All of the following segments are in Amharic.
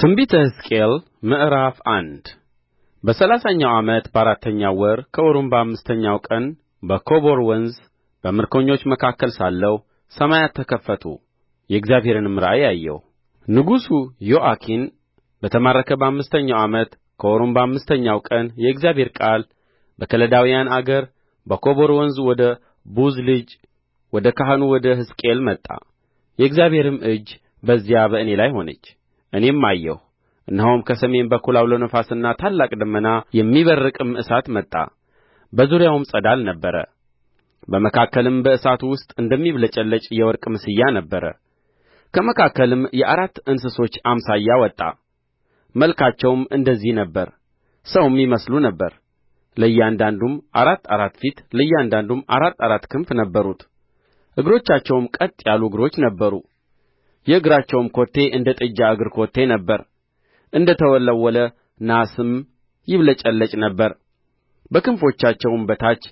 ትንቢተ ሕዝቅኤል ምዕራፍ አንድ በሠላሳኛው ዓመት በአራተኛው ወር ከወሩም በአምስተኛው ቀን በኮቦር ወንዝ በምርኮኞች መካከል ሳለሁ ሰማያት ተከፈቱ የእግዚአብሔርንም ራእይ አየሁ ንጉሡ ዮአኪን በተማረከ በአምስተኛው ዓመት ከወሩም በአምስተኛው ቀን የእግዚአብሔር ቃል በከለዳውያን አገር በኮቦር ወንዝ ወደ ቡዝ ልጅ ወደ ካህኑ ወደ ሕዝቅኤል መጣ የእግዚአብሔርም እጅ በዚያ በእኔ ላይ ሆነች እኔም አየሁ እነሆም ከሰሜን በኩል ዐውሎ ነፋስና ታላቅ ደመና የሚበርቅም እሳት መጣ በዙሪያውም ፀዳል ነበረ በመካከልም በእሳቱ ውስጥ እንደሚብለጨለጭ የወርቅ ምስያ ነበረ ከመካከልም የአራት እንስሶች አምሳያ ወጣ መልካቸውም እንደዚህ ነበረ ሰውም ይመስሉ ነበር ለእያንዳንዱም አራት አራት ፊት ለእያንዳንዱም አራት አራት ክንፍ ነበሩት እግሮቻቸውም ቀጥ ያሉ እግሮች ነበሩ የእግራቸውም ኮቴ እንደ ጥጃ እግር ኮቴ ነበረ እንደ ተወለወለ ናስም ይብለጨለጭ ነበር በክንፎቻቸውም በታች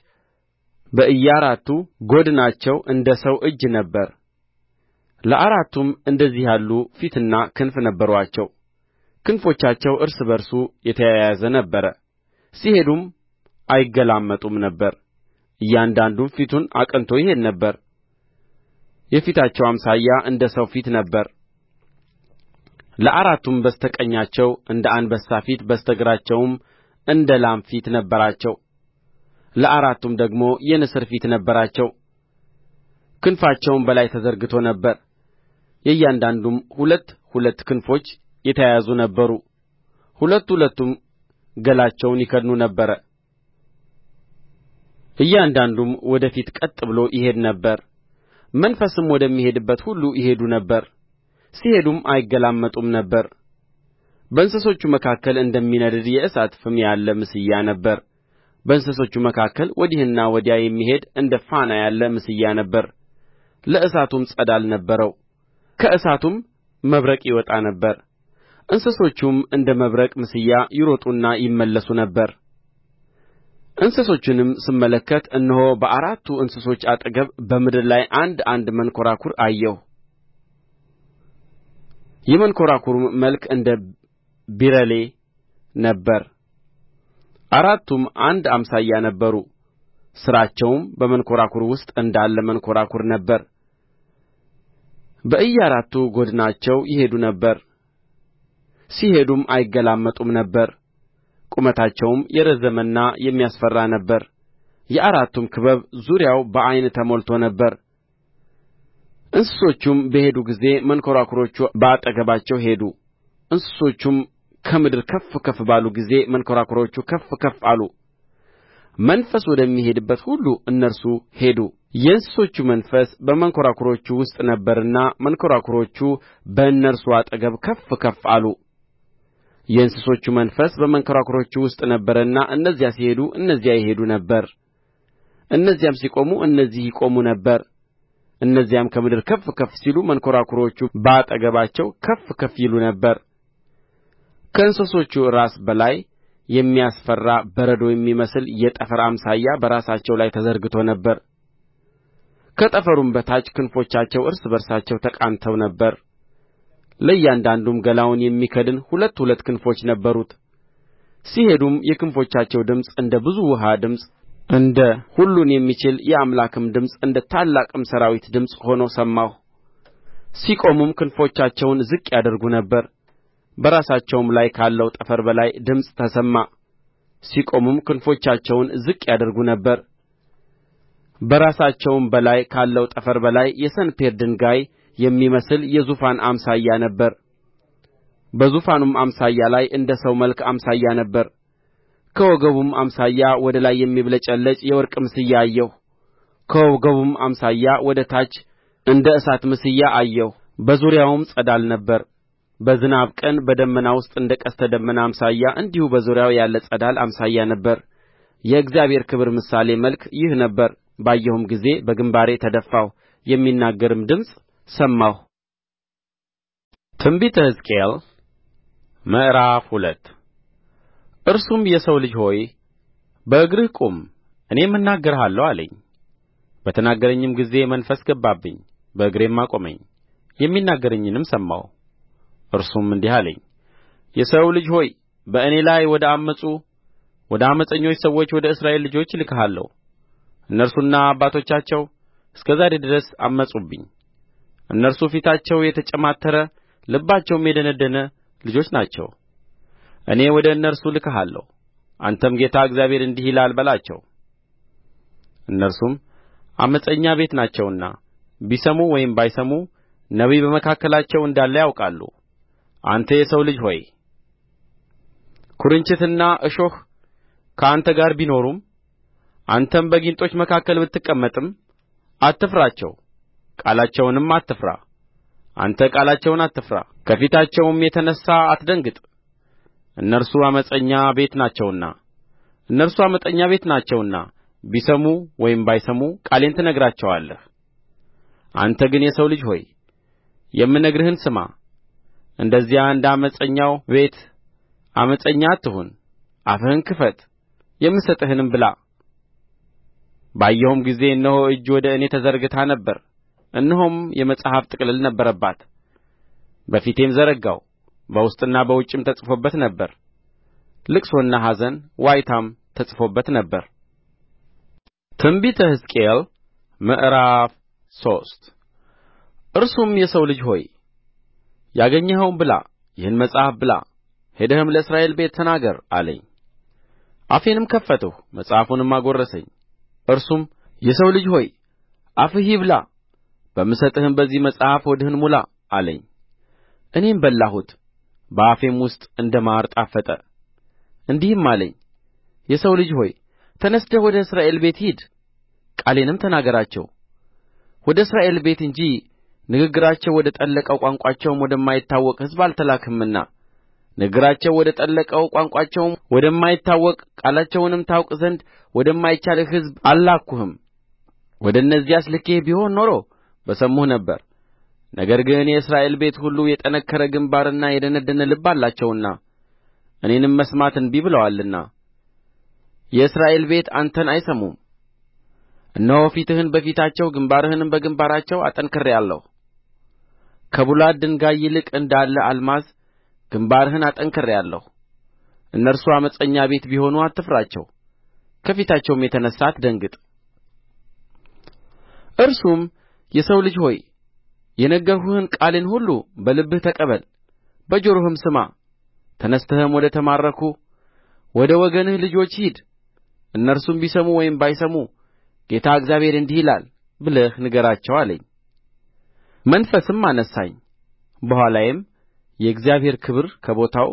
በእያራቱ ጐድናቸው እንደ ሰው እጅ ነበረ ለአራቱም እንደዚህ ያሉ ፊትና ክንፍ ነበሩአቸው ክንፎቻቸው እርስ በርሱ የተያያዘ ነበረ ሲሄዱም አይገላመጡም ነበር እያንዳንዱም ፊቱን አቅንቶ ይሄድ ነበር የፊታቸው አምሳያ እንደ ሰው ፊት ነበረ ለአራቱም በስተ ቀኛቸው እንደ አንበሳ ፊት በስተ ግራቸውም እንደ ላም ፊት ነበራቸው ለአራቱም ደግሞ የንስር ፊት ነበራቸው ክንፋቸውም በላይ ተዘርግቶ ነበር የእያንዳንዱም ሁለት ሁለት ክንፎች የተያያዙ ነበሩ ሁለት ሁለቱም ገላቸውን ይከድኑ ነበር እያንዳንዱም ወደ ፊት ቀጥ ብሎ ይሄድ ነበር መንፈስም ወደሚሄድበት ሁሉ ይሄዱ ነበር ሲሄዱም አይገላመጡም ነበር በእንስሶቹ መካከል እንደሚነድድ የእሳት ፍም ያለ ምስያ ነበረ በእንስሶቹ መካከል ወዲህና ወዲያ የሚሄድ እንደ ፋና ያለ ምስያ ነበረ ለእሳቱም ፀዳል ነበረው ከእሳቱም መብረቅ ይወጣ ነበር እንስሶቹም እንደ መብረቅ ምስያ ይሮጡና ይመለሱ ነበር እንስሶቹንም ስመለከት እነሆ በአራቱ እንስሶች አጠገብ በምድር ላይ አንድ አንድ መንኰራኵር አየሁ የመንኰራኵሩም መልክ እንደ ቢረሌ ነበረ አራቱም አንድ አምሳያ ነበሩ ሥራቸውም በመንኰራኵር ውስጥ እንዳለ መንኰራኵር ነበረ በእያራቱ ጐድናቸው ይሄዱ ነበር ሲሄዱም አይገላመጡም ነበር ቁመታቸውም የረዘመና የሚያስፈራ ነበረ የአራቱም ክበብ ዙሪያው በዓይን ተሞልቶ ነበር እንስሶቹም በሄዱ ጊዜ መንኰራኵሮቹ በአጠገባቸው ሄዱ እንስሶቹም ከምድር ከፍ ከፍ ባሉ ጊዜ መንኰራኵሮቹ ከፍ ከፍ አሉ መንፈስ ወደሚሄድበት ሁሉ እነርሱ ሄዱ የእንስሶቹ መንፈስ በመንኰራኵሮቹ ውስጥ ነበረና መንኰራኵሮቹ በእነርሱ አጠገብ ከፍ ከፍ አሉ የእንስሶቹ መንፈስ በመንኰራኵሮቹ ውስጥ ነበረና እነዚያ ሲሄዱ እነዚያ ይሄዱ ነበር እነዚያም ሲቆሙ እነዚህ ይቆሙ ነበር እነዚያም ከምድር ከፍ ከፍ ሲሉ መንኰራኵሮቹ በአጠገባቸው ከፍ ከፍ ይሉ ነበር ከእንስሶቹ ራስ በላይ የሚያስፈራ በረዶ የሚመስል የጠፈር አምሳያ በራሳቸው ላይ ተዘርግቶ ነበር ከጠፈሩም በታች ክንፎቻቸው እርስ በርሳቸው ተቃንተው ነበር ለእያንዳንዱም ገላውን የሚከድን ሁለት ሁለት ክንፎች ነበሩት ሲሄዱም የክንፎቻቸው ድምፅ እንደ ብዙ ውኃ ድምፅ እንደ ሁሉን የሚችል የአምላክም ድምፅ እንደ ታላቅም ሠራዊት ድምፅ ሆኖ ሰማሁ ሲቆሙም ክንፎቻቸውን ዝቅ ያደርጉ ነበር በራሳቸውም ላይ ካለው ጠፈር በላይ ድምፅ ተሰማ ሲቆሙም ክንፎቻቸውን ዝቅ ያደርጉ ነበር በራሳቸውም በላይ ካለው ጠፈር በላይ የሰንፔር ድንጋይ የሚመስል የዙፋን አምሳያ ነበረ በዙፋኑም አምሳያ ላይ እንደ ሰው መልክ አምሳያ ነበረ ከወገቡም አምሳያ ወደ ላይ የሚብለጨለጭ የወርቅ ምስያ አየሁ ከወገቡም አምሳያ ወደ ታች እንደ እሳት ምስያ አየሁ በዙሪያውም ፀዳል ነበረ በዝናብ ቀን በደመና ውስጥ እንደ ቀስተ ደመና አምሳያ እንዲሁ በዙሪያው ያለ ፀዳል አምሳያ ነበር። የእግዚአብሔር ክብር ምሳሌ መልክ ይህ ነበር። ባየሁም ጊዜ በግምባሬ ተደፋሁ፣ የሚናገርም ድምፅ ሰማሁ። ትንቢተ ሕዝቅኤል ምዕራፍ ሁለት እርሱም የሰው ልጅ ሆይ በእግርህ ቁም እኔም እናገርሃለሁ አለኝ። በተናገረኝም ጊዜ መንፈስ ገባብኝ በእግሬም አቆመኝ። የሚናገረኝንም ሰማሁ። እርሱም እንዲህ አለኝ፣ የሰው ልጅ ሆይ በእኔ ላይ ወደ ዐመፁ ወደ ዓመፀኞች ሰዎች ወደ እስራኤል ልጆች እልክሃለሁ። እነርሱና አባቶቻቸው እስከ ዛሬ ድረስ ዐመፁብኝ እነርሱ ፊታቸው የተጨማተረ ልባቸውም የደነደነ ልጆች ናቸው እኔ ወደ እነርሱ እልክሃለሁ አንተም ጌታ እግዚአብሔር እንዲህ ይላል በላቸው እነርሱም ዓመፀኛ ቤት ናቸውና ቢሰሙ ወይም ባይሰሙ ነቢይ በመካከላቸው እንዳለ ያውቃሉ አንተ የሰው ልጅ ሆይ ኵርንችትና እሾህ ከአንተ ጋር ቢኖሩም አንተም በጊንጦች መካከል ብትቀመጥም አትፍራቸው ቃላቸውንም አትፍራ አንተ ቃላቸውን አትፍራ ከፊታቸውም የተነሣ አትደንግጥ እነርሱ ዓመፀኛ ቤት ናቸውና እነርሱ ዓመፀኛ ቤት ናቸውና ቢሰሙ ወይም ባይሰሙ ቃሌን ትነግራቸዋለህ አንተ ግን የሰው ልጅ ሆይ የምነግርህን ስማ እንደዚያ እንደ ዓመፀኛው ቤት ዓመፀኛ አትሁን አፍህን ክፈት የምሰጥህንም ብላ ባየሁም ጊዜ እነሆ እጅ ወደ እኔ ተዘርግታ ነበር እነሆም የመጽሐፍ ጥቅልል ነበረባት በፊቴም ዘረጋው በውስጥና በውጭም ተጽፎበት ነበር ልቅሶና ኀዘን ዋይታም ተጽፎበት ነበር ትንቢተ ሕዝቅኤል ምዕራፍ ሶስት እርሱም የሰው ልጅ ሆይ ያገኘኸውን ብላ ይህን መጽሐፍ ብላ ሄደህም ለእስራኤል ቤት ተናገር አለኝ አፌንም ከፈትሁ መጽሐፉንም አጐረሰኝ እርሱም የሰው ልጅ ሆይ አፍህ ይብላ በምሰጥህም በዚህ መጽሐፍ ሆድህን ሙላ አለኝ እኔም በላሁት በአፌም ውስጥ እንደ ማር ጣፈጠ እንዲህም አለኝ የሰው ልጅ ሆይ ተነሥተህ ወደ እስራኤል ቤት ሂድ ቃሌንም ተናገራቸው ወደ እስራኤል ቤት እንጂ ንግግራቸው ወደ ጠለቀው ቋንቋቸውም ወደማይታወቅ ሕዝብ አልተላክህምና ንግግራቸው ወደ ጠለቀው ቋንቋቸውም ወደማይታወቅ ቃላቸውንም ታውቅ ዘንድ ወደማይቻልህ ሕዝብ አልላክሁህም ወደ እነዚያስ ልኬህ ቢሆን ኖሮ በሰሙህ ነበር ነገር ግን የእስራኤል ቤት ሁሉ የጠነከረ ግምባርና የደነደነ ልብ አላቸውና እኔንም መስማት እንቢ ብለዋልና የእስራኤል ቤት አንተን አይሰሙም እነሆ ፊትህን በፊታቸው ግምባርህንም በግምባራቸው አጠንክሬአለሁ ከቡላድ ድንጋይ ይልቅ እንዳለ አልማዝ ግምባርህን አጠንክሬአለሁ እነርሱ ዓመፀኛ ቤት ቢሆኑ አትፍራቸው ከፊታቸውም የተነሣ አትደንግጥ እርሱም የሰው ልጅ ሆይ የነገርሁህን ቃሌን ሁሉ በልብህ ተቀበል በጆሮህም ስማ ተነሥተህም ወደ ተማረኩ ወደ ወገንህ ልጆች ሂድ እነርሱም ቢሰሙ ወይም ባይሰሙ ጌታ እግዚአብሔር እንዲህ ይላል ብለህ ንገራቸው አለኝ መንፈስም አነሣኝ በኋላዬም የእግዚአብሔር ክብር ከቦታው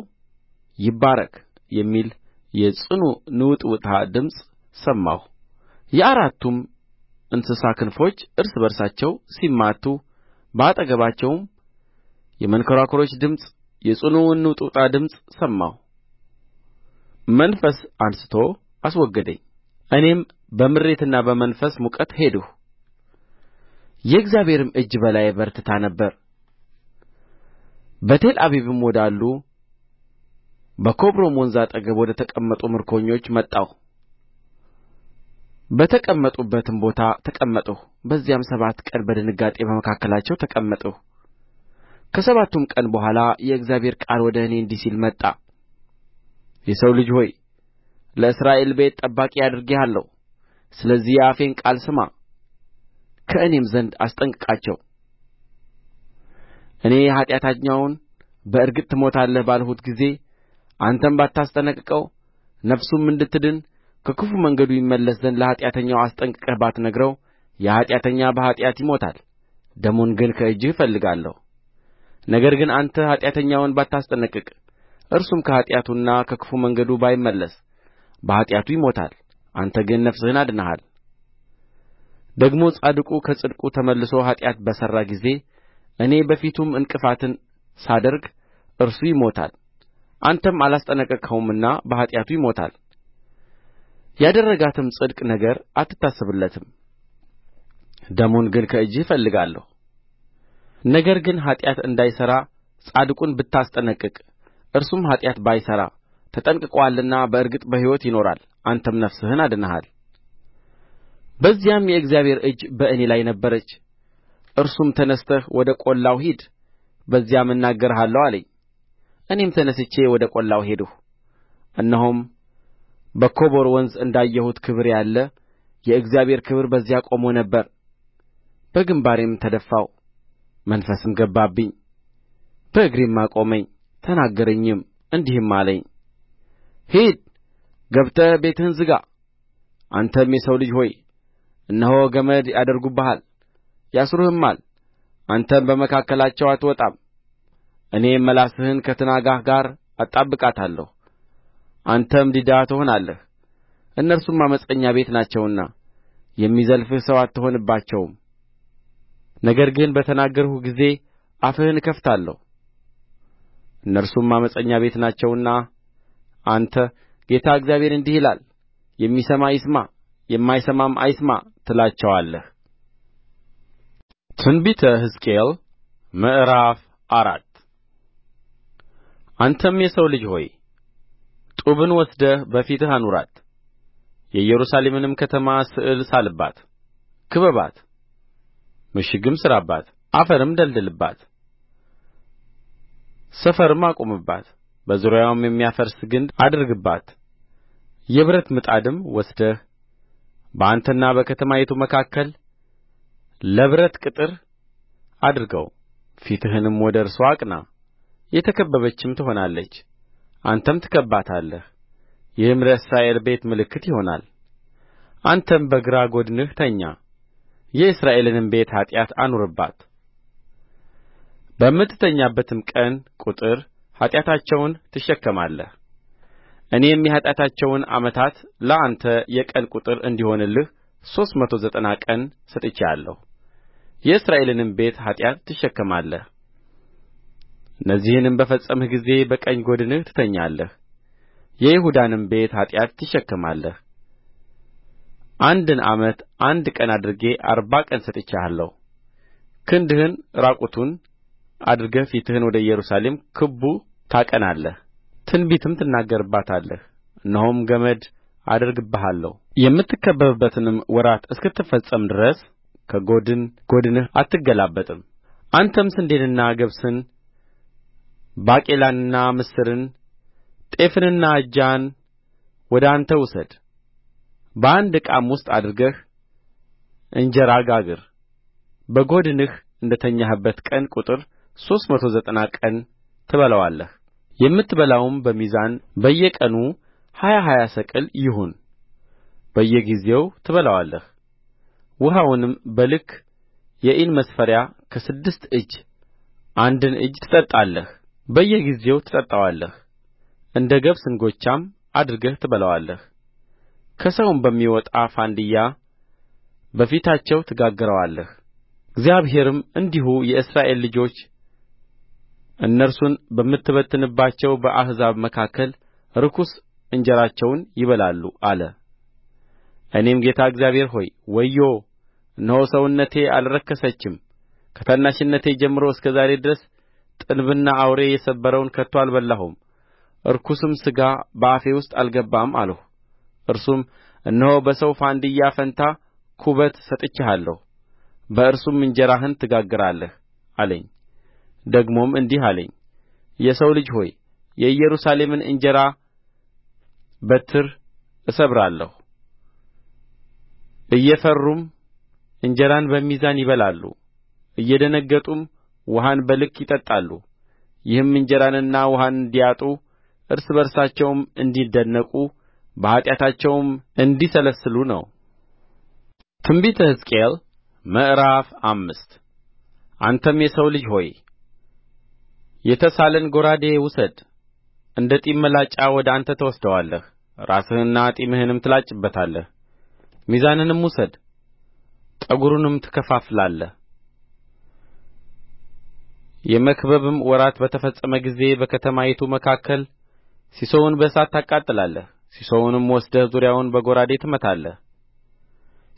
ይባረክ የሚል የጽኑ ንውጥውጥታ ድምፅ ሰማሁ የአራቱም እንስሳ ክንፎች እርስ በርሳቸው ሲማቱ በአጠገባቸውም የመንኰራኵሮች ድምፅ የጽኑውን ንውጥውጥታ ድምፅ ሰማሁ መንፈስ አንሥቶ አስወገደኝ እኔም በምሬትና በመንፈስ ሙቀት ሄድሁ የእግዚአብሔርም እጅ በላዬ በርትታ ነበር በቴል አቢብም ወዳሉ በኮቦርም ወንዝ አጠገብ ወደ ተቀመጡ ምርኮኞች መጣሁ በተቀመጡበትም ቦታ ተቀመጥሁ በዚያም ሰባት ቀን በድንጋጤ በመካከላቸው ተቀመጥሁ ከሰባቱም ቀን በኋላ የእግዚአብሔር ቃል ወደ እኔ እንዲህ ሲል መጣ የሰው ልጅ ሆይ ለእስራኤል ቤት ጠባቂ አድርጌሃለሁ ስለዚህ የአፌን ቃል ስማ ከእኔም ዘንድ አስጠንቅቃቸው እኔ ኃጢአተኛውን በእርግጥ ትሞታለህ ባልሁት ጊዜ አንተም ባታስጠነቅቀው ነፍሱም እንድትድን ከክፉ መንገዱ ይመለስ ዘንድ ለኃጢአተኛው አስጠንቅቀህ ባትነግረው ያ ኃጢአተኛ በኃጢአት ይሞታል ደሙን ግን ከእጅህ እፈልጋለሁ ነገር ግን አንተ ኃጢአተኛውን ባታስጠነቅቅ እርሱም ከኃጢአቱና ከክፉ መንገዱ ባይመለስ በኃጢአቱ ይሞታል አንተ ግን ነፍስህን አድነሃል ደግሞ ጻድቁ ከጽድቁ ተመልሶ ኃጢአት በሠራ ጊዜ እኔ በፊቱም ዕንቅፋትን ሳደርግ እርሱ ይሞታል አንተም አላስጠነቀቅኸውምና በኃጢአቱ ይሞታል ያደረጋትም ጽድቅ ነገር አትታሰብለትም ደሙን ግን ከእጅህ እፈልጋለሁ ነገር ግን ኃጢአት እንዳይሠራ ጻድቁን ብታስጠነቅቅ እርሱም ኃጢአት ባይሠራ ተጠንቅቆአልና በእርግጥ በሕይወት ይኖራል አንተም ነፍስህን አድነሃል በዚያም የእግዚአብሔር እጅ በእኔ ላይ ነበረች እርሱም ተነሥተህ ወደ ቈላው ሂድ በዚያም እናገርሃለሁ አለኝ እኔም ተነሥቼ ወደ ቈላው ሄድሁ እነሆም በኮቦር ወንዝ እንዳየሁት ክብር ያለ የእግዚአብሔር ክብር በዚያ ቆሞ ነበር በግምባሬም ተደፋሁ መንፈስም ገባብኝ በእግሬም አቆመኝ ተናገረኝም እንዲህም አለኝ ሂድ ገብተህ ቤትህን ዝጋ አንተም የሰው ልጅ ሆይ እነሆ ገመድ ያደርጉብሃል ያስሩህማል አንተም በመካከላቸው አትወጣም እኔም ምላስህን ከትናጋህ ጋር አጣብቃታለሁ አንተም ዲዳ ትሆናለህ እነርሱም ዓመፀኛ ቤት ናቸውና የሚዘልፍህ ሰው አትሆንባቸውም ነገር ግን በተናገርሁ ጊዜ አፍህን እከፍታለሁ እነርሱም ዓመፀኛ ቤት ናቸውና አንተ ጌታ እግዚአብሔር እንዲህ ይላል የሚሰማ ይስማ የማይሰማም አይስማ ትላቸዋለህ ትንቢተ ሕዝቅኤል ምዕራፍ አራት አንተም የሰው ልጅ ሆይ ጡብን ወስደህ በፊትህ አኑራት የኢየሩሳሌምንም ከተማ ስዕል ሳልባት ክበባት ምሽግም ሥራባት አፈርም ደልድልባት ሰፈርም አቁምባት በዙሪያዋም የሚያፈርስ ግንድ አድርግባት የብረት ምጣድም ወስደህ በአንተና በከተማይቱ መካከል ለብረት ቅጥር አድርገው ፊትህንም ወደ እርስዋ አቅና የተከበበችም ትሆናለች አንተም ትከብባታለህ ይህም ለእስራኤል ቤት ምልክት ይሆናል አንተም በግራ ጐድንህ ተኛ የእስራኤልንም ቤት ኃጢአት አኑርባት በምትተኛበትም ቀን ቍጥር ኃጢአታቸውን ትሸከማለህ እኔም የኃጢአታቸውን ዓመታት ለአንተ የቀን ቍጥር እንዲሆንልህ ሦስት መቶ ዘጠና ቀን ሰጥቼሃለሁ የእስራኤልንም ቤት ኃጢአት ትሸከማለህ እነዚህንም በፈጸምህ ጊዜ በቀኝ ጐድንህ ትተኛለህ የይሁዳንም ቤት ኃጢአት ትሸከማለህ አንድን ዓመት አንድ ቀን አድርጌ አርባ ቀን ሰጥቼሃለሁ ክንድህን ራቁቱን አድርገህ ፊትህን ወደ ኢየሩሳሌም ክቡ ታቀናለህ ትንቢትም ትናገርባታለህ እነሆም ገመድ አደርግብሃለሁ የምትከበብበትንም ወራት እስክትፈጽም ድረስ ከጐድን ጐድንህ አትገላበጥም አንተም ስንዴንና ገብስን ባቄላንና ምስርን ጤፍንና አጃን ወደ አንተ ውሰድ በአንድ ዕቃም ውስጥ አድርገህ እንጀራ ጋግር በጐድንህ እንደ ተኛህበት ቀን ቍጥር ሦስት መቶ ዘጠና ቀን ትበላዋለህ የምትበላውም በሚዛን በየቀኑ ሀያ ሀያ ሰቅል ይሁን በየጊዜው ትበላዋለህ ውኃውንም በልክ የኢን መስፈሪያ ከስድስት እጅ አንድን እጅ ትጠጣለህ በየጊዜው ትጠጣዋለህ እንደ ገብስ እንጐቻም አድርገህ ትበላዋለህ ከሰውም በሚወጣ ፋንድያ በፊታቸው ትጋግረዋለህ እግዚአብሔርም እንዲሁ የእስራኤል ልጆች እነርሱን በምትበትንባቸው በአሕዛብ መካከል ርኩስ እንጀራቸውን ይበላሉ አለ እኔም ጌታ እግዚአብሔር ሆይ ወዮ እነሆ ሰውነቴ አልረከሰችም ከታናሽነቴ ጀምሮ እስከ ዛሬ ድረስ ጥንብና አውሬ የሰበረውን ከቶ አልበላሁም ርኩስም ሥጋ በአፌ ውስጥ አልገባም አልሁ እርሱም እነሆ በሰው ፋንድያ ፋንታ ኩበት ሰጥቼሃለሁ በእርሱም እንጀራህን ትጋግራለህ አለኝ ደግሞም እንዲህ አለኝ የሰው ልጅ ሆይ የኢየሩሳሌምን እንጀራ በትር እሰብራለሁ እየፈሩም እንጀራን በሚዛን ይበላሉ እየደነገጡም ውኃን በልክ ይጠጣሉ ይህም እንጀራንና ውኃን እንዲያጡ እርስ በርሳቸውም እንዲደነቁ በኃጢአታቸውም እንዲሰለስሉ ነው ትንቢተ ሕዝቅኤል ምዕራፍ አምስት አንተም የሰው ልጅ ሆይ የተሳለን ጐራዴ ውሰድ እንደ ጢም መላጫ ወደ አንተ ትወስደዋለህ ራስህንና ጢምህንም ትላጭበታለህ ሚዛንንም ውሰድ ጠጕሩንም ትከፋፍላለህ የመክበብም ወራት በተፈጸመ ጊዜ በከተማይቱ መካከል ሢሶውን በእሳት ታቃጥላለህ ሢሶውንም ወስደህ ዙሪያውን በጐራዴ ትመታለህ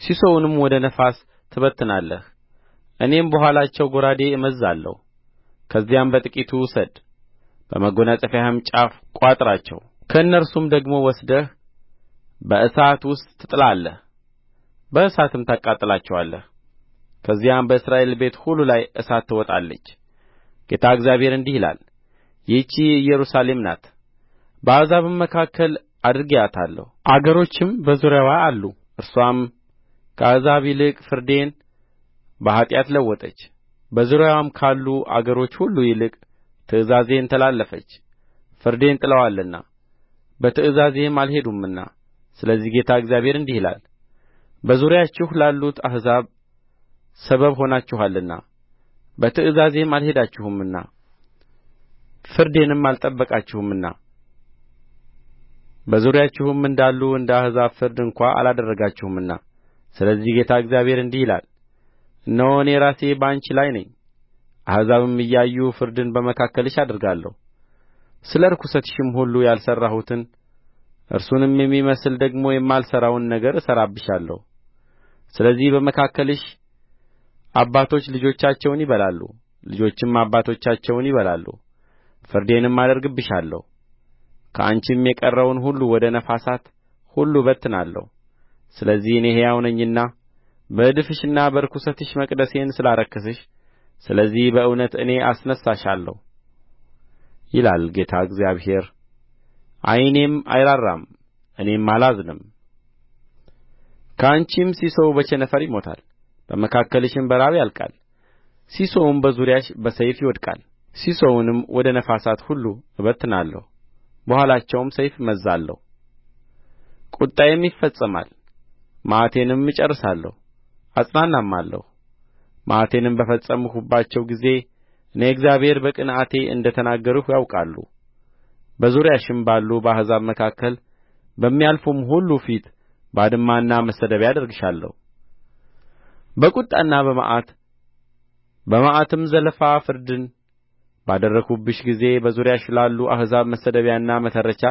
ሢሶውንም ወደ ነፋስ ትበትናለህ እኔም በኋላቸው ጐራዴ እመዝዛለሁ ከዚያም በጥቂቱ ውሰድ በመጐናጸፊያህም ጫፍ ቋጥራቸው ከእነርሱም ደግሞ ወስደህ በእሳት ውስጥ ትጥላለህ በእሳትም ታቃጥላቸዋለህ ከዚያም በእስራኤል ቤት ሁሉ ላይ እሳት ትወጣለች ጌታ እግዚአብሔር እንዲህ ይላል ይህች ኢየሩሳሌም ናት በአሕዛብም መካከል አድርጌአታለሁ አገሮችም በዙሪያዋ አሉ እርስዋም ከአሕዛብ ይልቅ ፍርዴን በኃጢአት ለወጠች በዙሪያዋም ካሉ አገሮች ሁሉ ይልቅ ትእዛዜን ተላለፈች ፍርዴን ጥለዋልና በትእዛዜም አልሄዱምና ስለዚህ ጌታ እግዚአብሔር እንዲህ ይላል በዙሪያችሁ ላሉት አሕዛብ ሰበብ ሆናችኋልና በትእዛዜም አልሄዳችሁምና ፍርዴንም አልጠበቃችሁምና በዙሪያችሁም እንዳሉ እንደ አሕዛብ ፍርድ እንኳ አላደረጋችሁምና ስለዚህ ጌታ እግዚአብሔር እንዲህ ይላል እነሆ እኔ ራሴ በአንቺ ላይ ነኝ አሕዛብም እያዩ ፍርድን በመካከልሽ አደርጋለሁ ስለ ርኵሰትሽም ሁሉ ያልሠራሁትን እርሱንም የሚመስል ደግሞ የማልሠራውን ነገር እሠራብሻለሁ ስለዚህ በመካከልሽ አባቶች ልጆቻቸውን ይበላሉ ልጆችም አባቶቻቸውን ይበላሉ ፍርዴንም አደርግብሻለሁ ከአንቺም የቀረውን ሁሉ ወደ ነፋሳት ሁሉ እበትናለሁ ስለዚህ እኔ ሕያው ነኝና በእድፍሽና በርኵሰትሽ መቅደሴን ስላረከስሽ ስለዚህ በእውነት እኔ አስነሣሻለሁ ይላል ጌታ እግዚአብሔር ዐይኔም አይራራም እኔም አላዝንም ከአንቺም ሲሶው በቸነፈር ይሞታል በመካከልሽም በራብ ያልቃል ሢሶውም በዙሪያሽ በሰይፍ ይወድቃል ሢሶውንም ወደ ነፋሳት ሁሉ እበትናለሁ በኋላቸውም ሰይፍ እመዝዛለሁ ቍጣዬም ይፈጸማል መዓቴንም እጨርሳለሁ አጽናናማለሁ። መዓቴንም በፈጸምሁባቸው ጊዜ እኔ እግዚአብሔር በቅንዓቴ እንደ ተናገርሁ ያውቃሉ በዙሪያሽም ባሉ በአሕዛብ መካከል በሚያልፉም ሁሉ ፊት ባድማና መሰደቢያ አደርግሻለሁ በቍጣና በመዓት በመዓትም ዘለፋ ፍርድን ባደረግሁብሽ ጊዜ በዙሪያሽ ላሉ አሕዛብ መሰደቢያና መተረቻ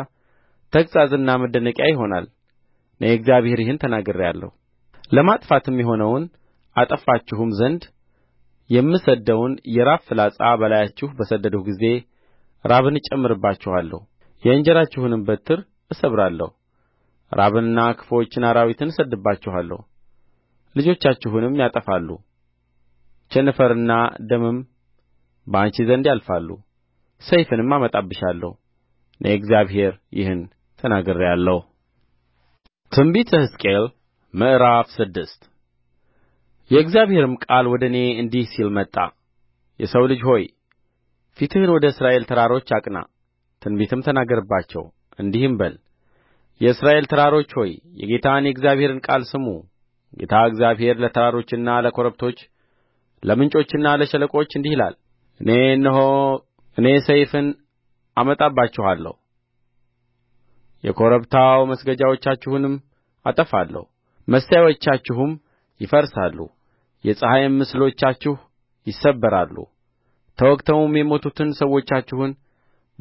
ተግሣጽና መደነቂያ ይሆናል እኔ እግዚአብሔር ይህን ተናግሬአለሁ ለማጥፋትም የሆነውን አጠፋችሁም ዘንድ የምሰድደውን የራብ ፍላጻ በላያችሁ በሰደድሁ ጊዜ ራብን እጨምርባችኋለሁ የእንጀራችሁንም በትር እሰብራለሁ ራብንና ክፉዎችን አራዊትን እሰድድባችኋለሁ ልጆቻችሁንም ያጠፋሉ ቸነፈርና ደምም በአንቺ ዘንድ ያልፋሉ ሰይፍንም አመጣብሻለሁ እኔ እግዚአብሔር ይህን ተናግሬአለሁ ትንቢተ ሕዝቅኤል ምዕራፍ ስድስት የእግዚአብሔርም ቃል ወደ እኔ እንዲህ ሲል መጣ የሰው ልጅ ሆይ ፊትህን ወደ እስራኤል ተራሮች አቅና ትንቢትም ተናገርባቸው እንዲህም በል የእስራኤል ተራሮች ሆይ የጌታን የእግዚአብሔርን ቃል ስሙ ጌታ እግዚአብሔር ለተራሮችና ለኮረብቶች ለምንጮችና ለሸለቆች እንዲህ ይላል እኔ እነሆ እኔ ሰይፍን አመጣባችኋለሁ የኮረብታው መስገጃዎቻችሁንም አጠፋለሁ መሠዊያዎቻችሁም ይፈርሳሉ የፀሐይም ምስሎቻችሁ ይሰበራሉ ተወግተውም የሞቱትን ሰዎቻችሁን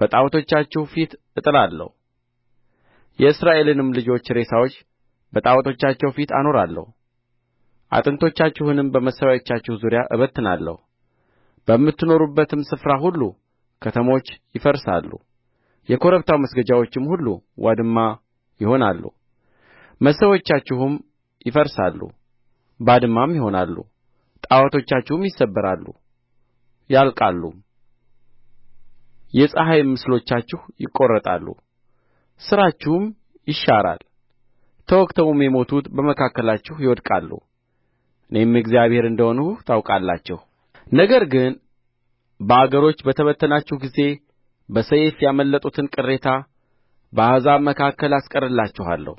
በጣዖቶቻችሁ ፊት እጥላለሁ የእስራኤልንም ልጆች ሬሳዎች በጣዖቶቻቸው ፊት አኖራለሁ አጥንቶቻችሁንም በመሠዊያዎቻችሁ ዙሪያ እበትናለሁ በምትኖሩበትም ስፍራ ሁሉ ከተሞች ይፈርሳሉ የኮረብታው መስገጃዎችም ሁሉ ውድማ ይሆናሉ መሠዊያዎቻችሁም ይፈርሳሉ ባድማም ይሆናሉ ጣዖቶቻችሁም ይሰበራሉ ያልቃሉም የፀሐይም ምስሎቻችሁ ይቈረጣሉ ሥራችሁም ይሻራል ተወግተውም የሞቱት በመካከላችሁ ይወድቃሉ እኔም እግዚአብሔር እንደ ሆንሁ ታውቃላችሁ ነገር ግን በአገሮች በተበተናችሁ ጊዜ በሰይፍ ያመለጡትን ቅሬታ በአሕዛብ መካከል አስቀርላችኋለሁ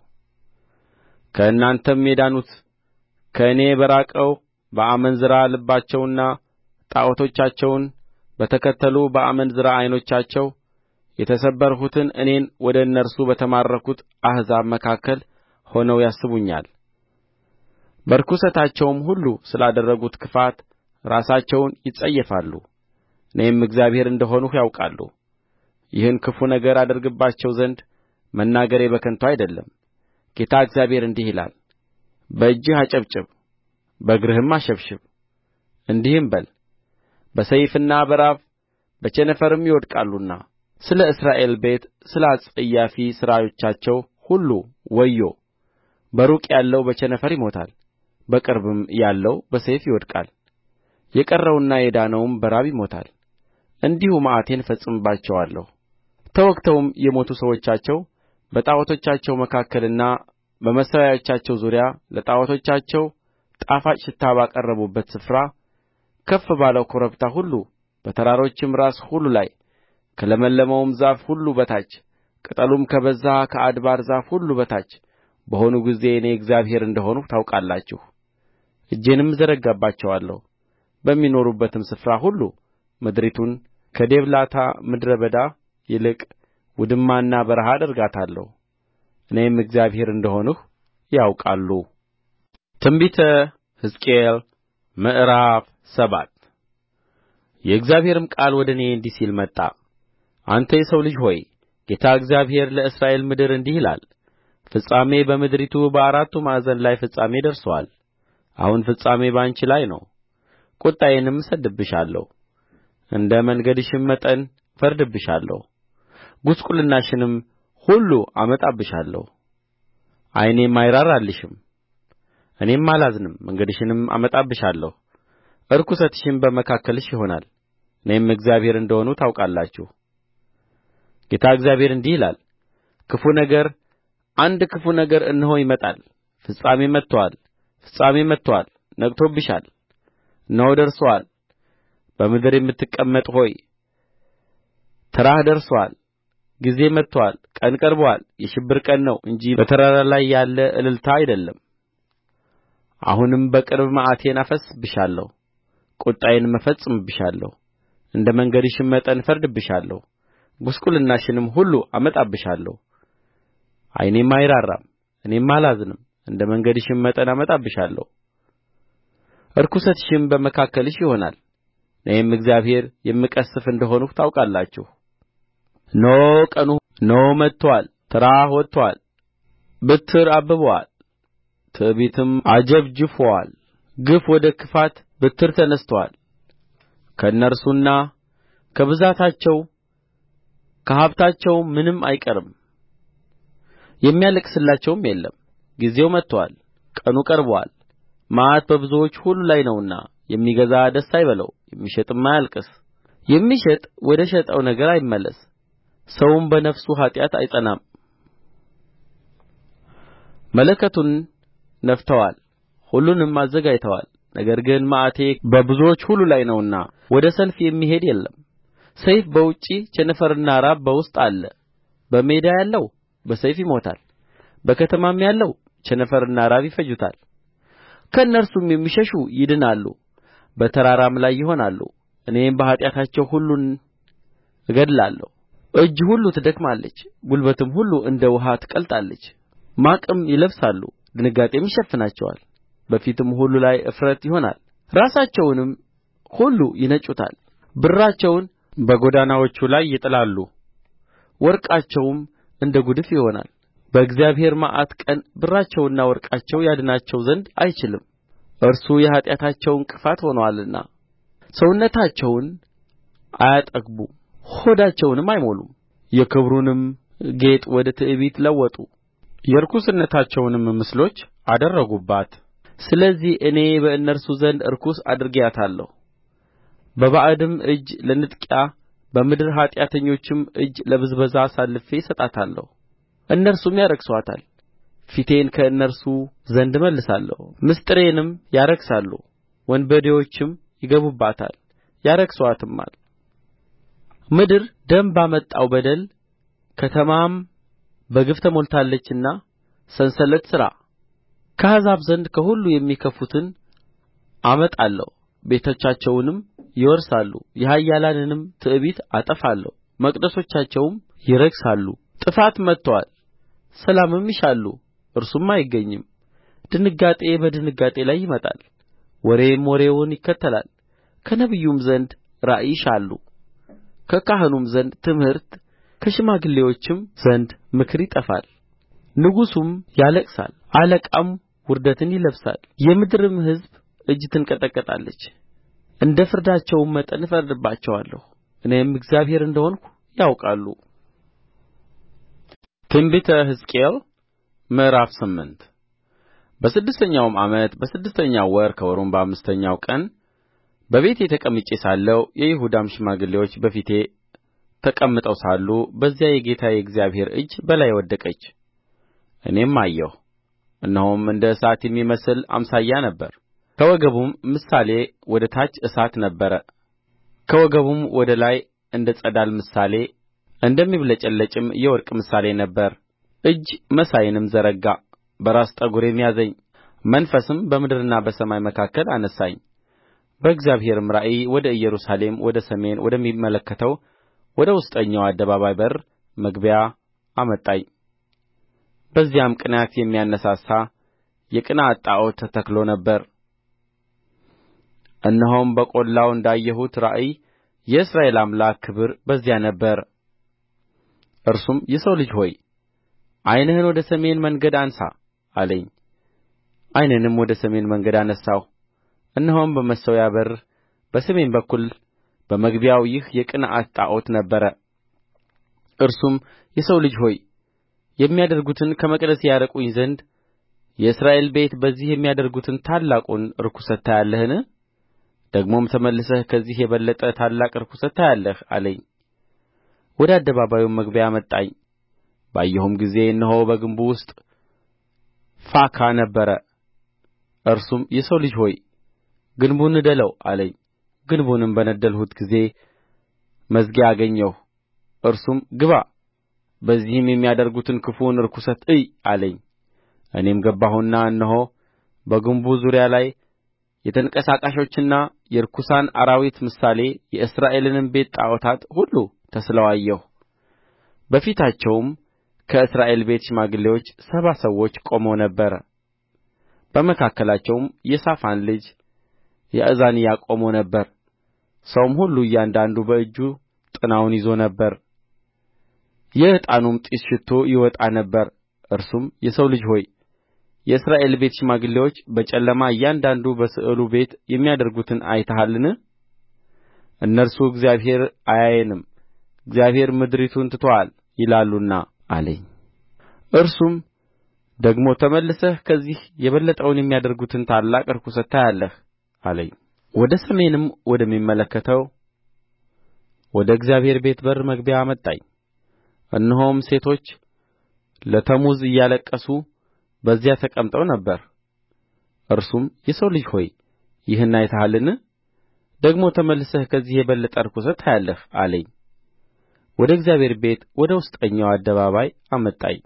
ከእናንተም የዳኑት ከእኔ በራቀው በአመንዝራ ልባቸውና ጣዖቶቻቸውን በተከተሉ በአመንዝራ ዓይኖቻቸው የተሰበርሁትን እኔን ወደ እነርሱ በተማረኩት አሕዛብ መካከል ሆነው ያስቡኛል በርኵሰታቸውም ሁሉ ስላደረጉት ክፋት ራሳቸውን ይጸየፋሉ እኔም እግዚአብሔር እንደ ሆንሁ ያውቃሉ ይህን ክፉ ነገር አደርግባቸው ዘንድ መናገሬ በከንቱ አይደለም ጌታ እግዚአብሔር እንዲህ ይላል በእጅህ አጨብጭብ በእግርህም አሸብሽብ እንዲህም በል በሰይፍና በራብ በቸነፈርም ይወድቃሉና ስለ እስራኤል ቤት ስለ አስጸያፊ ሥራዎቻቸው ሁሉ ወዮ በሩቅ ያለው በቸነፈር ይሞታል በቅርብም ያለው በሰይፍ ይወድቃል የቀረውና የዳነውም በራብ ይሞታል እንዲሁ መዓቴን እፈጽምባቸዋለሁ ተወግተውም የሞቱ ሰዎቻቸው በጣዖቶቻቸው መካከልና በመሠዊያዎቻቸው ዙሪያ ለጣዖቶቻቸው ጣፋጭ ሽታ ባቀረቡበት ስፍራ ከፍ ባለው ኮረብታ ሁሉ በተራሮችም ራስ ሁሉ ላይ ከለመለመውም ዛፍ ሁሉ በታች ቅጠሉም ከበዛ ከአድባር ዛፍ ሁሉ በታች በሆኑ ጊዜ እኔ እግዚአብሔር እንደ ሆንሁ ታውቃላችሁ እጄንም እዘረጋባቸዋለሁ በሚኖሩበትም ስፍራ ሁሉ ምድሪቱን ከዴብላታ ምድረ በዳ ይልቅ ውድማና በረሃ አደርጋታለሁ እኔም እግዚአብሔር እንደ ሆንሁ ያውቃሉ ትንቢተ ሕዝቅኤል ምዕራፍ ሰባት የእግዚአብሔርም ቃል ወደ እኔ እንዲህ ሲል መጣ አንተ የሰው ልጅ ሆይ ጌታ እግዚአብሔር ለእስራኤል ምድር እንዲህ ይላል ፍጻሜ በምድሪቱ በአራቱ ማዕዘን ላይ ፍጻሜ ደርሶአል አሁን ፍጻሜ በአንቺ ላይ ነው ቍጣዬንም እሰድድብሻለሁ እንደ መንገድሽም መጠን እፈርድብሻለሁ ጕስቍልናሽንም ሁሉ አመጣብሻለሁ ዓይኔም አይራራልሽም እኔም አላዝንም መንገድሽንም አመጣብሻለሁ ርኵሰትሽም በመካከልሽ ይሆናል እኔም እግዚአብሔር እንደ ሆንሁ ታውቃላችሁ ጌታ እግዚአብሔር እንዲህ ይላል ክፉ ነገር አንድ ክፉ ነገር እነሆ ይመጣል ፍጻሜ መጥቶአል ፍጻሜ መጥቶአል ነቅቶብሻል፣ እነሆ ደርሶአል በምድር የምትቀመጥ ሆይ ተራህ ደርሶአል ጊዜ መጥቶአል ቀን ቀርቦአል የሽብር ቀን ነው እንጂ በተራራ ላይ ያለ እልልታ አይደለም አሁንም በቅርብ መዓቴን አፈስስብሻለሁ ቍጣዬንም እፈጽምብሻለሁ እንደ መንገድሽም መጠን እፈርድብሻለሁ ጕስቍልናሽንም ሁሉ አመጣብሻለሁ ዓይኔም አይራራም እኔም አላዝንም እንደ መንገድሽም መጠን አመጣብሻለሁ ርኵሰትሽም በመካከልሽ ይሆናል እኔም እግዚአብሔር የምቀሥፍ እንደ ሆንሁ ታውቃላችሁ እነሆ ቀኑ እነሆ መጥቶአል ተራህ ወጥቶአል ብትር አብቦአል ትዕቢትም አጀብጅፎአል፣ ግፍ ወደ ክፋት ብትር ተነሥቶአል ከእነርሱና ከብዛታቸው ከሀብታቸውም ምንም አይቀርም የሚያለቅስላቸውም የለም ጊዜው መጥቶአል ቀኑ ቀርቦአል መዓት በብዙዎች ሁሉ ላይ ነውና የሚገዛ ደስ አይበለው የሚሸጥም አያልቅስ የሚሸጥ ወደ ሸጠው ነገር አይመለስ ሰውም በነፍሱ ኃጢአት አይጸናም መለከቱን ነፍተዋል ሁሉንም አዘጋጅተዋል ነገር ግን መዓቴ በብዙዎች ሁሉ ላይ ነውና ወደ ሰልፍ የሚሄድ የለም ሰይፍ በውጭ ቸነፈርና ራብ በውስጥ አለ በሜዳ ያለው በሰይፍ ይሞታል በከተማም ያለው ቸነፈርና ራብ ይፈጁታል ከእነርሱም የሚሸሹ ይድናሉ በተራራም ላይ ይሆናሉ እኔም በኃጢአታቸው ሁሉን እገድላለሁ እጅ ሁሉ ትደክማለች ጕልበትም ሁሉ እንደ ውኃ ትቀልጣለች ማቅም ይለብሳሉ ድንጋጤም ይሸፍናቸዋል በፊትም ሁሉ ላይ እፍረት ይሆናል ራሳቸውንም ሁሉ ይነጩታል ብራቸውን በጎዳናዎቹ ላይ ይጥላሉ ወርቃቸውም እንደ ጕድፍ ይሆናል በእግዚአብሔር መዓት ቀን ብራቸውና ወርቃቸው ያድናቸው ዘንድ አይችልም እርሱ የኃጢአታቸው ዕንቅፋት ሆኖአልና ሰውነታቸውን አያጠግቡም ሆዳቸውንም አይሞሉም የክብሩንም ጌጥ ወደ ትዕቢት ለወጡ የርኵስነታቸውንም ምስሎች አደረጉባት ስለዚህ እኔ በእነርሱ ዘንድ ርኩስ አድርጌአታለሁ በባዕድም እጅ ለንጥቂያ በምድር ኃጢአተኞችም እጅ ለብዝበዛ አሳልፌ እሰጣታለሁ እነርሱም ያረክሱአታል ፊቴን ከእነርሱ ዘንድ እመልሳለሁ ምሥጢሬንም ያረክሳሉ ወንበዴዎችም ይገቡባታል ያረክሱአትማል ምድር ደም ባመጣው በደል ከተማም በግፍ ተሞልታለችና ሰንሰለት ሥራ ከአሕዛብ ዘንድ ከሁሉ የሚከፉትን አመጣለሁ ቤቶቻቸውንም ይወርሳሉ የኃያላንንም ትዕቢት አጠፋለሁ መቅደሶቻቸውም ይረክሳሉ ጥፋት መጥቶአል ሰላምም ይሻሉ እርሱም አይገኝም ድንጋጤ በድንጋጤ ላይ ይመጣል ወሬም ወሬውን ይከተላል ከነቢዩም ዘንድ ራዕይ ይሻሉ ከካህኑም ዘንድ ትምህርት ከሽማግሌዎችም ዘንድ ምክር ይጠፋል ንጉሡም ያለቅሳል አለቃም ውርደትን ይለብሳል የምድርም ሕዝብ እጅ ትንቀጠቀጣለች እንደ ፍርዳቸውም መጠን እፈርድባቸዋለሁ እኔም እግዚአብሔር እንደ ሆንሁ ያውቃሉ ትንቢተ ሕዝቅኤል ምዕራፍ ስምንት በስድስተኛውም ዓመት በስድስተኛው ወር ከወሩም በአምስተኛው ቀን በቤቴ ተቀምጬ ሳለሁ የይሁዳም ሽማግሌዎች በፊቴ ተቀምጠው ሳሉ በዚያ የጌታ የእግዚአብሔር እጅ በላዬ ወደቀች እኔም አየሁ እነሆም እንደ እሳት የሚመስል አምሳያ ነበረ ከወገቡም ምሳሌ ወደ ታች እሳት ነበረ ከወገቡም ወደ ላይ እንደ ፀዳል ምሳሌ እንደሚብለጨለጭም የወርቅ ምሳሌ ነበረ እጅ መሳይንም ዘረጋ በራስ ጠጕሬም ያዘኝ መንፈስም በምድርና በሰማይ መካከል አነሣኝ በእግዚአብሔርም ራእይ ወደ ኢየሩሳሌም ወደ ሰሜን ወደሚመለከተው ወደ ውስጠኛው አደባባይ በር መግቢያ አመጣኝ በዚያም ቅንዓት የሚያነሣሣ የቅንዓት ጣዖት ተተክሎ ነበር እነሆም በቈላው እንዳየሁት ራእይ የእስራኤል አምላክ ክብር በዚያ ነበረ እርሱም የሰው ልጅ ሆይ ዓይንህን ወደ ሰሜን መንገድ አንሣ አለኝ ዓይኔንም ወደ ሰሜን መንገድ አነሣሁ እነሆም በመሠዊያው በር በሰሜን በኩል በመግቢያው ይህ የቅንዓት ጣዖት ነበረ እርሱም የሰው ልጅ ሆይ የሚያደርጉትን ከመቅደሴ ያርቁኝ ዘንድ የእስራኤል ቤት በዚህ የሚያደርጉትን ታላቁን ርኵሰት ታያለህን ደግሞም ተመልሰህ ከዚህ የበለጠ ታላቅ ርኵሰት ታያለህ አለኝ ወደ አደባባዩም መግቢያ አመጣኝ ባየሁም ጊዜ እነሆ በግንቡ ውስጥ ፋካ ነበረ እርሱም የሰው ልጅ ሆይ ግንቡን ንደለው አለኝ ግንቡንም በነደልሁት ጊዜ መዝጊያ አገኘሁ እርሱም ግባ በዚህም የሚያደርጉትን ክፉውን ርኵሰት እይ አለኝ እኔም ገባሁና እነሆ በግንቡ ዙሪያ ላይ የተንቀሳቃሾችና የርኩሳን አራዊት ምሳሌ የእስራኤልንም ቤት ጣዖታት ሁሉ ተስለው አየሁ በፊታቸውም ከእስራኤል ቤት ሽማግሌዎች ሰባ ሰዎች ቆመው ነበር በመካከላቸውም የሳፋን ልጅ ያእዛንያ ቆሞ ነበር ሰውም ሁሉ እያንዳንዱ በእጁ ጥናውን ይዞ ነበር የዕጣኑም ጢስ ሽቶ ይወጣ ነበር እርሱም የሰው ልጅ ሆይ የእስራኤል ቤት ሽማግሌዎች በጨለማ እያንዳንዱ በስዕሉ ቤት የሚያደርጉትን አይተሃልን እነርሱ እግዚአብሔር አያየንም እግዚአብሔር ምድሪቱን ትቶአታል ይላሉና አለኝ እርሱም ደግሞ ተመልሰህ ከዚህ የበለጠውን የሚያደርጉትን ታላቅ ርኵሰት ታያለህ አለኝ ወደ ሰሜንም ወደሚመለከተው ወደ እግዚአብሔር ቤት በር መግቢያ አመጣኝ እነሆም ሴቶች ለተሙዝ እያለቀሱ በዚያ ተቀምጠው ነበር እርሱም የሰው ልጅ ሆይ ይህን አይተሃልን ደግሞ ተመልሰህ ከዚህ የበለጠ ርኵሰት ታያለህ አለኝ ወደ እግዚአብሔር ቤት ወደ ውስጠኛው አደባባይ አመጣኝ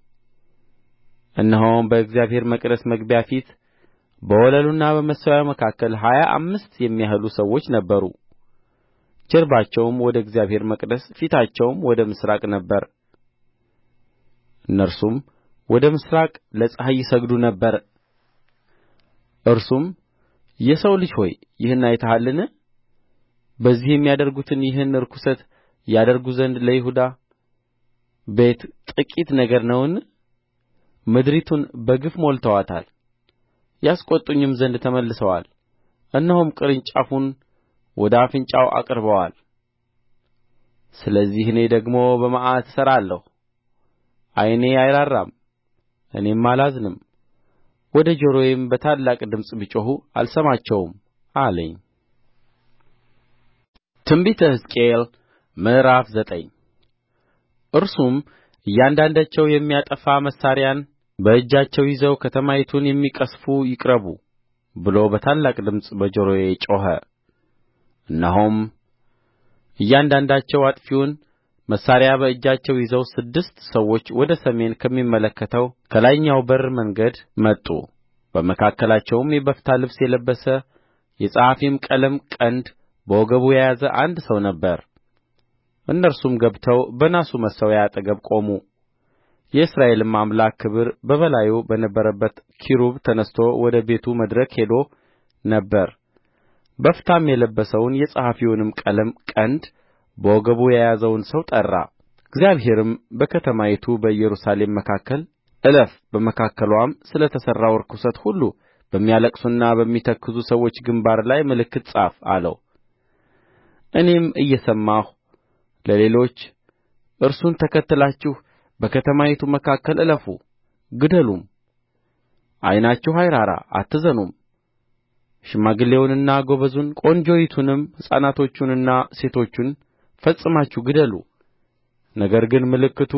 እነሆም በእግዚአብሔር መቅደስ መግቢያ ፊት በወለሉና በመሠዊያው መካከል ሀያ አምስት የሚያህሉ ሰዎች ነበሩ ጀርባቸውም ወደ እግዚአብሔር መቅደስ ፊታቸውም ወደ ምሥራቅ ነበረ እነርሱም ወደ ምሥራቅ ለፀሐይ ይሰግዱ ነበር እርሱም የሰው ልጅ ሆይ ይህን አይተሃልን በዚህ የሚያደርጉትን ይህን ርኵሰት ያደርጉ ዘንድ ለይሁዳ ቤት ጥቂት ነገር ነውን ምድሪቱን በግፍ ሞልተዋታል ያስቈጡኝም ዘንድ ተመልሰዋል እነሆም ቅርንጫፉን ወደ አፍንጫው አቅርበዋል ስለዚህ እኔ ደግሞ በመዓት እሠራለሁ ዓይኔ አይራራም እኔም አላዝንም ወደ ጆሮዬም በታላቅ ድምፅ ቢጮኹ አልሰማቸውም አለኝ ትንቢተ ሕዝቅኤል ምዕራፍ ዘጠኝ እርሱም እያንዳንዳቸው የሚያጠፋ መሣሪያን በእጃቸው ይዘው ከተማይቱን የሚቀሥፉ ይቅረቡ ብሎ በታላቅ ድምፅ በጆሮዬ ጮኸ እነሆም እያንዳንዳቸው አጥፊውን መሣሪያ በእጃቸው ይዘው ስድስት ሰዎች ወደ ሰሜን ከሚመለከተው ከላይኛው በር መንገድ መጡ። በመካከላቸውም የበፍታ ልብስ የለበሰ የጸሐፊም ቀለም ቀንድ በወገቡ የያዘ አንድ ሰው ነበር። እነርሱም ገብተው በናሱ መሠዊያ አጠገብ ቆሙ የእስራኤልም አምላክ ክብር በበላዩ በነበረበት ኪሩብ ተነሥቶ ወደ ቤቱ መድረክ ሄዶ ነበር በፍታም የለበሰውን የጸሐፊውንም ቀለም ቀንድ በወገቡ የያዘውን ሰው ጠራ እግዚአብሔርም በከተማይቱ በኢየሩሳሌም መካከል እለፍ በመካከልዋም ስለ ተሠራው ርኵሰት ሁሉ በሚያለቅሱና በሚተክዙ ሰዎች ግምባር ላይ ምልክት ጻፍ አለው እኔም እየሰማሁ ለሌሎች እርሱን ተከትላችሁ በከተማይቱ መካከል እለፉ ግደሉም ዓይናችሁ አይራራ አትዘኑም ሽማግሌውንና ጐበዙን ቈንጆይቱንም ሕፃናቶቹንና ሴቶቹን ፈጽማችሁ ግደሉ ነገር ግን ምልክቱ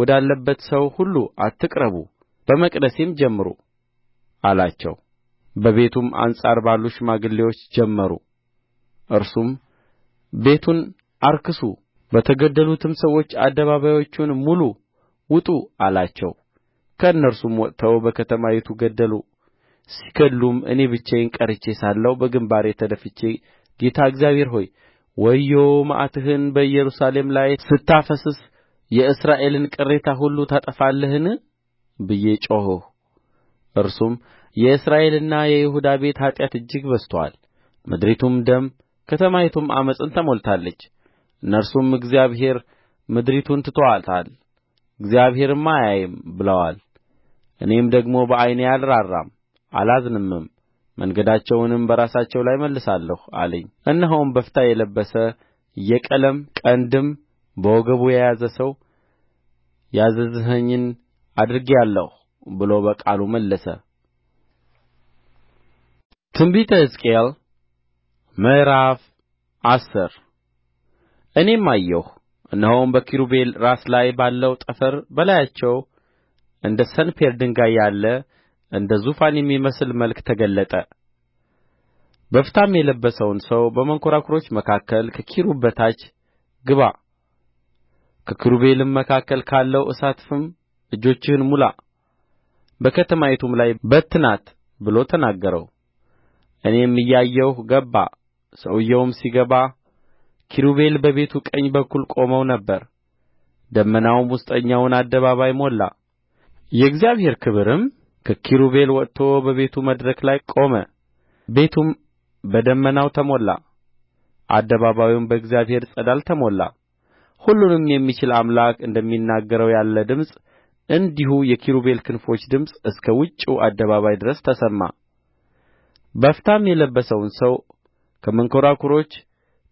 ወዳለበት ሰው ሁሉ አትቅረቡ በመቅደሴም ጀምሩ አላቸው በቤቱም አንጻር ባሉ ሽማግሌዎች ጀመሩ እርሱም ቤቱን አርክሱ በተገደሉትም ሰዎች አደባባዮቹን ሙሉ ውጡ አላቸው ከእነርሱም ወጥተው በከተማይቱ ገደሉ ሲገድሉም እኔ ብቻዬን ቀርቼ ሳለሁ በግምባሬ ተደፍቼ ጌታ እግዚአብሔር ሆይ ወዮ መዓትህን በኢየሩሳሌም ላይ ስታፈስስ የእስራኤልን ቅሬታ ሁሉ ታጠፋለህን ብዬ ጮኽሁ እርሱም የእስራኤልና የይሁዳ ቤት ኃጢአት እጅግ በዝቶአል ምድሪቱም ደም ከተማይቱም ዓመፅን ተሞልታለች እነርሱም እግዚአብሔር ምድሪቱን ትቶአታል እግዚአብሔርም አያይም ብለዋል እኔም ደግሞ በዓይኔ አልራራም አላዝንምም መንገዳቸውንም በራሳቸው ላይ እመልሳለሁ አለኝ እነሆም በፍታ የለበሰ የቀለም ቀንድም በወገቡ የያዘ ሰው ያዘዝኸኝን አድርጌአለሁ ብሎ በቃሉ መለሰ ትንቢተ ሕዝቅኤል ምዕራፍ አስር እኔም አየሁ እነሆም በኪሩቤል ራስ ላይ ባለው ጠፈር በላያቸው እንደ ሰንፔር ድንጋይ ያለ እንደ ዙፋን የሚመስል መልክ ተገለጠ በፍታም የለበሰውን ሰው በመንኰራኵሮች መካከል ከኪሩብ በታች ግባ ከኪሩቤልም መካከል ካለው እሳት ፍም እጆችህን ሙላ በከተማይቱም ላይ በትናት ብሎ ተናገረው እኔም እያየሁ ገባ ሰውየውም ሲገባ ኪሩቤል በቤቱ ቀኝ በኩል ቆመው ነበር ደመናውም ውስጠኛውን አደባባይ ሞላ የእግዚአብሔር ክብርም ከኪሩቤል ወጥቶ በቤቱ መድረክ ላይ ቆመ ቤቱም በደመናው ተሞላ አደባባዩም በእግዚአብሔር ፀዳል ተሞላ ሁሉንም የሚችል አምላክ እንደሚናገረው ያለ ድምፅ እንዲሁ የኪሩቤል ክንፎች ድምፅ እስከ ውጭው አደባባይ ድረስ ተሰማ በፍታም የለበሰውን ሰው ከመንኰራኵሮች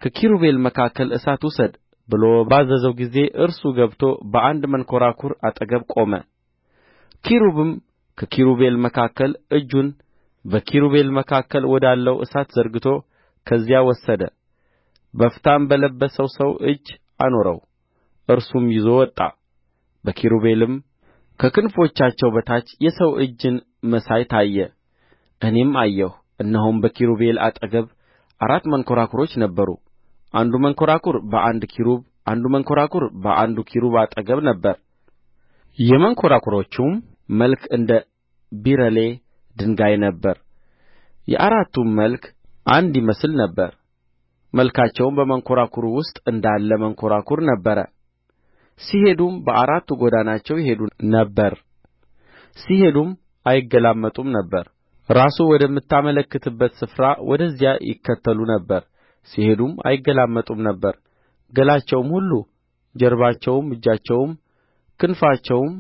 ከኪሩቤል መካከል እሳት ውሰድ ብሎ ባዘዘው ጊዜ እርሱ ገብቶ በአንድ መንኰራኵር አጠገብ ቆመ። ኪሩብም ከኪሩቤል መካከል እጁን በኪሩቤል መካከል ወዳለው እሳት ዘርግቶ ከዚያ ወሰደ፣ በፍታም በለበሰው ሰው እጅ አኖረው። እርሱም ይዞ ወጣ። በኪሩቤልም ከክንፎቻቸው በታች የሰው እጅን መሳይ ታየ። እኔም አየሁ፣ እነሆም በኪሩቤል አጠገብ አራት መንኰራኵሮች ነበሩ። አንዱ መንኰራኵር በአንዱ ኪሩብ አንዱ መንኰራኵር በአንዱ ኪሩብ አጠገብ ነበረ የመንኰራኵሮቹም መልክ እንደ ቢረሌ ድንጋይ ነበረ የአራቱም መልክ አንድ ይመስል ነበር መልካቸውም በመንኰራኵሩ ውስጥ እንዳለ መንኰራኵር ነበረ ሲሄዱም በአራቱ ጐድናቸው ይሄዱ ነበር ሲሄዱም አይገላመጡም ነበር ራሱ ወደምታመለክትበት ስፍራ ወደዚያ ይከተሉ ነበር ሲሄዱም አይገላመጡም ነበር ገላቸውም ሁሉ ጀርባቸውም እጃቸውም ክንፋቸውም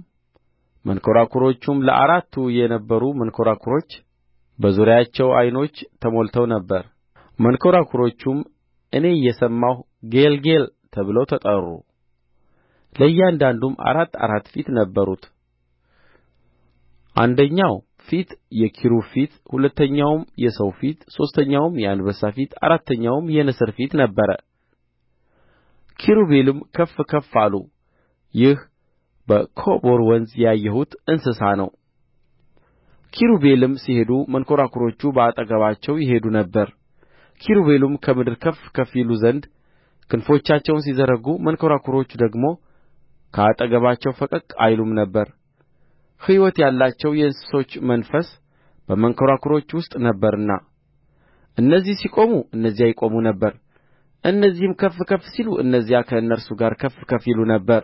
መንኰራኵሮቹም ለአራቱ የነበሩ መንኰራኵሮች በዙሪያቸው ዓይኖች ተሞልተው ነበር መንኰራኵሮቹም እኔ እየሰማሁ ጌልጌል ተብለው ተጠሩ ለእያንዳንዱም አራት አራት ፊት ነበሩት አንደኛው ፊት የኪሩብ ፊት ሁለተኛውም የሰው ፊት ሦስተኛውም የአንበሳ ፊት አራተኛውም የንስር ፊት ነበረ ኪሩቤልም ከፍ ከፍ አሉ ይህ በኮቦር ወንዝ ያየሁት እንስሳ ነው ኪሩቤልም ሲሄዱ መንኰራኵሮቹ በአጠገባቸው ይሄዱ ነበር ኪሩቤልም ከምድር ከፍ ከፍ ይሉ ዘንድ ክንፎቻቸውን ሲዘረጉ መንኰራኵሮቹ ደግሞ ከአጠገባቸው ፈቀቅ አይሉም ነበር ሕይወት ያላቸው የእንስሶች መንፈስ በመንኰራኵሮች ውስጥ ነበረና እነዚህ ሲቆሙ እነዚያ ይቆሙ ነበር እነዚህም ከፍ ከፍ ሲሉ እነዚያ ከእነርሱ ጋር ከፍ ከፍ ይሉ ነበር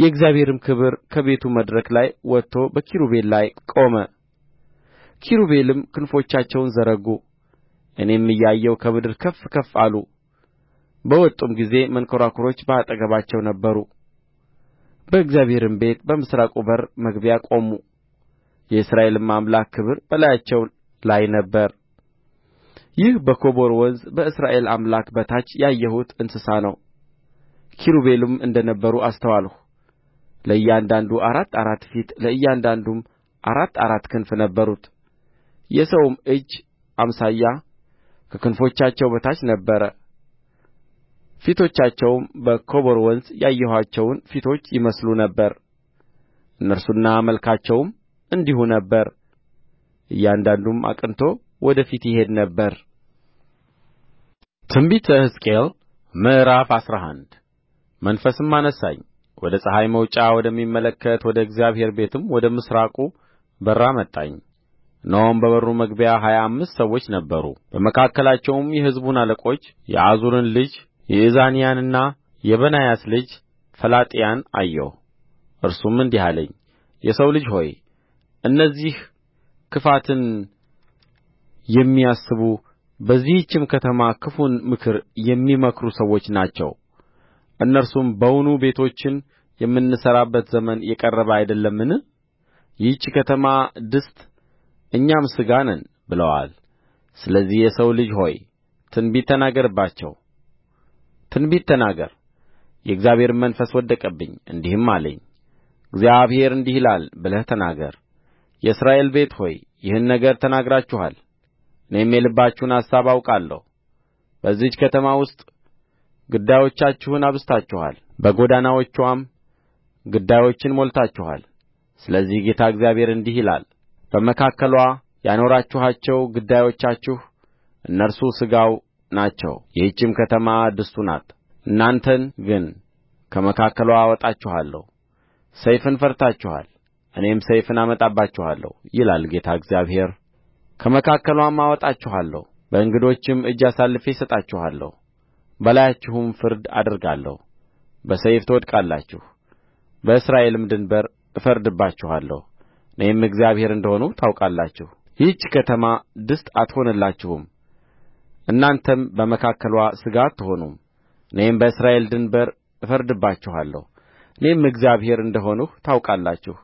የእግዚአብሔርም ክብር ከቤቱ መድረክ ላይ ወጥቶ በኪሩቤል ላይ ቆመ ኪሩቤልም ክንፎቻቸውን ዘረጉ እኔም እያየሁ ከምድር ከፍ ከፍ አሉ በወጡም ጊዜ መንኰራኵሮች በአጠገባቸው ነበሩ በእግዚአብሔርም ቤት በምሥራቁ በር መግቢያ ቆሙ የእስራኤልም አምላክ ክብር በላያቸው ላይ ነበረ ይህ በኮቦር ወንዝ በእስራኤል አምላክ በታች ያየሁት እንስሳ ነው ኪሩቤልም እንደ ነበሩ አስተዋልሁ ለእያንዳንዱ አራት አራት ፊት ለእያንዳንዱም አራት አራት ክንፍ ነበሩት የሰውም እጅ አምሳያ ከክንፎቻቸው በታች ነበረ ፊቶቻቸውም በኮቦር ወንዝ ያየኋቸውን ፊቶች ይመስሉ ነበር እነርሱና መልካቸውም እንዲሁ ነበረ እያንዳንዱም አቅንቶ ወደ ፊት ይሄድ ነበር ትንቢተ ሕዝቅኤል ምዕራፍ አስራ አንድ መንፈስም አነሣኝ ወደ ፀሐይ መውጫ ወደሚመለከት ወደ እግዚአብሔር ቤትም ወደ ምሥራቁ በር አመጣኝ እነሆም በበሩ መግቢያ ሀያ አምስት ሰዎች ነበሩ በመካከላቸውም የሕዝቡን አለቆች የዓዙርን ልጅ የዛንያንና የበናያስ ልጅ ፈላጥያን አየሁ እርሱም እንዲህ አለኝ የሰው ልጅ ሆይ እነዚህ ክፋትን የሚያስቡ በዚህችም ከተማ ክፉን ምክር የሚመክሩ ሰዎች ናቸው እነርሱም በውኑ ቤቶችን የምንሠራበት ዘመን የቀረበ አይደለምን ይህች ከተማ ድስት እኛም ሥጋ ነን ብለዋል ስለዚህ የሰው ልጅ ሆይ ትንቢት ተናገርባቸው ትንቢት ተናገር የእግዚአብሔርም መንፈስ ወደቀብኝ እንዲህም አለኝ እግዚአብሔር እንዲህ ይላል ብለህ ተናገር የእስራኤል ቤት ሆይ ይህን ነገር ተናግራችኋል እኔም የልባችሁን አሳብ አውቃለሁ በዚህች ከተማ ውስጥ ግዳዮቻችሁን አብዝታችኋል በጎዳናዎችዋም ግዳዮችን ሞልታችኋል ስለዚህ ጌታ እግዚአብሔር እንዲህ ይላል በመካከልዋ ያኖራችኋቸው ግዳዮቻችሁ እነርሱ ሥጋው ናቸው ይህችም ከተማ ድስቱ ናት እናንተን ግን ከመካከልዋ አወጣችኋለሁ ሰይፍን ፈርታችኋል እኔም ሰይፍን አመጣባችኋለሁ ይላል ጌታ እግዚአብሔር ከመካከልዋም አወጣችኋለሁ በእንግዶችም እጅ አሳልፌ እሰጣችኋለሁ በላያችሁም ፍርድ አደርጋለሁ በሰይፍ ትወድቃላችሁ በእስራኤልም ድንበር እፈርድባችኋለሁ እኔም እግዚአብሔር እንደ ሆንሁ ታውቃላችሁ ይህች ከተማ ድስት አትሆንላችሁም እናንተም በመካከልዋ ሥጋ አትሆኑም እኔም በእስራኤል ድንበር እፈርድባችኋለሁ እኔም እግዚአብሔር እንደ ሆንሁ ታውቃላችሁ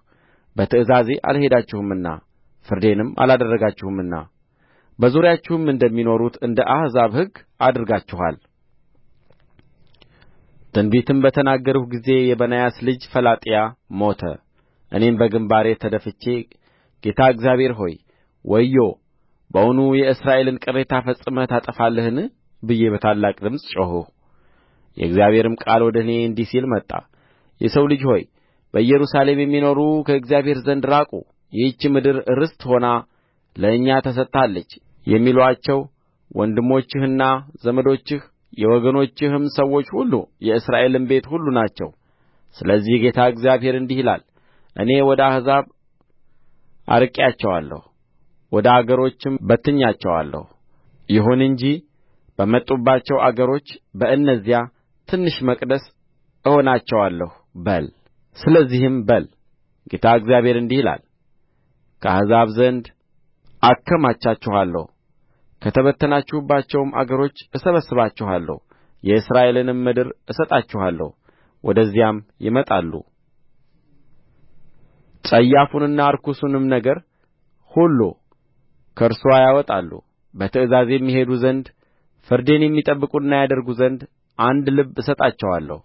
በትእዛዜ አልሄዳችሁምና ፍርዴንም አላደረጋችሁምና በዙሪያችሁም እንደሚኖሩት እንደ አሕዛብ ሕግ አድርጋችኋል ትንቢትም በተናገርሁ ጊዜ የበናያስ ልጅ ፈላጥያ ሞተ እኔም በግምባሬ ተደፍቼ ጌታ እግዚአብሔር ሆይ ወዮ በውኑ የእስራኤልን ቅሬታ ፈጽመህ ታጠፋለህን ብዬ በታላቅ ድምፅ ጮኽሁ የእግዚአብሔርም ቃል ወደ እኔ እንዲህ ሲል መጣ የሰው ልጅ ሆይ በኢየሩሳሌም የሚኖሩ ከእግዚአብሔር ዘንድ ራቁ ይህች ምድር ርስት ሆና ለእኛ ተሰጥታለች የሚሉአቸው ወንድሞችህና ዘመዶችህ የወገኖችህም ሰዎች ሁሉ የእስራኤልም ቤት ሁሉ ናቸው ስለዚህ ጌታ እግዚአብሔር እንዲህ ይላል እኔ ወደ አሕዛብ አርቄአቸዋለሁ ወደ አገሮችም በትኛቸዋለሁ ይሁን እንጂ በመጡባቸው አገሮች በእነዚያ ትንሽ መቅደስ እሆናቸዋለሁ በል ስለዚህም በል ጌታ እግዚአብሔር እንዲህ ይላል ከአሕዛብ ዘንድ አከማቻችኋለሁ ከተበተናችሁባቸውም አገሮች እሰበስባችኋለሁ የእስራኤልንም ምድር እሰጣችኋለሁ ወደዚያም ይመጣሉ ጸያፉንና ርኩሱንም ነገር ሁሉ ከእርስዋ ያወጣሉ በትእዛዜም ይሄዱ ዘንድ ፍርዴን የሚጠብቁና ያደርጉ ዘንድ አንድ ልብ እሰጣቸዋለሁ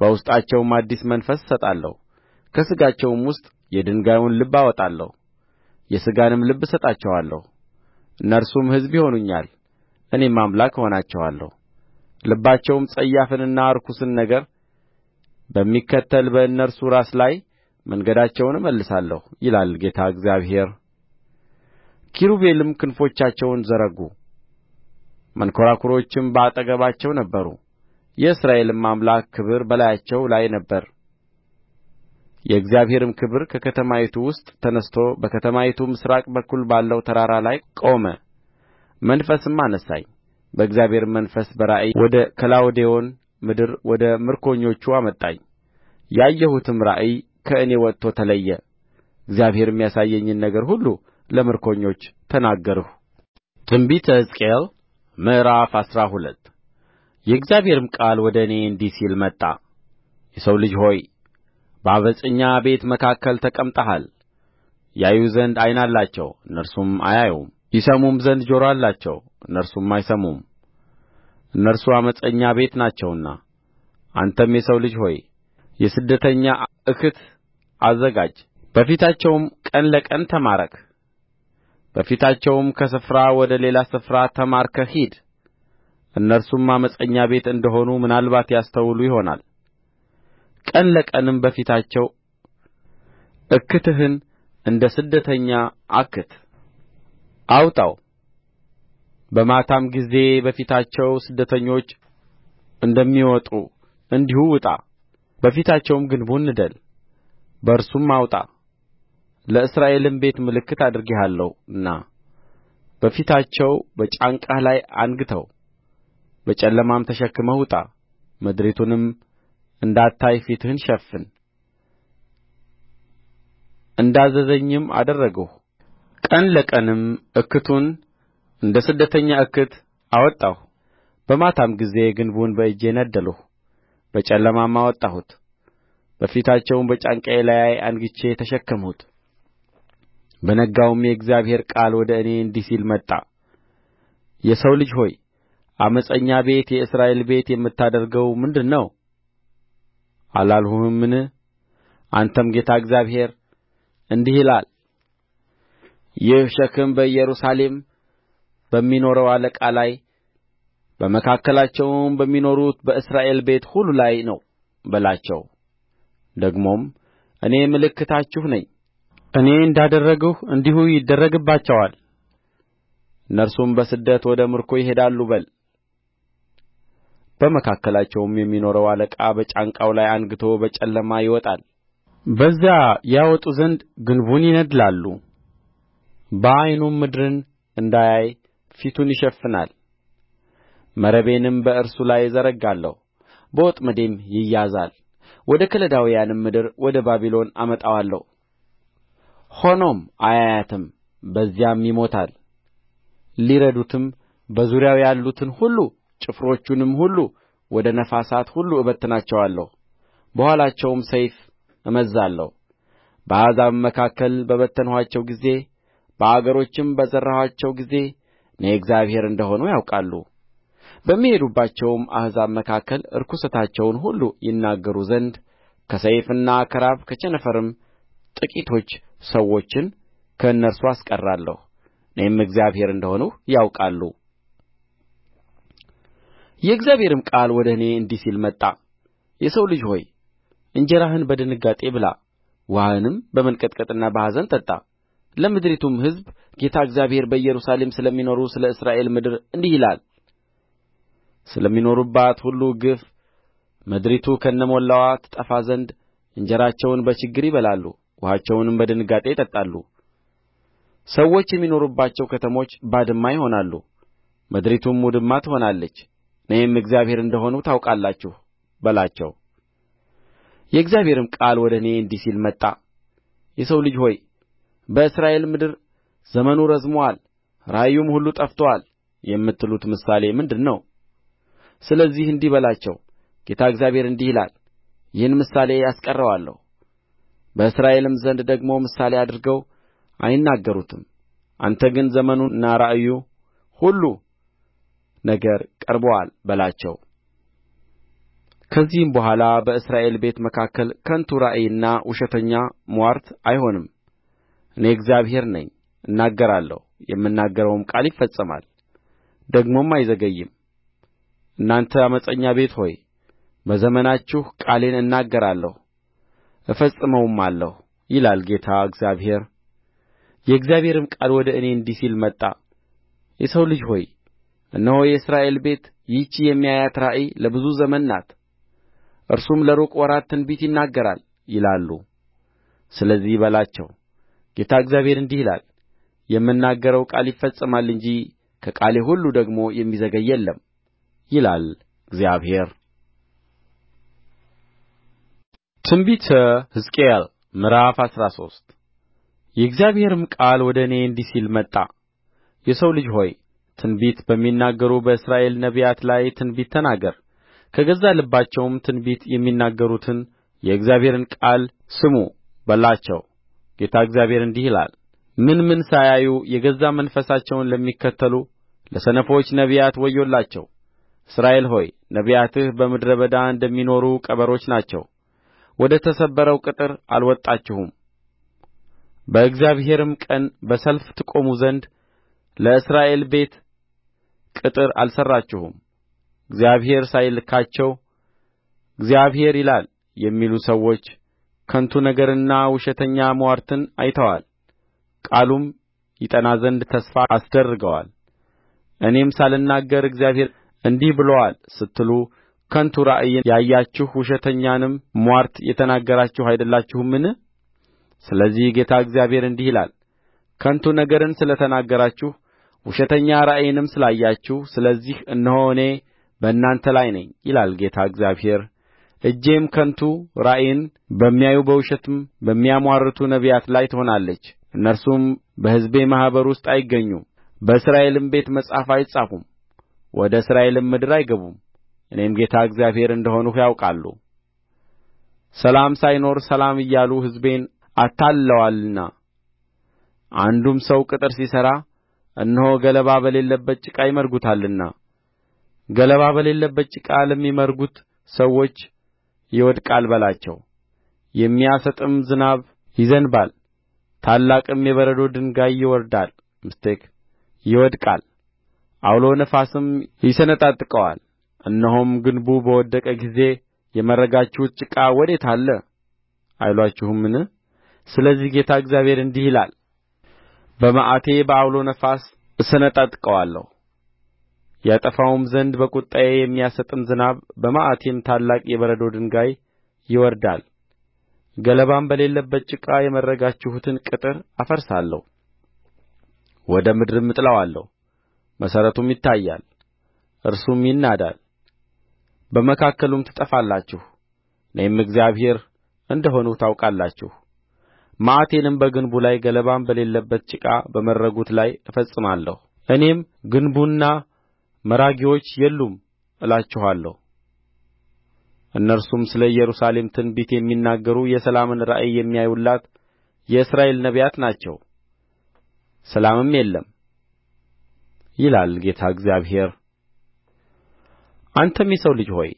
በውስጣቸውም አዲስ መንፈስ እሰጣለሁ ከሥጋቸውም ውስጥ የድንጋዩን ልብ አወጣለሁ የሥጋንም ልብ እሰጣቸዋለሁ እነርሱም ሕዝብ ይሆኑኛል እኔም አምላክ እሆናቸዋለሁ ልባቸውም ጸያፍንና ርኩስን ነገር በሚከተል በእነርሱ ራስ ላይ መንገዳቸውን እመልሳለሁ ይላል ጌታ እግዚአብሔር ኪሩቤልም ክንፎቻቸውን ዘረጉ መንኰራኵሮችም በአጠገባቸው ነበሩ የእስራኤልም አምላክ ክብር በላያቸው ላይ ነበረ የእግዚአብሔርም ክብር ከከተማይቱ ውስጥ ተነሥቶ በከተማይቱ ምሥራቅ በኩል ባለው ተራራ ላይ ቆመ መንፈስም አነሣኝ በእግዚአብሔርም መንፈስ በራእይ ወደ ከላውዴዎን ምድር ወደ ምርኮኞቹ አመጣኝ ያየሁትም ራእይ ከእኔ ወጥቶ ተለየ እግዚአብሔርም ያሳየኝን ነገር ሁሉ ለምርኮኞች ተናገርሁ ትንቢተ ሕዝቅኤል ምዕራፍ አስራ ሁለት የእግዚአብሔርም ቃል ወደ እኔ እንዲህ ሲል መጣ የሰው ልጅ ሆይ በዓመፀኛ ቤት መካከል ተቀምጠሃል ያዩ ዘንድ ዓይን አላቸው እነርሱም አያዩም ይሰሙም ዘንድ ጆሮ አላቸው እነርሱም አይሰሙም እነርሱ ዓመፀኛ ቤት ናቸውና አንተም የሰው ልጅ ሆይ የስደተኛ እክት አዘጋጅ በፊታቸውም ቀን ለቀን ተማረክ በፊታቸውም ከስፍራ ወደ ሌላ ስፍራ ተማርከህ ሂድ እነርሱም ዓመፀኛ ቤት እንደ ሆኑ ምናልባት ያስተውሉ ይሆናል ቀን ለቀንም በፊታቸው እክትህን እንደ ስደተኛ አክት አውጣው በማታም ጊዜ በፊታቸው ስደተኞች እንደሚወጡ እንዲሁ ውጣ በፊታቸውም ግንቡን ንደል በእርሱም አውጣ ለእስራኤልም ቤት ምልክት አድርጌሃለሁና በፊታቸው በጫንቃህ ላይ አንግተው በጨለማም ተሸክመህ ውጣ ምድሪቱንም እንዳታይ ፊትህን ሸፍን እንዳዘዘኝም አደረግሁ ቀን ለቀንም እክቱን እንደ ስደተኛ እክት አወጣሁ በማታም ጊዜ ግንቡን በእጄ ነደልሁ በጨለማም አወጣሁት በፊታቸውም በጫንቃዬ ላይ አንግቼ ተሸከምሁት በነጋውም የእግዚአብሔር ቃል ወደ እኔ እንዲህ ሲል መጣ የሰው ልጅ ሆይ ዓመፀኛ ቤት የእስራኤል ቤት የምታደርገው ምንድር ነው አላልሁህምን አንተም ጌታ እግዚአብሔር እንዲህ ይላል ይህ ሸክም በኢየሩሳሌም በሚኖረው አለቃ ላይ በመካከላቸውም በሚኖሩት በእስራኤል ቤት ሁሉ ላይ ነው በላቸው ደግሞም እኔ ምልክታችሁ ነኝ እኔ እንዳደረግሁ እንዲሁ ይደረግባቸዋል እነርሱም በስደት ወደ ምርኮ ይሄዳሉ በል በመካከላቸውም የሚኖረው አለቃ በጫንቃው ላይ አንግቶ በጨለማ ይወጣል በዚያ ያወጡ ዘንድ ግንቡን ይነድላሉ በዓይኑም ምድርን እንዳያይ ፊቱን ይሸፍናል መረቤንም በእርሱ ላይ እዘረጋለሁ በወጥመዴም ይያዛል ወደ ከለዳውያንም ምድር ወደ ባቢሎን አመጣዋለሁ ሆኖም አያያትም በዚያም ይሞታል ሊረዱትም በዙሪያው ያሉትን ሁሉ ጭፍሮቹንም ሁሉ ወደ ነፋሳት ሁሉ እበትናቸዋለሁ በኋላቸውም ሰይፍ እመዝዛለሁ በአሕዛብም መካከል በበተንኋቸው ጊዜ በአገሮችም በዘራኋቸው ጊዜ እኔ እግዚአብሔር እንደ ሆንሁ ያውቃሉ በሚሄዱባቸውም አሕዛብ መካከል ርኵሰታቸውን ሁሉ ይናገሩ ዘንድ ከሰይፍና ከራብ ከቸነፈርም ጥቂቶች ሰዎችን ከእነርሱ አስቀራለሁ እኔም እግዚአብሔር እንደ ሆንሁ ያውቃሉ የእግዚአብሔርም ቃል ወደ እኔ እንዲህ ሲል መጣ የሰው ልጅ ሆይ እንጀራህን በድንጋጤ ብላ ውኃህንም በመንቀጥቀጥና በኀዘን ጠጣ ለምድሪቱም ሕዝብ ጌታ እግዚአብሔር በኢየሩሳሌም ስለሚኖሩ ስለ እስራኤል ምድር እንዲህ ይላል ስለሚኖሩባት ሁሉ ግፍ ምድሪቱ ከነሞላዋ ትጠፋ ዘንድ እንጀራቸውን በችግር ይበላሉ ውኃቸውንም በድንጋጤ ይጠጣሉ ሰዎች የሚኖሩባቸው ከተሞች ባድማ ይሆናሉ ምድሪቱም ውድማ ትሆናለች እኔም እግዚአብሔር እንደ ሆንሁ ታውቃላችሁ በላቸው የእግዚአብሔርም ቃል ወደ እኔ እንዲህ ሲል መጣ የሰው ልጅ ሆይ በእስራኤል ምድር ዘመኑ ረዝሞአል ራእዩም ሁሉ ጠፍቶአል የምትሉት ምሳሌ ምንድር ነው ስለዚህ እንዲህ በላቸው ጌታ እግዚአብሔር እንዲህ ይላል ይህን ምሳሌ አስቀረዋለሁ በእስራኤልም ዘንድ ደግሞ ምሳሌ አድርገው አይናገሩትም አንተ ግን ዘመኑና ራእዩ ሁሉ ነገር ቀርቦአል በላቸው ከዚህም በኋላ በእስራኤል ቤት መካከል ከንቱ ራእይና ውሸተኛ ምዋርት አይሆንም እኔ እግዚአብሔር ነኝ እናገራለሁ የምናገረውም ቃል ይፈጸማል ደግሞም አይዘገይም እናንተ ዓመፀኛ ቤት ሆይ በዘመናችሁ ቃሌን እናገራለሁ እፈጽመውማለሁ ይላል ጌታ እግዚአብሔር የእግዚአብሔርም ቃል ወደ እኔ እንዲህ ሲል መጣ የሰው ልጅ ሆይ እነሆ የእስራኤል ቤት ይህች የሚያያት ራእይ ለብዙ ዘመን ናት እርሱም ለሩቅ ወራት ትንቢት ይናገራል ይላሉ ስለዚህ በላቸው ጌታ እግዚአብሔር እንዲህ ይላል የምናገረው ቃል ይፈጸማል እንጂ ከቃሌ ሁሉ ደግሞ የሚዘገይ የለም ይላል እግዚአብሔር ትንቢተ ሕዝቅኤል ምዕራፍ አስራ ሶስት የእግዚአብሔርም ቃል ወደ እኔ እንዲህ ሲል መጣ የሰው ልጅ ሆይ ትንቢት በሚናገሩ በእስራኤል ነቢያት ላይ ትንቢት ተናገር ከገዛ ልባቸውም ትንቢት የሚናገሩትን የእግዚአብሔርን ቃል ስሙ በላቸው ጌታ እግዚአብሔር እንዲህ ይላል ምን ምን ሳያዩ የገዛ መንፈሳቸውን ለሚከተሉ ለሰነፎች ነቢያት ወዮላቸው እስራኤል ሆይ ነቢያትህ በምድረ በዳ እንደሚኖሩ ቀበሮች ናቸው ወደ ተሰበረው ቅጥር አልወጣችሁም በእግዚአብሔርም ቀን በሰልፍ ትቆሙ ዘንድ ለእስራኤል ቤት ቅጥር አልሠራችሁም እግዚአብሔር ሳይልካቸው እግዚአብሔር ይላል የሚሉ ሰዎች ከንቱ ነገርንና ውሸተኛ ምዋርትን አይተዋል ቃሉም ይጠና ዘንድ ተስፋ አስደርገዋል እኔም ሳልናገር እግዚአብሔር እንዲህ ብሎአል ስትሉ ከንቱ ራእይን ያያችሁ ውሸተኛንም ምዋርት የተናገራችሁ አይደላችሁምን ስለዚህ ጌታ እግዚአብሔር እንዲህ ይላል ከንቱ ነገርን ስለ ተናገራችሁ ውሸተኛ ራእይንም ስላያችሁ ስለዚህ እነሆ እኔ በእናንተ ላይ ነኝ ይላል ጌታ እግዚአብሔር እጄም ከንቱ ራእይን በሚያዩ በውሸትም በሚያምዋርቱ ነቢያት ላይ ትሆናለች እነርሱም በሕዝቤ ማኅበር ውስጥ አይገኙም በእስራኤልም ቤት መጽሐፍ አይጻፉም ወደ እስራኤልም ምድር አይገቡም እኔም ጌታ እግዚአብሔር እንደ ሆንሁ ያውቃሉ ሰላም ሳይኖር ሰላም እያሉ ሕዝቤን አታልለዋልና አንዱም ሰው ቅጥር ሲሠራ እነሆ ገለባ በሌለበት ጭቃ ይመርጉታልና ገለባ በሌለበት ጭቃ ለሚመርጉት ሰዎች ይወድቃል በላቸው የሚያሰጥም ዝናብ ይዘንባል ታላቅም የበረዶ ድንጋይ ይወርዳል ይወድቃል ዐውሎ ነፋስም ይሰነጣጥቀዋል እነሆም ግንቡ በወደቀ ጊዜ የመረጋችሁት ጭቃ ወዴት አለ አይሉአችሁምን ስለዚህ ጌታ እግዚአብሔር እንዲህ ይላል በመዓቴ በዐውሎ ነፋስ እሰነጣጥቀዋለሁ ያጠፋውም ዘንድ በቍጣዬ የሚያሰጥም ዝናብ በመዓቴም ታላቅ የበረዶ ድንጋይ ይወርዳል ገለባም በሌለበት ጭቃ የመረጋችሁትን ቅጥር አፈርሳለሁ ወደ ምድርም እጥለዋለሁ መሠረቱም ይታያል እርሱም ይናዳል በመካከሉም ትጠፋላችሁ እኔም እግዚአብሔር እንደ ሆንሁ ታውቃላችሁ መዓቴንም በግንቡ ላይ ገለባም በሌለበት ጭቃ በመረጉት ላይ እፈጽማለሁ እኔም ግንቡና መራጊዎች የሉም እላችኋለሁ እነርሱም ስለ ኢየሩሳሌም ትንቢት የሚናገሩ የሰላምን ራእይ የሚያዩላት የእስራኤል ነቢያት ናቸው ሰላምም የለም ይላል ጌታ እግዚአብሔር አንተም የሰው ልጅ ሆይ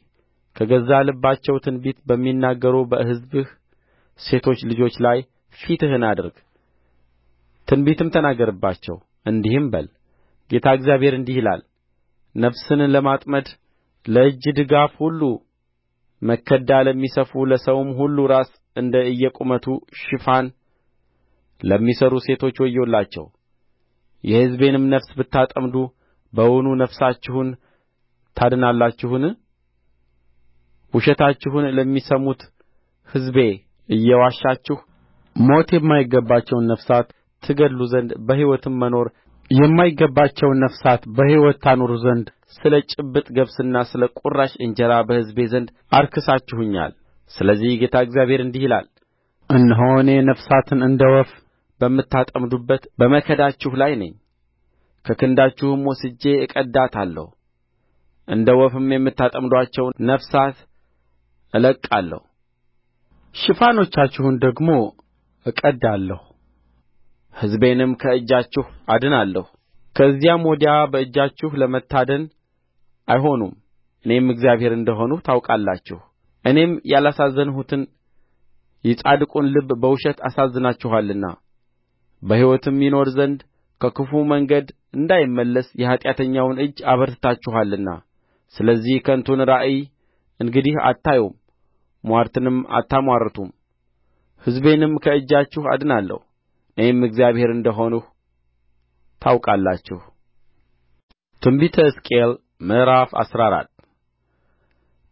ከገዛ ልባቸው ትንቢት በሚናገሩ በሕዝብህ ሴቶች ልጆች ላይ ፊትህን አድርግ ትንቢትም ተናገርባቸው እንዲህም በል ጌታ እግዚአብሔር እንዲህ ይላል ነፍስን ለማጥመድ ለእጅ ድጋፍ ሁሉ መከዳ ለሚሰፉ ለሰውም ሁሉ ራስ እንደ እየቁመቱ ሽፋን ለሚሠሩ ሴቶች ወዮላቸው የሕዝቤንም ነፍስ ብታጠምዱ በውኑ ነፍሳችሁን ታድናላችሁን ውሸታችሁን ለሚሰሙት ሕዝቤ እየዋሻችሁ ሞት የማይገባቸውን ነፍሳት ትገድሉ ዘንድ በሕይወትም መኖር የማይገባቸውን ነፍሳት በሕይወት ታኖሩ ዘንድ ስለ ጭብጥ ገብስና ስለ ቍራሽ እንጀራ በሕዝቤ ዘንድ አርክሳችሁኛል ስለዚህ ጌታ እግዚአብሔር እንዲህ ይላል እነሆ እኔ ነፍሳትን እንደ ወፍ በምታጠምዱበት በመከዳችሁ ላይ ነኝ ከክንዳችሁም ወስጄ እቀድዳታለሁ እንደ ወፍም የምታጠምዱአቸውን ነፍሳት እለቅቃለሁ ሽፋኖቻችሁን ደግሞ እቀድዳለሁ ሕዝቤንም ከእጃችሁ አድናለሁ ከዚያም ወዲያ በእጃችሁ ለመታደን አይሆኑም እኔም እግዚአብሔር እንደ ሆንሁ ታውቃላችሁ እኔም ያላሳዘንሁትን የጻድቁን ልብ በውሸት አሳዝናችኋልና በሕይወትም ይኖር ዘንድ ከክፉ መንገድ እንዳይመለስ የኃጢአተኛውን እጅ አበርትታችኋልና ስለዚህ ከንቱን ራእይ እንግዲህ አታዩም ምዋርትንም አታምዋርቱም ሕዝቤንም ከእጃችሁ አድናለሁ እኔም እግዚአብሔር እንደ ሆንሁ ታውቃላችሁ ትንቢተ ሕዝቅኤል ምዕራፍ አስራ አራት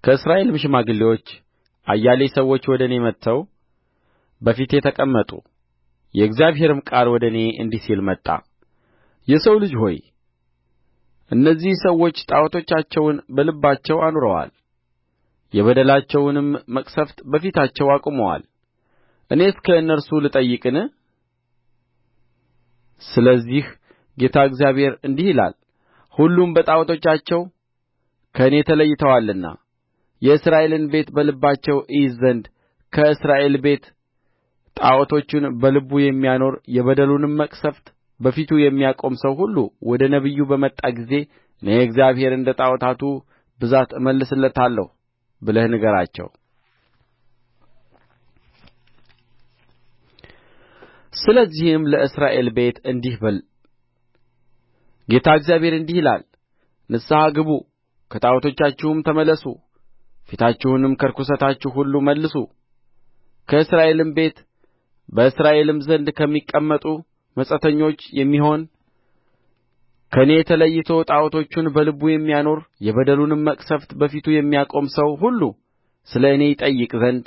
ከእስራኤልም ሽማግሌዎች አያሌ ሰዎች ወደ እኔ መጥተው በፊቴ ተቀመጡ የእግዚአብሔርም ቃል ወደ እኔ እንዲህ ሲል መጣ የሰው ልጅ ሆይ እነዚህ ሰዎች ጣዖቶቻቸውን በልባቸው አኑረዋል የበደላቸውንም መቅሠፍት በፊታቸው አቁመዋል እኔስ ከእነርሱ ልጠየቅን ስለዚህ ጌታ እግዚአብሔር እንዲህ ይላል ሁሉም በጣዖቶቻቸው ከእኔ ተለይተዋልና የእስራኤልን ቤት በልባቸው እይዝ ዘንድ ከእስራኤል ቤት ጣዖቶቹን በልቡ የሚያኖር የበደሉንም መቅሠፍት በፊቱ የሚያቆም ሰው ሁሉ ወደ ነቢዩ በመጣ ጊዜ እኔ እግዚአብሔር እንደ ጣዖታቱ ብዛት እመልስለታለሁ ብለህ ንገራቸው ስለዚህም ለእስራኤል ቤት እንዲህ በል ጌታ እግዚአብሔር እንዲህ ይላል ንስሐ ግቡ ከጣዖቶቻችሁም ተመለሱ ፊታችሁንም ከርኵሰታችሁ ሁሉ መልሱ ከእስራኤልም ቤት በእስራኤልም ዘንድ ከሚቀመጡ መጻተኞች የሚሆን ከእኔ ተለይቶ ጣዖቶቹን በልቡ የሚያኖር የበደሉንም መቅሠፍት በፊቱ የሚያቆም ሰው ሁሉ ስለ እኔ ይጠይቅ ዘንድ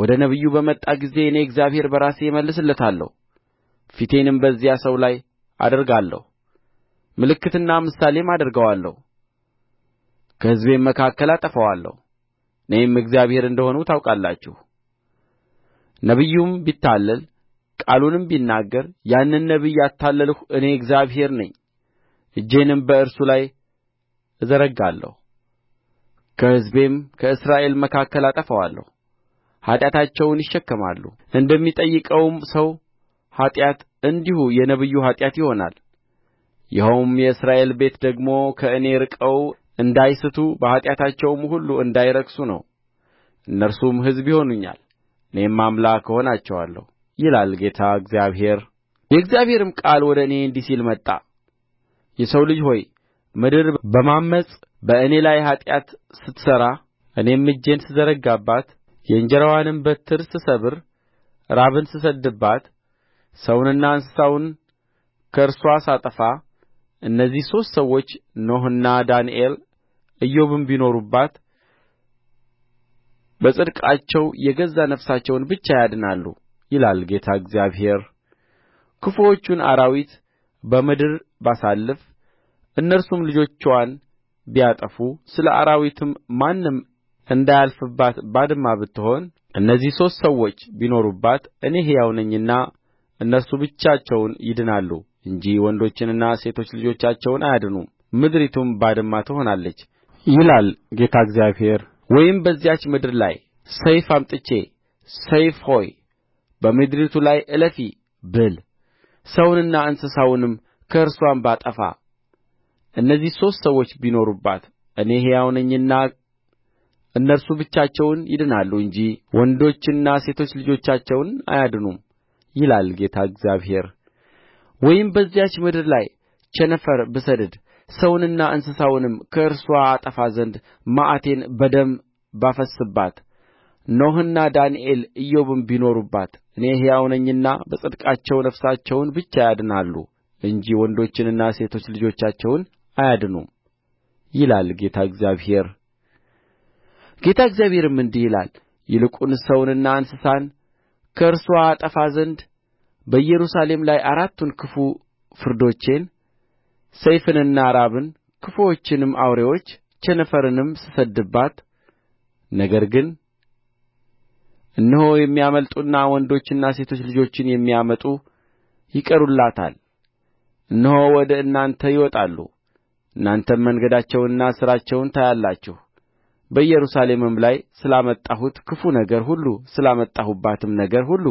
ወደ ነቢዩ በመጣ ጊዜ እኔ እግዚአብሔር በራሴ እመልስለታለሁ ፊቴንም በዚያ ሰው ላይ አደርጋለሁ ምልክትና ምሳሌም አደርገዋለሁ ከሕዝቤም መካከል አጠፋዋለሁ እኔም እግዚአብሔር እንደ ሆንሁ ታውቃላችሁ ነቢዩም ቢታለል ቃሉንም ቢናገር ያንን ነቢይ ያታለልሁ እኔ እግዚአብሔር ነኝ እጄንም በእርሱ ላይ እዘረጋለሁ ከሕዝቤም ከእስራኤል መካከል አጠፋዋለሁ ኃጢአታቸውን ይሸከማሉ እንደሚጠይቀውም ሰው ኃጢአት እንዲሁ የነቢዩ ኃጢአት ይሆናል ይኸውም የእስራኤል ቤት ደግሞ ከእኔ ርቀው እንዳይስቱ በኃጢአታቸውም ሁሉ እንዳይረክሱ ነው እነርሱም ሕዝብ ይሆኑኛል እኔም አምላክ እሆናቸዋለሁ ይላል ጌታ እግዚአብሔር የእግዚአብሔርም ቃል ወደ እኔ እንዲህ ሲል መጣ የሰው ልጅ ሆይ ምድር በማመፅ በእኔ ላይ ኃጢአት ስትሠራ እኔም እጄን ስዘረጋባት የእንጀራዋንም በትር ስሰብር ራብን ስሰድድባት ሰውንና እንስሳውን ከእርሷ ሳጠፋ እነዚህ ሦስት ሰዎች ኖኅና ዳንኤል ኢዮብም ቢኖሩባት በጽድቃቸው የገዛ ነፍሳቸውን ብቻ ያድናሉ ይላል ጌታ እግዚአብሔር ክፉዎቹን አራዊት በምድር ባሳልፍ እነርሱም ልጆችዋን ቢያጠፉ ስለ አራዊትም ማንም እንዳያልፍባት ባድማ ብትሆን እነዚህ ሦስት ሰዎች ቢኖሩባት እኔ ሕያው ነኝና እነርሱ ብቻቸውን ይድናሉ እንጂ ወንዶችንና ሴቶች ልጆቻቸውን አያድኑም ምድሪቱም ባድማ ትሆናለች ይላል ጌታ እግዚአብሔር ወይም በዚያች ምድር ላይ ሰይፍ አምጥቼ ሰይፍ ሆይ በምድሪቱ ላይ እለፊ ብል ሰውንና እንስሳውንም ከእርስዋም ባጠፋ እነዚህ ሦስት ሰዎች ቢኖሩባት እኔ ሕያው ነኝና እነርሱ ብቻቸውን ይድናሉ እንጂ ወንዶችና ሴቶች ልጆቻቸውን አያድኑም ይላል ጌታ እግዚአብሔር ወይም በዚያች ምድር ላይ ቸነፈር ብሰድድ ሰውንና እንስሳውንም ከእርስዋ አጠፋ ዘንድ መዓቴን በደም ባፈስስባት ኖኅና ዳንኤል ኢዮብም ቢኖሩባት እኔ ሕያው ነኝና በጽድቃቸው ነፍሳቸውን ብቻ ያድናሉ እንጂ ወንዶችንና ሴቶች ልጆቻቸውን አያድኑም ይላል ጌታ እግዚአብሔር ጌታ እግዚአብሔርም እንዲህ ይላል ይልቁንስ ሰውንና እንስሳን ከእርስዋ አጠፋ ዘንድ በኢየሩሳሌም ላይ አራቱን ክፉ ፍርዶቼን ሰይፍንና ራብን ክፉዎችንም አውሬዎች ቸነፈርንም ስሰድድባት ነገር ግን እነሆ የሚያመልጡና ወንዶችና ሴቶች ልጆችን የሚያመጡ ይቀሩላታል እነሆ ወደ እናንተ ይወጣሉ እናንተም መንገዳቸውንና ሥራቸውን ታያላችሁ በኢየሩሳሌምም ላይ ስላመጣሁት ክፉ ነገር ሁሉ ስላመጣሁባትም ነገር ሁሉ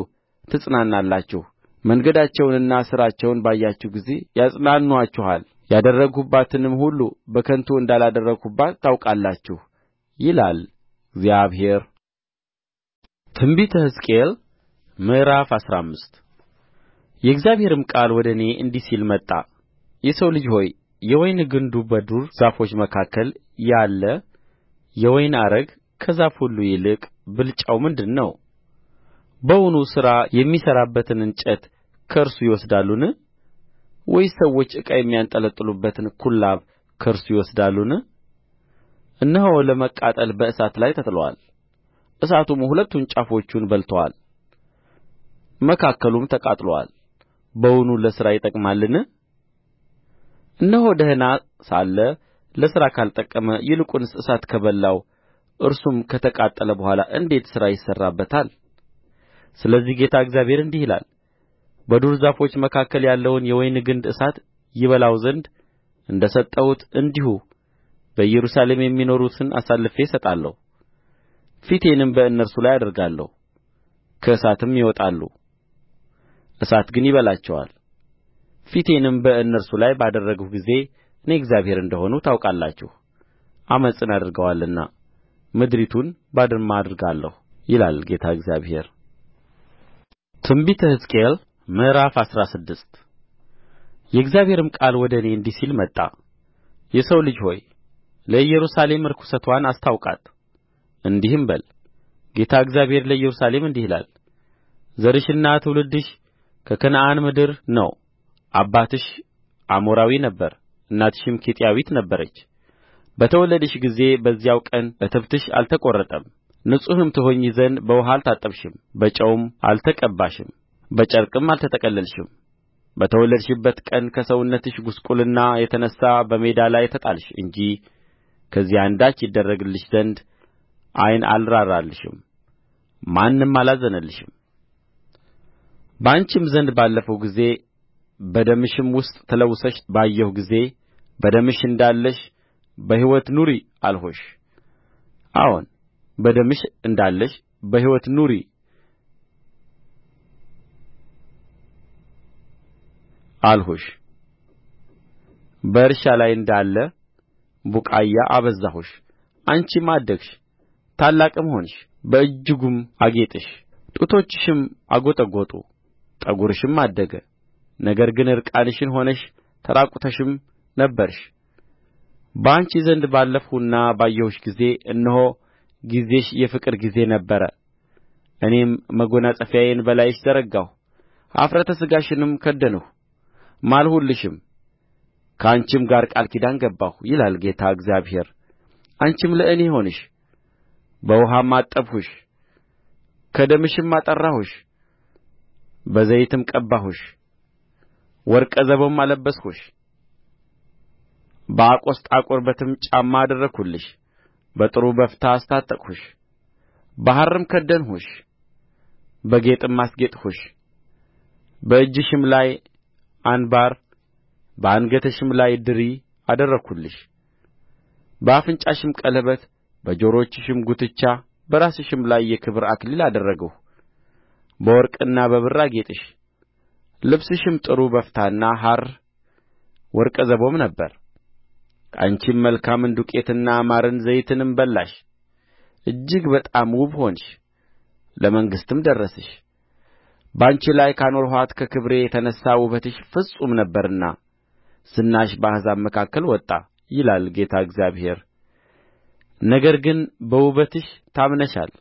ትጽናናላችሁ መንገዳቸውንና ሥራቸውን ባያችሁ ጊዜ ያጽናኑአችኋል ያደረግሁባትንም ሁሉ በከንቱ እንዳላደረግሁባት ታውቃላችሁ ይላል እግዚአብሔር ትንቢተ ሕዝቅኤል ምዕራፍ አስራ አምስት የእግዚአብሔርም ቃል ወደ እኔ እንዲህ ሲል መጣ የሰው ልጅ ሆይ የወይን ግንዱ በዱር ዛፎች መካከል ያለ የወይን አረግ ከዛፍ ሁሉ ይልቅ ብልጫው ምንድር ነው በውኑ ሥራ የሚሠራበትን እንጨት ከእርሱ ይወስዳሉን ወይስ ሰዎች ዕቃ የሚያንጠለጥሉበትን ኩላብ ከእርሱ ይወስዳሉን እነሆ ለመቃጠል በእሳት ላይ ተጥሎአል እሳቱም ሁለቱን ጫፎቹን በልቶአል መካከሉም ተቃጥሎአል በውኑ ለሥራ ይጠቅማልን እነሆ ደህና ሳለ ለሥራ ካልጠቀመ ይልቁንስ እሳት ከበላው እርሱም ከተቃጠለ በኋላ እንዴት ሥራ ይሠራበታል ስለዚህ ጌታ እግዚአብሔር እንዲህ ይላል በዱር ዛፎች መካከል ያለውን የወይን ግንድ እሳት ይበላው ዘንድ እንደ ሰጠሁት እንዲሁ በኢየሩሳሌም የሚኖሩትን አሳልፌ እሰጣለሁ ፊቴንም በእነርሱ ላይ አደርጋለሁ ከእሳትም ይወጣሉ እሳት ግን ይበላቸዋል ፊቴንም በእነርሱ ላይ ባደረግሁ ጊዜ እኔ እግዚአብሔር እንደ ሆንሁ ታውቃላችሁ ዓመፅን አድርገዋልና ምድሪቱን ባድማ አደርጋለሁ ይላል ጌታ እግዚአብሔር። ትንቢተ ሕዝቅኤል ምዕራፍ አስራ ስድስት የእግዚአብሔርም ቃል ወደ እኔ እንዲህ ሲል መጣ። የሰው ልጅ ሆይ ለኢየሩሳሌም ርኵሰትዋን አስታውቃት እንዲህም በል ጌታ እግዚአብሔር ለኢየሩሳሌም እንዲህ ይላል ዘርሽና ትውልድሽ ከከነዓን ምድር ነው አባትሽ አሞራዊ ነበረ እናትሽም ኬጢያዊት ነበረች በተወለድሽ ጊዜ በዚያው ቀን እትብትሽ አልተቈረጠም ንጹሕም ትሆኚ ዘንድ በውኃ አልታጠብሽም በጨውም አልተቀባሽም በጨርቅም አልተጠቀለልሽም በተወለድሽበት ቀን ከሰውነትሽ ጕስቍልና የተነሣ በሜዳ ላይ ተጣልሽ እንጂ ከዚያ አንዳች ይደረግልሽ ዘንድ ዓይን አልራራልሽም ማንም አላዘነልሽም በአንቺም ዘንድ ባለፍሁ ጊዜ በደምሽም ውስጥ ተለውሰሽ ባየሁ ጊዜ በደምሽ እንዳለሽ በሕይወት ኑሪ አልሁሽ አዎን በደምሽ እንዳለሽ በሕይወት ኑሪ አልሁሽ በእርሻ ላይ እንዳለ ቡቃያ አበዛሁሽ አንቺም አደግሽ ታላቅም ሆንሽ በእጅጉም አጌጥሽ ጡቶችሽም አጐጠጐጡ ጠጕርሽም አደገ ነገር ግን ዕርቃንሽን ሆነሽ ተራቍተሽም ነበርሽ በአንቺ ዘንድ ባለፍሁና ባየሁሽ ጊዜ እነሆ ጊዜሽ የፍቅር ጊዜ ነበረ እኔም መጐናጸፊያዬን በላይሽ ዘረጋሁ ኀፍረተ ሥጋሽንም ከደንሁ ማልሁልሽም ከአንቺም ጋር ቃል ኪዳን ገባሁ ይላል ጌታ እግዚአብሔር አንቺም ለእኔ ሆንሽ በውኃም አጠብሁሽ ከደምሽም አጠራሁሽ በዘይትም ቀባሁሽ ወርቀ ዘቦም አለበስሁሽ በአቆስጣ ቁርበትም ጫማ አደረግሁልሽ በጥሩ በፍታ አስታጠቅሁሽ በሐርም ከደንሁሽ በጌጥም አስጌጥሁሽ በእጅሽም ላይ አንባር በአንገትሽም ላይ ድሪ አደረግሁልሽ በአፍንጫሽም ቀለበት በጆሮችሽም ጕትቻ በራስሽም ላይ የክብር አክሊል አደረግሁ በወርቅና በብር አጌጥሽ ልብስሽም ጥሩ በፍታና ሐር ወርቀ ዘቦም ነበረ አንቺም መልካምን ዱቄትና ማርን ዘይትንም በላሽ እጅግ በጣም ውብ ሆንሽ ለመንግሥትም ደረስሽ በአንቺ ላይ ካኖርኋት ከክብሬ የተነሣ ውበትሽ ፍጹም ነበረና ዝናሽ በአሕዛብ መካከል ወጣ ይላል ጌታ እግዚአብሔር ነገር ግን በውበትሽ ታምነሻል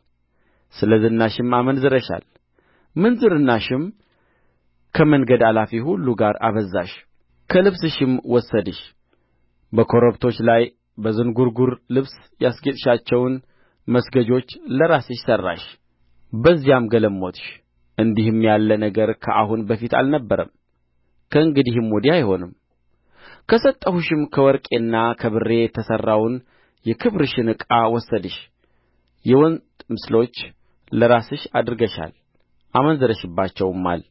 ስለ ዝናሽም አመንዝረሻል ምንዝርናሽም ከመንገድ አላፊ ሁሉ ጋር አበዛሽ ከልብስሽም ወሰድሽ በኮረብቶች ላይ በዝንጕርጕር ልብስ ያስጌጥሻቸውን መስገጆች ለራስሽ ሠራሽ በዚያም ገለሞትሽ እንዲህም ያለ ነገር ከአሁን በፊት አልነበረም ከእንግዲህም ወዲህ አይሆንም ከሰጠሁሽም ከወርቄና ከብሬ የተሠራውን የክብርሽን ዕቃ ወሰድሽ የወንድ ምስሎች ለራስሽ አድርገሻል አመንዝረሽባቸውማል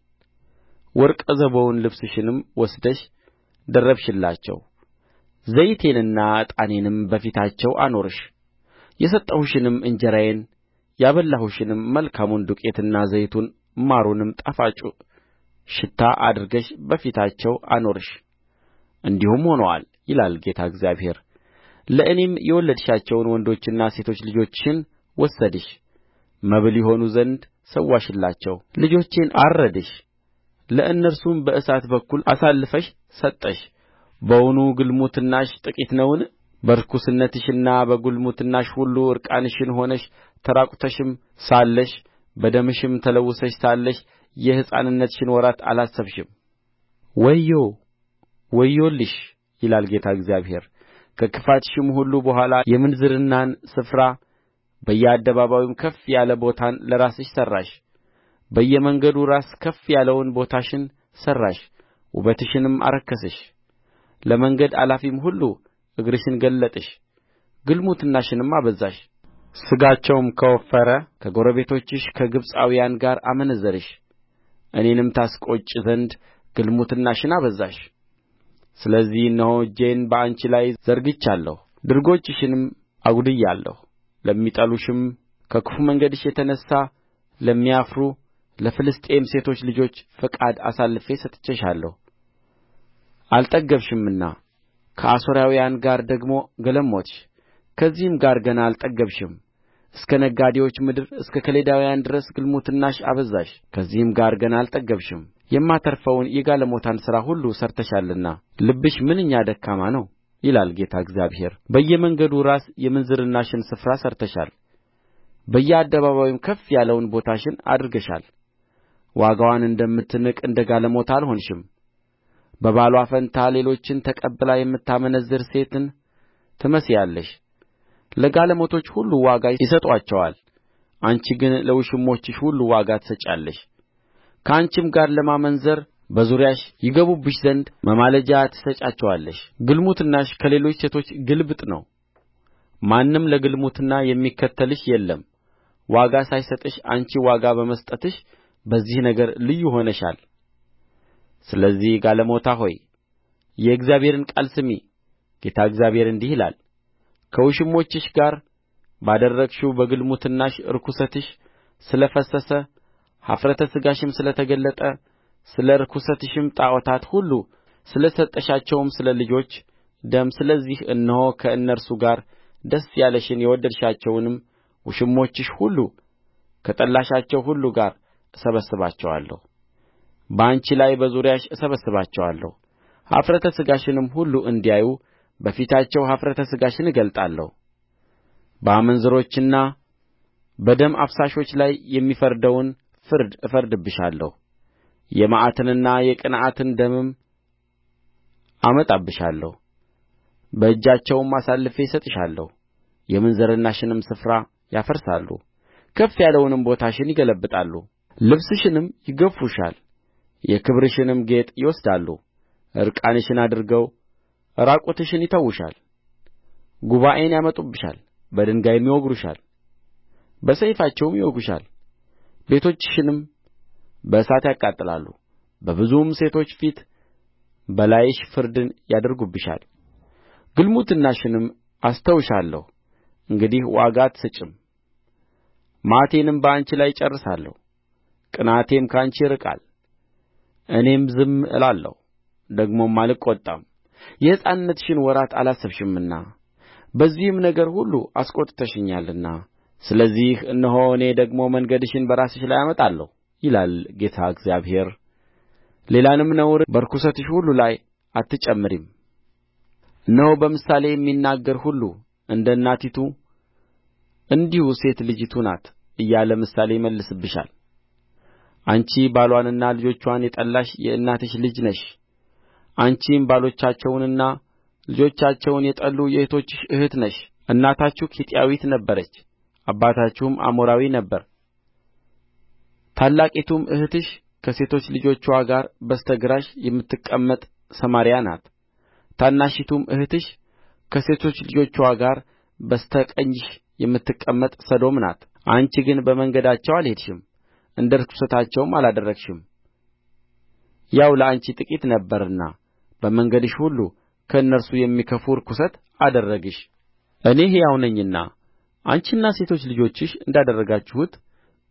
ወርቀ ዘቦውን ልብስሽንም ወስደሽ ደረብሽላቸው ዘይቴንና ዕጣኔንም በፊታቸው አኖርሽ የሰጠሁሽንም እንጀራዬን ያበላሁሽንም መልካሙን ዱቄትና ዘይቱን ማሩንም ጣፋጭ ሽታ አድርገሽ በፊታቸው አኖርሽ እንዲሁም ሆኖአል ይላል ጌታ እግዚአብሔር ለእኔም የወለድሻቸውን ወንዶችና ሴቶች ልጆችሽን ወሰድሽ መብል ይሆኑ ዘንድ ሠዋሽላቸው ልጆቼን አረድሽ ለእነርሱም በእሳት በኩል አሳልፈሽ ሰጠሽ በውኑ ግልሙትናሽ ጥቂት ነውን በርኵስነትሽና በግልሙትናሽ ሁሉ ዕርቃንሽን ሆነሽ ተራቁተሽም ሳለሽ በደምሽም ተለውሰሽ ሳለሽ የሕፃንነትሽን ወራት አላሰብሽም ወዮ ወዮልሽ ይላል ጌታ እግዚአብሔር ከክፋትሽም ሁሉ በኋላ የምንዝርናን ስፍራ በየአደባባዩም ከፍ ያለ ቦታን ለራስሽ ሠራሽ በየመንገዱ ራስ ከፍ ያለውን ቦታሽን ሠራሽ ውበትሽንም አረከስሽ ለመንገድ አላፊም ሁሉ እግርሽን ገለጥሽ ግልሙትናሽንም አበዛሽ ሥጋቸውም ከወፈረ ከጎረቤቶችሽ ከግብጻውያን ጋር አመነዘርሽ እኔንም ታስቈጭ ዘንድ ግልሙትናሽን አበዛሽ ስለዚህ እነሆ እጄን በአንቺ ላይ ዘርግቻለሁ ድርጎችሽንም አጕድያለሁ ለሚጠሉሽም ከክፉ መንገድሽ የተነሣ ለሚያፍሩ ለፍልስጥኤም ሴቶች ልጆች ፈቃድ አሳልፌ ሰጥቼሻለሁ አልጠገብሽምና ከአሦራውያን ጋር ደግሞ ገለሞትሽ ከዚህም ጋር ገና አልጠገብሽም እስከ ነጋዴዎች ምድር እስከ ከሌዳውያን ድረስ ግልሙትናሽ አበዛሽ ከዚህም ጋር ገና አልጠገብሽም የማታርፈውን የጋለሞታን ሥራ ሁሉ ሠርተሻልና ልብሽ ምንኛ ደካማ ነው ይላል ጌታ እግዚአብሔር በየመንገዱ ራስ የምንዝርናሽን ስፍራ ሠርተሻል በየአደባባዩም ከፍ ያለውን ቦታሽን አድርገሻል ዋጋዋን እንደምትንቅ እንደ ጋለሞታ አልሆንሽም በባልዋ ፋንታ ሌሎችን ተቀብላ የምታመነዝር ሴትን ትመስያለሽ ለጋለሞቶች ሁሉ ዋጋ ይሰጡአቸዋል አንቺ ግን ለውሽሞችሽ ሁሉ ዋጋ ትሰጫለሽ ከአንቺም ጋር ለማመንዘር በዙሪያሽ ይገቡብሽ ዘንድ መማለጃ ትሰጫቸዋለሽ ግልሙትናሽ ከሌሎች ሴቶች ግልብጥ ነው ማንም ለግልሙትና የሚከተልሽ የለም ዋጋ ሳይሰጥሽ አንቺ ዋጋ በመስጠትሽ በዚህ ነገር ልዩ ሆነሻል ስለዚህ ጋለሞታ ሆይ የእግዚአብሔርን ቃል ስሚ ጌታ እግዚአብሔር እንዲህ ይላል ከውሽሞችሽ ጋር ባደረግሽው በግልሙትናሽ ርኵሰትሽ ስለ ፈሰሰ ኀፍረተ ሥጋሽም ስለ ተገለጠ ስለ ርኵሰትሽም ጣዖታት ሁሉ ስለ ሰጠሻቸውም ስለ ልጆች ደም ስለዚህ እነሆ ከእነርሱ ጋር ደስ ያለሽን የወደድሻቸውንም ውሽሞችሽ ሁሉ ከጠላሻቸው ሁሉ ጋር እሰበስባቸዋለሁ በአንቺ ላይ በዙሪያሽ እሰበስባቸዋለሁ ኀፍረተ ሥጋሽንም ሁሉ እንዲያዩ በፊታቸው ኀፍረተ ሥጋሽን እገልጣለሁ በአመንዝሮችና በደም አፍሳሾች ላይ የሚፈርደውን ፍርድ እፈርድብሻለሁ የመዓትንና የቅንዓትን ደምም አመጣብሻለሁ በእጃቸውም አሳልፌ እሰጥሻለሁ የምንዝርናሽንም ስፍራ ያፈርሳሉ ከፍ ያለውንም ቦታሽን ይገለብጣሉ ልብስሽንም ይገፉሻል የክብርሽንም ጌጥ ይወስዳሉ ዕርቃንሽን አድርገው ዕራቁትሽን ይተዉሻል ጉባኤን ያመጡብሻል በድንጋይም ይወግሩሻል በሰይፋቸውም ይወጉሻል ቤቶችሽንም በእሳት ያቃጥላሉ በብዙም ሴቶች ፊት በላይሽ ፍርድን ያደርጉብሻል ግልሙትናሽንም አስተውሻለሁ እንግዲህ ዋጋ አትሰጭም መዓቴንም በአንቺ ላይ እጨርሳለሁ ቅንዓቴም ከአንቺ ይርቃል እኔም ዝም እላለሁ ደግሞም አልቈጣም የሕፃንነትሽን ወራት አላሰብሽምና በዚህም ነገር ሁሉ አስቈጥተሽኛልና ስለዚህ እነሆ እኔ ደግሞ መንገድሽን በራስሽ ላይ አመጣለሁ ይላል ጌታ እግዚአብሔር ሌላንም ነውር በርኵሰትሽ ሁሉ ላይ አትጨምሪም እነሆ በምሳሌ የሚናገር ሁሉ እንደ እናቲቱ እንዲሁ ሴት ልጂቱ ናት እያለ ምሳሌ ይመልስብሻል አንቺ ባልዋንና ልጆችዋን የጠላሽ የእናትሽ ልጅ ነሽ አንቺም ባሎቻቸውንና ልጆቻቸውን የጠሉ የእኅቶችሽ እኅት ነሽ እናታችሁ ኬጢያዊት ነበረች አባታችሁም አሞራዊ ነበረ ታላቂቱም እኅትሽ ከሴቶች ልጆችዋ ጋር በስተ ግራሽ የምትቀመጥ ሰማርያ ናት ታናሺቱም እኅትሽ ከሴቶች ልጆችዋ ጋር በስተ ቀኝሽ የምትቀመጥ ሰዶም ናት አንቺ ግን በመንገዳቸው አልሄድሽም እንደ ርኵሰታቸውም አላደረግሽም ያው ለአንቺ ጥቂት ነበርና በመንገድሽ ሁሉ ከእነርሱ የሚከፋ ርኵሰት አደረግሽ እኔ ሕያው ነኝና አንቺና ሴቶች ልጆችሽ እንዳደረጋችሁት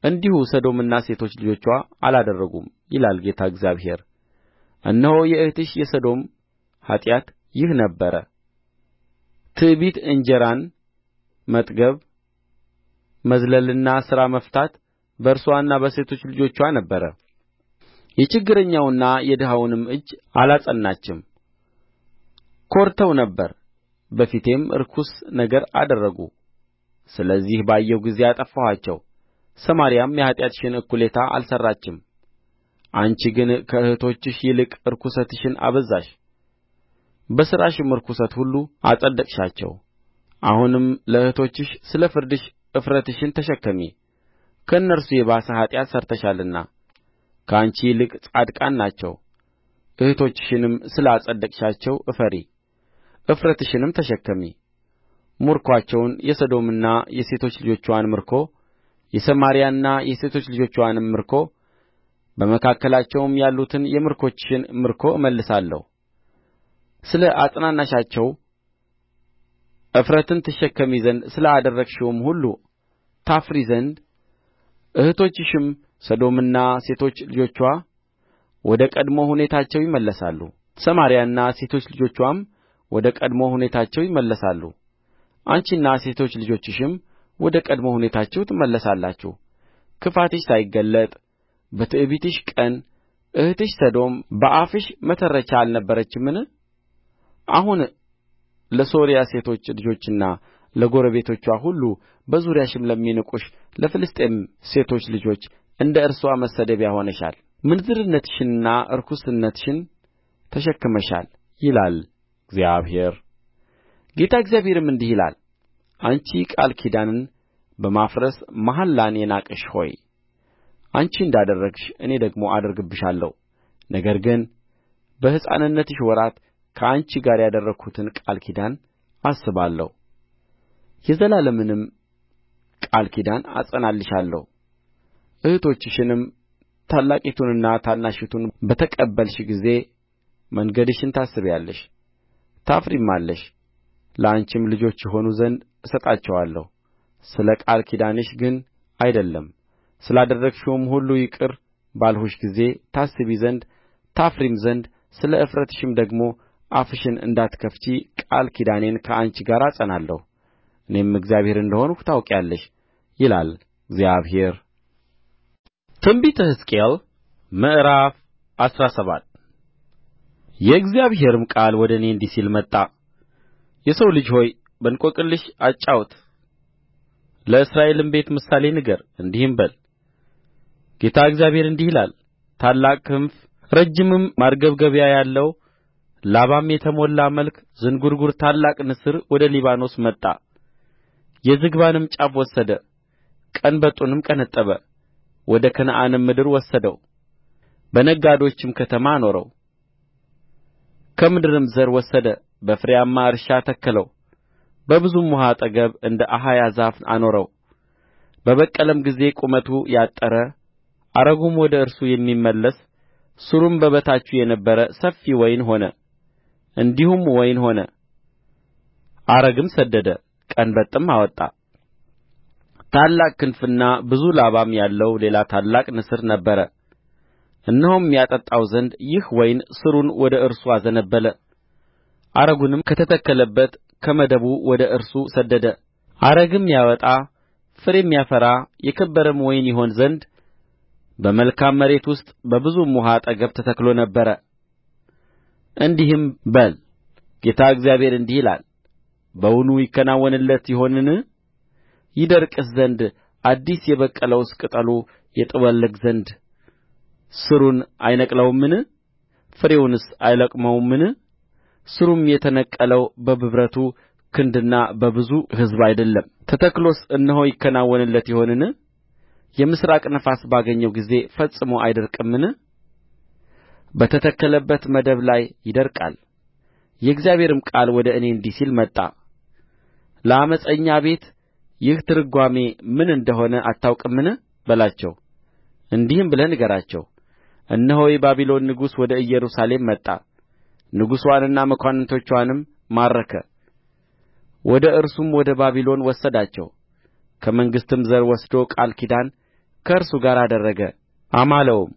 እንዲሁ ሰዶምና ሴቶች ልጆችዋ አላደረጉም ይላል ጌታ እግዚአብሔር እነሆ የእኅትሽ የሰዶም ኃጢአት ይህ ነበረ ትዕቢት እንጀራን መጥገብ መዝለልና ሥራ መፍታት በእርስዋና በሴቶች ልጆችዋ ነበረ የችግረኛውንና የድሀውንም እጅ አላጸናችም ኰርተው ነበር በፊቴም ርኩስ ነገር አደረጉ ስለዚህ ባየሁ ጊዜ አጠፋኋቸው ሰማርያም የኃጢአትሽን እኵሌታ አልሠራችም አንቺ ግን ከእኅቶችሽ ይልቅ ርኵሰትሽን አበዛሽ በሥራሽም ርኵሰት ሁሉ አጸደቅሻቸው አሁንም ለእኅቶችሽ ስለ ፍርድሽ እፍረትሽን ተሸከሚ ከእነርሱ የባሰ ኃጢአት ሠርተሻልና ከአንቺ ይልቅ ጻድቃን ናቸው እኅቶችሽንም ስለ አጸደቅሻቸው እፈሪ እፍረትሽንም ተሸከሚ ምርኮአቸውን የሰዶምና የሴቶች ልጆችዋን ምርኮ የሰማርያና የሴቶች ልጆችዋንም ምርኮ በመካከላቸውም ያሉትን የምርኮኞችሽን ምርኮ እመልሳለሁ ስለ አጽናናሻቸው እፍረትን ትሸከሚ ዘንድ ስለ አደረግሽውም ሁሉ ታፍሪ ዘንድ እኅቶችሽም ሰዶምና ሴቶች ልጆችዋ ወደ ቀድሞ ሁኔታቸው ይመለሳሉ ሰማርያና ሴቶች ልጆችዋም ወደ ቀድሞ ሁኔታቸው ይመለሳሉ አንቺና ሴቶች ልጆችሽም ወደ ቀድሞ ሁኔታችሁ ትመለሳላችሁ ክፋትሽ ሳይገለጥ በትዕቢትሽ ቀን እኅትሽ ሰዶም በአፍሽ መተረቻ አልነበረችምን አሁን ለሶርያ ሴቶች ልጆችና ለጎረቤቶችዋ ሁሉ በዙሪያሽም ለሚንቁሽ ለፍልስጥኤም ሴቶች ልጆች እንደ እርስዋ መሰደቢያ ሆነሻል ምንዝርነትሽንና ርኵስነትሽን ተሸክመሻል ይላል እግዚአብሔር ጌታ እግዚአብሔርም እንዲህ ይላል አንቺ ቃል ኪዳንን በማፍረስ መሐላን የናቅሽ ሆይ አንቺ እንዳደረግሽ እኔ ደግሞ አደርግብሻለሁ ነገር ግን በሕፃንነትሽ ወራት ከአንቺ ጋር ያደረግሁትን ቃል ኪዳን አስባለሁ የዘላለምንም ቃል ኪዳን አጸናልሻለሁ እኅቶችሽንም ታላቂቱንና ታናሺቱን በተቀበልሽ ጊዜ መንገድሽን ታስቢያለሽ ታፍሪማለሽ ለአንቺም ልጆች ይሆኑ ዘንድ እሰጣቸዋለሁ ስለ ቃል ኪዳንሽ ግን አይደለም ስላደረግሽውም ሁሉ ይቅር ባልሁሽ ጊዜ ታስቢ ዘንድ ታፍሪም ዘንድ ስለ እፍረትሽም ደግሞ አፍሽን እንዳትከፍቺ ቃል ኪዳኔን ከአንቺ ጋር አጸናለሁ እኔም እግዚአብሔር እንደ ሆንሁ ታውቂያለሽ፣ ይላል እግዚአብሔር። ትንቢተ ሕዝቅኤል ምዕራፍ አስራ ሰባት የእግዚአብሔርም ቃል ወደ እኔ እንዲህ ሲል መጣ የሰው ልጅ ሆይ በእንቈቅልሽ አጫውት ለእስራኤልም ቤት ምሳሌ ንገር እንዲህም በል ጌታ እግዚአብሔር እንዲህ ይላል ታላቅ ክንፍ ረጅምም ማርገብገቢያ ያለው ላባም የተሞላ መልከ ዝንጕርጕር ታላቅ ንስር ወደ ሊባኖስ መጣ የዝግባንም ጫፍ ወሰደ ቀንበጡንም ቀነጠበ ወደ ከነዓንም ምድር ወሰደው በነጋዶችም ከተማ አኖረው ከምድርም ዘር ወሰደ በፍሬያማ እርሻ ተከለው በብዙም ውኃ አጠገብ እንደ አኻያ ዛፍ አኖረው በበቀለም ጊዜ ቁመቱ ያጠረ አረጉም ወደ እርሱ የሚመለስ ሥሩም በበታቹ የነበረ ሰፊ ወይን ሆነ እንዲሁም ወይን ሆነ አረግም ሰደደ ቀንበጥም አወጣ ታላቅ ክንፍና ብዙ ላባም ያለው ሌላ ታላቅ ንስር ነበረ እነሆም ያጠጣው ዘንድ ይህ ወይን ሥሩን ወደ እርሱ አዘነበለ አረጉንም ከተተከለበት ከመደቡ ወደ እርሱ ሰደደ አረግም ያወጣ ፍሬም ያፈራ የከበረም ወይን ይሆን ዘንድ በመልካም መሬት ውስጥ በብዙም ውኃ አጠገብ ተተክሎ ነበር እንዲህም በል ጌታ እግዚአብሔር እንዲህ ይላል በውኑ ይከናወንለት ይሆንን ይደርቅስ ዘንድ አዲስ የበቀለውስ ቅጠሉ ይጠወልግ ዘንድ ሥሩን አይነቅለውምን ፍሬውንስ አይለቅመውምን ሥሩም የተነቀለው በብርቱ ክንድና በብዙ ሕዝብ አይደለም ተተክሎስ እነሆ ይከናወንለት ይሆንን የምሥራቅ ነፋስ ባገኘው ጊዜ ፈጽሞ አይደርቅምን በተተከለበት መደብ ላይ ይደርቃል የእግዚአብሔርም ቃል ወደ እኔ እንዲህ ሲል መጣ ለዓመፀኛ ቤት ይህ ትርጓሜ ምን እንደ ሆነ አታውቅምን በላቸው እንዲህም ብለህ ንገራቸው እነሆ የባቢሎን ንጉሥ ወደ ኢየሩሳሌም መጣ ንጉሥዋንና መኳንንቶችዋንም ማረከ ወደ እርሱም ወደ ባቢሎን ወሰዳቸው ከመንግሥትም ዘር ወስዶ ቃል ኪዳን ከእርሱ ጋር አደረገ አማለውም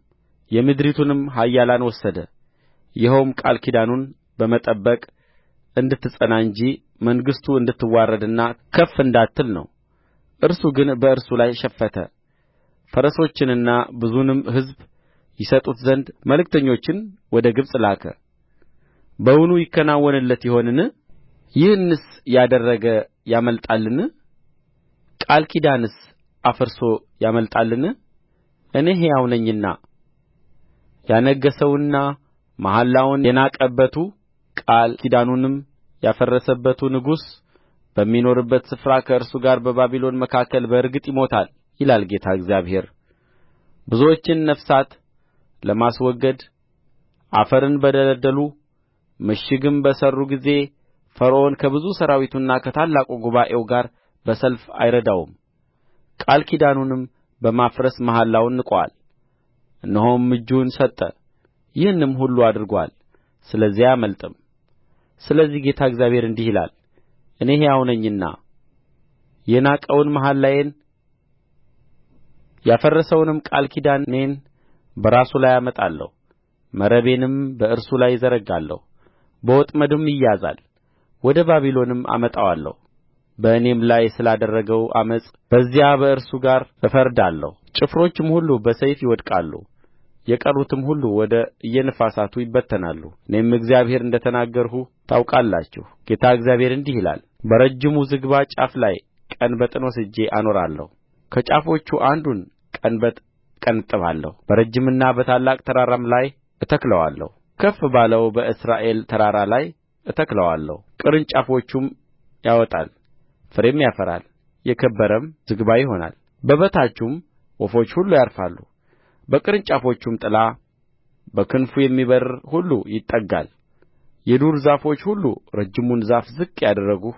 የምድሪቱንም ኃያላን ወሰደ ይኸውም ቃል ኪዳኑን በመጠበቅ እንድትጸና እንጂ መንግሥቱ እንድትዋረድና ከፍ እንዳትል ነው እርሱ ግን በእርሱ ላይ ሸፈተ ፈረሶችንና ብዙንም ሕዝብ ይሰጡት ዘንድ መልእክተኞችን ወደ ግብጽ ላከ በውኑ ይከናወንለት ይሆንን ይህንስ ያደረገ ያመልጣልን ቃል ኪዳንስ አፍርሶ ያመልጣልን እኔ ሕያው ነኝና ያነገሠውና መሐላውን የናቀበቱ ቃል ኪዳኑንም ያፈረሰበቱ ንጉሥ በሚኖርበት ስፍራ ከእርሱ ጋር በባቢሎን መካከል በእርግጥ ይሞታል ይላል ጌታ እግዚአብሔር ብዙዎችን ነፍሳት ለማስወገድ አፈርን በደለደሉ ምሽግም በሠሩ ጊዜ ፈርዖን ከብዙ ሠራዊቱና ከታላቁ ጉባኤው ጋር በሰልፍ አይረዳውም ቃል ኪዳኑንም በማፍረስ መሐላውን ንቆአል እነሆም እጁን ሰጠ ይህንም ሁሉ አድርጎአል ስለዚህ አያመልጥም ስለዚህ ጌታ እግዚአብሔር እንዲህ ይላል እኔ ሕያው ነኝና የናቀውን መሐላዬን ያፈረሰውንም ቃል ኪዳኔን በራሱ ላይ አመጣለሁ መረቤንም በእርሱ ላይ እዘረጋለሁ በወጥመድም ይያዛል ወደ ባቢሎንም አመጣዋለሁ በእኔም ላይ ስላደረገው ዓመፅ በዚያ ከእርሱ ጋር እፋረዳለሁ ጭፍሮችም ሁሉ በሰይፍ ይወድቃሉ የቀሩትም ሁሉ ወደ እየነፋሳቱ ይበተናሉ እኔም እግዚአብሔር እንደ ተናገርሁ ታውቃላችሁ ጌታ እግዚአብሔር እንዲህ ይላል በረጅሙ ዝግባ ጫፍ ላይ ቀንበጥን ወስጄ አኖራለሁ ከጫፎቹ አንዱን ቀንበጥ እቀነጥባለሁ በረጅምና በታላቅ ተራራም ላይ እተክለዋለሁ ከፍ ባለው በእስራኤል ተራራ ላይ እተክለዋለሁ ቅርንጫፎቹም ያወጣል ፍሬም ያፈራል የከበረም ዝግባ ይሆናል በበታቹም ወፎች ሁሉ ያርፋሉ በቅርንጫፎቹም ጥላ በክንፉ የሚበርር ሁሉ ይጠጋል የዱር ዛፎች ሁሉ ረጅሙን ዛፍ ዝቅ ያደረግሁ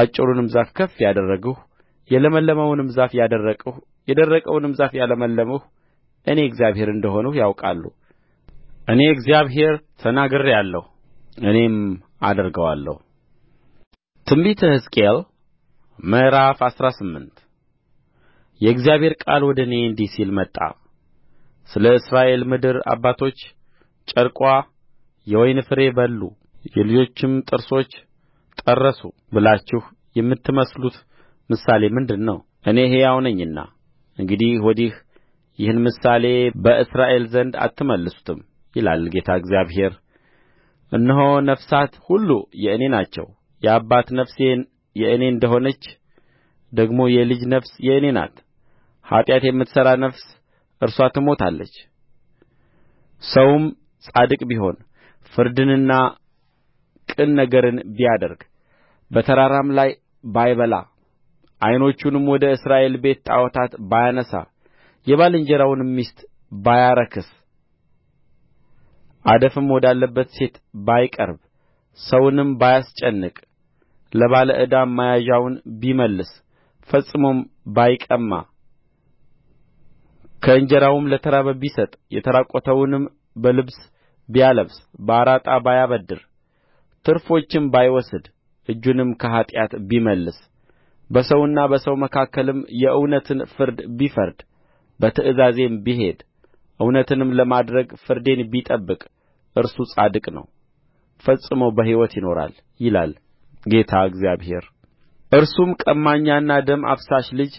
አጭሩንም ዛፍ ከፍ ያደረግሁ የለመለመውንም ዛፍ ያደረቅሁ የደረቀውንም ዛፍ ያለመለምሁ እኔ እግዚአብሔር እንደ ሆንሁ ያውቃሉ እኔ እግዚአብሔር ተናግሬአለሁ እኔም አደርገዋለሁ ትንቢተ ሕዝቅኤል ምዕራፍ አስራ ስምንት የእግዚአብሔር ቃል ወደ እኔ እንዲህ ሲል መጣ ስለ እስራኤል ምድር አባቶች ጨርቋ የወይን ፍሬ በሉ የልጆችም ጥርሶች ጠረሱ ብላችሁ የምትመስሉት ምሳሌ ምንድር ነው? እኔ ሕያው ነኝና እንግዲህ ወዲህ ይህን ምሳሌ በእስራኤል ዘንድ አትመልሱትም ይላል ጌታ እግዚአብሔር እነሆ ነፍሳት ሁሉ የእኔ ናቸው የአባት ነፍስ የእኔ እንደ ሆነች ደግሞ የልጅ ነፍስ የእኔ ናት ኃጢአት የምትሠራ ነፍስ እርስዋ ትሞታለች ሰውም ጻድቅ ቢሆን ፍርድንና ቅን ነገርን ቢያደርግ በተራራም ላይ ባይበላ ዓይኖቹንም ወደ እስራኤል ቤት ጣዖታት ባያነሣ የባልንጀራውንም ሚስት ባያረክስ አደፍም ወዳለበት ሴት ባይቀርብ ሰውንም ባያስጨንቅ ለባለ ዕዳም መያዣውን ቢመልስ ፈጽሞም ባይቀማ ከእንጀራውም ለተራበ ቢሰጥ የተራቈተውንም በልብስ ቢያለብስ በአራጣ ባያበድር ትርፎችም ባይወስድ እጁንም ከኃጢአት ቢመልስ በሰውና በሰው መካከልም የእውነትን ፍርድ ቢፈርድ በትእዛዜም ቢሄድ እውነትንም ለማድረግ ፍርዴን ቢጠብቅ እርሱ ጻድቅ ነው ፈጽሞ በሕይወት ይኖራል ይላል ጌታ እግዚአብሔር እርሱም ቀማኛና ደም አፍሳሽ ልጅ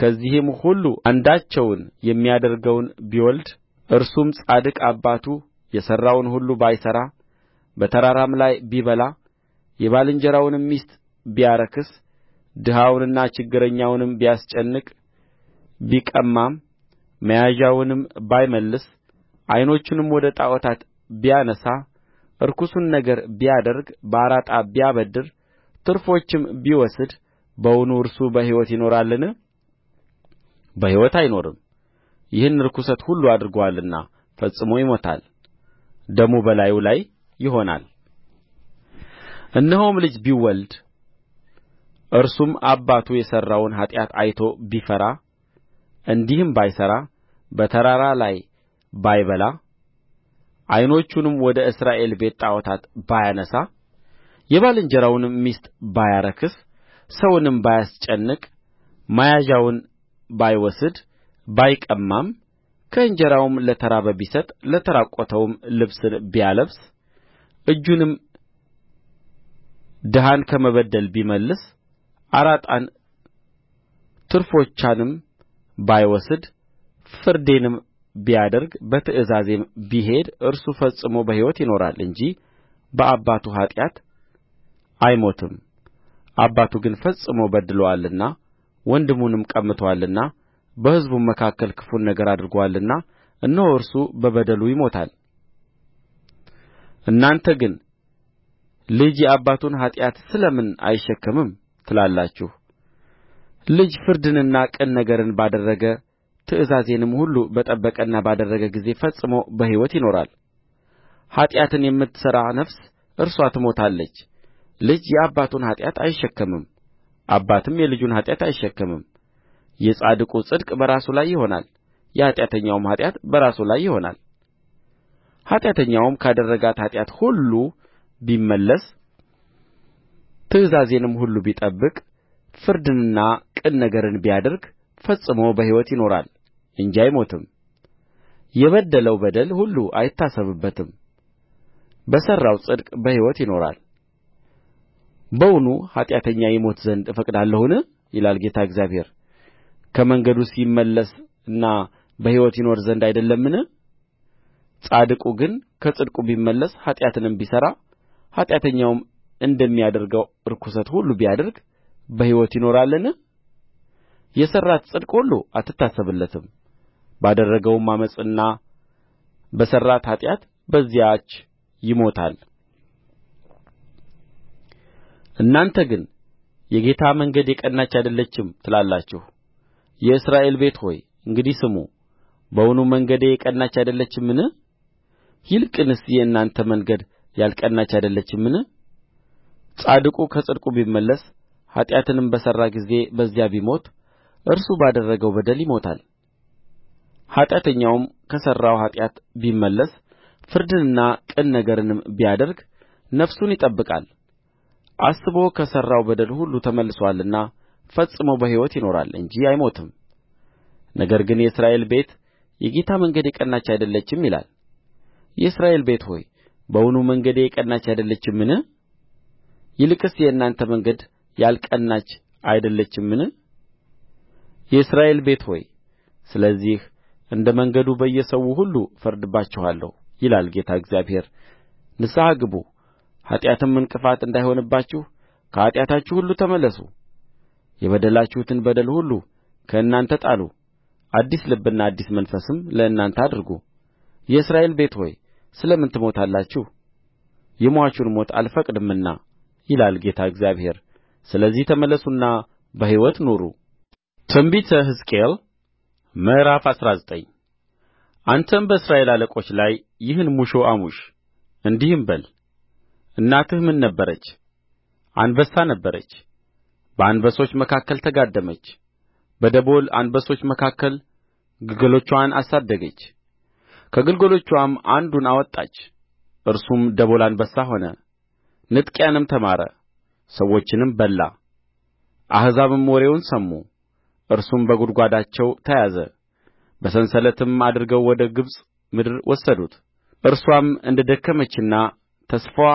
ከዚህም ሁሉ አንዳቸውን የሚያደርገውን ቢወልድ እርሱም ጻድቅ አባቱ የሠራውን ሁሉ ባይሠራ በተራራም ላይ ቢበላ የባልንጀራውንም ሚስት ቢያረክስ ድሀውንና ችግረኛውንም ቢያስጨንቅ ቢቀማም መያዣውንም ባይመልስ ዓይኖቹንም ወደ ጣዖታት ቢያነሣ ርኩሱን ነገር ቢያደርግ በአራጣ ቢያበድር ትርፎችም ቢወስድ በውኑ እርሱ በሕይወት ይኖራልን በሕይወት አይኖርም ይህን ርኵሰት ሁሉ አድርጎአልና ፈጽሞ ይሞታል ደሙ በላዩ ላይ ይሆናል እነሆም ልጅ ቢወልድ እርሱም አባቱ የሠራውን ኃጢአት አይቶ ቢፈራ እንዲህም ባይሠራ በተራራ ላይ ባይበላ ዓይኖቹንም ወደ እስራኤል ቤት ጣዖታት ባያነሣ የባልንጀራውንም ሚስት ባያረክስ ሰውንም ባያስጨንቅ መያዣውን ባይወስድ ባይቀማም ከእንጀራውም ለተራበ ቢሰጥ ለተራቈተውም ልብስን ቢያለብስ እጁንም ድሀን ከመበደል ቢመልስ አራጣን ትርፎቻንም ባይወስድ ፍርዴንም ቢያደርግ በትእዛዜም ቢሄድ እርሱ ፈጽሞ በሕይወት ይኖራል እንጂ በአባቱ ኃጢአት አይሞትም አባቱ ግን ፈጽሞ በድሎአልና ወንድሙንም ቀምቶአልና በሕዝቡም መካከል ክፉን ነገር አድርጎአልና እነሆ እርሱ በበደሉ ይሞታል እናንተ ግን ልጅ የአባቱን ኃጢአት ስለ ምን አይሸከምም ትላላችሁ ልጅ ፍርድንና ቅን ነገርን ባደረገ ትእዛዜንም ሁሉ በጠበቀና ባደረገ ጊዜ ፈጽሞ በሕይወት ይኖራል ኃጢአትን የምትሠራ ነፍስ እርስዋ ትሞታለች ልጅ የአባቱን ኃጢአት አይሸከምም አባትም የልጁን ኃጢአት አይሸከምም የጻድቁ ጽድቅ በራሱ ላይ ይሆናል የኃጢአተኛውም ኃጢአት በራሱ ላይ ይሆናል ኃጢአተኛውም ካደረጋት ኃጢአት ሁሉ ቢመለስ ትእዛዜንም ሁሉ ቢጠብቅ ፍርድንና ቅን ነገርን ቢያደርግ ፈጽሞ በሕይወት ይኖራል እንጂ አይሞትም የበደለው በደል ሁሉ አይታሰብበትም በሠራው ጽድቅ በሕይወት ይኖራል በውኑ ኃጢአተኛ ይሞት ዘንድ እፈቅዳለሁን ይላል ጌታ እግዚአብሔር ከመንገዱስ ይመለስና በሕይወት ይኖር ዘንድ አይደለምን ጻድቁ ግን ከጽድቁ ቢመለስ ኃጢአትንም ቢሠራ ኃጢአተኛውም እንደሚያደርገው ርኵሰት ሁሉ ቢያደርግ በሕይወት ይኖራልን የሠራት ጽድቅ ሁሉ አትታሰብለትም ባደረገውም ዓመፅና በሠራት ኃጢአት በዚያች ይሞታል እናንተ ግን የጌታ መንገድ የቀናች አይደለችም ትላላችሁ የእስራኤል ቤት ሆይ እንግዲህ ስሙ በውኑ መንገዴ የቀናች አይደለችምን ይልቅንስ የእናንተ መንገድ ያልቀናች አይደለችምን ጻድቁ ከጽድቁ ቢመለስ ኃጢአትንም በሠራ ጊዜ በዚያ ቢሞት እርሱ ባደረገው በደል ይሞታል ኃጢአተኛውም ከሠራው ኃጢአት ቢመለስ ፍርድንና ቅን ነገርንም ቢያደርግ ነፍሱን ይጠብቃል አስቦ ከሠራው በደል ሁሉ ተመልሶአልና ፈጽሞ በሕይወት ይኖራል እንጂ አይሞትም ነገር ግን የእስራኤል ቤት የጌታ መንገድ የቀናች አይደለችም ይላል የእስራኤል ቤት ሆይ በውኑ መንገዴ የቀናች አይደለችምን ይልቅስ የእናንተ መንገድ ያልቀናች አይደለችምን የእስራኤል ቤት ሆይ ስለዚህ እንደ መንገዱ በየሰዉ ሁሉ እፈርድባችኋለሁ ይላል ጌታ እግዚአብሔር ንስሐ ግቡ ኃጢአትም ዕንቅፋት እንዳይሆንባችሁ ከኃጢአታችሁ ሁሉ ተመለሱ የበደላችሁትን በደል ሁሉ ከእናንተ ጣሉ አዲስ ልብና አዲስ መንፈስም ለእናንተ አድርጉ የእስራኤል ቤት ሆይ ስለ ምን ትሞታላችሁ የምዋቹን ሞት አልፈቅድምና ይላል ጌታ እግዚአብሔር ስለዚህ ተመለሱና በሕይወት ኑሩ ትንቢተ ሕዝቅኤል ምዕራፍ አስራ ዘጠኝ አንተም በእስራኤል አለቆች ላይ ይህን ሙሾ አሙሽ እንዲህም በል እናትህ ምን ነበረች አንበሳ ነበረች በአንበሶች መካከል ተጋደመች በደቦል አንበሶች መካከል ግልገሎችዋን አሳደገች ከግልገሎችዋም አንዱን አወጣች እርሱም ደቦል አንበሳ ሆነ ንጥቂያንም ተማረ ሰዎችንም በላ አሕዛብም ወሬውን ሰሙ እርሱም በጕድጓዳቸው ተያዘ በሰንሰለትም አድርገው ወደ ግብጽ ምድር ወሰዱት እርስዋም እንደ ደከመችና ተስፋዋ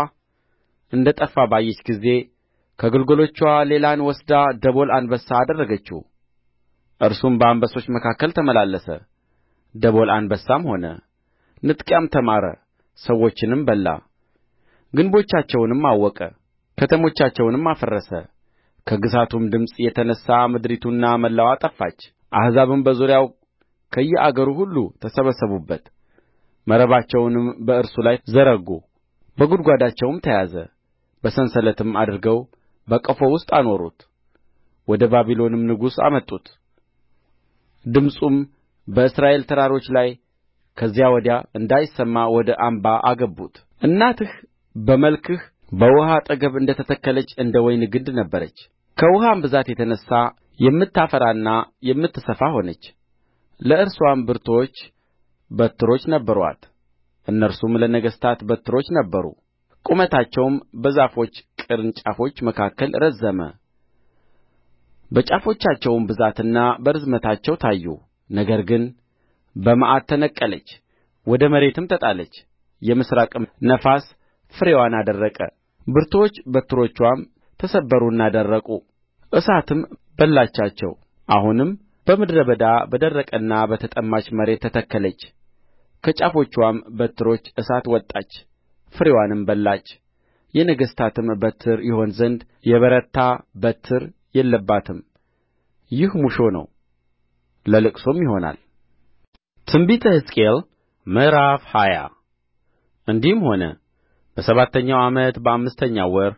እንደ ጠፋ ባየች ጊዜ ከግልገሎችዋ ሌላን ወስዳ ደቦል አንበሳ አደረገችው እርሱም በአንበሶች መካከል ተመላለሰ ደቦል አንበሳም ሆነ ንጥቂያም ተማረ ሰዎችንም በላ ግንቦቻቸውንም አወቀ ከተሞቻቸውንም አፈረሰ ከግሣቱም ድምፅ የተነሣ ምድሪቱና ሞላዋ ጠፋች አሕዛብም በዙሪያው ከየአገሩ ሁሉ ተሰበሰቡበት መረባቸውንም በእርሱ ላይ ዘረጉ በጕድጓዳቸውም ተያዘ በሰንሰለትም አድርገው በቀፎ ውስጥ አኖሩት ወደ ባቢሎንም ንጉሥ አመጡት ድምፁም በእስራኤል ተራሮች ላይ ከዚያ ወዲያ እንዳይሰማ ወደ አምባ አገቡት እናትህ በመልክህ በውኃ አጠገብ እንደ ተተከለች እንደ ወይን ግንድ ነበረች ከውኃም ብዛት የተነሣ የምታፈራና የምትሰፋ ሆነች ለእርስዋም ብርቱዎች በትሮች ነበሩአት እነርሱም ለነገሥታት በትሮች ነበሩ ቁመታቸውም በዛፎች ቅርንጫፎች መካከል ረዘመ በጫፎቻቸውም ብዛትና በርዝመታቸው ታዩ ነገር ግን በመዓት ተነቀለች ወደ መሬትም ተጣለች የምሥራቅም ነፋስ ፍሬዋን አደረቀ ብርቱዎች በትሮችዋም ተሰበሩና ደረቁ እሳትም በላቻቸው አሁንም በምድረ በዳ በደረቀና በተጠማች መሬት ተተከለች ከጫፎችዋም በትሮች እሳት ወጣች ፍሬዋንም በላች የነገሥታትም በትር ይሆን ዘንድ የበረታ በትር የለባትም ይህ ሙሾ ነው ለልቅሶም ይሆናል ትንቢተ ሕዝቅኤል ምዕራፍ ሃያ እንዲህም ሆነ በሰባተኛው ዓመት በአምስተኛው ወር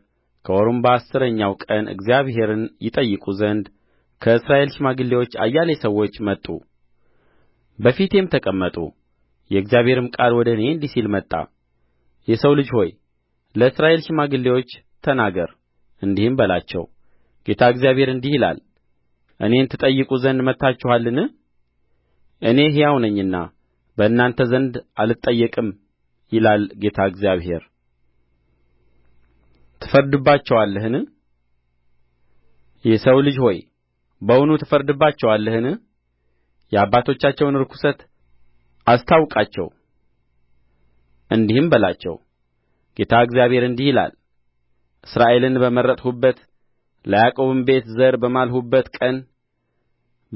ከወሩም በአሥረኛው ቀን እግዚአብሔርን ይጠይቁ ዘንድ ከእስራኤል ሽማግሌዎች አያሌ ሰዎች መጡ በፊቴም ተቀመጡ የእግዚአብሔርም ቃል ወደ እኔ እንዲህ ሲል መጣ የሰው ልጅ ሆይ ለእስራኤል ሽማግሌዎች ተናገር እንዲህም በላቸው ጌታ እግዚአብሔር እንዲህ ይላል እኔን ትጠይቁ ዘንድ መጥታችኋልን እኔ ሕያው ነኝና በእናንተ ዘንድ አልጠየቅም ይላል ጌታ እግዚአብሔር ትፈርድባቸዋለህን የሰው ልጅ ሆይ በውኑ ትፈርድባቸዋለህን የአባቶቻቸውን ርኵሰት አስታውቃቸው እንዲህም በላቸው ጌታ እግዚአብሔር እንዲህ ይላል እስራኤልን በመረጥሁበት ለያዕቆብም ቤት ዘር በማልሁበት ቀን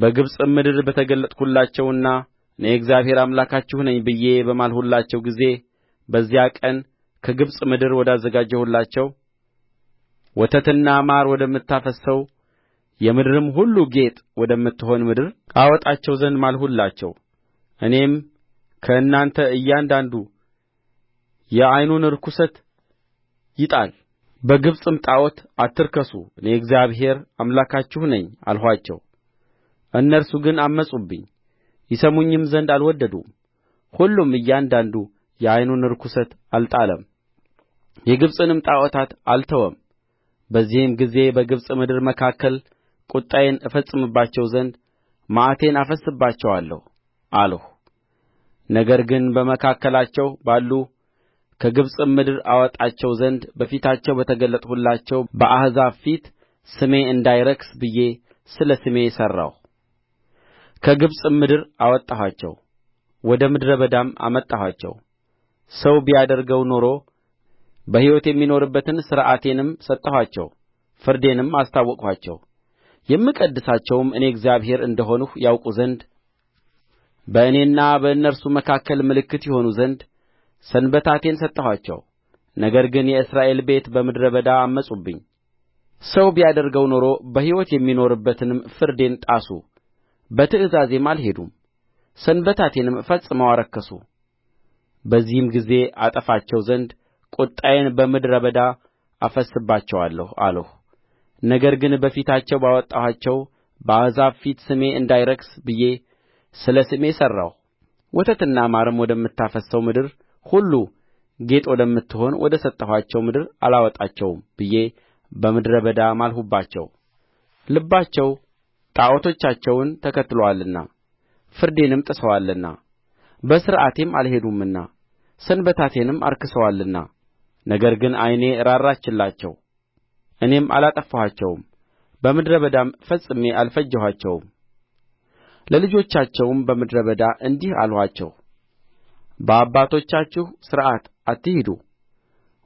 በግብጽም ምድር በተገለጥሁላቸውና እኔ እግዚአብሔር አምላካችሁ ነኝ ብዬ በማልሁላቸው ጊዜ በዚያ ቀን ከግብጽ ምድር ወዳዘጋጀሁላቸው ወተትና ማር ወደምታፈስሰው የምድርም ሁሉ ጌጥ ወደምትሆን ምድር አወጣቸው ዘንድ ማልሁላቸው እኔም ከእናንተ እያንዳንዱ የዓይኑን ርኵሰት ይጣል በግብጽም ጣዖት አትርከሱ እኔ እግዚአብሔር አምላካችሁ ነኝ አልኋቸው እነርሱ ግን ዐመፁብኝ ይሰሙኝም ዘንድ አልወደዱም ሁሉም እያንዳንዱ የዓይኑን ርኵሰት አልጣለም የግብጽንም ጣዖታት አልተወም በዚህም ጊዜ በግብጽ ምድር መካከል ቍጣዬን እፈጽምባቸው ዘንድ መዓቴን አፈስስባቸዋለሁ አልሁ ነገር ግን በመካከላቸው ባሉ ከግብጽም ምድር አወጣቸው ዘንድ በፊታቸው በተገለጥሁላቸው በአሕዛብ ፊት ስሜ እንዳይረክስ ብዬ ስለ ስሜ ሠራሁ ከግብጽም ምድር አወጣኋቸው ወደ ምድረ በዳም አመጣኋቸው ሰው ቢያደርገው ኖሮ በሕይወት የሚኖርበትን ሥርዓቴንም ሰጠኋቸው ፍርዴንም አስታወቅኋቸው የምቀድሳቸውም እኔ እግዚአብሔር እንደ ሆንሁ ያውቁ ዘንድ በእኔና በእነርሱ መካከል ምልክት ይሆኑ ዘንድ ሰንበታቴን ሰጠኋቸው ነገር ግን የእስራኤል ቤት በምድረ በዳ ዐመፁብኝ ሰው ቢያደርገው ኖሮ በሕይወት የሚኖርበትንም ፍርዴን ጣሱ በትእዛዜም አልሄዱም ሰንበታቴንም ፈጽመው አረከሱ በዚህም ጊዜ አጠፋቸው ዘንድ ቍጣዬን በምድረ በዳ አፈስስባቸዋለሁ አልሁ ነገር ግን በፊታቸው ባወጣኋቸው በአሕዛብ ፊት ስሜ እንዳይረክስ ብዬ ስለ ስሜ ሠራሁ ወተትና ማርም ወደምታፈስሰው ምድር ሁሉ ጌጥ ወደምትሆን ወደ ሰጠኋቸው ምድር አላወጣቸውም ብዬ በምድረ በዳ ማልሁባቸው ልባቸው ጣዖቶቻቸውን ተከትሎአልና ፍርዴንም ጥሰዋልና በሥርዓቴም አልሄዱምና ሰንበታቴንም አርክሰዋልና ነገር ግን ዓይኔ ራራችላቸው እኔም አላጠፋኋቸውም በምድረ በዳም ፈጽሜ አልፈጀኋቸውም ለልጆቻቸውም በምድረ በዳ እንዲህ አልኋቸው በአባቶቻችሁ ሥርዓት አትሂዱ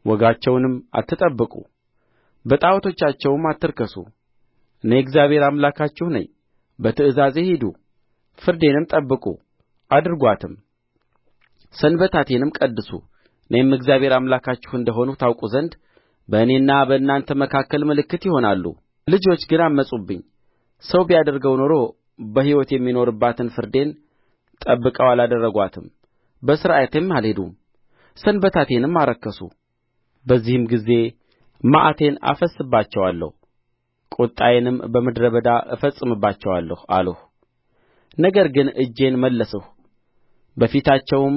ወጋቸውንም አትጠብቁ በጣዖቶቻቸውም አትርከሱ እኔ እግዚአብሔር አምላካችሁ ነኝ በትእዛዜ ሂዱ ፍርዴንም ጠብቁ አድርጓትም ሰንበታቴንም ቀድሱ እኔም እግዚአብሔር አምላካችሁ እንደ ሆንሁ ታውቁ ዘንድ በእኔና በእናንተ መካከል ምልክት ይሆናሉ ልጆች ግን ዐመፁብኝ ሰው ቢያደርገው ኖሮ በሕይወት የሚኖርባትን ፍርዴን ጠብቀው አላደረጓትም በሥርዓቴም አልሄዱም ሰንበታቴንም አረከሱ በዚህም ጊዜ መዓቴን አፈስስባቸዋለሁ ቍጣዬንም በምድረ በዳ እፈጽምባቸዋለሁ አልሁ ነገር ግን እጄን መለስሁ በፊታቸውም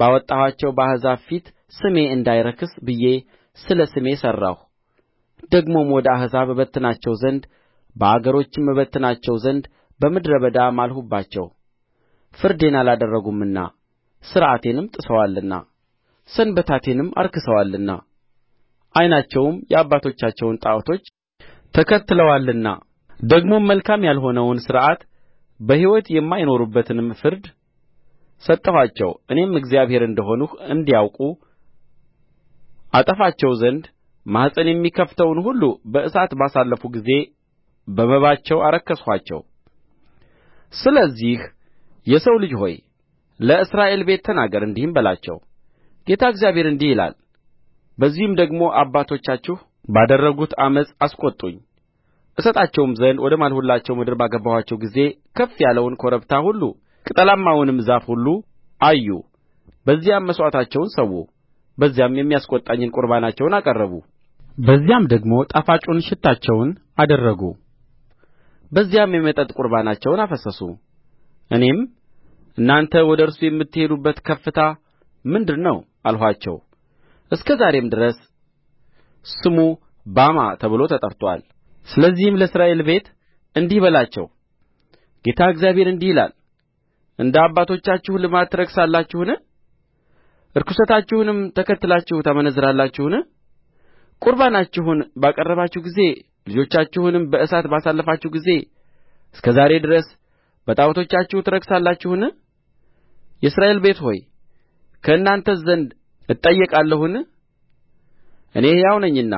ባወጣኋቸው በአሕዛብ ፊት ስሜ እንዳይረክስ ብዬ ስለ ስሜ ሠራሁ ደግሞም ወደ አሕዛብ እበትናቸው ዘንድ በአገሮችም እበትናቸው ዘንድ በምድረ በዳ ማልሁባቸው ፍርዴን አላደረጉምና ሥርዓቴንም ጥሰዋልና ሰንበታቴንም አርክሰዋልና ዓይናቸውም የአባቶቻቸውን ጣዖቶች ተከትለዋልና ደግሞም መልካም ያልሆነውን ሥርዓት በሕይወት የማይኖሩበትንም ፍርድ ሰጠኋቸው እኔም እግዚአብሔር እንደ ሆንሁ እንዲያውቁ አጠፋቸው ዘንድ ማኅፀን የሚከፍተውን ሁሉ በእሳት ባሳለፉ ጊዜ በመባቸው አረከስኋቸው ስለዚህ የሰው ልጅ ሆይ ለእስራኤል ቤት ተናገር እንዲህም በላቸው ጌታ እግዚአብሔር እንዲህ ይላል በዚህም ደግሞ አባቶቻችሁ ባደረጉት ዓመፅ አስቈጡኝ እሰጣቸውም ዘንድ ወደ ማልሁላቸው ምድር ባገባኋቸው ጊዜ ከፍ ያለውን ኮረብታ ሁሉ ቅጠላማውንም ዛፍ ሁሉ አዩ በዚያም መሥዋዕታቸውን ሠዉ በዚያም የሚያስቈጣኝን ቍርባናቸውን አቀረቡ በዚያም ደግሞ ጣፋጩን ሽታቸውን አደረጉ በዚያም የመጠጥ ቍርባናቸውን አፈሰሱ እኔም እናንተ ወደ እርሱ የምትሄዱበት ከፍታ ምንድር ነው አልኋቸው እስከ ዛሬም ድረስ ስሙ ባማ ተብሎ ተጠርቶአል ስለዚህም ለእስራኤል ቤት እንዲህ በላቸው ጌታ እግዚአብሔር እንዲህ ይላል እንደ አባቶቻችሁ ልማድ ትረክሳላችሁን ርኵሰታችሁንም ተከትላችሁ ታመነዝራላችሁን ቍርባናችሁን ባቀረባችሁ ጊዜ ልጆቻችሁንም በእሳት ባሳለፋችሁ ጊዜ እስከ ዛሬ ድረስ በጣዖቶቻችሁ ትረክሳላችሁን የእስራኤል ቤት ሆይ ከእናንተስ ዘንድ እጠየቃለሁን እኔ ሕያው ነኝና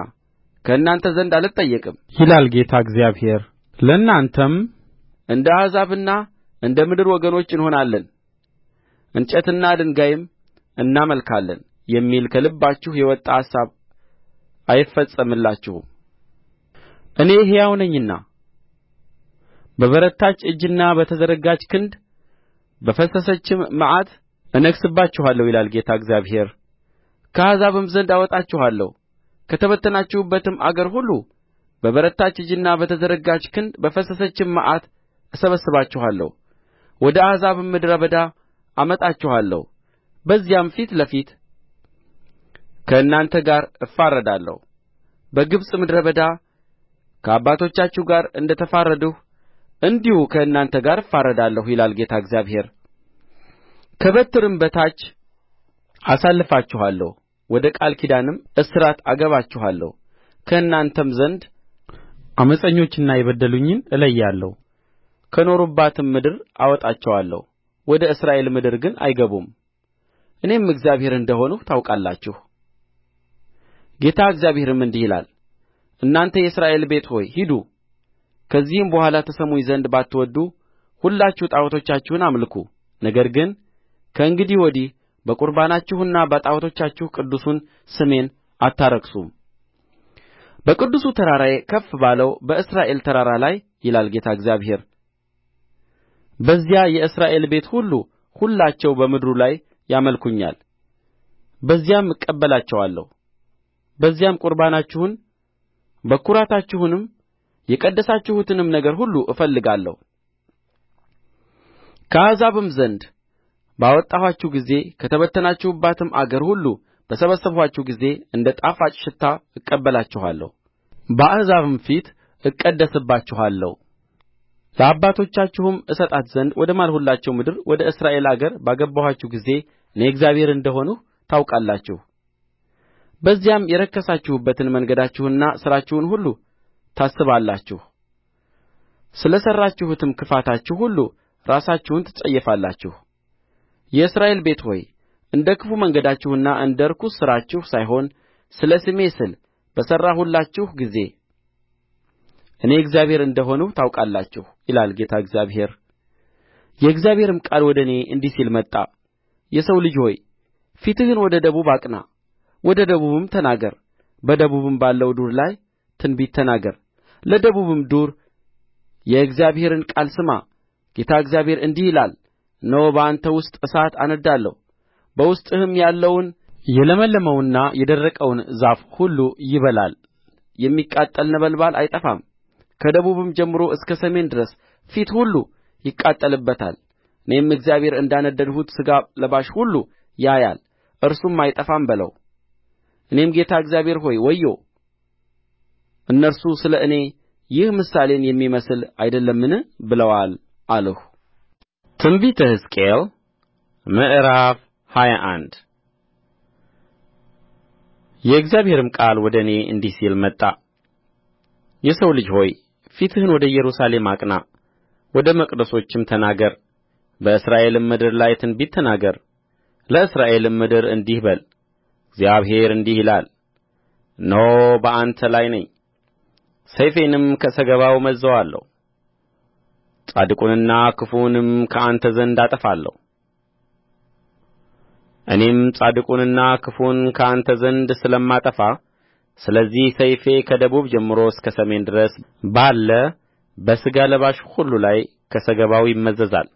ከእናንተ ዘንድ አልጠየቅም ይላል ጌታ እግዚአብሔር ለእናንተም እንደ አሕዛብና እንደ ምድር ወገኖች እንሆናለን እንጨትና ድንጋይም እናመልካለን የሚል ከልባችሁ የወጣ አሳብ አይፈጸምላችሁም እኔ ሕያው ነኝና በበረታች እጅና በተዘረጋች ክንድ በፈሰሰችም መዓት እነግሥባችኋለሁ ይላል ጌታ እግዚአብሔር ከአሕዛብም ዘንድ አወጣችኋለሁ ከተበተናችሁበትም አገር ሁሉ በበረታች እጅና በተዘረጋች ክንድ በፈሰሰችም መዓት እሰበስባችኋለሁ ወደ አሕዛብም ምድረ በዳ አመጣችኋለሁ በዚያም ፊት ለፊት ከእናንተ ጋር እፋረዳለሁ በግብጽ ምድረ በዳ ከአባቶቻችሁ ጋር እንደ ተፋረድሁ እንዲሁ ከእናንተ ጋር እፋረዳለሁ ይላል ጌታ እግዚአብሔር ከበትርም በታች አሳልፋችኋለሁ ወደ ቃል ኪዳንም እስራት አገባችኋለሁ ከእናንተም ዘንድ ዓመፀኞችንና የበደሉኝን እለያለሁ ከኖሩባትም ምድር አወጣቸዋለሁ ወደ እስራኤል ምድር ግን አይገቡም እኔም እግዚአብሔር እንደ ሆንሁ ታውቃላችሁ ጌታ እግዚአብሔርም እንዲህ ይላል እናንተ የእስራኤል ቤት ሆይ ሂዱ ከዚህም በኋላ ትሰሙኝ ዘንድ ባትወድዱ ሁላችሁ ጣዖቶቻችሁን አምልኩ ነገር ግን ከእንግዲህ ወዲህ በቍርባናችሁና በጣዖቶቻችሁ ቅዱሱን ስሜን አታረክሱም በቅዱሱ ተራራዬ ከፍ ባለው በእስራኤል ተራራ ላይ ይላል ጌታ እግዚአብሔር በዚያ የእስራኤል ቤት ሁሉ ሁላቸው በምድሩ ላይ ያመልኩኛል በዚያም እቀበላቸዋለሁ በዚያም ቍርባናችሁን በኵራታችሁንም የቀደሳችሁትንም ነገር ሁሉ እፈልጋለሁ ከአሕዛብም ዘንድ ባወጣኋችሁ ጊዜ ከተበተናችሁባትም አገር ሁሉ በሰበሰብኋችሁ ጊዜ እንደ ጣፋጭ ሽታ እቀበላችኋለሁ በአሕዛብም ፊት እቀደስባችኋለሁ ለአባቶቻችሁም እሰጣት ዘንድ ወደ ማልሁላቸው ምድር ወደ እስራኤል አገር ባገባኋችሁ ጊዜ እኔ እግዚአብሔር እንደ ሆንሁ ታውቃላችሁ በዚያም የረከሳችሁበትን መንገዳችሁንና ሥራችሁን ሁሉ ታስባላችሁ ስለ ሠራችሁትም ክፋታችሁ ሁሉ ራሳችሁን ትጸየፋላችሁ የእስራኤል ቤት ሆይ እንደ ክፉ መንገዳችሁና እንደ ርኩስ ሥራችሁ ሳይሆን ስለ ስሜ ስል በሠራሁላችሁ ጊዜ እኔ እግዚአብሔር እንደ ሆንሁ ታውቃላችሁ ይላል ጌታ እግዚአብሔር የእግዚአብሔርም ቃል ወደ እኔ እንዲህ ሲል መጣ የሰው ልጅ ሆይ ፊትህን ወደ ደቡብ አቅና ወደ ደቡብም ተናገር በደቡብም ባለው ዱር ላይ ትንቢት ተናገር ለደቡብም ዱር የእግዚአብሔርን ቃል ስማ ጌታ እግዚአብሔር እንዲህ ይላል እነሆ በአንተ ውስጥ እሳት አነድዳለሁ በውስጥህም ያለውን የለመለመውንና የደረቀውን ዛፍ ሁሉ ይበላል የሚቃጠል ነበልባል አይጠፋም ከደቡብም ጀምሮ እስከ ሰሜን ድረስ ፊት ሁሉ ይቃጠልበታል እኔም እግዚአብሔር እንዳነደድሁት ሥጋ ለባሽ ሁሉ ያያል እርሱም አይጠፋም በለው እኔም ጌታ እግዚአብሔር ሆይ ወዮ እነርሱ ስለ እኔ ይህ ምሳሌን የሚመስል አይደለምን ብለዋል አልሁ ትንቢተ ሕዝቅኤል ምዕራፍ ሃያ አንድ የእግዚአብሔርም ቃል ወደ እኔ እንዲህ ሲል መጣ የሰው ልጅ ሆይ ፊትህን ወደ ኢየሩሳሌም አቅና ወደ መቅደሶችም ተናገር በእስራኤልም ምድር ላይ ትንቢት ተናገር ለእስራኤልም ምድር እንዲህ በል እግዚአብሔር እንዲህ ይላል እነሆ በአንተ ላይ ነኝ ሰይፌንም ከሰገባው እመዝዘዋለሁ ጻድቁንና ክፉውንም ከአንተ ዘንድ አጠፋለሁ እኔም ጻድቁንና ክፉውን ከአንተ ዘንድ ስለማጠፋ ስለዚህ ሰይፌ ከደቡብ ጀምሮ እስከ ሰሜን ድረስ ባለ በሥጋ ለባሽ ሁሉ ላይ ከሰገባው ይመዘዛል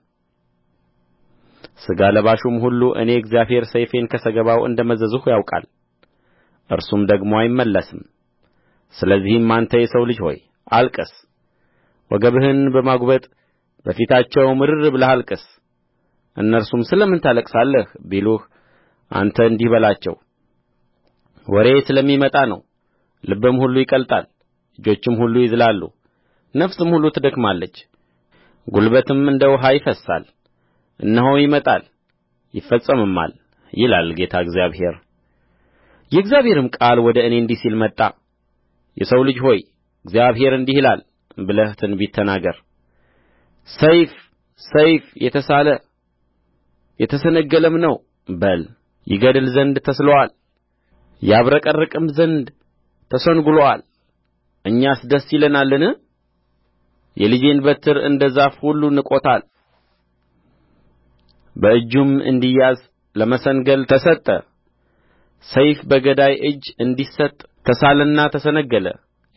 ሥጋ ለባሹም ሁሉ እኔ እግዚአብሔር ሰይፌን ከሰገባው እንደ መዘዝሁ ያውቃል እርሱም ደግሞ አይመለስም ስለዚህም አንተ የሰው ልጅ ሆይ አልቅስ ወገብህን በማጕበጥ በፊታቸው ምርር ብለህ አልቅስ እነርሱም ስለ ምን ታለቅሳለህ ቢሉህ አንተ እንዲህ በላቸው ወሬ ስለሚመጣ ነው ልብም ሁሉ ይቀልጣል እጆችም ሁሉ ይዝላሉ ነፍስም ሁሉ ትደክማለች ጕልበትም እንደ ውኃ ይፈስሳል እነሆ ይመጣል ይፈጸምማል ይላል ጌታ እግዚአብሔር የእግዚአብሔርም ቃል ወደ እኔ እንዲህ ሲል መጣ የሰው ልጅ ሆይ እግዚአብሔር እንዲህ ይላል ብለህ ትንቢት ተናገር ሰይፍ ሰይፍ የተሳለ የተሰነገለም ነው በል ይገድል ዘንድ ተስሎአል ያብረቀርቅም ዘንድ ተሰንግሎአል እኛስ ደስ ይለናልን የልጄን በትር እንደ ዛፍ ሁሉ ንቆታል በእጁም እንዲያዝ ለመሰንገል ተሰጠ ሰይፍ በገዳይ እጅ እንዲሰጥ ተሳለና ተሰነገለ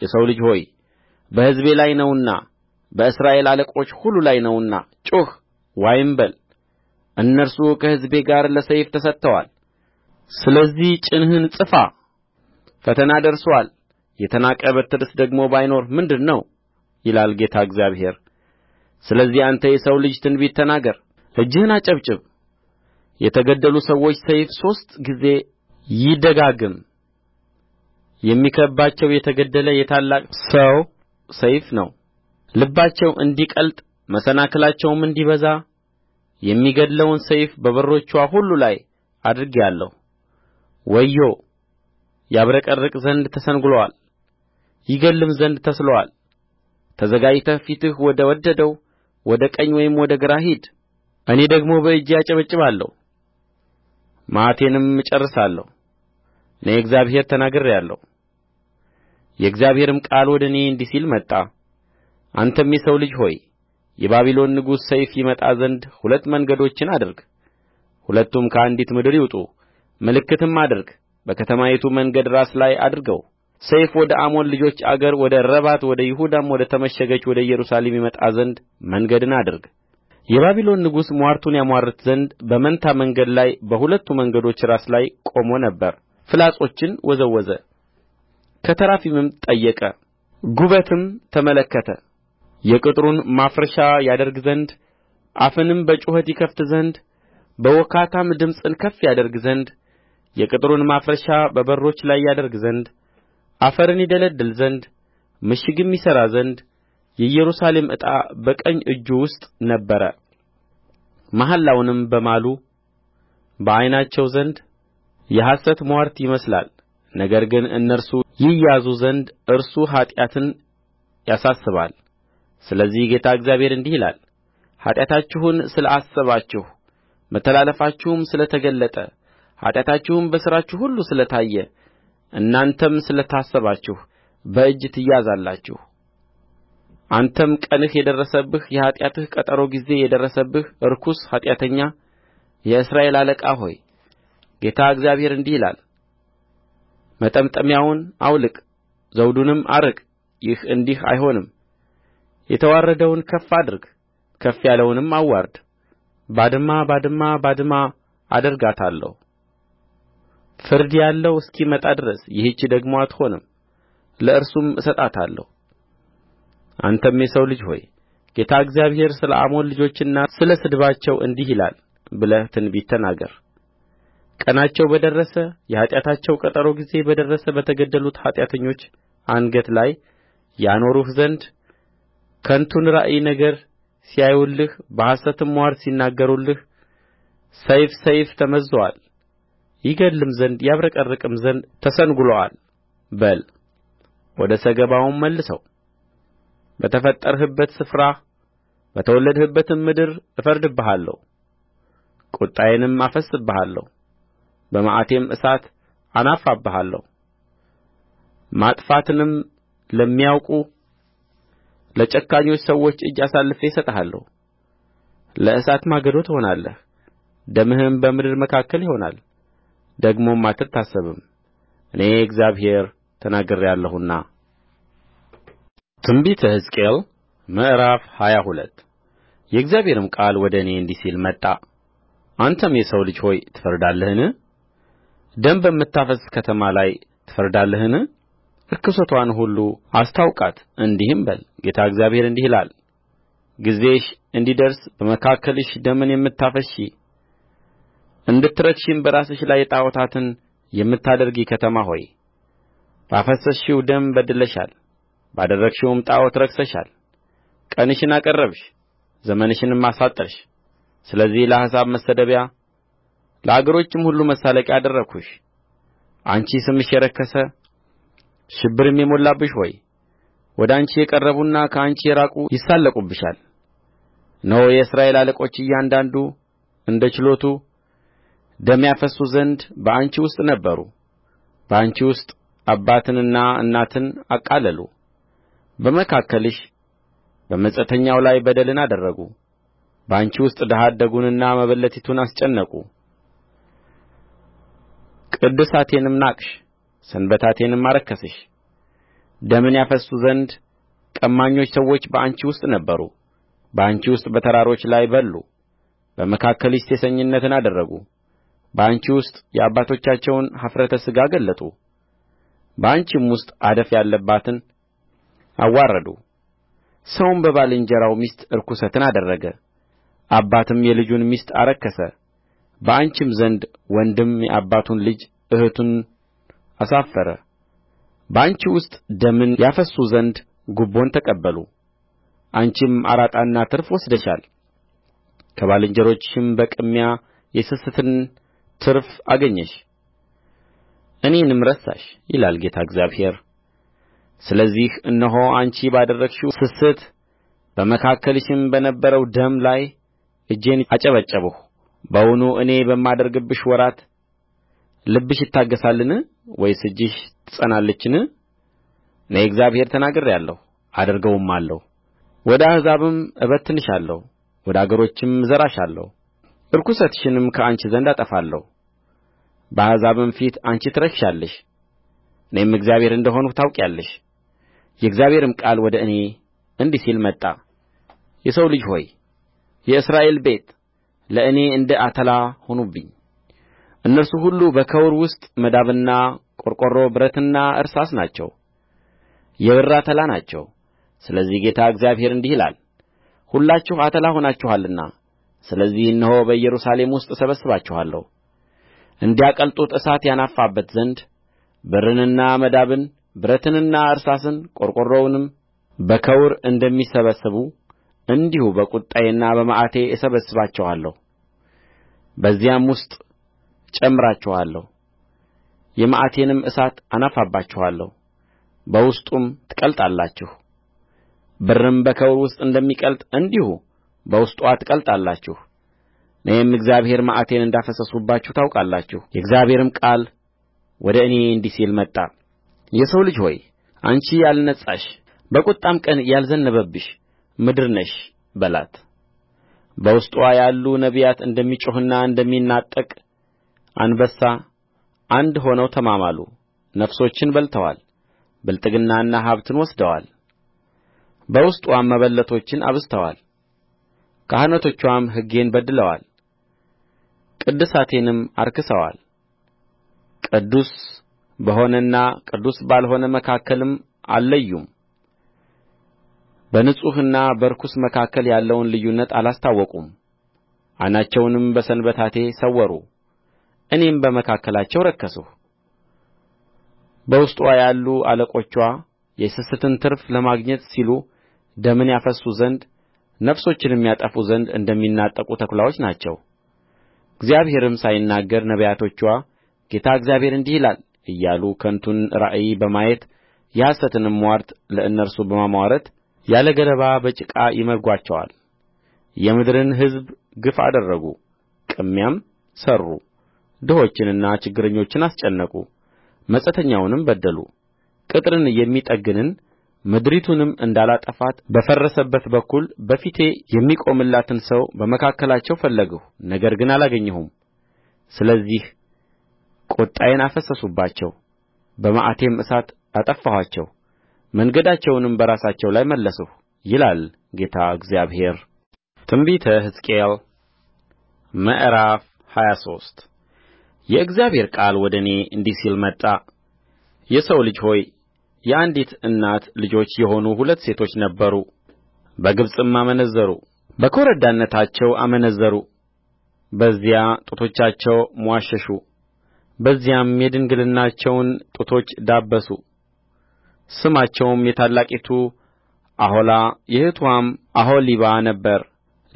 የሰው ልጅ ሆይ በሕዝቤ ላይ ነውና በእስራኤል አለቆች ሁሉ ላይ ነውና ጩኽ ዋይም በል እነርሱ ከሕዝቤ ጋር ለሰይፍ ተሰጥተዋል ስለዚህ ጭንህን ጽፋ ፈተና ደርሶአል የተናቀ በትርስ ደግሞ ባይኖር ምንድር ነው ይላል ጌታ እግዚአብሔር ስለዚህ አንተ የሰው ልጅ ትንቢት ተናገር እጅህን አጨብጭብ የተገደሉ ሰዎች ሰይፍ ሦስት ጊዜ ይደጋግም የሚከብባቸው የተገደለ የታላቅ ሰው ሰይፍ ነው ልባቸው እንዲቀልጥ መሰናክላቸውም እንዲበዛ የሚገድለውን ሰይፍ በበሮችዋ ሁሉ ላይ አድርጌአለሁ ወዮ ያብረቀርቅ ዘንድ ተሰንግሎአል ይገድልም ዘንድ ተስሎአል ተዘጋጅተህ ፊትህ ወደ ወደደው ወደ ቀኝ ወይም ወደ ግራ ሂድ እኔ ደግሞ በእጄ አጨበጭባለሁ መዓቴንም እጨርሳለሁ እኔ እግዚአብሔር ተናግሬአለሁ የእግዚአብሔርም ቃል ወደ እኔ እንዲህ ሲል መጣ አንተም የሰው ልጅ ሆይ የባቢሎን ንጉሥ ሰይፍ ይመጣ ዘንድ ሁለት መንገዶችን አድርግ ሁለቱም ከአንዲት ምድር ይውጡ ምልክትም አድርግ በከተማይቱ መንገድ ራስ ላይ አድርገው ሰይፍ ወደ አሞን ልጆች አገር ወደ ረባት ወደ ይሁዳም ወደ ተመሸገች ወደ ኢየሩሳሌም ይመጣ ዘንድ መንገድን አድርግ የባቢሎን ንጉሥ ምዋርቱን ያምዋርት ዘንድ በመንታ መንገድ ላይ በሁለቱ መንገዶች ራስ ላይ ቆሞ ነበር ፍላጾችን ወዘወዘ ከተራፊምም ጠየቀ ጉበትም ተመለከተ የቅጥሩን ማፍረሻ ያደርግ ዘንድ አፍንም በጩኸት ይከፍት ዘንድ በወካታም ድምፅን ከፍ ያደርግ ዘንድ የቅጥሩን ማፍረሻ በበሮች ላይ ያደርግ ዘንድ አፈርን ይደለድል ዘንድ ምሽግም ይሠራ ዘንድ የኢየሩሳሌም ዕጣ በቀኝ እጁ ውስጥ ነበረ መሐላውንም በማሉ በዓይናቸው ዘንድ የሐሰት ምዋርት ይመስላል ነገር ግን እነርሱ ይያዙ ዘንድ እርሱ ኃጢአትን ያሳስባል ስለዚህ ጌታ እግዚአብሔር እንዲህ ይላል ኃጢአታችሁን ስለ አሰባችሁ መተላለፋችሁም ስለ ተገለጠ ኃጢአታችሁም በሥራችሁ ሁሉ ስለ ታየ እናንተም ስለ ታሰባችሁ በእጅ ትያዛላችሁ አንተም ቀንህ የደረሰብህ የኃጢአትህ ቀጠሮ ጊዜ የደረሰብህ ርኩስ ኃጢአተኛ የእስራኤል አለቃ ሆይ ጌታ እግዚአብሔር እንዲህ ይላል መጠምጠሚያውን አውልቅ ዘውዱንም አርቅ ይህ እንዲህ አይሆንም የተዋረደውን ከፍ አድርግ ከፍ ያለውንም አዋርድ ባድማ ባድማ ባድማ አደርጋታለሁ ፍርድ ያለው እስኪመጣ ድረስ ይህች ደግሞ አትሆንም ለእርሱም እሰጣታለሁ አንተም የሰው ልጅ ሆይ ጌታ እግዚአብሔር ስለ አሞን ልጆችና ስለ ስድባቸው እንዲህ ይላል ብለህ ትንቢት ተናገር ቀናቸው በደረሰ የኃጢአታቸው ቀጠሮ ጊዜ በደረሰ በተገደሉት ኃጢአተኞች አንገት ላይ ያኖሩህ ዘንድ ከንቱን ራእይ ነገር ሲያዩልህ በሐሰትም ምዋርት ሲናገሩልህ ሰይፍ ሰይፍ ተመዝዞአል ይገድልም ዘንድ ያብረቀርቅም ዘንድ ተሰንግሎአል በል ወደ ሰገባውም መልሰው በተፈጠርህበት ስፍራ በተወለድህባትም ምድር እፈርድብሃለሁ ቍጣዬንም አፈስስብሃለሁ በመዓቴም እሳት አናፋብሃለሁ ማጥፋትንም ለሚያውቁ ለጨካኞች ሰዎች እጅ አሳልፌ እሰጥሃለሁ ለእሳት ማገዶ ትሆናለህ ደምህም በምድር መካከል ይሆናል ደግሞም አትታሰብም እኔ እግዚአብሔር ተናግሬአለሁና ትንቢተ ሕዝቅኤል ምዕራፍ ሃያ ሁለት የእግዚአብሔርም ቃል ወደ እኔ እንዲህ ሲል መጣ አንተም የሰው ልጅ ሆይ ትፈርዳለህን ደም በምታፈስስ ከተማ ላይ ትፈርዳለህን ርኵሰትዋን ሁሉ አስታውቃት እንዲህም በል ጌታ እግዚአብሔር እንዲህ ይላል ጊዜሽ እንዲደርስ በመካከልሽ ደምን የምታፈስሺ እንድትረክሺም በራስሽ ላይ ጣዖታትን የምታደርጊ ከተማ ሆይ ባፈሰስሽው ደም በድለሻል ባደረግሽውም ጣዖት ረክሰሻል ቀንሽን አቀረብሽ ዘመንሽንም አሳጠርሽ ስለዚህ ለአሕዛብ መሰደቢያ ለአገሮችም ሁሉ መሳለቂያ አደረግሁሽ አንቺ ስምሽ የረከሰ ሽብርም የሞላብሽ ሆይ ወደ አንቺ የቀረቡና ከአንቺ የራቁ ይሳለቁብሻል እነሆ የእስራኤል አለቆች እያንዳንዱ እንደ ችሎቱ ደም ያፈስሱ ዘንድ በአንቺ ውስጥ ነበሩ በአንቺ ውስጥ አባትንና እናትን አቃለሉ በመካከልሽ በመጻተኛው ላይ በደልን አደረጉ በአንቺ ውስጥ ድሀ አደጉንና መበለቲቱን አስጨነቁ ቅድሳቴንም ናቅሽ ሰንበታቴንም አረከስሽ ደምን ያፈስሱ ዘንድ ቀማኞች ሰዎች በአንቺ ውስጥ ነበሩ በአንቺ ውስጥ በተራሮች ላይ በሉ በመካከልሽ ሴሰኝነትን አደረጉ በአንቺ ውስጥ የአባቶቻቸውን ኀፍረተ ሥጋ ገለጡ በአንቺም ውስጥ አደፍ ያለባትን አዋረዱ ሰውም በባልንጀራው ሚስት ርኵሰትን አደረገ አባትም የልጁን ሚስት አረከሰ በአንቺም ዘንድ ወንድም የአባቱን ልጅ እኅቱን አሳፈረ በአንቺ ውስጥ ደምን ያፈስሱ ዘንድ ጉቦን ተቀበሉ አንቺም አራጣና ትርፍ ወስደሻል ከባልንጀሮችሽም በቅሚያ የስስትን ትርፍ አገኘሽ እኔንም ረሳሽ ይላል ጌታ እግዚአብሔር ስለዚህ እነሆ አንቺ ባደረግሽው ስስት በመካከልሽም በነበረው ደም ላይ እጄን አጨበጨብሁ በውኑ እኔ በማደርግብሽ ወራት ልብሽ ይታገሣልን ወይስ እጅሽ ትጸናለችን እኔ እግዚአብሔር ተናግሬአለሁ አደርገውማለሁ ወደ አሕዛብም እበትንሻለሁ ወደ አገሮችም እዘራሻለሁ ርኵሰትሽንም ከአንቺ ዘንድ አጠፋለሁ በአሕዛብም ፊት አንቺ ትረክሻለሽ እኔም እግዚአብሔር እንደ ሆንሁ ታውቂያለሽ። የእግዚአብሔርም ቃል ወደ እኔ እንዲህ ሲል መጣ የሰው ልጅ ሆይ የእስራኤል ቤት ለእኔ እንደ አተላ ሆኑብኝ እነርሱ ሁሉ በከውር ውስጥ መዳብና ቈርቈሮ ብረትና እርሳስ ናቸው የብር አተላ ናቸው ስለዚህ ጌታ እግዚአብሔር እንዲህ ይላል ሁላችሁ አተላ ሆናችኋልና ስለዚህ እነሆ በኢየሩሳሌም ውስጥ እሰበስባችኋለሁ እንዲያቀልጡት እሳት ያናፋበት ዘንድ ብርንና መዳብን ብረትንና እርሳስን ቆርቆሮውንም በከውር እንደሚሰበስቡ እንዲሁ በቍጣዬና በመዓቴ እሰበስባችኋለሁ በዚያም ውስጥ እጨምራችኋለሁ የመዓቴንም እሳት አናፋባችኋለሁ በውስጡም ትቀልጣላችሁ ብርም በከውር ውስጥ እንደሚቀልጥ እንዲሁ በውስጧ ትቀልጣላችሁ እኔም እግዚአብሔር መዓቴን እንዳፈሰስሁባችሁ ታውቃላችሁ የእግዚአብሔርም ቃል ወደ እኔ እንዲህ ሲል መጣ የሰው ልጅ ሆይ አንቺ ያልነጻሽ በቍጣም ቀን ያልዘነበብሽ ምድር ነሽ በላት በውስጥዋ ያሉ ነቢያት እንደሚጮኽና እንደሚናጠቅ አንበሳ አንድ ሆነው ተማማሉ ነፍሶችን በልተዋል ብልጥግናና ሀብትን ወስደዋል በውስጥዋም መበለቶችን አብዝተዋል ካህናቶችዋም ሕጌን በድለዋል ቅድሳቴንም አርክሰዋል ቅዱስ በሆነና ቅዱስ ባልሆነ መካከልም አልለዩም በንጹሕና በርኩስ መካከል ያለውን ልዩነት አላስታወቁም ዓይናቸውንም በሰንበታቴ ሰወሩ እኔም በመካከላቸው ረከስሁ በውስጥዋ ያሉ አለቆችዋ የስስትን ትርፍ ለማግኘት ሲሉ ደምን ያፈስሱ ዘንድ ነፍሶችንም ያጠፉ ዘንድ እንደሚናጠቁ ተኵላዎች ናቸው እግዚአብሔርም ሳይናገር ነቢያቶችዋ ጌታ እግዚአብሔር እንዲህ ይላል እያሉ ከንቱን ራእይ በማየት የሐሰትንም ምዋርት ለእነርሱ በማምዋረት ያለ ገለባ በጭቃ ይመርጓቸዋል የምድርን ሕዝብ ግፍ አደረጉ ቅሚያም ሠሩ ድሆችንና ችግረኞችን አስጨነቁ መጻተኛውንም በደሉ ቅጥርን የሚጠግንን ምድሪቱንም እንዳላጠፋት በፈረሰበት በኩል በፊቴ የሚቆምላትን ሰው በመካከላቸው ፈለግሁ ነገር ግን አላገኘሁም ስለዚህ ቍጣዬን አፈሰስሁባቸው በመዓቴም እሳት አጠፋኋቸው መንገዳቸውንም በራሳቸው ላይ መለስሁ ይላል ጌታ እግዚአብሔር ትንቢተ ሕዝቅኤል ምዕራፍ ሃያ ሶስት የእግዚአብሔር ቃል ወደ እኔ እንዲህ ሲል መጣ የሰው ልጅ ሆይ የአንዲት እናት ልጆች የሆኑ ሁለት ሴቶች ነበሩ በግብጽም አመነዘሩ በኰረዳነታቸው አመነዘሩ በዚያ ጡቶቻቸው ምዋሸሹ በዚያም የድንግልናቸውን ጡቶች ዳበሱ ስማቸውም የታላቂቱ ኦሖላ የእኅትዋም ኦሖሊባ ነበረ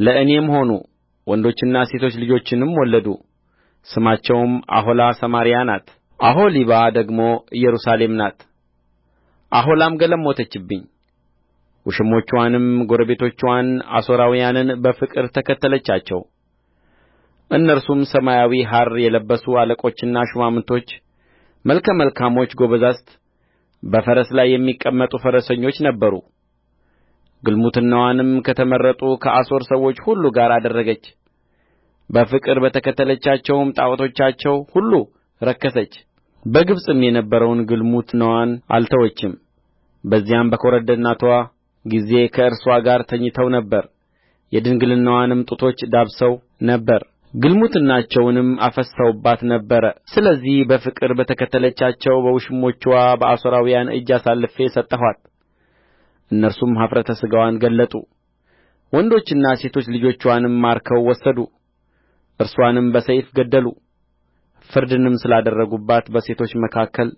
ለእኔም ሆኑ ወንዶችና ሴቶች ልጆችንም ወለዱ ስማቸውም ኦሖላ ሰማርያ ናት ኦሖሊባ ደግሞ ኢየሩሳሌም ናት ኦሖላም ገለሞተችብኝ ውሽሞችዋንም ጎረቤቶችዋን አሦራውያንን በፍቅር ተከተለቻቸው እነርሱም ሰማያዊ ሐር የለበሱ አለቆችና ሹማምቶች መልከ መልካሞች ጐበዛዝት በፈረስ ላይ የሚቀመጡ ፈረሰኞች ነበሩ ግልሙትናዋንም ከተመረጡ ከአሦር ሰዎች ሁሉ ጋር አደረገች በፍቅር በተከተለቻቸውም ጣዖቶቻቸው ሁሉ ረከሰች በግብጽም የነበረውን ግልሙትናዋን አልተወችም በዚያም በኰረዳነትዋ ጊዜ ከእርስዋ ጋር ተኝተው ነበር የድንግልናዋንም ጡቶች ዳብሰው ነበር ግልሙትናቸውንም አፍስሰውባት ነበር ስለዚህ በፍቅር በተከተለቻቸው በውሽሞችዋ በአሦራውያን እጅ አሳልፌ ሰጠኋት እነርሱም ኀፍረተ ሥጋዋን ገለጡ ወንዶችና ሴቶች ልጆችዋንም ማርከው ወሰዱ እርስዋንም በሰይፍ ገደሉ ፍርድንም ስላደረጉባት በሴቶች መካከል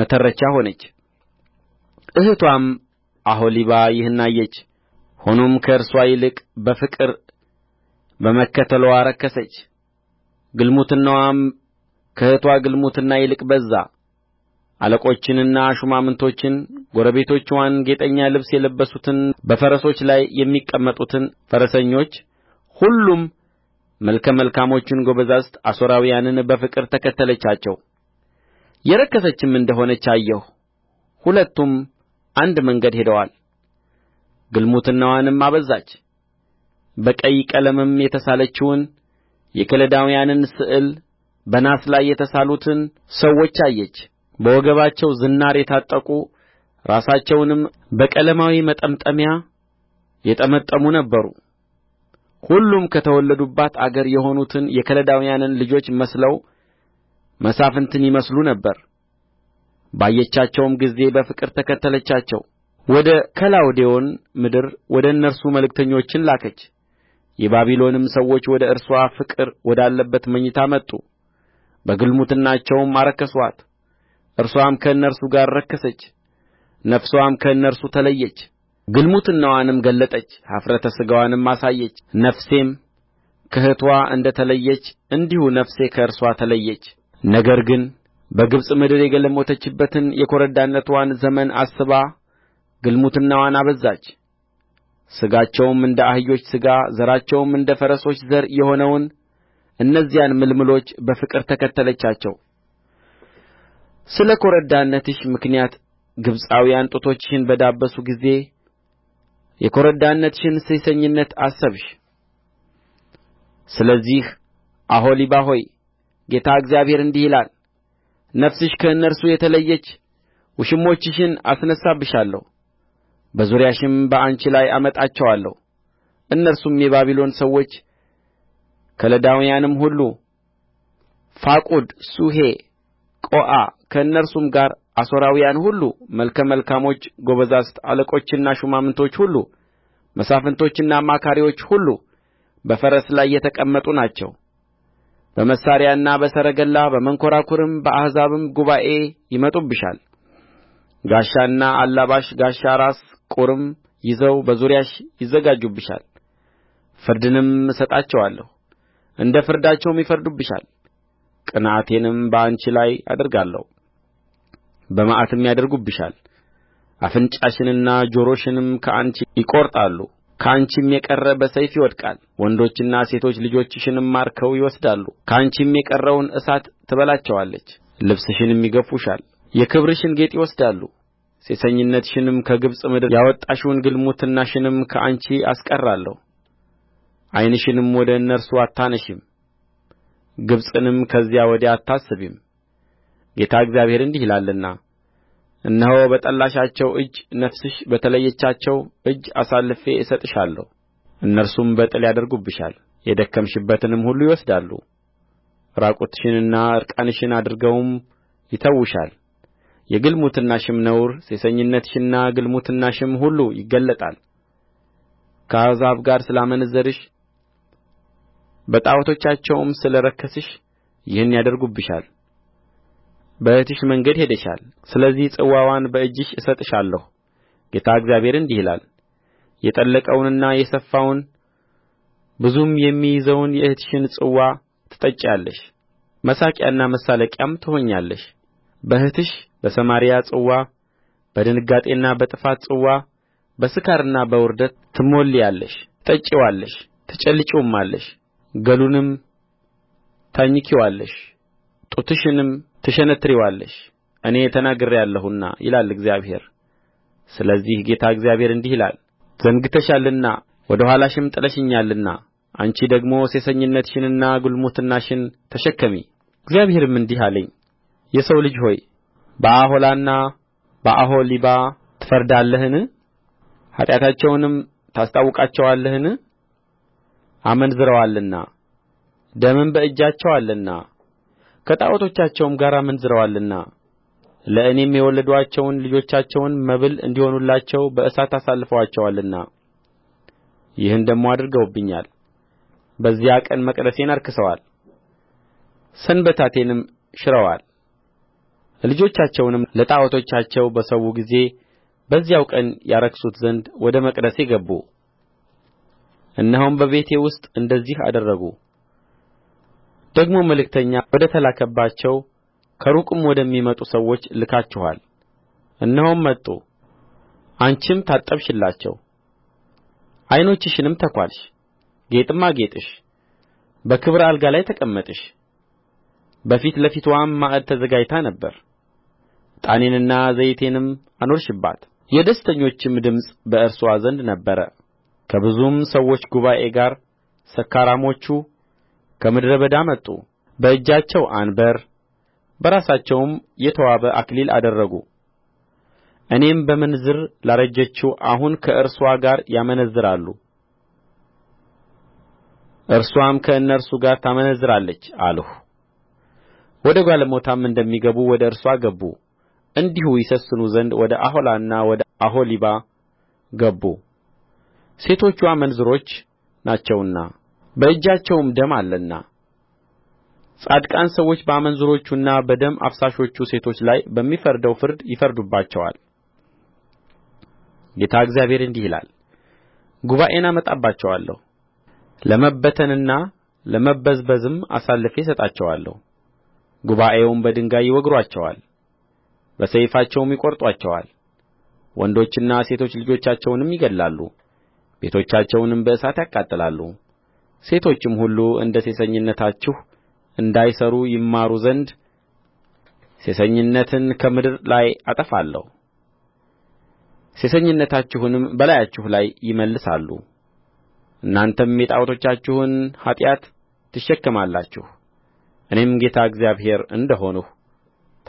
መተረቻ ሆነች እኅትዋም ኦሖሊባ ይህን አየች ሆኖም ከእርስዋ ይልቅ በፍቅር በመከተልዋ ረከሰች ግልሙትናዋም ከእኅትዋ ግልሙትና ይልቅ በዛ አለቆችንና ሹማምቶችን ጎረቤቶችዋን ጌጠኛ ልብስ የለበሱትን በፈረሶች ላይ የሚቀመጡትን ፈረሰኞች ሁሉም መልከ መልካሞቹን ጐበዛዝት አሦራውያንን በፍቅር ተከተለቻቸው የረከሰችም እንደ ሆነች አየሁ ሁለቱም አንድ መንገድ ሄደዋል ግልሙትናዋንም አበዛች በቀይ ቀለምም የተሳለችውን የከለዳውያንን ስዕል በናስ ላይ የተሳሉትን ሰዎች አየች በወገባቸው ዝናር የታጠቁ ራሳቸውንም በቀለማዊ መጠምጠሚያ የጠመጠሙ ነበሩ ሁሉም ከተወለዱባት አገር የሆኑትን የከለዳውያንን ልጆች መስለው መሳፍንትን ይመስሉ ነበር ባየቻቸውም ጊዜ በፍቅር ተከተለቻቸው ወደ ከላውዴዎን ምድር ወደ እነርሱ መልእክተኞችን ላከች የባቢሎንም ሰዎች ወደ እርስዋ ፍቅር ወዳለበት መኝታ መጡ በግልሙትናቸውም አረከሱአት እርስዋም ከእነርሱ ጋር ረከሰች ነፍስዋም ከእነርሱ ተለየች ግልሙትናዋንም ገለጠች ኀፍረተ ሥጋዋንም አሳየች ነፍሴም ከእኅትዋ እንደ ተለየች እንዲሁ ነፍሴ ከእርስዋ ተለየች ነገር ግን በግብጽ ምድር የገለሞተችበትን የኰረዳነትዋን ዘመን አስባ ግልሙትናዋን አበዛች ሥጋቸውም እንደ አህዮች ሥጋ ዘራቸውም እንደ ፈረሶች ዘር የሆነውን እነዚያን ምልምሎች በፍቅር ተከተለቻቸው ስለ ኰረዳነትሽ ምክንያት ግብጻውያን ጡቶችሽን በዳበሱ ጊዜ የኰረዳነትሽን ሴሰኝነት አሰብሽ ስለዚህ ኦሖሊባ ሆይ ጌታ እግዚአብሔር እንዲህ ይላል ነፍስሽ ከእነርሱ የተለየች ውሽሞችሽን አስነሣብሻለሁ በዙሪያሽም በአንቺ ላይ አመጣቸዋለሁ እነርሱም የባቢሎን ሰዎች ከለዳውያንም ሁሉ ፋቁድ ሱሔ ቆዓ ከእነርሱም ጋር አሦራውያን ሁሉ መልከ መልካሞች ጐበዛዝት አለቆችና ሹማምቶች ሁሉ መሳፍንቶችና አማካሪዎች ሁሉ በፈረስ ላይ የተቀመጡ ናቸው በመሣሪያና በሰረገላ በመንኰራኵርም በአሕዛብም ጉባኤ ይመጡብሻል ጋሻና አላባሽ ጋሻ ራስ ቍርም ይዘው በዙሪያሽ ይዘጋጁብሻል ፍርድንም እሰጣቸዋለሁ እንደ ፍርዳቸውም ይፈርዱብሻል ቅንዓቴንም በአንቺ ላይ አደርጋለሁ በመዓትም ያደርጉብሻል አፍንጫሽንና ጆሮሽንም ከአንቺ ይቈርጣሉ ከአንቺም የቀረ በሰይፍ ይወድቃል ወንዶችና ሴቶች ልጆችሽንም ማርከው ይወስዳሉ ከአንቺም የቀረውን እሳት ትበላቸዋለች ልብስሽንም ይገፉሻል የክብርሽን ጌጥ ይወስዳሉ ሴሰኝነትሽንም ከግብጽ ምድር ያወጣሽውን ግልሙትናሽንም ከአንቺ አስቀራለሁ ዓይንሽንም ወደ እነርሱ አታነሺም ግብጽንም ከዚያ ወዲያ አታስቢም ጌታ እግዚአብሔር እንዲህ ይላልና እነሆ በጠላሻቸው እጅ ነፍስሽ በተለየቻቸው እጅ አሳልፌ እሰጥሻለሁ እነርሱም በጥል ያደርጉብሻል የደከምሽበትንም ሁሉ ይወስዳሉ ራቁትሽንና ዕርቃንሽን አድርገውም ይተዉሻል የግልሙትናሽም ነውር ሴሰኝነትሽና ግልሙትናሽም ሁሉ ይገለጣል ከአሕዛብ ጋር ስላመነዘርሽ በጣዖቶቻቸውም ስለ ረከስሽ ይህን ያደርጉብሻል በእኅትሽ መንገድ ሄደሻል ስለዚህ ጽዋዋን በእጅሽ እሰጥሻለሁ ጌታ እግዚአብሔር እንዲህ ይላል የጠለቀውንና የሰፋውን ብዙም የሚይዘውን የእኅትሽን ጽዋ ትጠጪአለሽ መሳቂያና መሳለቂያም ትሆኛለሽ በእኅትሽ በሰማርያ ጽዋ በድንጋጤና በጥፋት ጽዋ በስካርና በውርደት ትሞልያለሽ ትጠጪዋለሽ ትጨልጪውማለሽ ገሉንም ታኝኪዋለሽ ጡትሽንም ትሸነትሪዋለሽ እኔ ተናግሬአለሁና ይላል እግዚአብሔር ስለዚህ ጌታ እግዚአብሔር እንዲህ ይላል ዘንግተሻልና ወደ ኋላሽም ጥለሽኛልና አንቺ ደግሞ ሴሰኝነትሽንና ግልሙትናሽን ተሸከሚ እግዚአብሔርም እንዲህ አለኝ የሰው ልጅ ሆይ በኦሖላና በኦሖሊባ ትፈርዳለህን ኃጢአታቸውንም ታስታውቃቸዋለህን አመንዝረዋልና ደምም በእጃቸው አለና ከጣዖቶቻቸውም ጋር አመንዝረዋልና ለእኔም የወለዱአቸውን ልጆቻቸውን መብል እንዲሆኑላቸው በእሳት አሳልፈዋቸዋልና ይህን ደግሞ አድርገውብኛል በዚያ ቀን መቅደሴን አርክሰዋል ሰንበታቴንም ሽረዋል ልጆቻቸውንም ለጣዖቶቻቸው በሠዉ ጊዜ በዚያው ቀን ያረክሱት ዘንድ ወደ መቅደሴ ገቡ እነሆም በቤቴ ውስጥ እንደዚህ አደረጉ ደግሞ መልእክተኛ ወደ ተላከባቸው ከሩቅም ወደሚመጡ ሰዎች ልካችኋል እነሆም መጡ አንቺም ታጠብሽላቸው ዓይኖችሽንም ተኳልሽ ጌጥም አጌጥሽ በክብር አልጋ ላይ ተቀመጥሽ በፊት ለፊትዋም ማዕድ ተዘጋጅታ ነበር ዕጣኔንና ዘይቴንም አኖርሽባት የደስተኞችም ድምፅ በእርስዋ ዘንድ ነበረ ከብዙም ሰዎች ጉባኤ ጋር ሰካራሞቹ ከምድረ በዳ መጡ በእጃቸው አንበር በራሳቸውም የተዋበ አክሊል አደረጉ እኔም በምንዝር ላረጀችው አሁን ከእርስዋ ጋር ያመነዝራሉ እርስዋም ከእነርሱ ጋር ታመነዝራለች አልሁ ወደ ጋለሞታም እንደሚገቡ ወደ እርስዋ ገቡ እንዲሁ ይሰስኑ ዘንድ ወደ ኦሖላና ወደ ኦሖሊባ ገቡ ሴቶቿ መንዝሮች ናቸውና በእጃቸውም ደም አለና ጻድቃን ሰዎች በአመንዝሮቹና በደም አፍሳሾቹ ሴቶች ላይ በሚፈረደው ፍርድ ይፈርዱባቸዋል ጌታ እግዚአብሔር እንዲህ ይላል ጉባኤን አመጣባቸዋለሁ ለመበተንና ለመበዝበዝም አሳልፌ እሰጣቸዋለሁ ጉባኤውም በድንጋይ ይወግሩአቸዋል በሰይፋቸውም ይቈርጡአቸዋል ወንዶችና ሴቶች ልጆቻቸውንም ይገድላሉ ቤቶቻቸውንም በእሳት ያቃጥላሉ ሴቶችም ሁሉ እንደ ሴሰኝነታችሁ እንዳይሠሩ ይማሩ ዘንድ ሴሰኝነትን ከምድር ላይ አጠፋለሁ ሴሰኝነታችሁንም በላያችሁ ላይ ይመልሳሉ እናንተም የጣዖቶቻችሁን ኃጢአት ትሸከማላችሁ እኔም ጌታ እግዚአብሔር እንደ ሆንሁ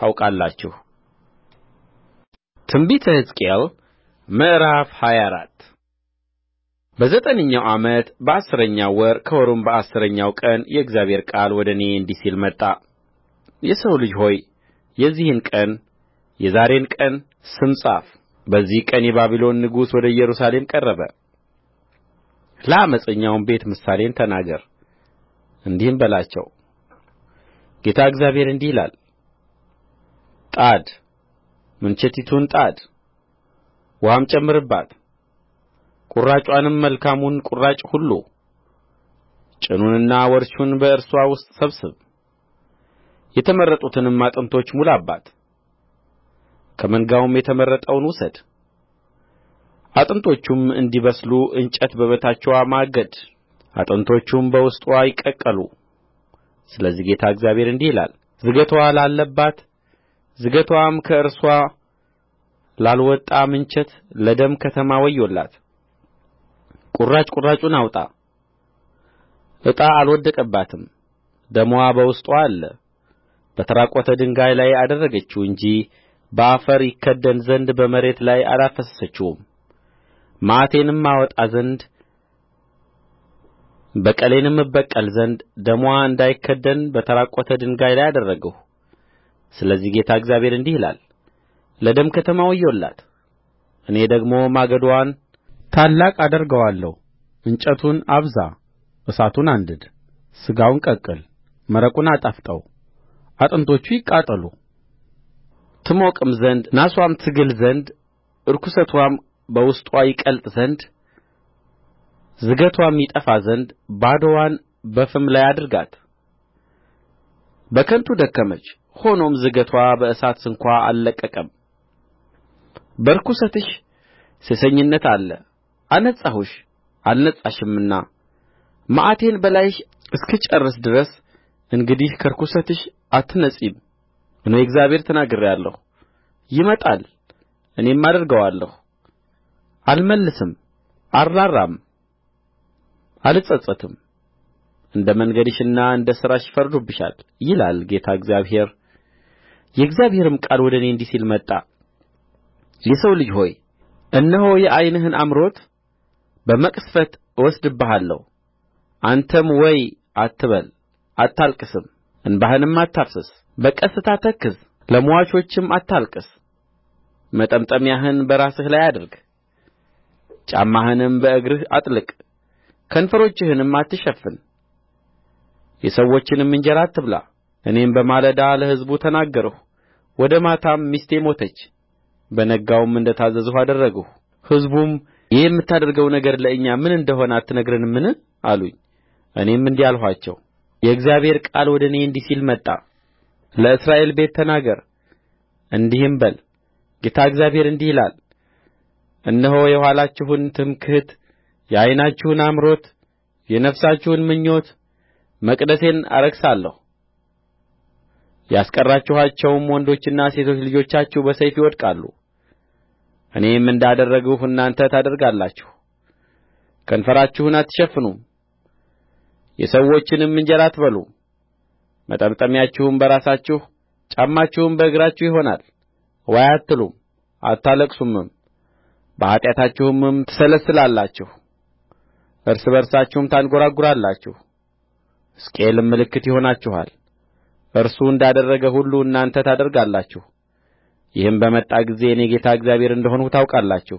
ታውቃላችሁ ትንቢተ ሕዝቅኤል ምዕራፍ ሃያ አራት በዘጠነኛው ዓመት በአሥረኛው ወር ከወሩም በአሥረኛው ቀን የእግዚአብሔር ቃል ወደ እኔ እንዲህ ሲል መጣ የሰው ልጅ ሆይ የዚህን ቀን የዛሬን ቀን ስም ጻፍ በዚህ ቀን የባቢሎን ንጉሥ ወደ ኢየሩሳሌም ቀረበ ለዓመፀኛውም ቤት ምሳሌን ተናገር እንዲህም በላቸው ጌታ እግዚአብሔር እንዲህ ይላል ጣድ ምንቸቲቱን ጣድ ውኃም ጨምርባት ቍራጭዋንም መልካሙን ቍራጭ ሁሉ ጭኑንና ወርቹን በእርስዋ ውስጥ ሰብስብ የተመረጡትንም አጥንቶች ሙላባት ከመንጋውም የተመረጠውን ውሰድ አጥንቶቹም እንዲበስሉ እንጨት በበታችዋ ማግድ አጥንቶቹም በውስጥዋ ይቀቀሉ ስለዚህ ጌታ እግዚአብሔር እንዲህ ይላል ዝገትዋ ላለባት ዝገትዋም ከእርስዋ ላልወጣ ምንቸት ለደም ከተማ ወዮላት ቍራጭ ቍራጩን አውጣ ዕጣ አልወደቀባትም ደምዋ በውስጥዋ አለ በተራቈተ ድንጋይ ላይ አደረገችው እንጂ በአፈር ይከደን ዘንድ በመሬት ላይ አላፈሰሰችውም መዓቴንም አወጣ ዘንድ በቀሌንም እበቀል ዘንድ ደምዋ እንዳይከደን በተራቈተ ድንጋይ ላይ አደረግሁ ስለዚህ ጌታ እግዚአብሔር እንዲህ ይላል ለደም ከተማ ወዮላት እኔ ደግሞ ማገዶዋን ታላቅ አደርገዋለሁ እንጨቱን አብዛ እሳቱን አንድድ ሥጋውን ቀቅል መረቁን አጣፍጠው አጥንቶቹ ይቃጠሉ ትሞቅም ዘንድ ናስዋም ትግል ዘንድ ርኵሰትዋም በውስጧ ይቀልጥ ዘንድ ዝገትዋም ይጠፋ ዘንድ ባዶዋን በፍም ላይ አድርጋት በከንቱ ደከመች ሆኖም ዝገትዋ በእሳት ስንኳ አልለቀቀም በርኵሰትሽ ሴሰኝነት አለ አነጻሁሽ አልነጻሽምና መዓቴን በላይሽ እስክጨርስ ድረስ እንግዲህ ከርኵሰትሽ አትነጺም እኔ እግዚአብሔር ተናግሬአለሁ ይመጣል እኔም አደርገዋለሁ አልመልስም አልራራም አልጸጸትም እንደ መንገድሽና እንደ ሥራሽ ይፈርዱብሻል ይላል ጌታ እግዚአብሔር የእግዚአብሔርም ቃል ወደ እኔ እንዲህ ሲል መጣ የሰው ልጅ ሆይ እነሆ የዓይንህን አምሮት በመቅሠፍት እወስድብሃለሁ አንተም ወይ አትበል አታልቅስም እንባህንም አታፍስስ በቀስታ ተክዝ ለምዋቾችም አታልቅስ መጠምጠሚያህን በራስህ ላይ አድርግ ጫማህንም በእግርህ አጥልቅ ከንፈሮችህንም አትሸፍን የሰዎችንም እንጀራ አትብላ እኔም በማለዳ ለሕዝቡ ተናገርሁ ወደ ማታም ሚስቴ ሞተች በነጋውም እንደ ታዘዝሁ አደረግሁ ሕዝቡም ይህ የምታደርገው ነገር ለእኛ ምን እንደ ሆነ አትነግረንምን አሉኝ እኔም እንዲህ አልኋቸው የእግዚአብሔር ቃል ወደ እኔ እንዲህ ሲል መጣ ለእስራኤል ቤት ተናገር እንዲህም በል ጌታ እግዚአብሔር እንዲህ ይላል እነሆ የኋላችሁን ትምክሕት የዓይናችሁን አምሮት የነፍሳችሁን ምኞት መቅደሴን አረክሳለሁ ያስቀራችኋቸውም ወንዶችና ሴቶች ልጆቻችሁ በሰይፍ ይወድቃሉ እኔም እንዳደረግሁ እናንተ ታደርጋላችሁ ከንፈራችሁን አትሸፍኑም የሰዎችንም እንጀራ አትበሉም መጠምጠሚያችሁም በራሳችሁ ጫማችሁም በእግራችሁ ይሆናል ዋይ አትሉም አታለቅሱምም በኃጢአታችሁም ትሰለስላላችሁ እርስ በርሳችሁም ታንጐራጕራላችሁ ሕዝቅኤልም ምልክት ይሆናችኋል እርሱ እንዳደረገ ሁሉ እናንተ ታደርጋላችሁ ይህም በመጣ ጊዜ እኔ ጌታ እግዚአብሔር እንደ ሆንሁ ታውቃላችሁ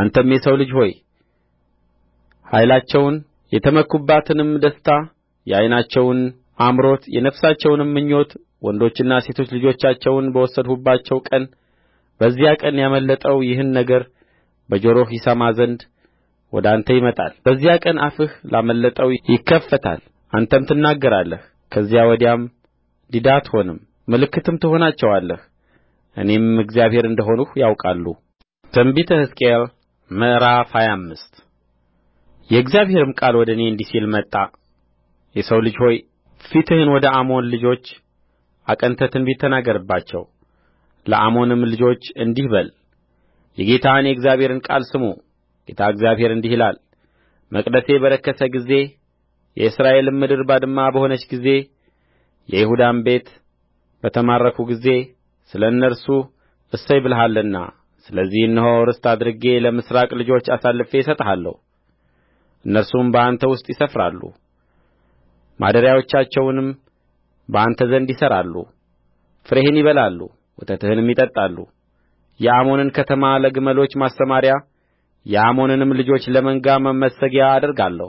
አንተም የሰው ልጅ ሆይ ኃይላቸውን የተመኩባትንም ደስታ የዓይናቸውን አምሮት የነፍሳቸውንም ምኞት ወንዶችና ሴቶች ልጆቻቸውን በወሰድሁባቸው ቀን በዚያ ቀን ያመለጠው ይህን ነገር በጆሮህ ይሰማ ዘንድ ወደ አንተ ይመጣል በዚያ ቀን አፍህ ላመለጠው ይከፈታል አንተም ትናገራለህ ከዚያ ወዲያም ዲዳ አትሆንም ምልክትም ትሆናቸዋለህ እኔም እግዚአብሔር እንደ ሆንሁ ያውቃሉ ትንቢተ ሕዝቅኤል ምዕራፍ ሃያ አምስት የእግዚአብሔርም ቃል ወደ እኔ እንዲህ ሲል መጣ የሰው ልጅ ሆይ ፊትህን ወደ አሞን ልጆች አቅንተህ ትንቢት ተናገርባቸው ለአሞንም ልጆች እንዲህ በል የጌታን የእግዚአብሔርን ቃል ስሙ ጌታ እግዚአብሔር እንዲህ ይላል መቅደሴ በረከሰ ጊዜ የእስራኤልም ምድር ባድማ በሆነች ጊዜ የይሁዳም ቤት በተማረኩ ጊዜ ስለ እነርሱ እሰይ ብለሃልና ስለዚህ እነሆ ርስት አድርጌ ለምሥራቅ ልጆች አሳልፌ እሰጥሃለሁ እነርሱም በአንተ ውስጥ ይሰፍራሉ ማደሪያዎቻቸውንም በአንተ ዘንድ ይሠራሉ ፍሬህን ይበላሉ ወተትህንም ይጠጣሉ የአሞንን ከተማ ለግመሎች ማሰማርያ የአሞንንም ልጆች ለመንጋ መመሰጊያ አደርጋለሁ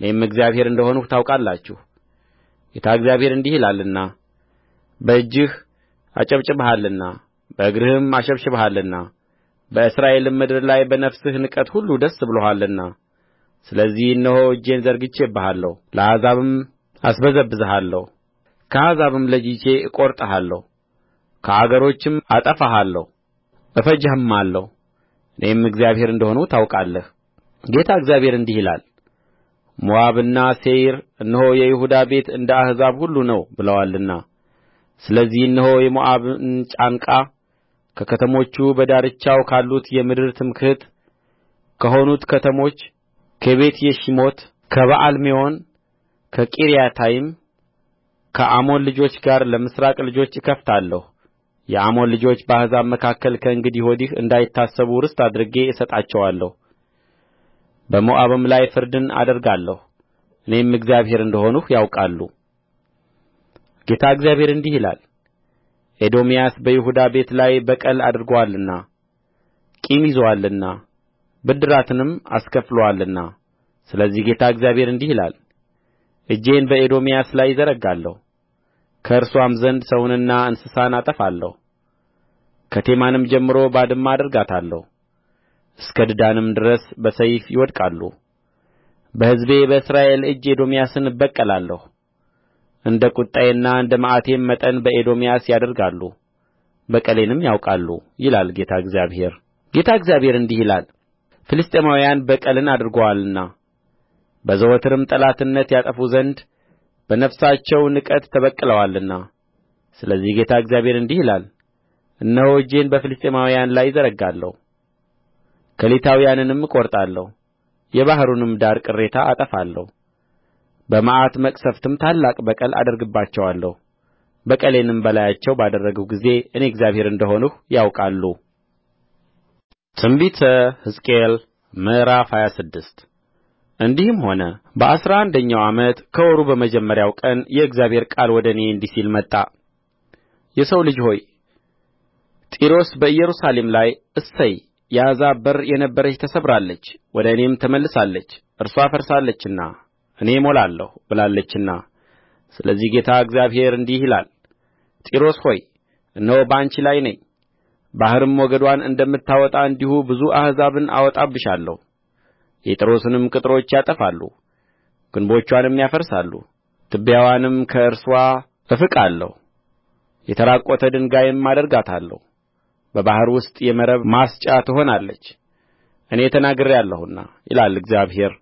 እኔም እግዚአብሔር እንደ ሆንሁ ታውቃላችሁ ጌታ እግዚአብሔር እንዲህ ይላልና በእጅህ አጨብጭበሃልና በእግርህም አሸብሽበሃልና በእስራኤልም ምድር ላይ በነፍስህ ንቀት ሁሉ ደስ ብሎሃልና ስለዚህ እነሆ እጄን ዘርግቼብሃለሁ ለአሕዛብም አስበዘብዝሃለሁ ከአሕዛብም ለይቼ እቈርጥሃለሁ ከአገሮችም አጠፋሃለሁ እፈጅህማለሁ እኔም እግዚአብሔር እንደ ሆንሁ ታውቃለህ ጌታ እግዚአብሔር እንዲህ ይላል ሞዓብና ሴይር እነሆ የይሁዳ ቤት እንደ አሕዛብ ሁሉ ነው ብለዋልና ስለዚህ እነሆ የሞዓብን ጫንቃ ከከተሞቹ በዳርቻው ካሉት የምድር ትምክሕት ከሆኑት ከተሞች ከቤትየሺሞት ከበኣልሜዎን ከቂርያታይም ከአሞን ልጆች ጋር ለምሥራቅ ልጆች እከፍታለሁ የአሞን ልጆች በአሕዛብ መካከል ከእንግዲህ ወዲህ እንዳይታሰቡ ርስት አድርጌ እሰጣቸዋለሁ በሞዓብም ላይ ፍርድን አደርጋለሁ እኔም እግዚአብሔር እንደ ሆንሁ ያውቃሉ ጌታ እግዚአብሔር እንዲህ ይላል ኤዶምያስ በይሁዳ ቤት ላይ በቀል አድርጎአልና ቂም ይዞአልና ብድራትንም አስከፍሎአልና ስለዚህ ጌታ እግዚአብሔር እንዲህ ይላል እጄን በኤዶምያስ ላይ እዘረጋለሁ ከእርስዋም ዘንድ ሰውንና እንስሳን አጠፋለሁ ከቴማንም ጀምሮ ባድማ አደርጋታለሁ እስከ ድዳንም ድረስ በሰይፍ ይወድቃሉ በሕዝቤ በእስራኤል እጅ ኤዶምያስን እበቀላለሁ እንደ ቍጣዬና እንደ መዓቴም መጠን በኤዶምያስ ያደርጋሉ በቀሌንም ያውቃሉ ይላል ጌታ እግዚአብሔር ጌታ እግዚአብሔር እንዲህ ይላል ፍልስጥኤማውያን በቀልን አድርገዋልና በዘወትርም ጠላትነት ያጠፉ ዘንድ በነፍሳቸው ንቀት ተበቅለዋልና ስለዚህ ጌታ እግዚአብሔር እንዲህ ይላል እነሆ እጄን በፍልስጥኤማውያን ላይ እዘረጋለሁ ከሊታውያንንም እቈርጣለሁ የባሕሩንም ዳር ቅሬታ አጠፋለሁ በመዓት መቅሠፍትም ታላቅ በቀል አደርግባቸዋለሁ በቀሌንም በላያቸው ባደረግሁ ጊዜ እኔ እግዚአብሔር እንደ ሆንሁ ያውቃሉ ትንቢተ ሕዝቅኤል ምዕራፍ ሃያ ስድስት እንዲህም ሆነ በአሥራ አንደኛው ዓመት ከወሩ በመጀመሪያው ቀን የእግዚአብሔር ቃል ወደ እኔ እንዲህ ሲል መጣ የሰው ልጅ ሆይ ጢሮስ በኢየሩሳሌም ላይ እሰይ የአሕዛብ በር የነበረች ተሰብራለች ወደ እኔም ተመልሳለች እርስዋ ፈርሳለችና እኔ እሞላለሁ ብላለችና ስለዚህ ጌታ እግዚአብሔር እንዲህ ይላል ጢሮስ ሆይ እነሆ በአንቺ ላይ ነኝ ባሕርም ሞገድዋን እንደምታወጣ እንዲሁ ብዙ አሕዛብን አወጣብሻለሁ የጢሮስንም ቅጥሮች ያጠፋሉ ግንቦችዋንም ያፈርሳሉ ትቢያዋንም ከእርስዋ እፍቃለሁ የተራቈተ ድንጋይም አደርጋታለሁ በባሕር ውስጥ የመረብ ማስጫ ትሆናለች እኔ ተናግሬአለሁና ይላል እግዚአብሔር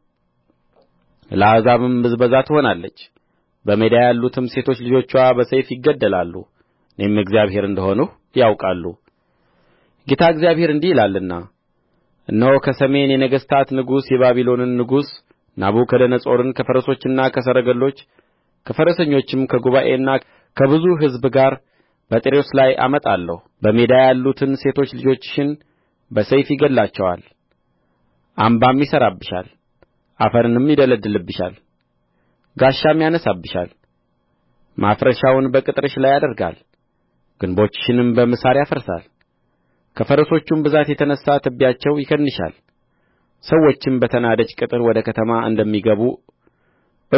ለአሕዛብም ብዝበዛ ትሆናለች በሜዳ ያሉትም ሴቶች ልጆችዋ በሰይፍ ይገደላሉ እኔም እግዚአብሔር እንደ ሆንሁ ያውቃሉ ጌታ እግዚአብሔር እንዲህ ይላልና እነሆ ከሰሜን የነገሥታት ንጉሥ የባቢሎንን ንጉሥ ናቡከደነፆርን ከፈረሶችና ከሰረገሎች ከፈረሰኞችም ከጉባኤና ከብዙ ሕዝብ ጋር በጢሮስ ላይ አመጣለሁ በሜዳ ያሉትን ሴቶች ልጆችሽን በሰይፍ ይገድላቸዋል አምባም ይሠራብሻል አፈርንም ይደለድልብሻል ጋሻም ያነሣብሻል ማፍረሻውን በቅጥርሽ ላይ ያደርጋል ግንቦችሽንም በምሳር ያፈርሳል ከፈረሶቹም ብዛት የተነሣ ትቢያቸው ይከድንሻል ሰዎችም በተናደች ቅጥር ወደ ከተማ እንደሚገቡ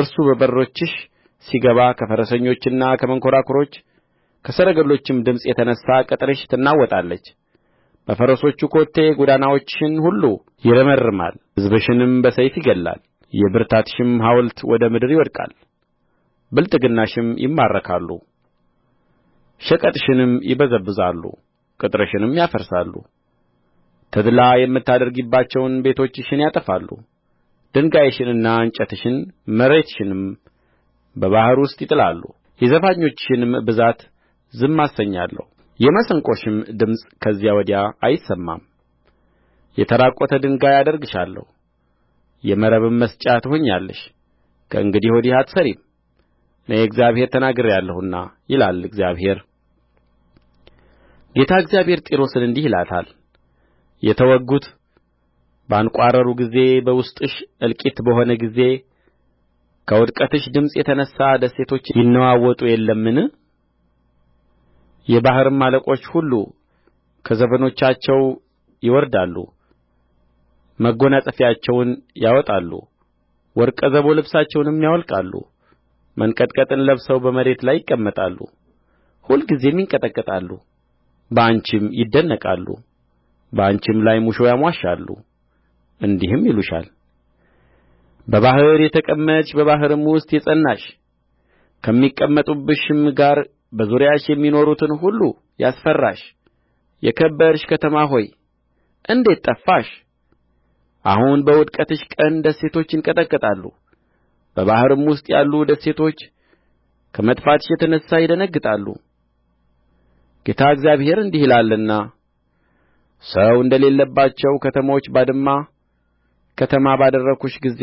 እርሱ በበሮችሽ ሲገባ ከፈረሰኞችና ከመንኰራኵሮች ከሰረገሎችም ድምፅ የተነሣ ቅጥርሽ ትናወጣለች በፈረሶቹ ኮቴ ጎዳናዎችሽን ሁሉ ይረመርማል ሕዝብሽንም በሰይፍ ይገድላል የብርታትሽም ሐውልት ወደ ምድር ይወድቃል ብልጥግናሽም ይማረካሉ። ሸቀጥሽንም ይበዘብዛሉ ቅጥርሽንም ያፈርሳሉ ተድላ የምታደርጊባቸውን ቤቶችሽን ያጠፋሉ ድንጋይሽንና እንጨትሽን መሬትሽንም በባሕር ውስጥ ይጥላሉ የዘፋኞችሽንም ብዛት ዝም አሰኛለሁ የመሰንቆሽም ድምፅ ከዚያ ወዲያ አይሰማም የተራቈተ ድንጋይ አደርግሻለሁ የመረብም መስጫ ትሆኛለሽ ከእንግዲህ ወዲህ አትሠሪም እኔ እግዚአብሔር ተናግሬአለሁና ይላል እግዚአብሔር ጌታ እግዚአብሔር ጢሮስን እንዲህ ይላታል የተወጉት ባንቋረሩ ጊዜ በውስጥሽ እልቂት በሆነ ጊዜ ከውድቀትሽ ድምፅ የተነሣ ደሴቶች ይነዋወጡ የለምን የባሕርም አለቆች ሁሉ ከዙፋኖቻቸው ይወርዳሉ መጐናጸፊያቸውን ያወጣሉ ወርቀ ዘቦ ልብሳቸውንም ያወልቃሉ መንቀጥቀጥን ለብሰው በመሬት ላይ ይቀመጣሉ ሁልጊዜም ይንቀጠቀጣሉ በአንቺም ይደነቃሉ በአንቺም ላይ ሙሾ ያሞሻሉ እንዲህም ይሉሻል በባሕር የተቀመጥሽ በባሕርም ውስጥ የጸናሽ ከሚቀመጡብሽም ጋር በዙሪያሽ የሚኖሩትን ሁሉ ያስፈራሽ የከበርሽ ከተማ ሆይ እንዴት ጠፋሽ አሁን በውድቀትሽ ቀን ደሴቶች ይንቀጠቀጣሉ በባሕርም ውስጥ ያሉ ደሴቶች ከመጥፋትሽ የተነሣ ይደነግጣሉ ጌታ እግዚአብሔር እንዲህ ይላልና ሰው እንደሌለባቸው ከተሞች ባድማ ከተማ ባደረግሁሽ ጊዜ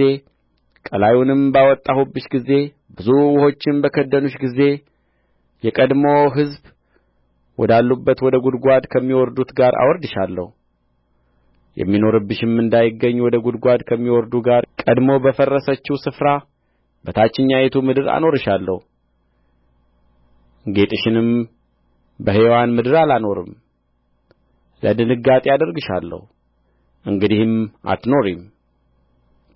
ቀላዩንም ባወጣሁብሽ ጊዜ ብዙ ውኆችም በከደኑሽ ጊዜ የቀድሞ ሕዝብ ወዳሉበት ወደ ጕድጓድ ከሚወርዱት ጋር አወርድሻለሁ የሚኖርብሽም እንዳይገኝ ወደ ጕድጓድ ከሚወርዱ ጋር ቀድሞ በፈረሰችው ስፍራ በታችኛይቱ ምድር አኖርሻለሁ ጌጥሽንም በሕያዋን ምድር አላኖርም ለድንጋጤ አደርግሻለሁ እንግዲህም አትኖሪም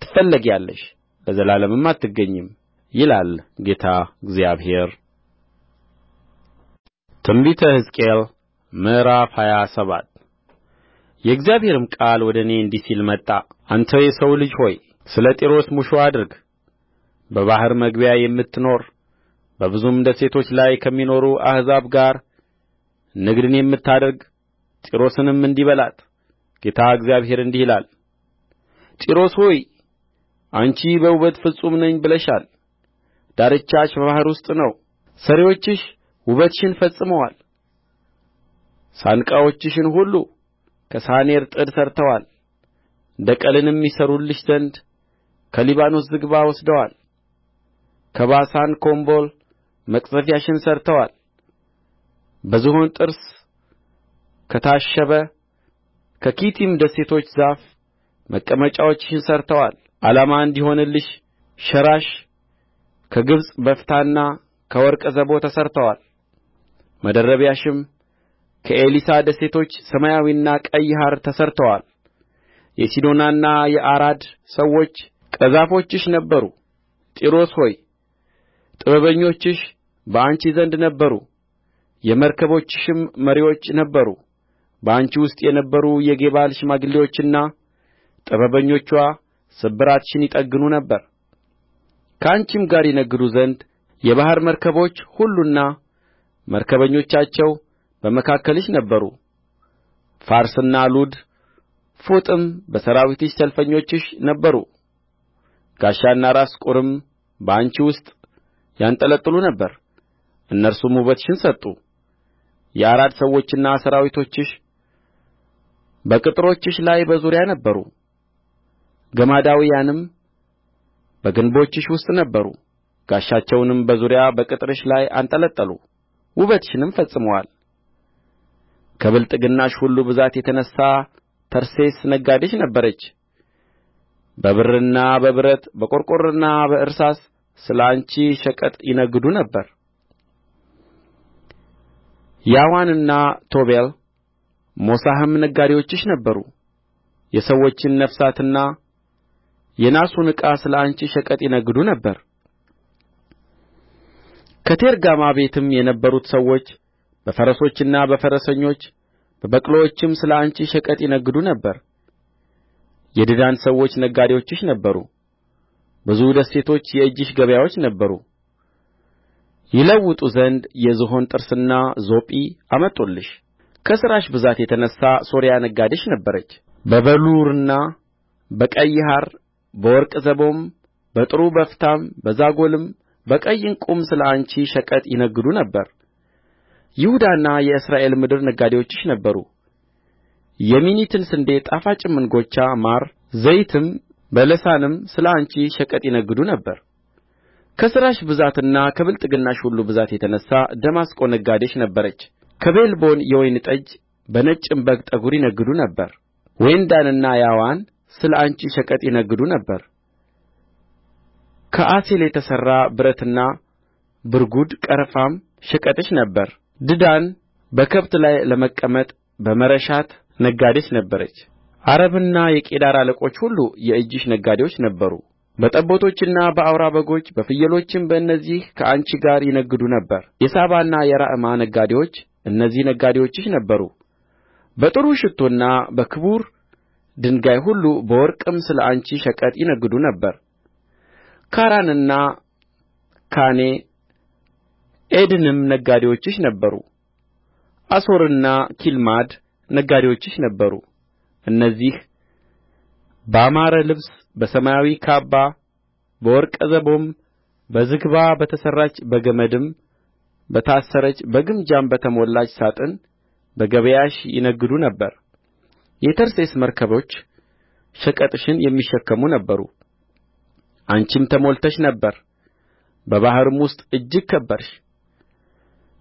ትፈለጊአለሽ ለዘላለምም አትገኚም ይላል ጌታ እግዚአብሔር ትንቢተ ሕዝቅኤል ምዕራፍ ሃያ ሰባት የእግዚአብሔርም ቃል ወደ እኔ እንዲህ ሲል መጣ አንተ የሰው ልጅ ሆይ ስለ ጢሮስ ሙሾ አድርግ በባሕር መግቢያ የምትኖር በብዙም ደሴቶች ላይ ከሚኖሩ አሕዛብ ጋር ንግድን የምታደርግ ጢሮስንም እንዲህ በላት ጌታ እግዚአብሔር እንዲህ ይላል ጢሮስ ሆይ አንቺ በውበት ፍጹም ነኝ ብለሻል ዳርቻሽ በባሕር ውስጥ ነው ሠሪዎችሽ ውበትሽን ፈጽመዋል ሳንቃዎችሽን ሁሉ ከሳኔር ጥድ ሠርተዋል ደቀልንም ይሠሩልሽ ዘንድ ከሊባኖስ ዝግባ ወስደዋል ከባሳን ኮምቦል መቅዘፊያሽን ሠርተዋል በዝሆን ጥርስ ከታሸበ ከኪቲም ደሴቶች ዛፍ መቀመጫዎችሽን ሠርተዋል ዓላማ እንዲሆንልሽ ሸራሽ ከግብጽ በፍታና ከወርቅ ዘቦ ተሠርቶአል መደረቢያሽም ከኤሊሳ ደሴቶች ሰማያዊና ቀይ ሐር ተሠርተዋል የሲዶናና የአራድ ሰዎች ቀዛፎችሽ ነበሩ ጢሮስ ሆይ ጥበበኞችሽ በአንቺ ዘንድ ነበሩ የመርከቦችሽም መሪዎች ነበሩ በአንቺ ውስጥ የነበሩ የጌባል ሽማግሌዎችና ጥበበኞችዋ ስብራትሽን ይጠግኑ ነበር ከአንቺም ጋር ይነግዱ ዘንድ የባሕር መርከቦች ሁሉና መርከበኞቻቸው በመካከልሽ ነበሩ ፋርስና ሉድ ፉጥም በሠራዊትሽ ሰልፈኞችሽ ነበሩ ጋሻና ራስ ቍርም በአንቺ ውስጥ ያንጠለጥሉ ነበር እነርሱም ውበትሽን ሰጡ የአራድ ሰዎችና ሠራዊቶችሽ በቅጥሮችሽ ላይ በዙሪያ ነበሩ ገማዳውያንም በግንቦችሽ ውስጥ ነበሩ ጋሻቸውንም በዙሪያ በቅጥርሽ ላይ አንጠለጠሉ ውበትሽንም ፈጽመዋል ከብልጥግናሽ ሁሉ ብዛት የተነሣ ተርሴስ ነጋዴሽ ነበረች በብርና በብረት በቈርቈሮና በእርሳስ ስለ አንቺ ሸቀጥ ይነግዱ ነበር ያዋንና ቶቤል ሞሳሕም ነጋዴዎችሽ ነበሩ የሰዎችን ነፍሳትና የናሱን ዕቃ ስለ አንቺ ሸቀጥ ይነግዱ ነበር ከቴርጋማ ቤትም የነበሩት ሰዎች በፈረሶችና በፈረሰኞች በበቅሎዎችም ስለ አንቺ ሸቀጥ ይነግዱ ነበር የድዳን ሰዎች ነጋዴዎችሽ ነበሩ ብዙ ደሴቶች የእጅሽ ገበያዎች ነበሩ ይለውጡ ዘንድ የዝሆን ጥርስና ዞጲ አመጡልሽ ከሥራሽ ብዛት የተነሣ ሶርያ ነጋዴሽ ነበረች በበሉርና በቀይ ሐር በወርቅ ዘቦም በጥሩ በፍታም በዛጐልም በቀይ ዕንቍም ስለ አንቺ ሸቀጥ ይነግዱ ነበር ይሁዳና የእስራኤል ምድር ነጋዴዎችሽ ነበሩ የሚኒትን ስንዴ ጣፋጭም እንጐቻ ማር ዘይትም በለሳንም ስለ አንቺ ሸቀጥ ይነግዱ ነበር ከሥራሽ ብዛትና ከብልጥግናሽ ሁሉ ብዛት የተነሣ ደማስቆ ነጋዴሽ ነበረች ከቤልቦን የወይን ጠጅ በነጭም በግ ጠጕር ይነግዱ ነበር ዌንዳንና ያዋን ስለ አንቺ ሸቀጥ ይነግዱ ነበር ከአሴል የተሠራ ብረትና ብርጉድ ቀረፋም ሸቀጥሽ ነበረ ድዳን በከብት ላይ ለመቀመጥ በመረሻት ነጋዴሽ ነበረች አረብና የቄዳር አለቆች ሁሉ የእጅሽ ነጋዴዎች ነበሩ በጠቦቶችና በአውራ በጎች በፍየሎችም በእነዚህ ከአንቺ ጋር ይነግዱ ነበር የሳባና የራዕማ ነጋዴዎች እነዚህ ነጋዴዎችሽ ነበሩ በጥሩ ሽቶና በክቡር ድንጋይ ሁሉ በወርቅም ስለ አንቺ ሸቀጥ ይነግዱ ነበር ካራንና ካኔ ዔድንም ነጋዴዎችሽ ነበሩ አሶርና ኪልማድ ነጋዴዎችሽ ነበሩ እነዚህ ባማረ ልብስ በሰማያዊ ካባ በወርቀ ዘቦም በዝግባ በተሠራች በገመድም በታሰረች በግምጃም በተሞላች ሳጥን በገበያሽ ይነግዱ ነበር የተርሴስ መርከቦች ሸቀጥሽን የሚሸከሙ ነበሩ አንቺም ተሞልተሽ ነበር በባሕርም ውስጥ እጅግ ከበርሽ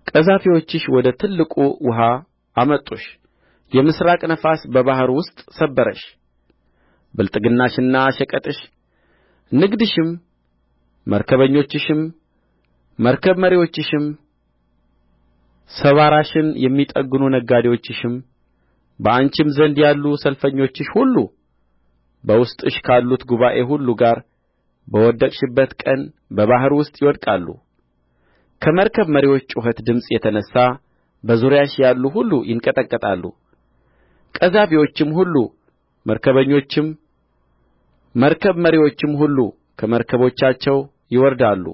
ቀዛፊዎችሽ ወደ ትልቁ ውኃ አመጡሽ የምሥራቅ ነፋስ በባሕር ውስጥ ሰበረሽ ብልጥግናሽና ሸቀጥሽ ንግድሽም መርከበኞችሽም መርከብ መሪዎችሽም ሰባራሽን የሚጠግኑ ነጋዴዎችሽም በአንቺም ዘንድ ያሉ ሰልፈኞችሽ ሁሉ በውስጥሽ ካሉት ጉባኤ ሁሉ ጋር በወደቅሽበት ቀን በባሕር ውስጥ ይወድቃሉ ከመርከብ መሪዎች ጩኸት ድምፅ የተነሣ በዙሪያሽ ያሉ ሁሉ ይንቀጠቀጣሉ ቀዛፊዎችም ሁሉ መርከበኞችም መርከብ መሪዎችም ሁሉ ከመርከቦቻቸው ይወርዳሉ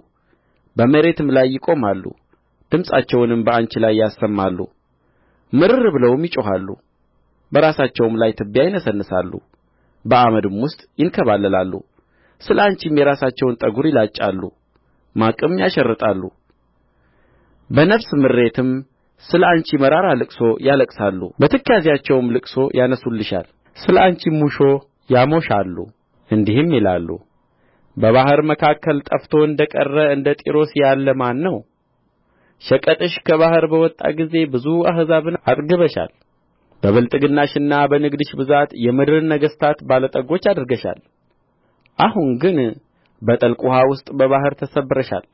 በመሬትም ላይ ይቆማሉ ድምፃቸውንም በአንቺ ላይ ያሰማሉ ምርር ብለውም ይጮኻሉ በራሳቸውም ላይ ትቢያ ይነሰንሳሉ በአመድም ውስጥ ይንከባለላሉ ስለ አንቺም የራሳቸውን ጠጕር ይላጫሉ ማቅም ያሸርጣሉ በነፍስ ምሬትም ስለ አንቺ መራራ ልቅሶ ያለቅሳሉ በትካዜያቸውም ልቅሶ ያነሡልሻል ስለ አንቺም ሙሾ ያሞሻሉ እንዲህም ይላሉ በባሕር መካከል ጠፍቶ እንደ ቀረ እንደ ጢሮስ ያለ ማን ነው ሸቀጥሽ ከባሕር በወጣ ጊዜ ብዙ አሕዛብን አጥግበሻል በብልጥግናሽና በንግድሽ ብዛት የምድርን ነገሥታት ባለጠጎች አድርገሻል አሁን ግን በጥልቅ ውኃ ውስጥ በባሕር ተሰብረሻል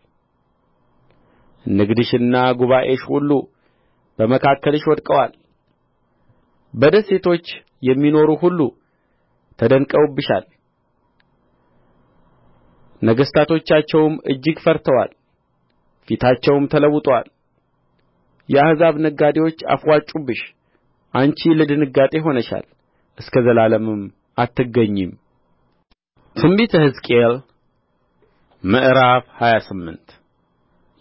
ንግድሽና ጉባኤሽ ሁሉ በመካከልሽ ወድቀዋል በደሴቶች የሚኖሩ ሁሉ ተደንቀውብሻል ነገሥታቶቻቸውም እጅግ ፈርተዋል ፊታቸውም ተለውጦአል የአሕዛብ ነጋዴዎች አፍዋጩብሽ አንቺ ለድንጋጤ ሆነሻል እስከ ዘላለምም አትገኚም ትንቢተ ሕዝቅኤል ምዕራፍ ሃያ ስምንት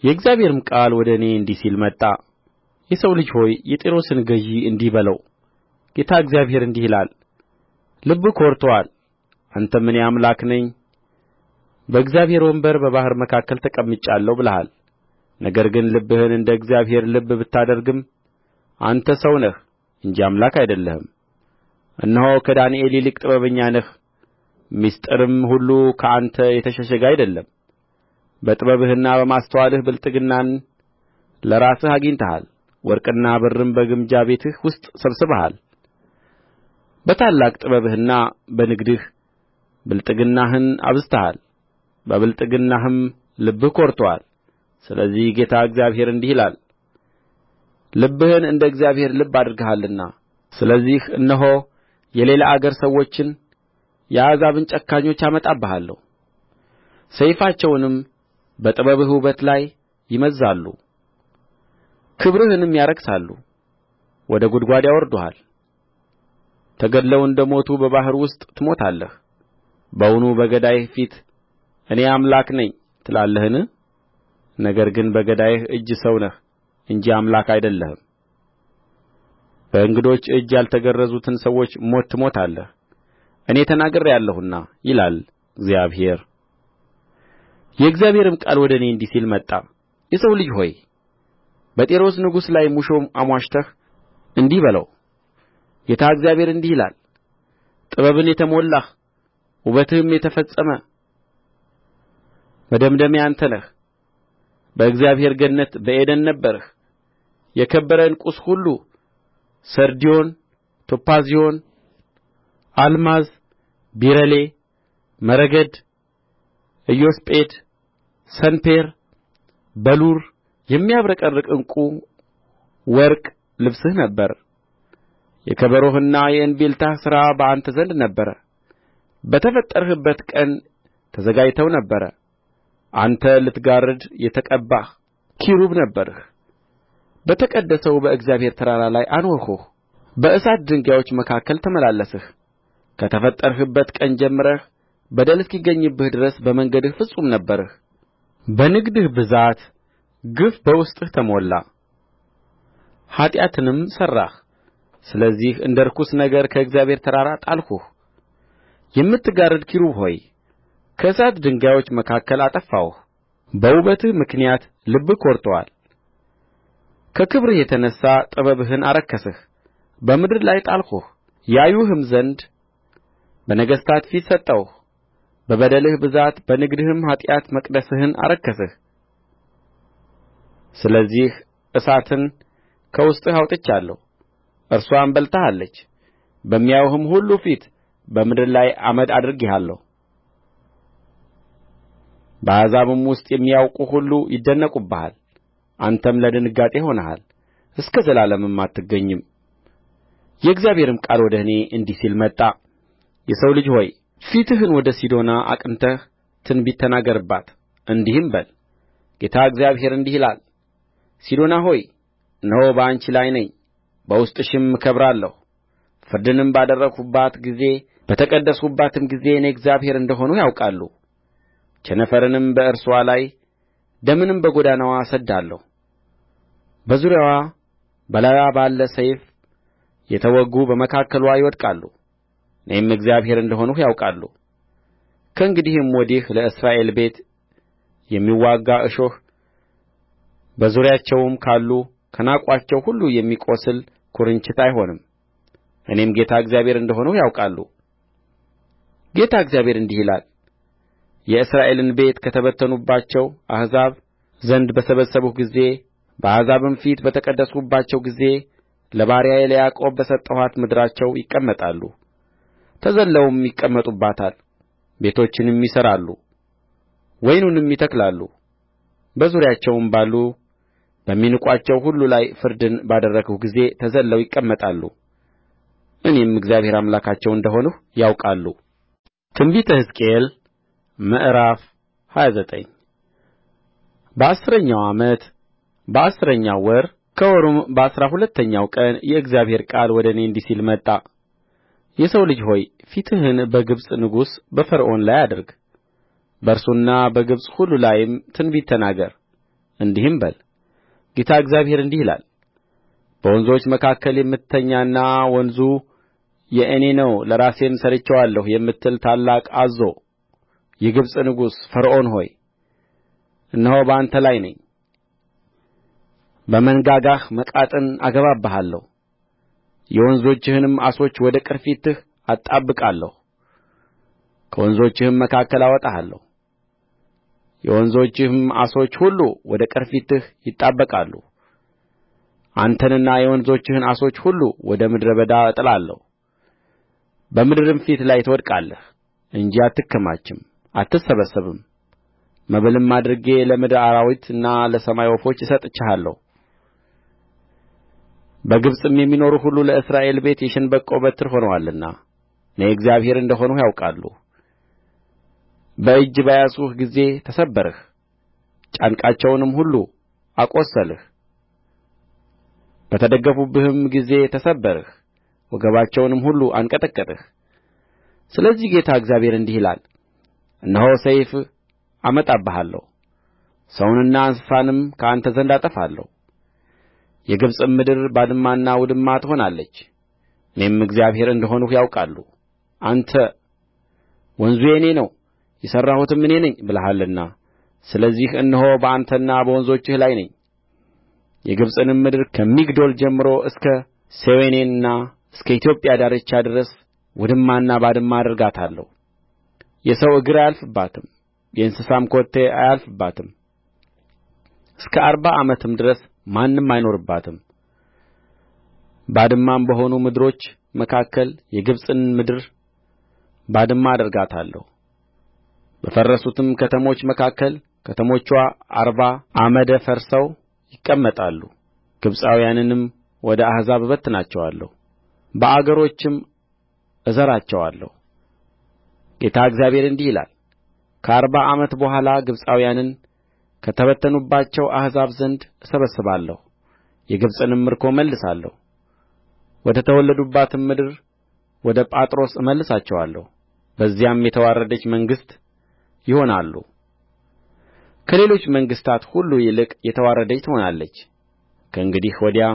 የእግዚአብሔርም ቃል ወደ እኔ እንዲህ ሲል መጣ የሰው ልጅ ሆይ የጢሮስን ገዥ እንዲህ በለው ጌታ እግዚአብሔር እንዲህ ይላል ልብህ ኰርቶአል አንተም እኔ አምላክ ነኝ በእግዚአብሔር ወንበር በባሕር መካከል ተቀምጫለሁ ብለሃል ነገር ግን ልብህን እንደ እግዚአብሔር ልብ ብታደርግም አንተ ሰው ነህ እንጂ አምላክ አይደለህም እነሆ ከዳንኤል ይልቅ ጥበበኛ ነህ ምሥጢርም ሁሉ ከአንተ የተሸሸገ አይደለም በጥበብህና በማስተዋልህ ብልጥግናን ለራስህ አግኝተሃል ወርቅና ብርም በግምጃ ቤትህ ውስጥ ሰብስበሃል በታላቅ ጥበብህና በንግድህ ብልጥግናህን አብዝተሃል በብልጥግናህም ልብህ ኰርቶአል ስለዚህ ጌታ እግዚአብሔር እንዲህ ይላል ልብህን እንደ እግዚአብሔር ልብ አድርገሃልና ስለዚህ እነሆ የሌላ አገር ሰዎችን የአሕዛብን ጨካኞች አመጣብሃለሁ ሰይፋቸውንም በጥበብህ ውበት ላይ ይመዝዛሉ ክብርህንም ያረክሳሉ ወደ ጕድጓድ ያወርዱሃል ተገድለው እንደ ሞቱ በባሕር ውስጥ ትሞታለህ በውኑ በገዳይህ ፊት እኔ አምላክ ነኝ ትላለህን ነገር ግን በገዳይህ እጅ ሰው ነህ እንጂ አምላክ አይደለህም በእንግዶች እጅ ያልተገረዙትን ሰዎች ሞት ትሞታለህ እኔ ተናግሬአለሁና ይላል እግዚአብሔር የእግዚአብሔርም ቃል ወደ እኔ እንዲህ ሲል መጣ የሰው ልጅ ሆይ በጢሮስ ንጉሥ ላይ ሙሾ አሞሽተህ እንዲህ በለው ጌታ እግዚአብሔር እንዲህ ይላል ጥበብን የተሞላህ ውበትህም የተፈጸመ መደምደሚያ አንተ ነህ በእግዚአብሔር ገነት በኤደን ነበርህ የከበረ ዕንቍስ ሁሉ ሰርድዮን ቶጳዝዮን አልማዝ ቢረሌ መረግድ ኢያስጲድ ሰንፔር በሉር የሚያብረቀርቅ ዕንቍ ወርቅ ልብስህ ነበረ የከበሮህና የእንቢልታህ ሥራ በአንተ ዘንድ ነበረ በተፈጠርህበት ቀን ተዘጋጅተው ነበር አንተ ልትጋርድ የተቀባህ ኪሩብ ነበርህ በተቀደሰው በእግዚአብሔር ተራራ ላይ አኖርሁህ በእሳት ድንጋዮች መካከል ተመላለስህ ከተፈጠርህበት ቀን ጀምረህ በደል እስኪገኝብህ ድረስ በመንገድህ ፍጹም ነበርህ በንግድህ ብዛት ግፍ በውስጥህ ተሞላ ኃጢአትንም ሠራህ ስለዚህ እንደ ርኩስ ነገር ከእግዚአብሔር ተራራ ጣልሁህ የምትጋርድ ኪሩብ ሆይ ከእሳት ድንጋዮች መካከል አጠፋሁህ በውበትህ ምክንያት ልብህ ኰርቶአል ከክብርህ የተነሣ ጥበብህን አረከስህ በምድር ላይ ጣልሁህ ያዩህም ዘንድ በነገሥታት ፊት ሰጠሁህ በበደልህ ብዛት በንግድህም ኃጢአት መቅደስህን አረከስህ ስለዚህ እሳትን ከውስጥህ አውጥቻለሁ እርስዋም በልታሃለች በሚያዩህም ሁሉ ፊት በምድር ላይ አመድ አድርጌሃለሁ በአሕዛብም ውስጥ የሚያውቁህ ሁሉ ይደነቁብሃል አንተም ለድንጋጤ ሆነሃል እስከ ዘላለምም አትገኝም የእግዚአብሔርም ቃል ወደ እኔ እንዲህ ሲል መጣ የሰው ልጅ ሆይ ፊትህን ወደ ሲዶና አቅንተህ ትንቢት ተናገርባት እንዲህም በል ጌታ እግዚአብሔር እንዲህ ይላል ሲዶና ሆይ እነሆ በአንቺ ላይ ነኝ በውስጥሽም እከብራለሁ ፍርድንም ባደረግሁባት ጊዜ በተቀደስሁባትም ጊዜ እኔ እግዚአብሔር እንደ ሆንሁ ያውቃሉ ቸነፈርንም በእርስዋ ላይ ደምንም በጎዳናዋ እሰድዳለሁ በዙሪያዋ በላይዋ ባለ ሰይፍ የተወጉ በመካከልዋ ይወድቃሉ እኔም እግዚአብሔር እንደ ሆንሁ ያውቃሉ ከእንግዲህም ወዲህ ለእስራኤል ቤት የሚዋጋ እሾህ በዙሪያቸውም ካሉ ከናቁአቸው ሁሉ የሚቈስል ኵርንችት አይሆንም እኔም ጌታ እግዚአብሔር እንደ ሆንሁ ያውቃሉ ጌታ እግዚአብሔር እንዲህ ይላል የእስራኤልን ቤት ከተበተኑባቸው አሕዛብ ዘንድ በሰበሰብሁ ጊዜ በአሕዛብም ፊት በተቀደስሁባቸው ጊዜ ለባሪያዬ ለያዕቆብ በሰጠኋት ምድራቸው ይቀመጣሉ ተዘልለውም ይቀመጡባታል ቤቶችንም ይሠራሉ ወይኑንም ይተክላሉ በዙሪያቸውም ባሉ በሚንቋቸው ሁሉ ላይ ፍርድን ባደረግሁ ጊዜ ተዘልለው ይቀመጣሉ እኔም እግዚአብሔር አምላካቸው እንደ ሆንሁ ያውቃሉ ትንቢተ ሕዝቅኤል ምዕራፍ ሃያ ዘጠኝ በአሥረኛው ዓመት በአሥረኛው ወር ከወሩም በአሥራ ሁለተኛው ቀን የእግዚአብሔር ቃል ወደ እኔ እንዲህ ሲል መጣ የሰው ልጅ ሆይ ፊትህን በግብጽ ንጉሥ በፈርዖን ላይ አድርግ በእርሱና በግብጽ ሁሉ ላይም ትንቢት ተናገር እንዲህም በል ጌታ እግዚአብሔር እንዲህ ይላል በወንዞች መካከል የምትተኛና ወንዙ የእኔ ነው ለራሴም ሠርቼዋለሁ የምትል ታላቅ አዞ የግብጽ ንጉሥ ፈርዖን ሆይ እነሆ በአንተ ላይ ነኝ በመንጋጋህ መቃጥን አገባብሃለሁ የወንዞችህንም ዓሦች ወደ ቅርፊትህ አጣብቃለሁ ከወንዞችህም መካከል አወጣሃለሁ የወንዞችህም ዓሦች ሁሉ ወደ ቅርፊትህ ይጣበቃሉ አንተንና የወንዞችህን ዓሦች ሁሉ ወደ ምድረ በዳ እጥላለሁ በምድርም ፊት ላይ ትወድቃለህ እንጂ አትከማችም አትሰበሰብም መብልም አድርጌ ለምድር አራዊትና ለሰማይ ወፎች ሰጥቼሃለሁ በግብጽም የሚኖሩ ሁሉ ለእስራኤል ቤት የሸንበቆ በትር ሆነዋልና እኔ እግዚአብሔር እንደ ሆንሁ ያውቃሉ በእጅ በያዙህ ጊዜ ተሰበርህ ጫንቃቸውንም ሁሉ አቈሰልህ በተደገፉብህም ጊዜ ተሰበርህ ወገባቸውንም ሁሉ አንቀጠቀጥህ ስለዚህ ጌታ እግዚአብሔር እንዲህ ይላል እነሆ ሰይፍ አመጣብሃለሁ ሰውንና እንስሳንም ከአንተ ዘንድ አጠፋለሁ የግብጽም ምድር ባድማና ውድማ ትሆናለች እኔም እግዚአብሔር እንደ ሆንሁ ያውቃሉ አንተ ወንዙ የእኔ ነው የሠራሁትም እኔ ነኝ ብለሃልና ስለዚህ እነሆ በአንተና በወንዞችህ ላይ ነኝ የግብጽንም ምድር ከሚግዶል ጀምሮ እስከ ሴዌኔና እስከ ኢትዮጵያ ዳርቻ ድረስ ውድማና ባድማ አደርጋታለሁ የሰው እግር አያልፍባትም የእንስሳም ኮቴ አያልፍባትም እስከ አርባ ዓመትም ድረስ ማንም አይኖርባትም ባድማም በሆኑ ምድሮች መካከል የግብጽን ምድር ባድማ አደርጋታለሁ በፈረሱትም ከተሞች መካከል ከተሞችዋ አርባ አመደ ፈርሰው ይቀመጣሉ ግብጻውያንንም ወደ አሕዛብ እበትናቸዋለሁ በአገሮችም እዘራቸዋለሁ ጌታ እግዚአብሔር እንዲህ ይላል ከአርባ ዓመት በኋላ ግብጻውያንን ከተበተኑባቸው አሕዛብ ዘንድ እሰበስባለሁ የግብጽንም ምርኮ እመልሳለሁ ወደ ተወለዱባትም ምድር ወደ ጳትሮስ እመልሳቸዋለሁ በዚያም የተዋረደች መንግሥት ይሆናሉ ከሌሎች መንግሥታት ሁሉ ይልቅ የተዋረደች ትሆናለች ከእንግዲህ ወዲያ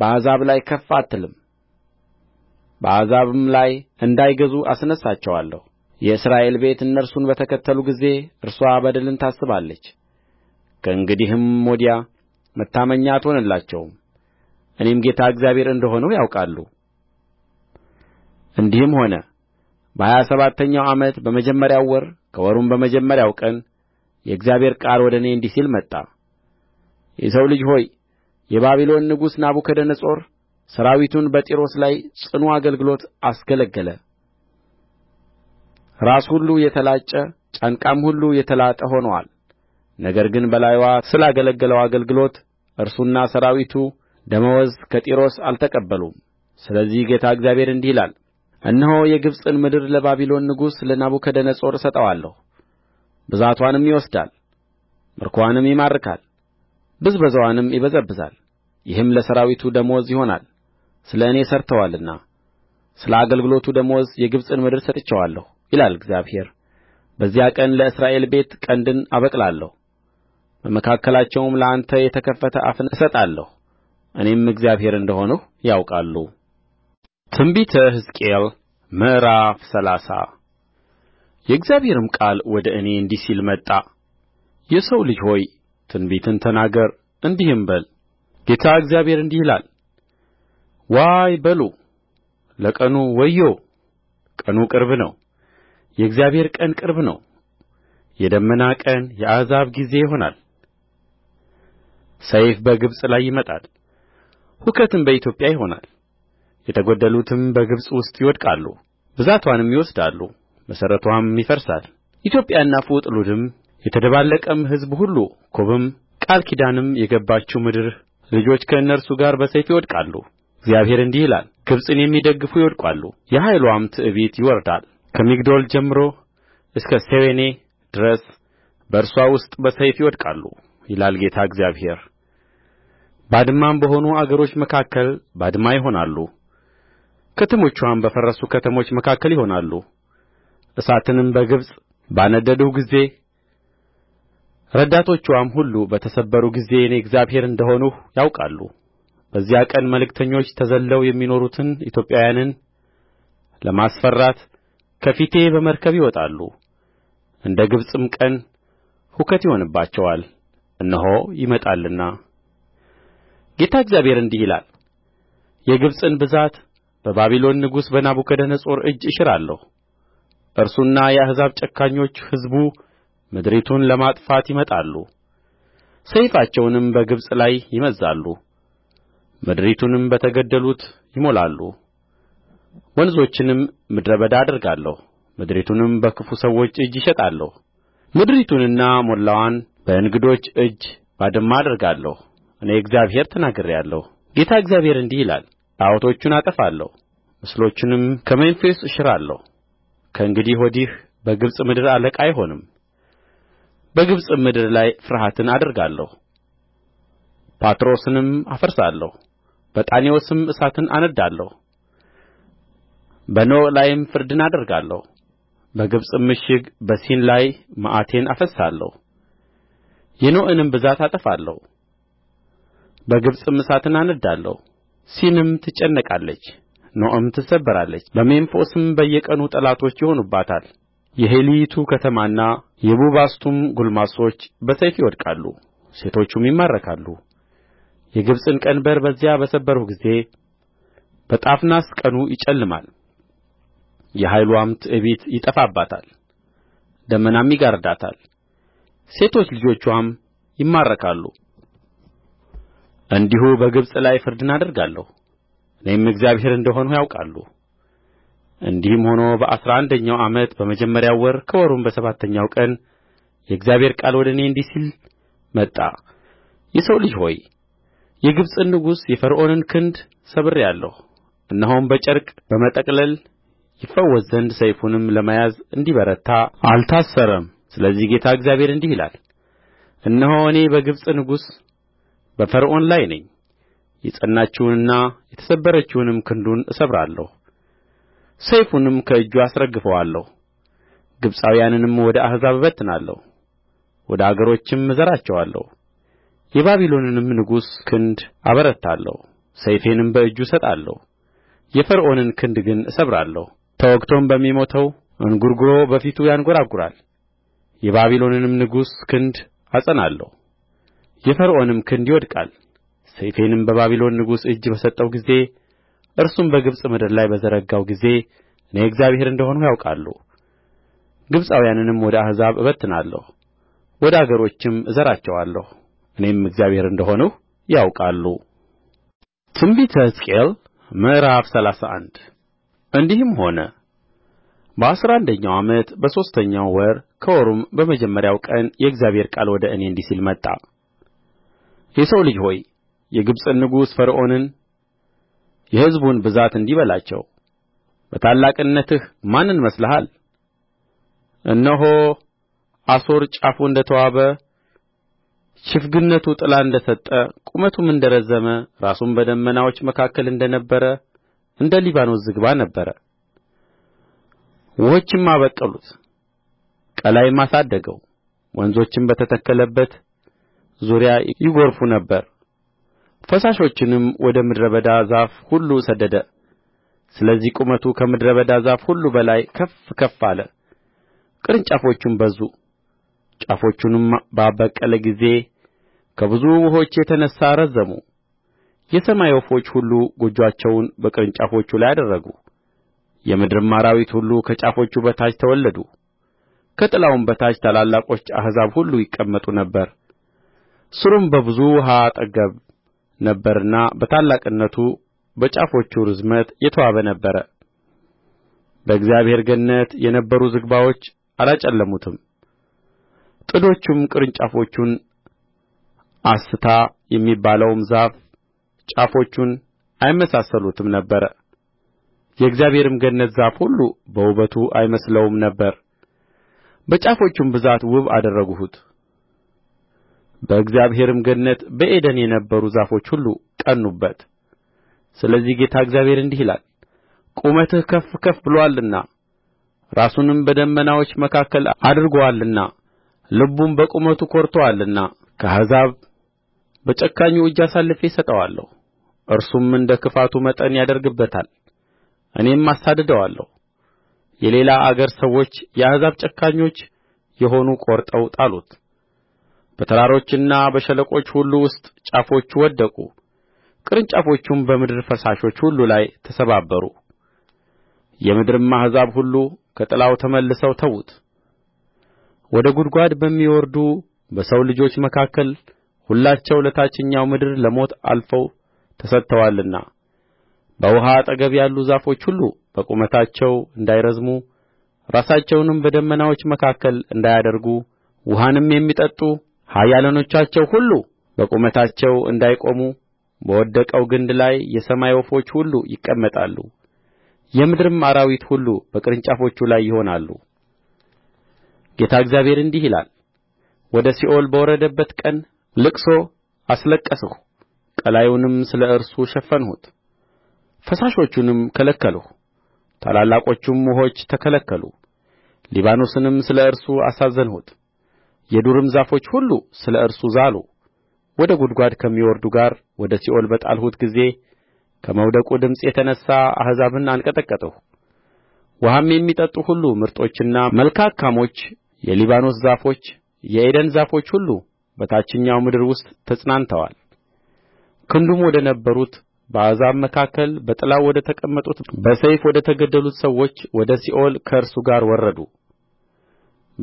በአሕዛብ ላይ ከፍ አትልም በአሕዛብም ላይ እንዳይገዙ አስነሣቸዋለሁ የእስራኤል ቤት እነርሱን በተከተሉ ጊዜ እርስዋ በደልን ታስባለች ከእንግዲህም ወዲያ መታመኛ አትሆንላቸውም እኔም ጌታ እግዚአብሔር እንደ ሆንሁ ያውቃሉ እንዲህም ሆነ በሀያ ሰባተኛው ዓመት በመጀመሪያው ወር ከወሩም በመጀመሪያው ቀን የእግዚአብሔር ቃል ወደ እኔ እንዲህ ሲል መጣ የሰው ልጅ ሆይ የባቢሎን ንጉሥ ናቡከደነፆር ሠራዊቱን በጢሮስ ላይ ጽኑ አገልግሎት አስገለገለ ራስ ሁሉ የተላጨ ጫንቃም ሁሉ የተላጠ ሆኖአል ነገር ግን በላይዋ ስላገለገለው አገልግሎት እርሱና ሠራዊቱ ደመወዝ ከጢሮስ አልተቀበሉም ስለዚህ ጌታ እግዚአብሔር እንዲህ ይላል እነሆ የግብጽን ምድር ለባቢሎን ንጉሥ ለናቡከደነፆር እሰጠዋለሁ ብዛትዋንም ይወስዳል ምርኮዋንም ይማርካል ብዝበዛዋንም ይበዘብዛል ይህም ለሠራዊቱ ደመወዝ ይሆናል ስለ እኔ ሠርተዋልና ስለ አገልግሎቱ ደመወዝ የግብጽን ምድር ሰጥቼዋለሁ ይላል እግዚአብሔር በዚያ ቀን ለእስራኤል ቤት ቀንድን አበቅላለሁ በመካከላቸውም ለአንተ የተከፈተ አፍን እሰጣለሁ እኔም እግዚአብሔር እንደ ሆንሁ ያውቃሉ ትንቢተ ሕዝቅኤል ምዕራፍ ሰላሳ የእግዚአብሔርም ቃል ወደ እኔ እንዲህ ሲል መጣ የሰው ልጅ ሆይ ትንቢትን ተናገር እንዲህም በል ጌታ እግዚአብሔር እንዲህ ይላል ዋይ በሉ ለቀኑ ወዮ ቀኑ ቅርብ ነው የእግዚአብሔር ቀን ቅርብ ነው የደመና ቀን የአሕዛብ ጊዜ ይሆናል ሰይፍ በግብጽ ላይ ይመጣል ሁከትም በኢትዮጵያ ይሆናል የተገደሉትም በግብጽ ውስጥ ይወድቃሉ ብዛትዋንም ይወስዳሉ መሠረትዋም ይፈርሳል ኢትዮጵያና ፉጥ ሉድም የተደባለቀም ሕዝብ ሁሉ ኩብም ቃል ኪዳንም የገባችው ምድር ልጆች ከእነርሱ ጋር በሰይፍ ይወድቃሉ እግዚአብሔር እንዲህ ይላል ግብጽን የሚደግፉ ይወድቃሉ የኃይልዋም ትዕቢት ይወርዳል ከሚግዶል ጀምሮ እስከ ሴዌኔ ድረስ በእርስዋ ውስጥ በሰይፍ ይወድቃሉ ይላል ጌታ እግዚአብሔር ባድማም በሆኑ አገሮች መካከል ባድማ ይሆናሉ ከተሞችዋም በፈረሱ ከተሞች መካከል ይሆናሉ እሳትንም በግብጽ ባነደድሁ ጊዜ ረዳቶችዋም ሁሉ በተሰበሩ ጊዜ እኔ እግዚአብሔር እንደ ሆንሁ ያውቃሉ በዚያ ቀን መልእክተኞች ተዘልለው የሚኖሩትን ኢትዮጵያውያንን ለማስፈራት ከፊቴ በመርከብ ይወጣሉ እንደ ግብጽም ቀን ሁከት ይሆንባቸዋል እነሆ ይመጣልና ጌታ እግዚአብሔር እንዲህ ይላል የግብጽን ብዛት በባቢሎን ንጉሥ በናቡከደነፆር እጅ እሽራለሁ እርሱና የአሕዛብ ጨካኞች ሕዝቡ ምድሪቱን ለማጥፋት ይመጣሉ ሰይፋቸውንም በግብጽ ላይ ይመዝዛሉ ምድሪቱንም በተገደሉት ይሞላሉ ወንዞችንም ምድረ በዳ አደርጋለሁ ምድሪቱንም በክፉ ሰዎች እጅ እሸጣለሁ ምድሪቱንና ሞላዋን በእንግዶች እጅ ባድማ አደርጋለሁ እኔ እግዚአብሔር ተናግሬአለሁ ጌታ እግዚአብሔር እንዲህ ይላል ጣዖቶቹን አጠፋለሁ ምስሎቹንም ከሜምፎስ እሽራለሁ ከእንግዲህ ወዲህ በግብጽ ምድር አለቃ አይሆንም በግብጽም ምድር ላይ ፍርሃትን አደርጋለሁ ጳትሮስንም አፈርሳለሁ በጣኔዎስም እሳትን አነድዳለሁ በኖእ ላይም ፍርድን አደርጋለሁ በግብጽም ምሽግ በሲን ላይ መዓቴን አፈስሳለሁ የኖእንም ብዛት አጠፋለሁ በግብጽም እሳትን አነድዳለሁ ሲንም ትጨነቃለች ኖዕም ትሰበራለች በሜምፎስም በየቀኑ ጠላቶች ይሆኑባታል የሄልዮቱ ከተማና የቡባስቱም ጕልማሶች በሰይፍ ይወድቃሉ ሴቶቹም ይማረካሉ የግብጽን ቀንበር በዚያ በሰበርሁ ጊዜ በጣፍናስ ቀኑ ይጨልማል የኃይልዋም ትዕቢት ይጠፋባታል ደመናም ይጋርዳታል ሴቶች ልጆችዋም ይማረካሉ እንዲሁ በግብጽ ላይ ፍርድን አደርጋለሁ እኔም እግዚአብሔር እንደ ሆንሁ ያውቃሉ እንዲህም ሆኖ በአሥራ አንደኛው ዓመት በመጀመሪያው ወር ከወሩም በሰባተኛው ቀን የእግዚአብሔር ቃል ወደ እኔ እንዲህ ሲል መጣ የሰው ልጅ ሆይ የግብጽን ንጉሥ የፈርዖንን ክንድ ሰብሬአለሁ እነሆም በጨርቅ በመጠቅለል ይፈወስ ዘንድ ሰይፉንም ለመያዝ እንዲበረታ አልታሰረም ስለዚህ ጌታ እግዚአብሔር እንዲህ ይላል እነሆ እኔ በግብጽ ንጉሥ በፈርዖን ላይ ነኝ የጸናችውንና የተሰበረችውንም ክንዱን እሰብራለሁ ሰይፉንም ከእጁ አስረግፈዋለሁ ግብጻውያንንም ወደ አሕዛብ እበትናለሁ ወደ አገሮችም እዘራቸዋለሁ የባቢሎንንም ንጉሥ ክንድ አበረታለሁ ሰይፌንም በእጁ እሰጣለሁ የፈርዖንን ክንድ ግን እሰብራለሁ ተወግቶም በሚሞተው እንጕርጕሮ በፊቱ ያንጐራጕራል የባቢሎንንም ንጉሥ ክንድ አጸናለሁ የፈርዖንም ክንድ ይወድቃል ሰይፌንም በባቢሎን ንጉሥ እጅ በሰጠሁ ጊዜ እርሱም በግብጽ ምድር ላይ በዘረጋው ጊዜ እኔ እግዚአብሔር እንደ ሆንሁ ያውቃሉ ግብጻውያንንም ወደ አሕዛብ እበትናለሁ ወደ አገሮችም እዘራቸዋለሁ እኔም እግዚአብሔር እንደ ሆንሁ ያውቃሉ ትንቢተ ሕዝቅኤል ምዕራፍ ሰላሳ አንድ እንዲህም ሆነ በአሥራ አንደኛው ዓመት በሦስተኛው ወር ከወሩም በመጀመሪያው ቀን የእግዚአብሔር ቃል ወደ እኔ እንዲህ ሲል መጣ የሰው ልጅ ሆይ የግብጽን ንጉሥ ፈርዖንን የሕዝቡን ብዛት እንዲህ በላቸው በታላቅነትህ ማንን መስለሃል እነሆ አሦር ጫፉ እንደ ተዋበ ችፍግነቱ ጥላ እንደ ሰጠ ቁመቱም እንደ ረዘመ ራሱም በደመናዎች መካከል እንደ ነበረ እንደ ሊባኖስ ዝግባ ነበረ ውኆችም አበቀሉት ቀላይም አሳደገው ወንዞችም በተተከለበት ዙሪያ ይጐርፉ ነበር ፈሳሾችንም ወደ ምድረ በዳ ዛፍ ሁሉ ሰደደ ስለዚህ ቁመቱ ከምድረ በዳ ዛፍ ሁሉ በላይ ከፍ ከፍ አለ ቅርንጫፎቹም በዙ ጫፎቹንም ባበቀለ ጊዜ ከብዙ ውኆች የተነሣ ረዘሙ የሰማይ ወፎች ሁሉ ጎጆቻቸውን በቅርንጫፎቹ ላይ አደረጉ የምድርም አራዊት ሁሉ ከጫፎቹ በታች ተወለዱ ከጥላውም በታች ታላላቆች አሕዛብ ሁሉ ይቀመጡ ነበር ሥሩም በብዙ ውኃ አጠገብ ነበረና በታላቅነቱ በጫፎቹ ርዝመት የተዋበ ነበረ በእግዚአብሔር ገነት የነበሩ ዝግባዎች አላጨለሙትም ጥዶቹም ቅርንጫፎቹን አስታ የሚባለውም ዛፍ ጫፎቹን አይመሳሰሉትም ነበር የእግዚአብሔርም ገነት ዛፍ ሁሉ በውበቱ አይመስለውም ነበር በጫፎቹም ብዛት ውብ አደረግሁት በእግዚአብሔርም ገነት በዔድን የነበሩ ዛፎች ሁሉ ቀኑበት ስለዚህ ጌታ እግዚአብሔር እንዲህ ይላል ቁመትህ ከፍ ከፍ ብሎአልና ራሱንም በደመናዎች መካከል አድርጎአልና ልቡም በቁመቱ ኰርቶአልና ከአሕዛብ በጨካኙ እጅ አሳልፌ እሰጠዋለሁ እርሱም እንደ ክፋቱ መጠን ያደርግበታል እኔም አሳድደዋለሁ የሌላ አገር ሰዎች የአሕዛብ ጨካኞች የሆኑ ቈርጠው ጣሉት በተራሮችና በሸለቆች ሁሉ ውስጥ ጫፎቹ ወደቁ ቅርንጫፎቹም በምድር ፈሳሾች ሁሉ ላይ ተሰባበሩ የምድርም አሕዛብ ሁሉ ከጥላው ተመልሰው ተዉት ወደ ጕድጓድ በሚወርዱ በሰው ልጆች መካከል ሁላቸው ለታችኛው ምድር ለሞት አልፈው ተሰጥተዋልና በውኃ አጠገብ ያሉ ዛፎች ሁሉ በቁመታቸው እንዳይረዝሙ ራሳቸውንም በደመናዎች መካከል እንዳያደርጉ ውኃንም የሚጠጡ ኃያላኖቻቸው ሁሉ በቁመታቸው እንዳይቆሙ በወደቀው ግንድ ላይ የሰማይ ወፎች ሁሉ ይቀመጣሉ የምድርም አራዊት ሁሉ በቅርንጫፎቹ ላይ ይሆናሉ ጌታ እግዚአብሔር እንዲህ ይላል ወደ ሲኦል በወረደበት ቀን ልቅሶ አስለቀስሁ ቀላዩንም ስለ እርሱ ሸፈንሁት ፈሳሾቹንም ከለከልሁ ታላላቆቹም ውኆች ተከለከሉ ሊባኖስንም ስለ እርሱ አሳዘንሁት የዱርም ዛፎች ሁሉ ስለ እርሱ ዛሉ ወደ ጕድጓድ ከሚወርዱ ጋር ወደ ሲኦል በጣልሁት ጊዜ ከመውደቁ ድምፅ የተነሣ አሕዛብን አንቀጠቀጥሁ ውኃም የሚጠጡ ሁሉ ምርጦችና መልካካሞች የሊባኖስ ዛፎች የኤደን ዛፎች ሁሉ በታችኛው ምድር ውስጥ ተጽናንተዋል ክንዱም ወደ ነበሩት በአሕዛብ መካከል በጥላው ወደ ተቀመጡት በሰይፍ ወደ ተገደሉት ሰዎች ወደ ሲኦል ከእርሱ ጋር ወረዱ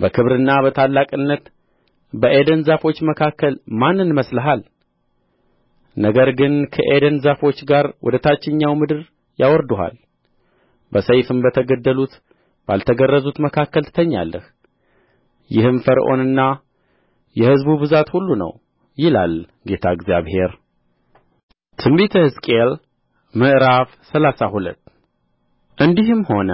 በክብርና በታላቅነት በዔድን ዛፎች መካከል ማንን መስለሃል ነገር ግን ከዔድን ዛፎች ጋር ወደ ታችኛው ምድር ያወርዱሃል በሰይፍም በተገደሉት ባልተገረዙት መካከል ትተኛለህ ይህም ፈርዖንና የሕዝቡ ብዛት ሁሉ ነው ይላል ጌታ እግዚአብሔር ትንቢተ ሕዝቅኤል ምዕራፍ ሰላሳ ሁለት እንዲህም ሆነ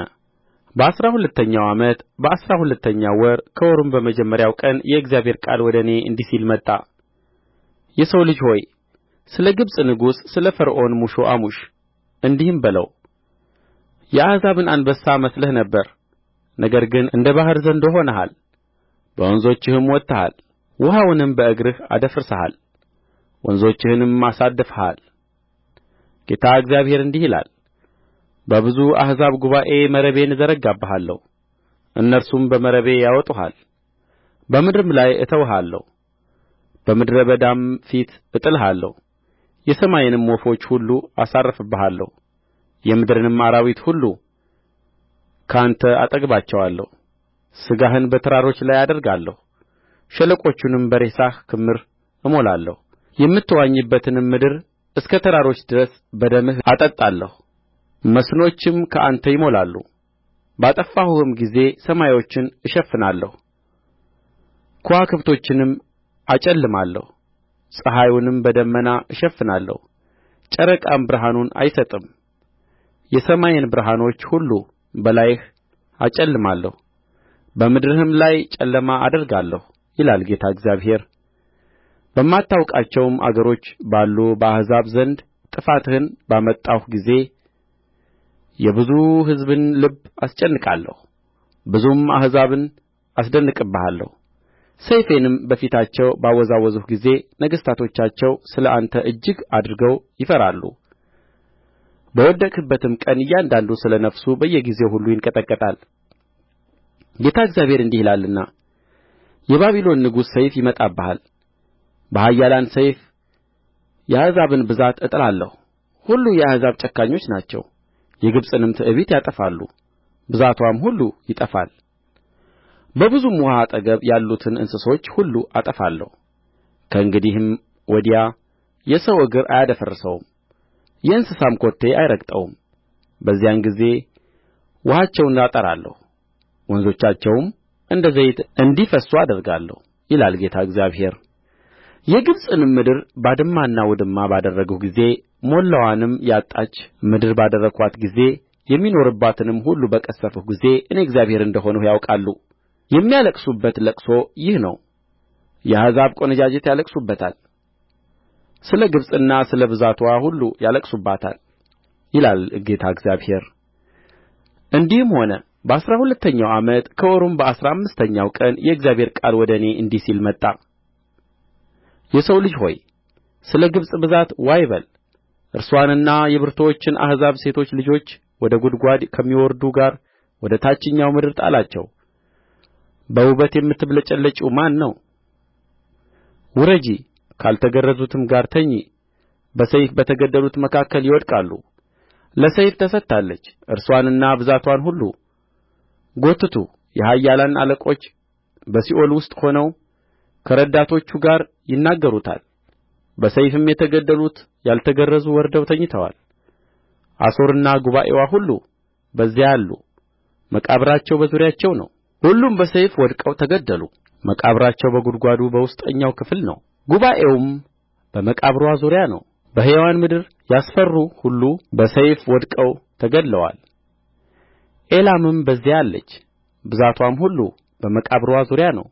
በአሥራ ሁለተኛው ዓመት በአሥራ ሁለተኛው ወር ከወሩም በመጀመሪያው ቀን የእግዚአብሔር ቃል ወደ እኔ እንዲህ ሲል መጣ የሰው ልጅ ሆይ ስለ ግብጽ ንጉሥ ስለ ፈርዖን ሙሾ አሙሽ እንዲህም በለው የአሕዛብን አንበሳ መስለህ ነበር ነገር ግን እንደ ባሕር ዘንዶ ሆነሃል በወንዞችህም ወጥተሃል ውኃውንም በእግርህ አደፍርሰሃል ወንዞችህንም አሳድፈሃል ጌታ እግዚአብሔር እንዲህ ይላል በብዙ አሕዛብ ጉባኤ መረቤን እዘረጋብሃለሁ እነርሱም በመረቤ ያወጡሃል በምድርም ላይ እተውሃለሁ በምድረ በዳም ፊት እጥልሃለሁ የሰማይንም ወፎች ሁሉ አሳርፍብሃለሁ የምድርንም አራዊት ሁሉ ከአንተ አጠግባቸዋለሁ ሥጋህን በተራሮች ላይ አደርጋለሁ ሸለቆቹንም በሬሳህ ክምር እሞላለሁ የምትዋኝበትንም ምድር እስከ ተራሮች ድረስ በደምህ አጠጣለሁ መስኖችም ከአንተ ይሞላሉ ባጠፋሁህም ጊዜ ሰማዮችን እሸፍናለሁ ከዋክብቶችንም አጨልማለሁ ፀሐዩንም በደመና እሸፍናለሁ ጨረቃም ብርሃኑን አይሰጥም የሰማይን ብርሃኖች ሁሉ በላይህ አጨልማለሁ በምድርህም ላይ ጨለማ አደርጋለሁ ይላል ጌታ እግዚአብሔር በማታውቃቸውም አገሮች ባሉ በአሕዛብ ዘንድ ጥፋትህን ባመጣሁ ጊዜ የብዙ ሕዝብን ልብ አስጨንቃለሁ ብዙም አሕዛብን አስደንቅብሃለሁ ሰይፌንም በፊታቸው ባወዛወዝሁ ጊዜ ነገሥታቶቻቸው ስለ አንተ እጅግ አድርገው ይፈራሉ በወደቅህበትም ቀን እያንዳንዱ ስለ ነፍሱ በየጊዜው ሁሉ ይንቀጠቀጣል ጌታ እግዚአብሔር እንዲህ ይላልና የባቢሎን ንጉሥ ሰይፍ ይመጣብሃል በኃያላን ሰይፍ የአሕዛብን ብዛት እጥላለሁ ሁሉ የአሕዛብ ጨካኞች ናቸው የግብጽንም ትዕቢት ያጠፋሉ ብዛትዋም ሁሉ ይጠፋል በብዙም ውኃ አጠገብ ያሉትን እንስሶች ሁሉ አጠፋለሁ ከእንግዲህም ወዲያ የሰው እግር አያደፈርሰውም የእንስሳም ኮቴ አይረግጠውም በዚያን ጊዜ ውኃቸውን አጠራለሁ ወንዞቻቸውም እንደ ዘይት እንዲፈስሱ አደርጋለሁ ይላል ጌታ እግዚአብሔር የግብጽንም ምድር ባድማና ውድማ ባደረግሁ ጊዜ ሞላዋንም ያጣች ምድር ባደረግኋት ጊዜ የሚኖሩባትንም ሁሉ በቀሠፍሁ ጊዜ እኔ እግዚአብሔር እንደ ሆንሁ ያውቃሉ የሚያለቅሱበት ልቅሶ ይህ ነው የአሕዛብ ቈነጃጅት ያለቅሱበታል ስለ ግብጽና ስለ ብዛትዋ ሁሉ ያለቅሱበታል ይላል ጌታ እግዚአብሔር እንዲህም ሆነ በአሥራ ሁለተኛው ዓመት ከወሩም በአሥራ አምስተኛው ቀን የእግዚአብሔር ቃል ወደ እኔ እንዲህ ሲል መጣ የሰው ልጅ ሆይ ስለ ግብጽ ብዛት ዋይ በል እርስዋንና የብርቱዎችን አሕዛብ ሴቶች ልጆች ወደ ጕድጓድ ከሚወርዱ ጋር ወደ ታችኛው ምድር ጣላቸው በውበት የምትብለጨለጪው ማን ነው ውረጂ ካልተገረዙትም ጋር ተኚ በሰይፍ በተገደሉት መካከል ይወድቃሉ ለሰይፍ ተሰጥታለች እርስዋንና ብዛትዋን ሁሉ ጐትቱ የኃያላን አለቆች በሲኦል ውስጥ ሆነው ከረዳቶቹ ጋር ይናገሩታል በሰይፍም የተገደሉት ያልተገረዙ ወርደው ተኝተዋል አሦርና ጉባኤዋ ሁሉ በዚያ አሉ መቃብራቸው በዙሪያቸው ነው ሁሉም በሰይፍ ወድቀው ተገደሉ መቃብራቸው በጕድጓዱ በውስጠኛው ክፍል ነው ጉባኤውም በመቃብርዋ ዙሪያ ነው በሕያዋን ምድር ያስፈሩ ሁሉ በሰይፍ ወድቀው ተገድለዋል ኤላምም በዚያ አለች ብዛትዋም ሁሉ በመቃብርዋ ዙሪያ ነው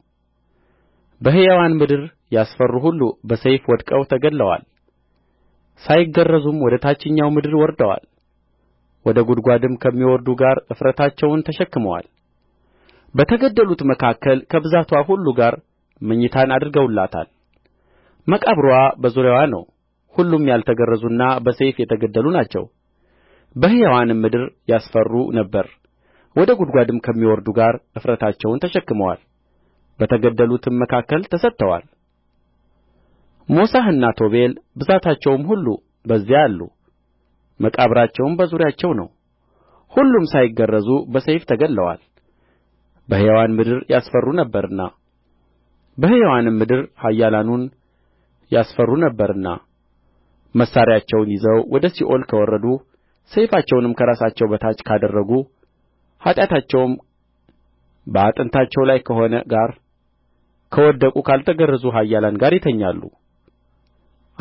በሕያዋን ምድር ያስፈሩ ሁሉ በሰይፍ ወድቀው ተገድለዋል ሳይገረዙም ወደ ታችኛው ምድር ወርደዋል ወደ ጕድጓድም ከሚወርዱ ጋር እፍረታቸውን ተሸክመዋል በተገደሉት መካከል ከብዛትዋ ሁሉ ጋር መኝታን አድርገውላታል መቃብርዋ በዙሪያዋ ነው ሁሉም ያልተገረዙና በሰይፍ የተገደሉ ናቸው በሕያዋንም ምድር ያስፈሩ ነበር ወደ ጕድጓድም ከሚወርዱ ጋር እፍረታቸውን ተሸክመዋል በተገደሉትም መካከል ተሰጥተዋል ሞሳሕና ቶቤል ብዛታቸውም ሁሉ በዚያ አሉ መቃብራቸውም በዙሪያቸው ነው ሁሉም ሳይገረዙ በሰይፍ ተገድለዋል በሕያዋን ምድር ያስፈሩ ነበርና በሕያዋንም ምድር ኃያላኑን ያስፈሩ ነበርና መሣሪያቸውን ይዘው ወደ ሲኦል ከወረዱ ሰይፋቸውንም ከራሳቸው በታች ካደረጉ ኃጢአታቸውም በአጥንታቸው ላይ ከሆነ ጋር ከወደቁ ካልተገረዙ ኃያላን ጋር ይተኛሉ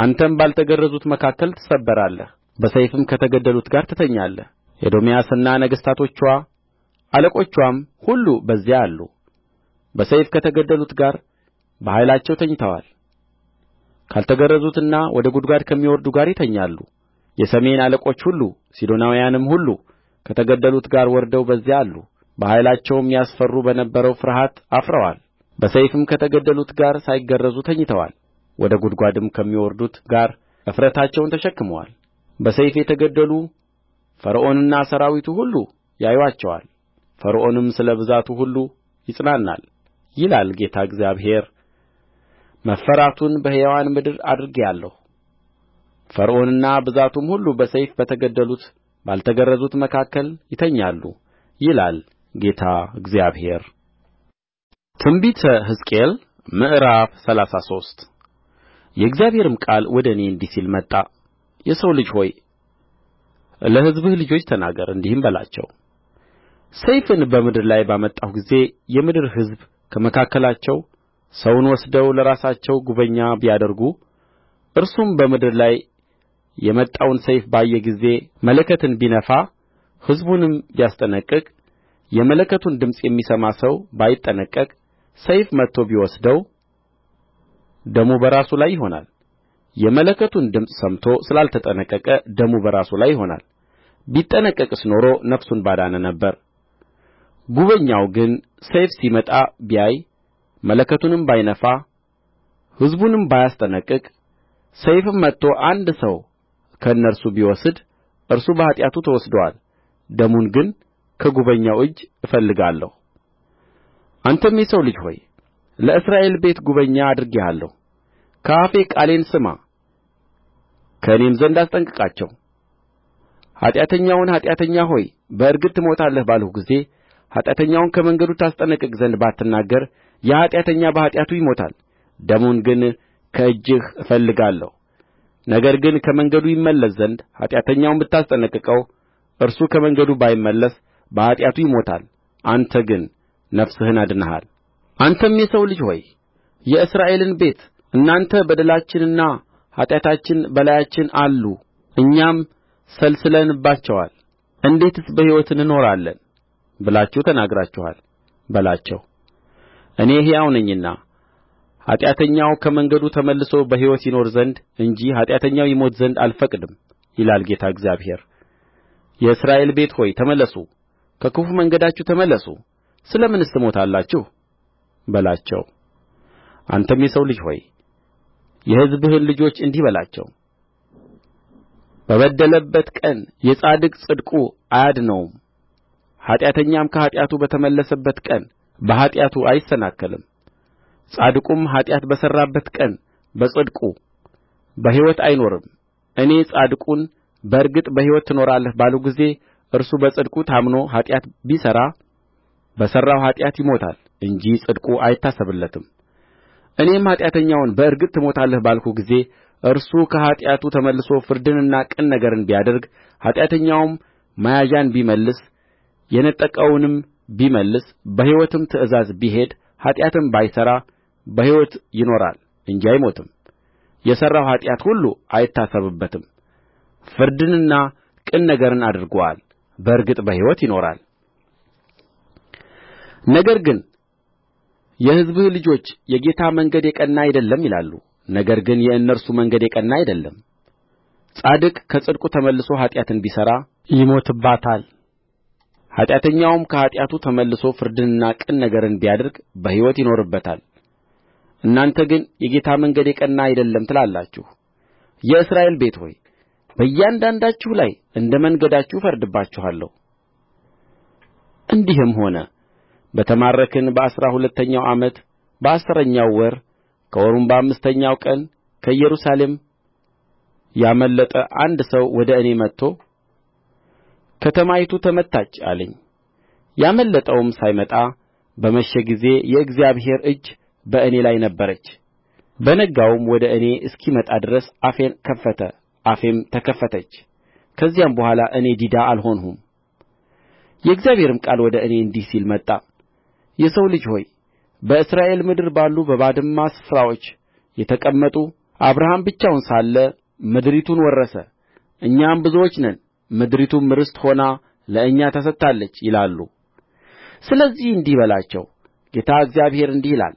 አንተም ባልተገረዙት መካከል ትሰበራለህ በሰይፍም ከተገደሉት ጋር ትተኛለህ ኤዶምያስና ነገሥታቶችዋ አለቆችዋም ሁሉ በዚያ አሉ በሰይፍ ከተገደሉት ጋር በኃይላቸው ተኝተዋል ካልተገረዙትና ወደ ጕድጓድ ከሚወርዱ ጋር ይተኛሉ የሰሜን አለቆች ሁሉ ሲዶናውያንም ሁሉ ከተገደሉት ጋር ወርደው በዚያ አሉ በኃይላቸውም ያስፈሩ በነበረው ፍርሃት አፍረዋል በሰይፍም ከተገደሉት ጋር ሳይገረዙ ተኝተዋል ወደ ጕድጓድም ከሚወርዱት ጋር እፍረታቸውን ተሸክመዋል በሰይፍ የተገደሉ ፈርዖንና ሠራዊቱ ሁሉ ያዩአቸዋል ፈርዖንም ስለ ብዛቱ ሁሉ ይጽናናል ይላል ጌታ እግዚአብሔር መፈራቱን በሕያዋን ምድር አድርጌአለሁ ፈርዖንና ብዛቱም ሁሉ በሰይፍ በተገደሉት ባልተገረዙት መካከል ይተኛሉ ይላል ጌታ እግዚአብሔር ትንቢተ ሕዝቅኤል ምዕራፍ ሰላሳ ሶስት የእግዚአብሔርም ቃል ወደ እኔ እንዲህ ሲል መጣ የሰው ልጅ ሆይ ለሕዝብህ ልጆች ተናገር እንዲህም በላቸው ሰይፍን በምድር ላይ ባመጣሁ ጊዜ የምድር ሕዝብ ከመካከላቸው ሰውን ወስደው ለራሳቸው ጕበኛ ቢያደርጉ እርሱም በምድር ላይ የመጣውን ሰይፍ ባየ ጊዜ መለከትን ቢነፋ ሕዝቡንም ቢያስጠነቅቅ የመለከቱን ድምፅ የሚሰማ ሰው ባይጠነቀቅ ሰይፍ መትቶ ቢወስደው ደሙ በራሱ ላይ ይሆናል የመለከቱን ድምፅ ሰምቶ ስላልተጠነቀቀ ደሙ በራሱ ላይ ይሆናል ቢጠነቀቅስ ኖሮ ነፍሱን ባዳነ ነበር ጕበኛው ግን ሰይፍ ሲመጣ ቢያይ መለከቱንም ባይነፋ ሕዝቡንም ባያስጠነቅቅ ሰይፍም መጥቶ አንድ ሰው ከእነርሱ ቢወስድ እርሱ በኃጢአቱ ተወስዶአል ደሙን ግን ከጕበኛው እጅ እፈልጋለሁ አንተም የሰው ልጅ ሆይ ለእስራኤል ቤት ጕበኛ አድርጌሃለሁ ከአፌ ቃሌን ስማ ከእኔም ዘንድ አስጠንቅቃቸው ኃጢአተኛውን ኃጢአተኛ ሆይ በእርግጥ ትሞታለህ ባልሁ ጊዜ ኃጢአተኛውን ከመንገዱ ታስጠነቅቅ ዘንድ ባትናገር ያ ኃጢአተኛ በኃጢአቱ ይሞታል ደሙን ግን ከእጅህ እፈልጋለሁ ነገር ግን ከመንገዱ ይመለስ ዘንድ ኃጢአተኛውን ብታስጠነቅቀው እርሱ ከመንገዱ ባይመለስ በኃጢአቱ ይሞታል አንተ ግን ነፍስህን አድነሃል አንተም የሰው ልጅ ሆይ የእስራኤልን ቤት እናንተ በደላችንና ኃጢአታችን በላያችን አሉ እኛም ሰልስለንባቸዋል እንዴትስ በሕይወት እንኖራለን ብላችሁ ተናግራችኋል በላቸው እኔ ሕያው ነኝና ኃጢአተኛው ከመንገዱ ተመልሶ በሕይወት ይኖር ዘንድ እንጂ ኃጢአተኛው ይሞት ዘንድ አልፈቅድም ይላል ጌታ እግዚአብሔር የእስራኤል ቤት ሆይ ተመለሱ ከክፉ መንገዳችሁ ተመለሱ ስለ ምንስ ትሞታላችሁ በላቸው አንተም የሰው ልጅ ሆይ የሕዝብህን ልጆች እንዲህ በላቸው በበደለበት ቀን የጻድቅ ጽድቁ አያድነውም ኃጢአተኛም ከኃጢአቱ በተመለሰበት ቀን በኃጢአቱ አይሰናከልም ጻድቁም ኃጢአት በሠራበት ቀን በጽድቁ በሕይወት አይኖርም እኔ ጻድቁን በእርግጥ በሕይወት ትኖራለህ ባልሁ ጊዜ እርሱ በጽድቁ ታምኖ ኃጢአት ቢሠራ በሠራው ኃጢአት ይሞታል እንጂ ጽድቁ አይታሰብለትም እኔም ኃጢአተኛውን በእርግጥ ትሞታለህ ባልሁ ጊዜ እርሱ ከኃጢአቱ ተመልሶ ፍርድንና ቅን ነገርን ቢያደርግ ኃጢአተኛውም መያዣን ቢመልስ የነጠቀውንም ቢመልስ በሕይወትም ትእዛዝ ቢሄድ ኃጢአትም ባይሠራ በሕይወት ይኖራል እንጂ አይሞትም የሠራው ኃጢአት ሁሉ አይታሰብበትም ፍርድንና ቅን ነገርን አድርጎአል በእርግጥ በሕይወት ይኖራል ነገር ግን የሕዝብህ ልጆች የጌታ መንገድ የቀና አይደለም ይላሉ ነገር ግን የእነርሱ መንገድ የቀና አይደለም ጻድቅ ከጽድቁ ተመልሶ ኃጢአትን ቢሠራ ይሞትባታል ኃጢአተኛውም ከኃጢአቱ ተመልሶ ፍርድንና ቅን ነገርን ቢያደርግ በሕይወት ይኖርበታል እናንተ ግን የጌታ መንገድ የቀና አይደለም ትላላችሁ የእስራኤል ቤት ሆይ በእያንዳንዳችሁ ላይ እንደ መንገዳችሁ እፈርድባችኋለሁ እንዲህም ሆነ በተማረክን በአሥራ ሁለተኛው ዓመት በአሥረኛው ወር ከወሩም በአምስተኛው ቀን ከኢየሩሳሌም ያመለጠ አንድ ሰው ወደ እኔ መጥቶ ከተማይቱ ተመታች አለኝ ያመለጠውም ሳይመጣ በመሸ ጊዜ የእግዚአብሔር እጅ በእኔ ላይ ነበረች በነጋውም ወደ እኔ እስኪመጣ ድረስ አፌን ከፈተ አፌም ተከፈተች ከዚያም በኋላ እኔ ዲዳ አልሆንሁም የእግዚአብሔርም ቃል ወደ እኔ እንዲህ ሲል መጣ የሰው ልጅ ሆይ በእስራኤል ምድር ባሉ በባድማ ስፍራዎች የተቀመጡ አብርሃም ብቻውን ሳለ ምድሪቱን ወረሰ እኛም ብዙዎች ነን ምድሪቱም ርስት ሆና ለእኛ ተሰጥታለች ይላሉ ስለዚህ እንዲህ በላቸው ጌታ እግዚአብሔር እንዲህ ይላል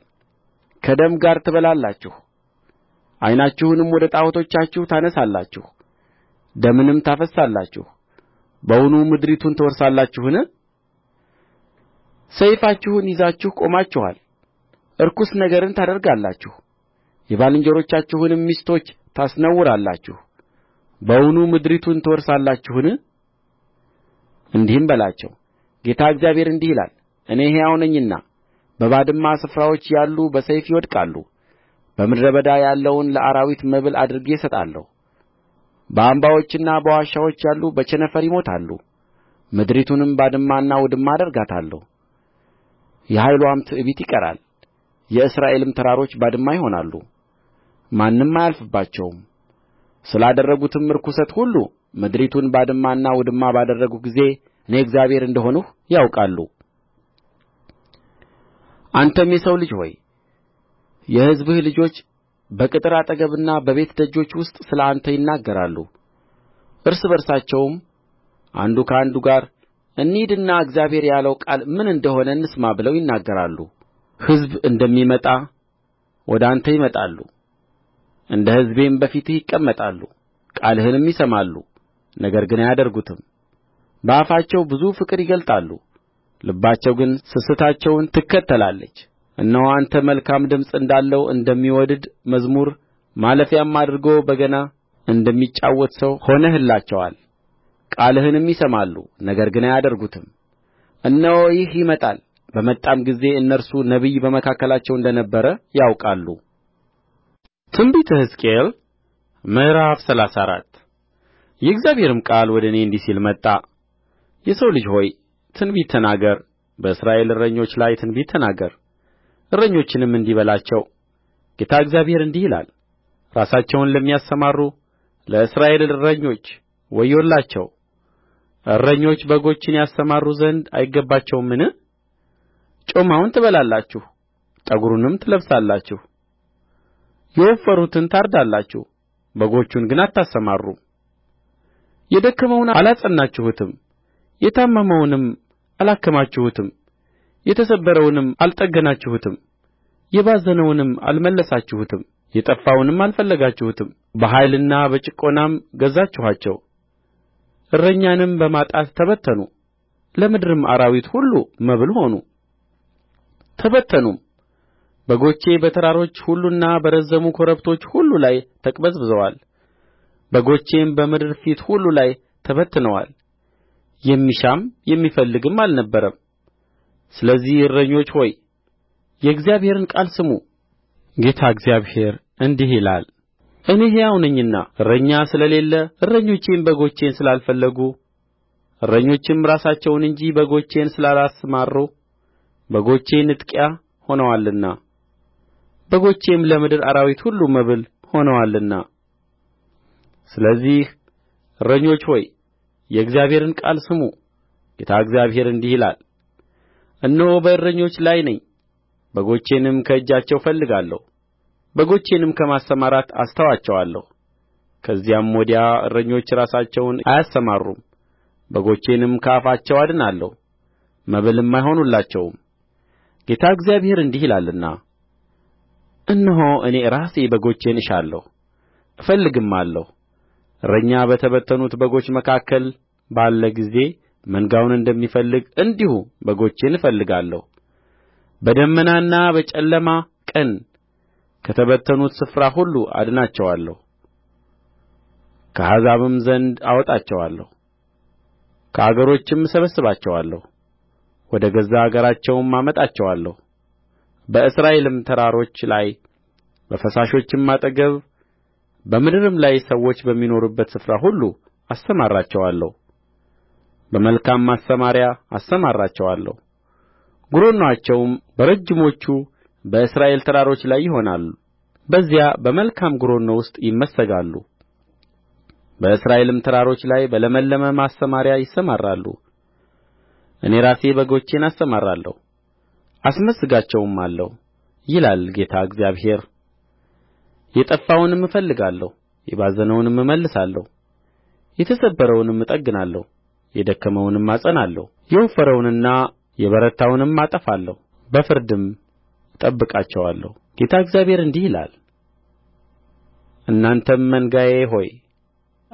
ከደም ጋር ትበላላችሁ ዓይናችሁንም ወደ ጣዖቶቻችሁ ታነሣላችሁ ደምንም ታፈስሳላችሁ በውኑ ምድሪቱን ትወርሳላችሁን ሰይፋችሁን ይዛችሁ ቆማችኋል ርኩስ ነገርን ታደርጋላችሁ የባልንጀሮቻችሁንም ሚስቶች ታስነውራላችሁ በውኑ ምድሪቱን ትወርሳላችሁን እንዲህም በላቸው ጌታ እግዚአብሔር እንዲህ ይላል እኔ ሕያው ነኝና በባድማ ስፍራዎች ያሉ በሰይፍ ይወድቃሉ በምድረ በዳ ያለውን ለአራዊት መብል አድርጌ እሰጣለሁ በአምባዎችና በዋሾች ያሉ በቸነፈር ይሞታሉ ምድሪቱንም ባድማና ውድማ አደርጋታለሁ የኃይልዋም ትዕቢት ይቀራል የእስራኤልም ተራሮች ባድማ ይሆናሉ ማንም አያልፍባቸውም ስላደረጉትም ርኵሰት ሁሉ ምድሪቱን ባድማና ውድማ ባደረግሁ ጊዜ እኔ እግዚአብሔር እንደ ሆንሁ ያውቃሉ አንተም የሰው ልጅ ሆይ የሕዝብህ ልጆች በቅጥር አጠገብና በቤት ደጆች ውስጥ ስለ አንተ ይናገራሉ እርስ በርሳቸውም አንዱ ከአንዱ ጋር እንሂድና እግዚአብሔር ያለው ቃል ምን እንደ ሆነ እንስማ ብለው ይናገራሉ ሕዝብ እንደሚመጣ ወደ አንተ ይመጣሉ እንደ ሕዝቤም በፊትህ ይቀመጣሉ ቃልህንም ይሰማሉ ነገር ግን አያደርጉትም በአፋቸው ብዙ ፍቅር ይገልጣሉ ልባቸው ግን ስስታቸውን ትከተላለች እነሆ አንተ መልካም ድምፅ እንዳለው እንደሚወድድ መዝሙር ማለፊያም አድርጎ በገና እንደሚጫወት ሰው ሆነህላቸዋል ቃልህንም ይሰማሉ ነገር ግን አያደርጉትም እነሆ ይህ ይመጣል በመጣም ጊዜ እነርሱ ነቢይ በመካከላቸው እንደ ነበረ ያውቃሉ ትንቢተ ሕዝቅኤል ምዕራፍ ሰላሳ አራት የእግዚአብሔርም ቃል ወደ እኔ እንዲህ ሲል መጣ የሰው ልጅ ሆይ ትንቢት ተናገር በእስራኤል እረኞች ላይ ትንቢት ተናገር እረኞችንም እንዲህ በላቸው ጌታ እግዚአብሔር እንዲህ ይላል ራሳቸውን ለሚያሰማሩ ለእስራኤል እረኞች ወዮላቸው እረኞች በጎችን ያሰማሩ ዘንድ አይገባቸውምን ጮማውን ትበላላችሁ ጠጕሩንም ትለብሳላችሁ የወፈሩትን ታርዳላችሁ በጎቹን ግን አታሰማሩም የደከመውን አላጸናችሁትም የታመመውንም አላከማችሁትም የተሰበረውንም አልጠገናችሁትም የባዘነውንም አልመለሳችሁትም የጠፋውንም አልፈለጋችሁትም በኃይልና በጭቈናም ገዛችኋቸው እረኛንም በማጣት ተበተኑ ለምድርም አራዊት ሁሉ መብል ሆኑ ተበተኑም በጎቼ በተራሮች ሁሉና በረዘሙ ኮረብቶች ሁሉ ላይ ተቅበዝብዘዋል በጎቼም በምድር ፊት ሁሉ ላይ ተበትነዋል የሚሻም የሚፈልግም አልነበረም ስለዚህ እረኞች ሆይ የእግዚአብሔርን ቃል ስሙ ጌታ እግዚአብሔር እንዲህ ይላል እኔ ሕያው ነኝና እረኛ ስለሌለ እረኞቼም በጎቼን ስላልፈለጉ እረኞችም ራሳቸውን እንጂ በጎቼን ስላላሰማሩ በጎቼ ንጥቂያ ሆነዋልና በጎቼም ለምድር አራዊት ሁሉ መብል ሆነዋልና ስለዚህ እረኞች ሆይ የእግዚአብሔርን ቃል ስሙ ጌታ እግዚአብሔር እንዲህ ይላል እነሆ በእረኞች ላይ ነኝ በጎቼንም ከእጃቸው እፈልጋለሁ በጎቼንም ከማሰማራት አስተዋቸዋለሁ ከዚያም ወዲያ እረኞች ራሳቸውን አያሰማሩም በጎቼንም ከአፋቸው አድናለሁ መብልም አይሆኑላቸውም ጌታ እግዚአብሔር እንዲህ ይላልና እነሆ እኔ ራሴ በጎቼን እሻለሁ እፈልግማለሁ እረኛ በተበተኑት በጎች መካከል ባለ ጊዜ መንጋውን እንደሚፈልግ እንዲሁ በጎቼን እፈልጋለሁ በደመናና በጨለማ ቀን ከተበተኑት ስፍራ ሁሉ አድናቸዋለሁ ከአሕዛብም ዘንድ አወጣቸዋለሁ ከአገሮችም እሰበስባቸዋለሁ ወደ ገዛ አገራቸውም አመጣቸዋለሁ በእስራኤልም ተራሮች ላይ በፈሳሾችም አጠገብ በምድርም ላይ ሰዎች በሚኖሩበት ስፍራ ሁሉ አሰማራቸዋለሁ በመልካም ማሰማርያ አሰማራቸዋለሁ ጕረኖአቸውም በረጅሞቹ በእስራኤል ተራሮች ላይ ይሆናሉ በዚያ በመልካም ጕረኖ ውስጥ ይመሰጋሉ በእስራኤልም ተራሮች ላይ በለመለመ ማሰማርያ ይሰማራሉ እኔ ራሴ በጎቼን አሰማራለሁ አስመስጋቸውማለሁ ይላል ጌታ እግዚአብሔር የጠፋውንም እፈልጋለሁ የባዘነውንም እመልሳለሁ የተሰበረውንም እጠግናለሁ የደከመውንም አጸናለሁ የወፈረውንና የበረታውንም አጠፋለሁ በፍርድም እጠብቃቸዋለሁ ጌታ እግዚአብሔር እንዲህ ይላል እናንተም መንጋዬ ሆይ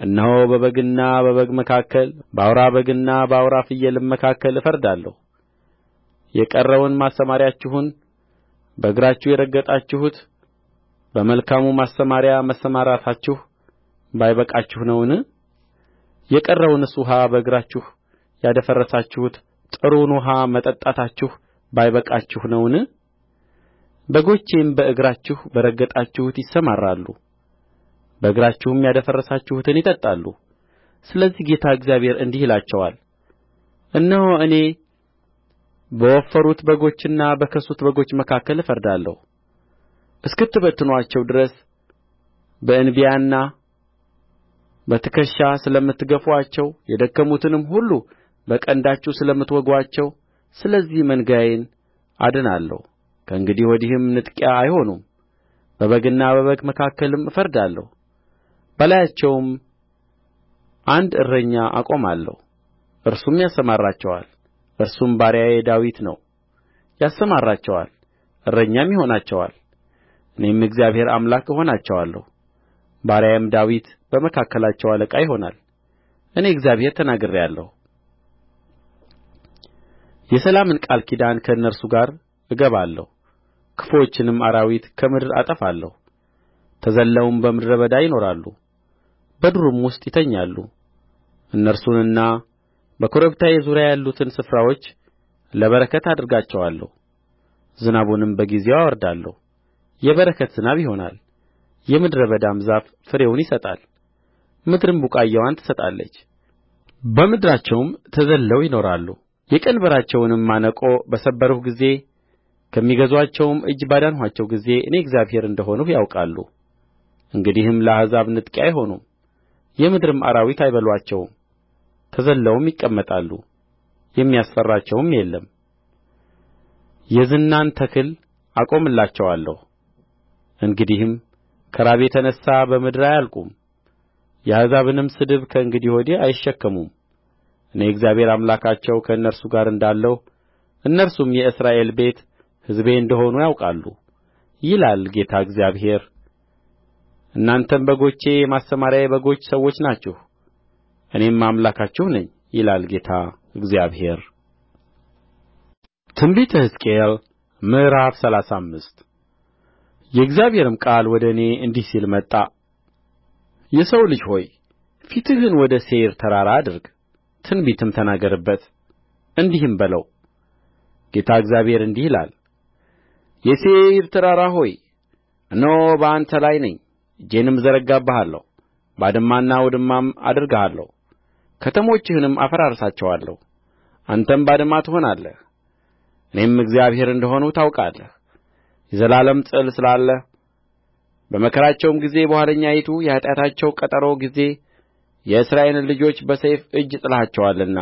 እነሆ በበግና በበግ መካከል በአውራ በግና በአውራ ፍየልም መካከል እፈርዳለሁ የቀረውን ማሰማርያችሁን በእግራችሁ የረገጣችሁት በመልካሙ ማሰማርያ መሰማራታችሁ ባይበቃችሁ ነውን የቀረውንስ ውኃ በእግራችሁ ያደፈረሳችሁት ጥሩውን ውኃ መጠጣታችሁ ባይበቃችሁ ነውን በጎቼም በእግራችሁ በረገጣችሁት ይሰማራሉ በእግራችሁም ያደፈረሳችሁትን ይጠጣሉ ስለዚህ ጌታ እግዚአብሔር እንዲህ ይላቸዋል እነሆ እኔ በወፈሩት በጎችና በከሱት በጎች መካከል እፈርዳለሁ እስክትበትኑአቸው ድረስ በእንቢያና በትከሻ ስለምትገፉአቸው የደከሙትንም ሁሉ በቀንዳችሁ ስለምትወጉአቸው ስለዚህ መንጋዬን አድናለሁ ከእንግዲህ ወዲህም ንጥቂያ አይሆኑም በበግና በበግ መካከልም እፈርዳለሁ በላያቸውም አንድ እረኛ አቆማለሁ እርሱም ያሰማራቸዋል እርሱም ባሪያዬ ዳዊት ነው ያሰማራቸዋል እረኛም ይሆናቸዋል እኔም እግዚአብሔር አምላክ እሆናቸዋለሁ ባሪያዬም ዳዊት በመካከላቸው አለቃ ይሆናል እኔ እግዚአብሔር ተናግሬአለሁ የሰላምን ቃል ኪዳን ከእነርሱ ጋር እገባለሁ ክፉዎችንም አራዊት ከምድር አጠፋለሁ ተዘልለውም በምድረ በዳ ይኖራሉ በዱርም ውስጥ ይተኛሉ እነርሱንና በኮረብታዬ ዙሪያ ያሉትን ስፍራዎች ለበረከት አደርጋቸዋለሁ ዝናቡንም በጊዜው አወርዳለሁ የበረከት ዝናብ ይሆናል የምድረ በዳም ዛፍ ፍሬውን ይሰጣል ምድርም ቡቃያዋን ትሰጣለች በምድራቸውም ተዘልለው ይኖራሉ የቀንበራቸውንም ማነቆ በሰበርሁ ጊዜ ከሚገዙአቸውም እጅ ባዳንኋቸው ጊዜ እኔ እግዚአብሔር እንደ ሆንሁ ያውቃሉ እንግዲህም ለአሕዛብ ንጥቂያ አይሆኑም የምድርም አራዊት አይበሉአቸውም ተዘልለውም ይቀመጣሉ የሚያስፈራቸውም የለም የዝናን ተክል አቆምላቸዋለሁ እንግዲህም ከራብ የተነሣ በምድር አያልቁም የአሕዛብንም ስድብ ከእንግዲህ ወዲህ አይሸከሙም እኔ እግዚአብሔር አምላካቸው ከእነርሱ ጋር እንዳለሁ እነርሱም የእስራኤል ቤት ሕዝቤ እንደ ሆኑ ያውቃሉ ይላል ጌታ እግዚአብሔር እናንተም በጎቼ የማሰማርያዬ በጎች ሰዎች ናችሁ እኔም አምላካችሁ ነኝ ይላል ጌታ እግዚአብሔር ትንቢተ ሕዝቅኤል ምዕራፍ ሰላሳ አምስት የእግዚአብሔርም ቃል ወደ እኔ እንዲህ ሲል መጣ የሰው ልጅ ሆይ ፊትህን ወደ ሴይር ተራራ አድርግ ትንቢትም ተናገርበት እንዲህም በለው ጌታ እግዚአብሔር እንዲህ ይላል የሴይር ተራራ ሆይ እነሆ በአንተ ላይ ነኝ እጄንም እዘረጋብሃለሁ ባድማና ውድማም አደርግሃለሁ ከተሞችህንም አፈራርሳቸዋለሁ አንተም ባድማ ትሆናለህ እኔም እግዚአብሔር እንደ ሆንሁ ታውቃለህ የዘላለም ጥል ስላለህ በመከራቸውም ጊዜ በኋለኛይቱ የኃጢአታቸው ቀጠሮ ጊዜ የእስራኤልን ልጆች በሰይፍ እጅ ጥለሃቸዋልና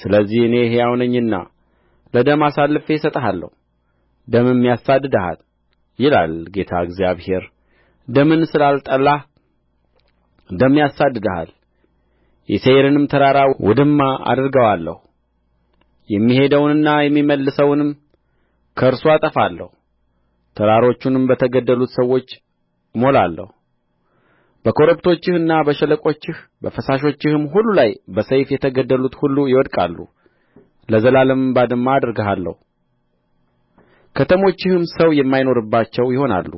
ስለዚህ እኔ ሕያው ነኝና ለደም አሳልፌ እሰጥሃለሁ ደምም ያሳድድሃል ይላል ጌታ እግዚአብሔር ደምን ስላልጠላህ ደም ያሳድድሃል የሴይርንም ተራራ ውድማ አደርገዋለሁ የሚሄደውንና የሚመለሰውንም ከእርሱ አጠፋለሁ ተራሮቹንም በተገደሉት ሰዎች እሞላለሁ በኮረብቶችህና በሸለቆችህ በፈሳሾችህም ሁሉ ላይ በሰይፍ የተገደሉት ሁሉ ይወድቃሉ ለዘላለምም ባድማ አደርግሃለሁ ከተሞችህም ሰው የማይኖርባቸው ይሆናሉ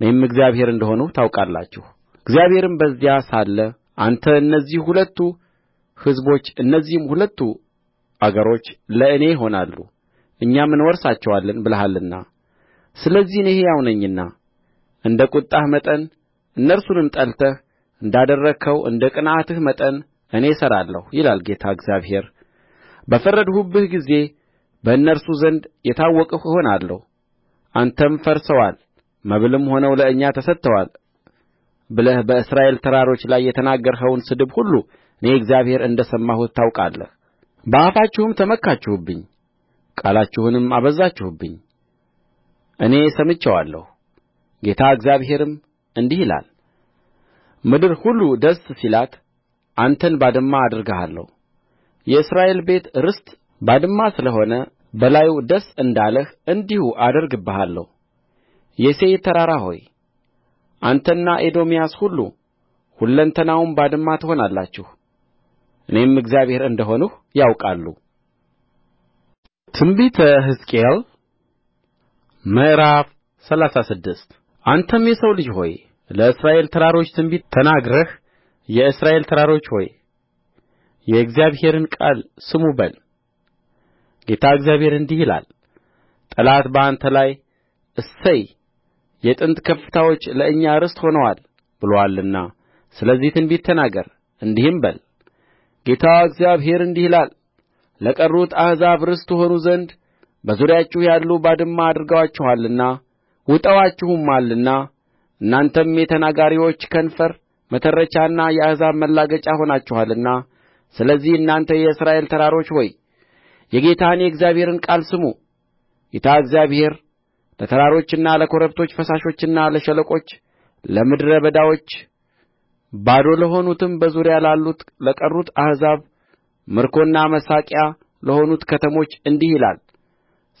እኔም እግዚአብሔር እንደ ሆንሁ ታውቃላችሁ እግዚአብሔርም በዚያ ሳለ አንተ እነዚህ ሁለቱ ሕዝቦች እነዚህም ሁለቱ አገሮች ለእኔ ይሆናሉ እኛም እንወርሳቸዋለን ብለሃልና ስለዚህ እኔ ሕያው ነኝና እንደ ቍጣህ መጠን እነርሱንም ጠልተህ እንዳደረግኸው እንደ ቅንዓትህ መጠን እኔ እሠራለሁ ይላል ጌታ እግዚአብሔር በፈረድሁብህ ጊዜ በእነርሱ ዘንድ የታወቅሁ እሆናለሁ አንተም ፈርሰዋል መብልም ሆነው ለእኛ ተሰጥተዋል ብለህ በእስራኤል ተራሮች ላይ የተናገርኸውን ስድብ ሁሉ እኔ እግዚአብሔር እንደ ሰማሁት ታውቃለህ በአፋችሁም ተመካችሁብኝ ቃላችሁንም አበዛችሁብኝ እኔ ሰምቼዋለሁ ጌታ እግዚአብሔርም እንዲህ ይላል ምድር ሁሉ ደስ ሲላት አንተን ባድማ አደርግሃለሁ የእስራኤል ቤት ርስት ባድማ ስለ ሆነ በላዩ ደስ እንዳለህ እንዲሁ አደርግብሃለሁ የሴይር ተራራ ሆይ አንተና ኤዶምያስ ሁሉ ሁለንተናውም ባድማ ትሆናላችሁ እኔም እግዚአብሔር እንደ ሆንሁ ያውቃሉ ትንቢተ ሕዝቅኤል ምዕራፍ ሰላሳ ስድስት አንተም የሰው ልጅ ሆይ ለእስራኤል ተራሮች ትንቢት ተናግረህ የእስራኤል ተራሮች ሆይ የእግዚአብሔርን ቃል ስሙ በል ጌታ እግዚአብሔር እንዲህ ይላል ጠላት በአንተ ላይ እሰይ የጥንት ከፍታዎች ለእኛ ርስት ሆነዋል ብሎአልና ስለዚህ ትንቢት ተናገር እንዲህም በል ጌታ እግዚአብሔር እንዲህ ይላል ለቀሩት አሕዛብ ርስት ትሆኑ ዘንድ በዙሪያችሁ ያሉ ባድማ አድርገዋችኋልና ውጠዋችሁማልና እናንተም የተናጋሪዎች ከንፈር መተረቻና የአሕዛብ ማላገጫ ሆናችኋልና ስለዚህ እናንተ የእስራኤል ተራሮች ሆይ የጌታን የእግዚአብሔርን ቃል ስሙ ጌታ እግዚአብሔር ለተራሮችና ለኮረብቶች ለፈሳሾችና ለሸለቆች ለምድረ በዳዎች ባዶ ለሆኑትም በዙሪያ ላሉት ለቀሩት አሕዛብ ምርኮና መሳቂያ ለሆኑት ከተሞች እንዲህ ይላል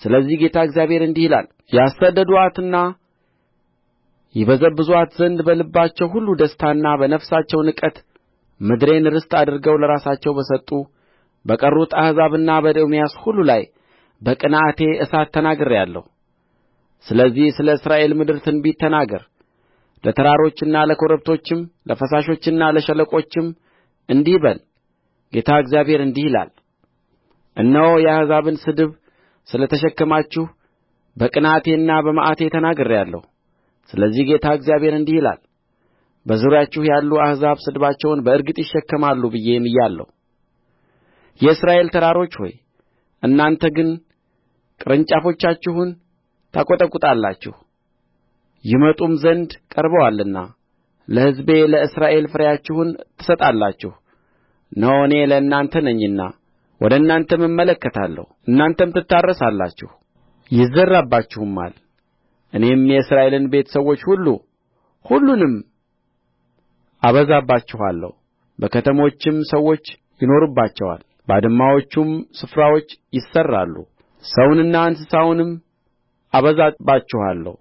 ስለዚህ ጌታ እግዚአብሔር እንዲህ ይላል ያሳድዱአትና ይበዘብዙአት ዘንድ በልባቸው ሁሉ ደስታና በነፍሳቸው ንቀት ምድሬን ርስት አድርገው ለራሳቸው በሰጡ በቀሩት አሕዛብና በኤዶምያስ ሁሉ ላይ በቅንዓቴ እሳት ተናግሬአለሁ ስለዚህ ስለ እስራኤል ምድር ትንቢት ተናገር ለተራሮችና ለኮረብቶችም ለፈሳሾችና ለሸለቆችም እንዲህ በል ጌታ እግዚአብሔር እንዲህ ይላል እነሆ የአሕዛብን ስድብ ስለ ተሸከማችሁ በቅንዓቴና በመዓቴ ተናግሬአለሁ ስለዚህ ጌታ እግዚአብሔር እንዲህ ይላል በዙሪያችሁ ያሉ አሕዛብ ስድባቸውን በእርግጥ ይሸከማሉ ብዬ ምያለሁ የእስራኤል ተራሮች ሆይ እናንተ ግን ቅርንጫፎቻችሁን ታቈጠቍጣላችሁ ይመጡም ዘንድ ቀርበዋልና ለሕዝቤ ለእስራኤል ፍሬአችሁን ትሰጣላችሁ እነሆ እኔ ለእናንተ ነኝና ወደ እናንተም እመለከታለሁ እናንተም ትታረሳላችሁ ይዘራባችሁማል እኔም የእስራኤልን ቤት ሰዎች ሁሉ ሁሉንም አበዛባችኋለሁ በከተሞችም ሰዎች ይኖሩባቸዋል ባድማዎቹም ስፍራዎች ይሠራሉ ሰውንና እንስሳውንም አበዛባችኋለሁ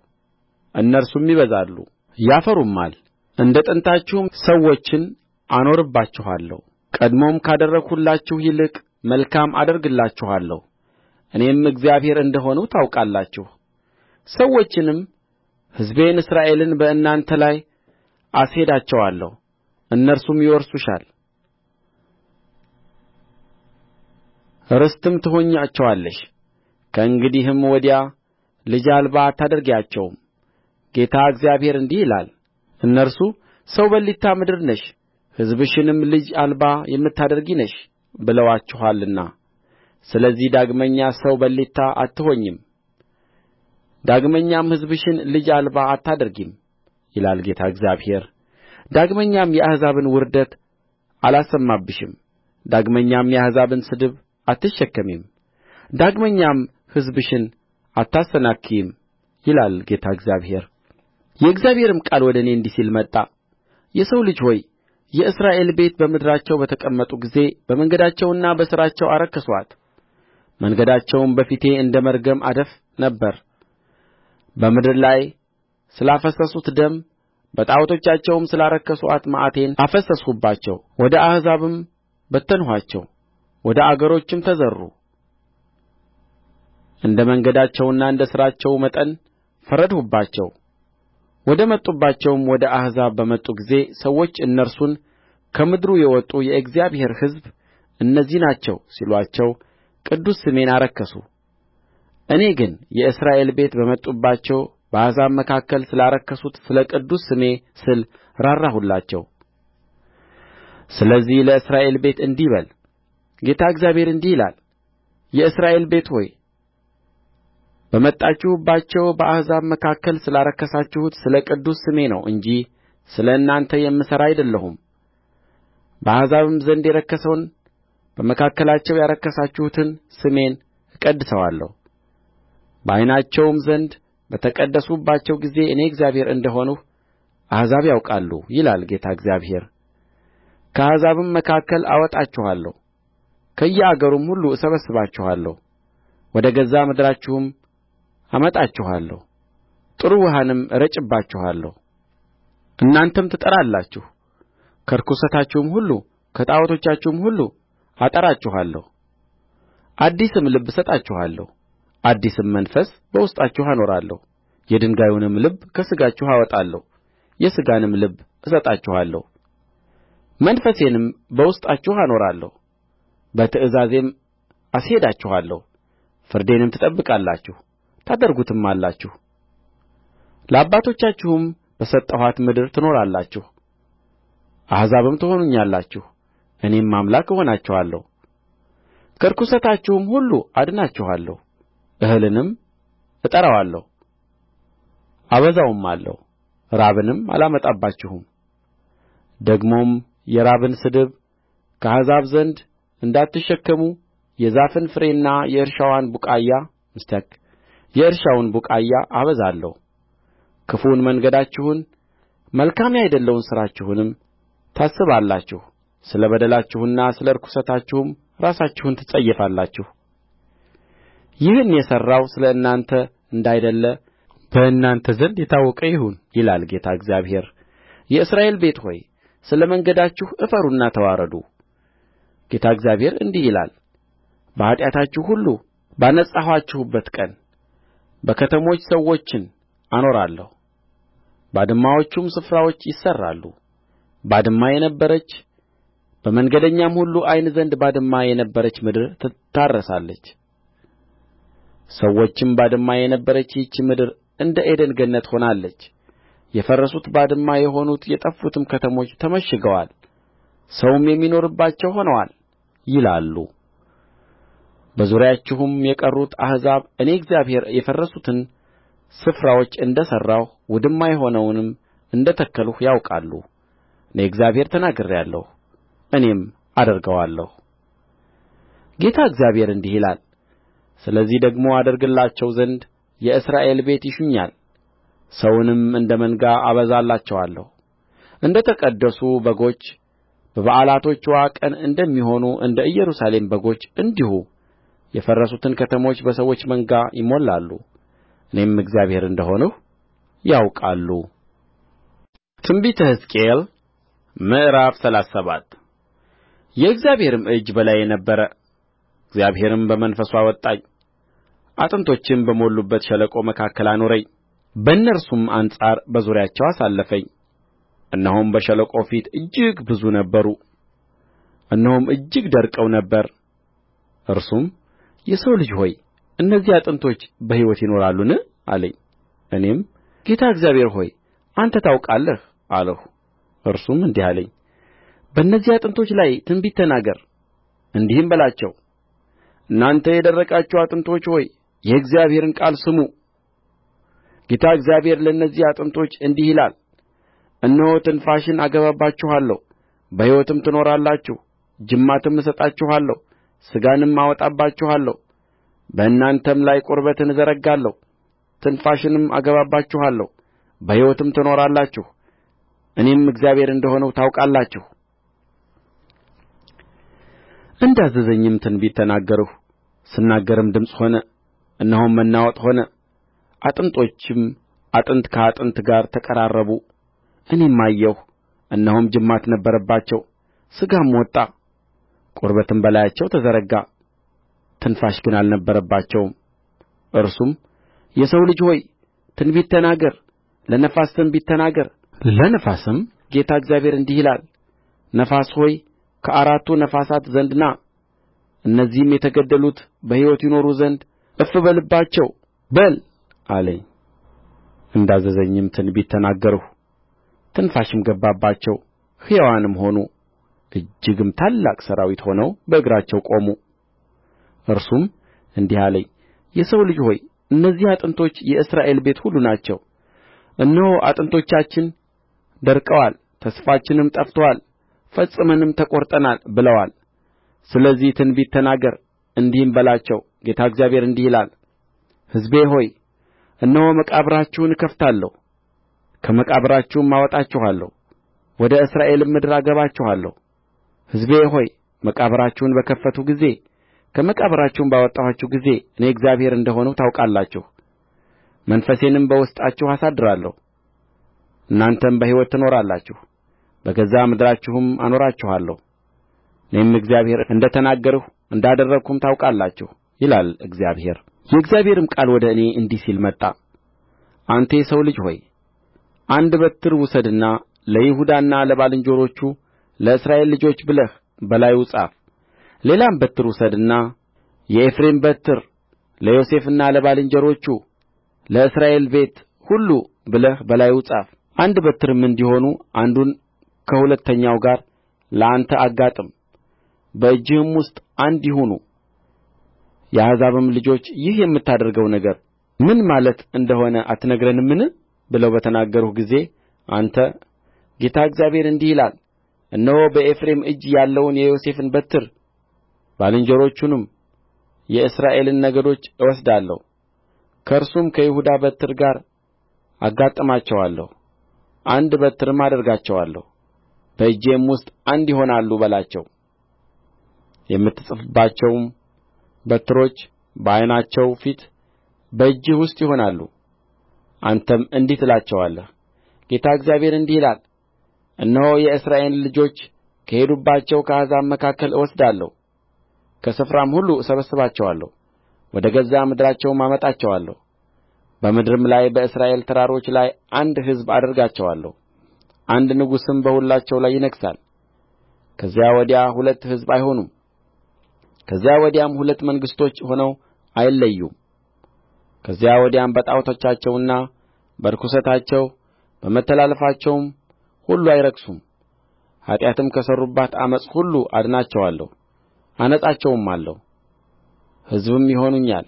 እነርሱም ይበዛሉ ያፈሩማል እንደ ጥንታችሁም ሰዎችን አኖርባችኋለሁ ቀድሞም ካደረግሁላችሁ ይልቅ መልካም አደርግላችኋለሁ እኔም እግዚአብሔር እንደ ሆንሁ ታውቃላችሁ ሰዎችንም ሕዝቤን እስራኤልን በእናንተ ላይ አስሄዳቸዋለሁ እነርሱም ይወርሱሻል ርስትም ትሆኛቸዋለሽ ከእንግዲህም ወዲያ ልጅ አልባ አታደርጊአቸውም ጌታ እግዚአብሔር እንዲህ ይላል እነርሱ ሰው በሊታ ምድር ነሽ ሕዝብሽንም ልጅ አልባ የምታደርጊ ነሽ ብለዋችኋልና ስለዚህ ዳግመኛ ሰው በሊታ አትሆኝም ዳግመኛም ሕዝብሽን ልጅ አልባ አታደርጊም ይላል ጌታ እግዚአብሔር ዳግመኛም የአሕዛብን ውርደት አላሰማብሽም ዳግመኛም የአሕዛብን ስድብ አትሸከሚም ዳግመኛም ሕዝብሽን አታሰናክዪም ይላል ጌታ እግዚአብሔር የእግዚአብሔርም ቃል ወደ እኔ እንዲህ ሲል መጣ የሰው ልጅ ሆይ የእስራኤል ቤት በምድራቸው በተቀመጡ ጊዜ በመንገዳቸውና በሥራቸው አረከሱአት መንገዳቸውም በፊቴ እንደ መርገም አደፍ ነበረ በምድር ላይ ስላፈሰሱት ደም በጣዖቶቻቸውም ስላረከሱአት መዓቴን አፈሰስሁባቸው ወደ አሕዛብም በተንኋቸው ወደ አገሮችም ተዘሩ እንደ መንገዳቸውና እንደ ሥራቸው መጠን ፈረድሁባቸው ወደ መጡባቸውም ወደ አሕዛብ በመጡ ጊዜ ሰዎች እነርሱን ከምድሩ የወጡ የእግዚአብሔር ሕዝብ እነዚህ ናቸው ሲሉአቸው ቅዱስ ስሜን አረከሱ እኔ ግን የእስራኤል ቤት በመጡባቸው በአሕዛብ መካከል ስላረከሱት ስለ ቅዱስ ስሜ ስል ራራሁላቸው ስለዚህ ለእስራኤል ቤት እንዲህ በል ጌታ እግዚአብሔር እንዲህ ይላል የእስራኤል ቤት ሆይ በመጣችሁባቸው በአሕዛብ መካከል ስላረከሳችሁት ስለ ቅዱስ ስሜ ነው እንጂ ስለ እናንተ የምሠራ አይደለሁም በአሕዛብም ዘንድ የረከሰውን በመካከላቸው ያረከሳችሁትን ስሜን እቀድሰዋለሁ በዓይናቸውም ዘንድ በተቀደስሁባቸው ጊዜ እኔ እግዚአብሔር እንደ ሆንሁ አሕዛብ ያውቃሉ ይላል ጌታ እግዚአብሔር ከአሕዛብም መካከል አወጣችኋለሁ ከየአገሩም ሁሉ እሰበስባችኋለሁ ወደ ገዛ ምድራችሁም አመጣችኋለሁ ጥሩ ውኃንም እረጭባችኋለሁ እናንተም ትጠራላችሁ ከርኵሰታችሁም ሁሉ ከጣዖቶቻችሁም ሁሉ አጠራችኋለሁ አዲስም ልብ እሰጣችኋለሁ አዲስም መንፈስ በውስጣችሁ አኖራለሁ የድንጋዩንም ልብ ከሥጋችሁ አወጣለሁ የሥጋንም ልብ እሰጣችኋለሁ መንፈሴንም በውስጣችሁ አኖራለሁ በትእዛዜም አስሄዳችኋለሁ ፍርዴንም ትጠብቃላችሁ ታደርጉትማላችሁ ለአባቶቻችሁም በሰጠኋት ምድር ትኖራላችሁ አሕዛብም ትሆኑኛላችሁ እኔም አምላክ እሆናችኋለሁ ከርኵሰታችሁም ሁሉ አድናችኋለሁ እህልንም እጠራዋለሁ አበዛውማለሁ ራብንም አላመጣባችሁም ደግሞም የራብን ስድብ ከአሕዛብ ዘንድ እንዳትሸከሙ የዛፍን ፍሬና የእርሻዋን ቡቃያ የእርሻውን ቡቃያ አበዛለሁ ክፉውን መንገዳችሁን መልካም ያይደለውን ሥራችሁንም ታስባላችሁ ስለ በደላችሁና ስለ ርኵሰታችሁም ራሳችሁን ትጸየፋላችሁ ይህን የሠራው ስለ እናንተ እንዳይደለ በእናንተ ዘንድ የታወቀ ይሁን ይላል ጌታ እግዚአብሔር የእስራኤል ቤት ሆይ ስለ መንገዳችሁ እፈሩና ተዋረዱ ጌታ እግዚአብሔር እንዲህ ይላል በኃጢአታችሁ ሁሉ ባነጻኋችሁበት ቀን በከተሞች ሰዎችን አኖራለሁ ባድማዎቹም ስፍራዎች ይሠራሉ ባድማ የነበረች በመንገደኛም ሁሉ ዓይን ዘንድ ባድማ የነበረች ምድር ትታረሳለች ሰዎችም ባድማ የነበረች ይህች ምድር እንደ ዔድን ገነት ሆናለች የፈረሱት ባድማ የሆኑት የጠፉትም ከተሞች ተመሽገዋል ሰውም የሚኖርባቸው ሆነዋል ይላሉ በዙሪያችሁም የቀሩት አሕዛብ እኔ እግዚአብሔር የፈረሱትን ስፍራዎች እንደ ሠራሁ ውድማ የሆነውንም እንደ ተከልሁ ያውቃሉ እኔ እግዚአብሔር ተናግሬአለሁ እኔም አደርገዋለሁ ጌታ እግዚአብሔር እንዲህ ይላል ስለዚህ ደግሞ አደርግላቸው ዘንድ የእስራኤል ቤት ይሹኛል ሰውንም እንደ መንጋ አበዛላቸዋለሁ እንደ ተቀደሱ በጎች በበዓላቶችዋ ቀን እንደሚሆኑ እንደ ኢየሩሳሌም በጎች እንዲሁ የፈረሱትን ከተሞች በሰዎች መንጋ ይሞላሉ እኔም እግዚአብሔር እንደ ሆንሁ ያውቃሉ ትንቢተ ሕዝቅኤል ምዕራፍ ሰላሳ ሰባት የእግዚአብሔርም እጅ በላዬ ነበረ እግዚአብሔርም በመንፈሱ አወጣኝ አጥንቶችም በሞሉበት ሸለቆ መካከል አኖረኝ በእነርሱም አንጻር በዙሪያቸው አሳለፈኝ እነሆም በሸለቆው ፊት እጅግ ብዙ ነበሩ እነሆም እጅግ ደርቀው ነበር እርሱም የሰው ልጅ ሆይ እነዚህ አጥንቶች በሕይወት ይኖራሉን አለኝ እኔም ጌታ እግዚአብሔር ሆይ አንተ ታውቃለህ አልሁ እርሱም እንዲህ አለኝ በእነዚህ አጥንቶች ላይ ትንቢት ተናገር እንዲህም በላቸው እናንተ የደረቃችሁ አጥንቶች ሆይ የእግዚአብሔርን ቃል ስሙ ጌታ እግዚአብሔር ለእነዚህ አጥንቶች እንዲህ ይላል እነሆ ትንፋሽን አገባባችኋለሁ በሕይወትም ትኖራላችሁ ጅማትም እሰጣችኋለሁ ሥጋንም አወጣባችኋለሁ በእናንተም ላይ ቁርበትን እዘረጋለሁ ትንፋሽንም አገባባችኋለሁ በሕይወትም ትኖራላችሁ እኔም እግዚአብሔር እንደ ሆንሁ ታውቃላችሁ እንዳዘዘኝም ትንቢት ተናገርሁ ስናገርም ድምፅ ሆነ እነሆም መናወጥ ሆነ አጥንቶችም አጥንት ከአጥንት ጋር ተቀራረቡ እኔም አየሁ እነሆም ጅማት ነበረባቸው ሥጋም ወጣ ቁርበትም በላያቸው ተዘረጋ ትንፋሽ ግን አልነበረባቸውም እርሱም የሰው ልጅ ሆይ ትንቢት ተናገር ለነፋስ ትንቢት ተናገር ለነፋስም ጌታ እግዚአብሔር እንዲህ ይላል ነፋስ ሆይ ከአራቱ ነፋሳት ዘንድ ና እነዚህም የተገደሉት በሕይወት ይኖሩ ዘንድ እፍ በልባቸው በል አለኝ እንዳዘዘኝም ትንቢት ተናገርሁ ትንፋሽም ገባባቸው ሕያዋንም ሆኑ እጅግም ታላቅ ሠራዊት ሆነው በእግራቸው ቆሙ እርሱም እንዲህ አለኝ የሰው ልጅ ሆይ እነዚህ አጥንቶች የእስራኤል ቤት ሁሉ ናቸው እነሆ አጥንቶቻችን ደርቀዋል ተስፋችንም ጠፍቶአል ፈጽመንም ተቈርጠናል ብለዋል ስለዚህ ትንቢት ተናገር እንዲህም በላቸው ጌታ እግዚአብሔር እንዲህ ይላል ሕዝቤ ሆይ እነሆ መቃብራችሁን እከፍታለሁ ከመቃብራችሁም አወጣችኋለሁ ወደ እስራኤልም ምድር አገባችኋለሁ ሕዝቤ ሆይ መቃብራችሁን በከፈትሁ ጊዜ ከመቃብራችሁም ባወጣኋችሁ ጊዜ እኔ እግዚአብሔር እንደ ሆንሁ ታውቃላችሁ መንፈሴንም በውስጣችሁ አሳድራለሁ እናንተም በሕይወት ትኖራላችሁ በገዛ ምድራችሁም አኖራችኋለሁ እኔም እግዚአብሔር እንደ ተናገርሁ እንዳደረግሁም ታውቃላችሁ ይላል እግዚአብሔር የእግዚአብሔርም ቃል ወደ እኔ እንዲህ ሲል መጣ አንተ የሰው ልጅ ሆይ አንድ በትር ውሰድና ለይሁዳና ለባልንጀሮቹ ለእስራኤል ልጆች ብለህ በላዩ ጻፍ ሌላም በትር ውሰድና የኤፍሬም በትር ለዮሴፍና ለባልንጀሮቹ ለእስራኤል ቤት ሁሉ ብለህ በላዩ ጻፍ አንድ በትርም እንዲሆኑ አንዱን ከሁለተኛው ጋር ለአንተ አጋጥም በእጅህም ውስጥ አንድ ይሁኑ የአሕዛብም ልጆች ይህ የምታደርገው ነገር ምን ማለት እንደ ሆነ አትነግረንምን ብለው በተናገሩህ ጊዜ አንተ ጌታ እግዚአብሔር እንዲህ ይላል እነሆ በኤፍሬም እጅ ያለውን የዮሴፍን በትር ባልንጀሮቹንም የእስራኤልን ነገዶች እወስዳለሁ ከእርሱም ከይሁዳ በትር ጋር አጋጥማቸዋለሁ አንድ በትርም አደርጋቸዋለሁ በእጄም ውስጥ አንድ ይሆናሉ በላቸው የምትጽፍባቸውም በትሮች በዓይናቸው ፊት በእጅህ ውስጥ ይሆናሉ አንተም እንዲህ ትላቸዋለህ ጌታ እግዚአብሔር እንዲህ ይላል እነሆ የእስራኤልን ልጆች ከሄዱባቸው ከአሕዛብ መካከል እወስዳለሁ ከስፍራም ሁሉ እሰበስባቸዋለሁ ወደ ገዛ ምድራቸውም አመጣቸዋለሁ በምድርም ላይ በእስራኤል ተራሮች ላይ አንድ ሕዝብ አደርጋቸዋለሁ አንድ ንጉሥም በሁላቸው ላይ ይነግሣል ከዚያ ወዲያ ሁለት ሕዝብ አይሆኑም ከዚያ ወዲያም ሁለት መንግሥቶች ሆነው አይለዩም ከዚያ ወዲያም በጣዖቶቻቸውና በርኵሰታቸው በመተላለፋቸውም ሁሉ አይረክሱም ኃጢአትም ከሠሩባት ዓመፅ ሁሉ አድናቸዋለሁ አነጻቸውማለሁ ሕዝብም ይሆኑኛል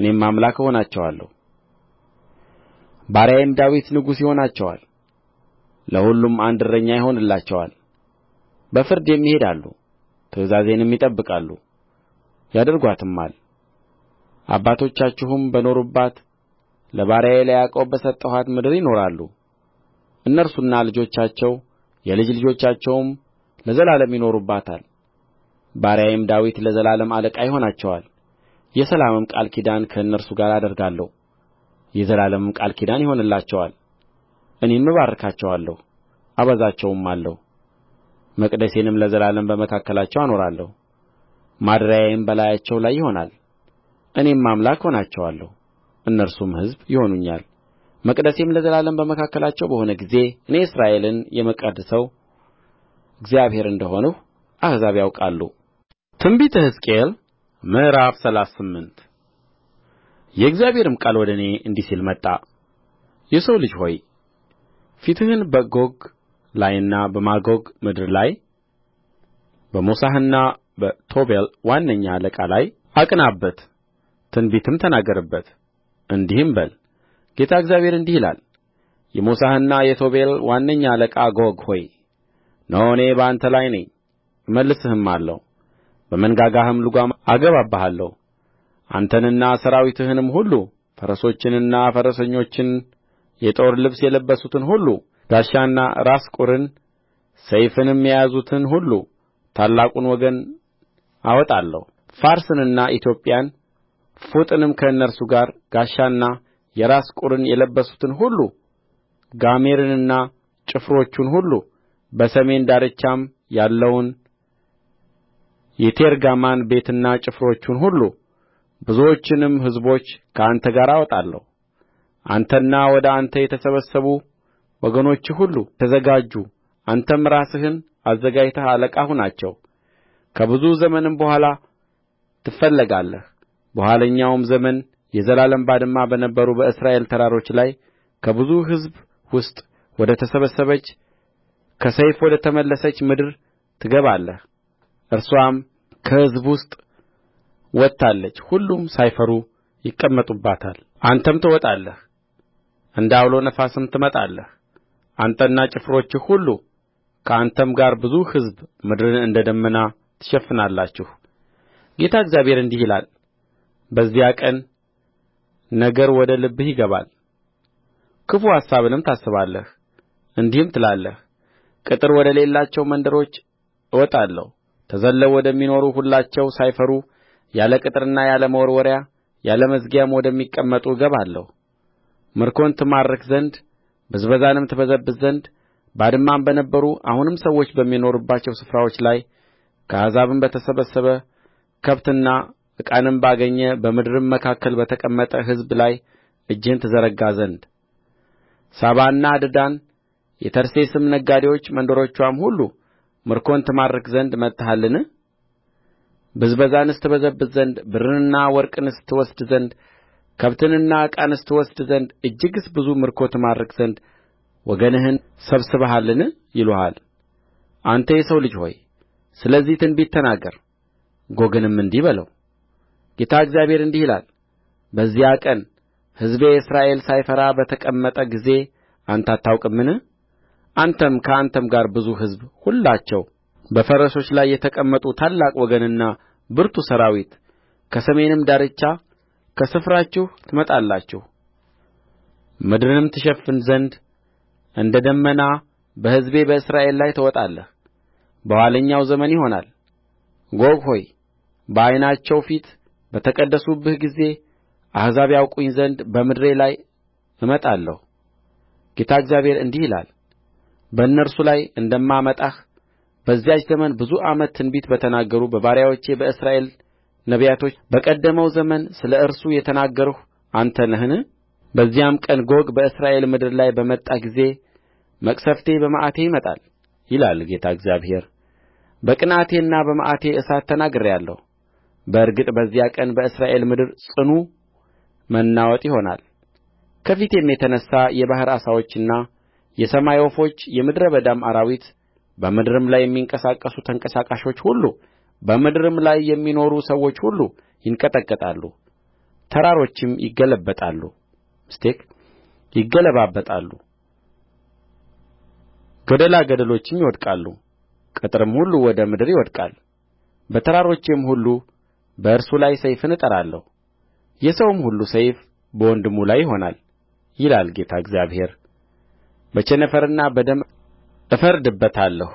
እኔም አምላክ እሆናቸዋለሁ ባሪያዬም ዳዊት ንጉሥ ይሆናቸዋል ለሁሉም አንድ እረኛ ይሆንላቸዋል በፍርዴም ይሄዳሉ ትእዛዜንም ይጠብቃሉ ያደርጓትማል አባቶቻችሁም በኖሩባት ለባሪያዬ ለያዕቆብ በሰጠኋት ምድር ይኖራሉ እነርሱና ልጆቻቸው የልጅ ልጆቻቸውም ለዘላለም ይኖሩባታል ባሪያዬም ዳዊት ለዘላለም አለቃ ይሆናቸዋል የሰላምም ቃል ኪዳን ከእነርሱ ጋር አደርጋለሁ የዘላለምም ቃል ኪዳን ይሆንላቸዋል እኔም እባርካቸዋለሁ አበዛቸውማለሁ መቅደሴንም ለዘላለም በመካከላቸው አኖራለሁ ማደሪያዬም በላያቸው ላይ ይሆናል እኔም አምላክ እሆናቸዋለሁ እነርሱም ሕዝብ ይሆኑኛል መቅደሴም ለዘላለም በመካከላቸው በሆነ ጊዜ እኔ እስራኤልን የምቀድሰው እግዚአብሔር እንደ ሆንሁ አሕዛብ ያውቃሉ ትንቢተ ሕዝቅኤል ምዕራፍ ሰላሳ ስምንት የእግዚአብሔርም ቃል ወደ እኔ እንዲህ ሲል መጣ የሰው ልጅ ሆይ ፊትህን በጎግ ላይና በማጎግ ምድር ላይ በሞሳሕና በቶቤል ዋነኛ አለቃ ላይ አቅናበት ትንቢትም ተናገርበት እንዲህም በል ጌታ እግዚአብሔር እንዲህ ይላል የሞሳሕና የቶቤል ዋነኛ አለቃ ጎግ ሆይ እነሆ እኔ በአንተ ላይ ነኝ እመልስህማለሁ በመንጋጋህም ልጓም አገባብሃለሁ አንተንና ሠራዊትህንም ሁሉ ፈረሶችንና ፈረሰኞችን የጦር ልብስ የለበሱትን ሁሉ ጋሻና ራስ ቍርን ሰይፍንም የያዙትን ሁሉ ታላቁን ወገን አወጣለሁ ፋርስንና ኢትዮጵያን ፉጥንም ከእነርሱ ጋር ጋሻና የራስ ቍርን የለበሱትን ሁሉ ጋሜርንና ጭፍሮቹን ሁሉ በሰሜን ዳርቻም ያለውን የቴርጋማን ቤትና ጭፍሮቹን ሁሉ ብዙዎችንም ሕዝቦች ከአንተ ጋር አወጣለሁ አንተና ወደ አንተ የተሰበሰቡ ወገኖችህ ሁሉ ተዘጋጁ አንተም ራስህን አዘጋጅተህ አለቃ ሁናቸው ከብዙ ዘመንም በኋላ ትፈለጋለህ በኋለኛውም ዘመን የዘላለም ባድማ በነበሩ በእስራኤል ተራሮች ላይ ከብዙ ሕዝብ ውስጥ ወደ ተሰበሰበች ከሰይፍ ወደ ተመለሰች ምድር ትገባለህ እርስዋም ከሕዝብ ውስጥ ወጥታለች ሁሉም ሳይፈሩ ይቀመጡባታል አንተም ትወጣለህ እንደ ዐውሎ ነፋስም ትመጣለህ አንተና ጭፍሮችህ ሁሉ ከአንተም ጋር ብዙ ሕዝብ ምድርን እንደ ደመና ትሸፍናላችሁ ጌታ እግዚአብሔር እንዲህ ይላል በዚያ ቀን ነገር ወደ ልብህ ይገባል ክፉ አሳብንም ታስባለህ እንዲህም ትላለህ ቅጥር ወደሌላቸው መንደሮች እወጣለሁ ተዘልለው ወደሚኖሩ ሁላቸው ሳይፈሩ ያለ ቅጥርና ያለ መወርወሪያ ያለ መዝጊያም ወደሚቀመጡ እገባለሁ ምርኮን ትማርክ ዘንድ ብዝበዛንም ትበዘብዝ ዘንድ ባድማም በነበሩ አሁንም ሰዎች በሚኖሩባቸው ስፍራዎች ላይ ከአሕዛብም በተሰበሰበ ከብትና ዕቃንም ባገኘ በምድርም መካከል በተቀመጠ ሕዝብ ላይ እጅህን ትዘረጋ ዘንድ ሳባና ድዳን የተርሴስም ነጋዴዎች መንደሮችዋም ሁሉ ምርኮን ትማርክ ዘንድ መጥተሃልን ብዝበዛንስ ትበዘብዝ ዘንድ ብርንና ወርቅንስ ትወስድ ዘንድ ከብትንና ዕቃንስ ትወስድ ዘንድ እጅግስ ብዙ ምርኮ ትማርክ ዘንድ ወገንህን ሰብስበሃልን ይሉሃል አንተ የሰው ልጅ ሆይ ስለዚህ ትንቢት ተናገር ጎግንም እንዲህ በለው ጌታ እግዚአብሔር እንዲህ ይላል በዚያ ቀን ሕዝቤ እስራኤል ሳይፈራ በተቀመጠ ጊዜ አንተ አታውቅምን አንተም ከአንተም ጋር ብዙ ሕዝብ ሁላቸው በፈረሶች ላይ የተቀመጡ ታላቅ ወገንና ብርቱ ሠራዊት ከሰሜንም ዳርቻ ከስፍራችሁ ትመጣላችሁ ምድርንም ትሸፍን ዘንድ እንደ ደመና በሕዝቤ በእስራኤል ላይ ትወጣለህ በኋለኛው ዘመን ይሆናል ጎግ ሆይ በዓይናቸው ፊት በተቀደስሁብህ ጊዜ አሕዛብ ያውቁኝ ዘንድ በምድሬ ላይ እመጣለሁ ጌታ እግዚአብሔር እንዲህ ይላል በእነርሱ ላይ እንደማመጣህ በዚያች ዘመን ብዙ ዓመት ትንቢት በተናገሩ በባሪያዎቼ በእስራኤል ነቢያቶች በቀደመው ዘመን ስለ እርሱ የተናገርሁ አንተ ነህን በዚያም ቀን ጎግ በእስራኤል ምድር ላይ በመጣ ጊዜ መቅሠፍቴ በመዓቴ ይመጣል ይላል ጌታ እግዚአብሔር በቅንዓቴና በመዓቴ እሳት ተናግሬአለሁ በእርግጥ በዚያ ቀን በእስራኤል ምድር ጽኑ መናወጥ ይሆናል ከፊቴም የተነሣ የባሕር ዓሣዎችና የሰማይ ወፎች የምድረ በዳም አራዊት በምድርም ላይ የሚንቀሳቀሱ ተንቀሳቃሾች ሁሉ በምድርም ላይ የሚኖሩ ሰዎች ሁሉ ይንቀጠቀጣሉ ተራሮችም ይገለበጣሉ ይገለባበጣሉ ገደላ ገደሎችም ይወድቃሉ ቅጥርም ሁሉ ወደ ምድር ይወድቃል በተራሮቼም ሁሉ በእርሱ ላይ ሰይፍን እጠራለሁ የሰውም ሁሉ ሰይፍ በወንድሙ ላይ ይሆናል ይላል ጌታ እግዚአብሔር በቸነፈርና በደም እፈርድበታለሁ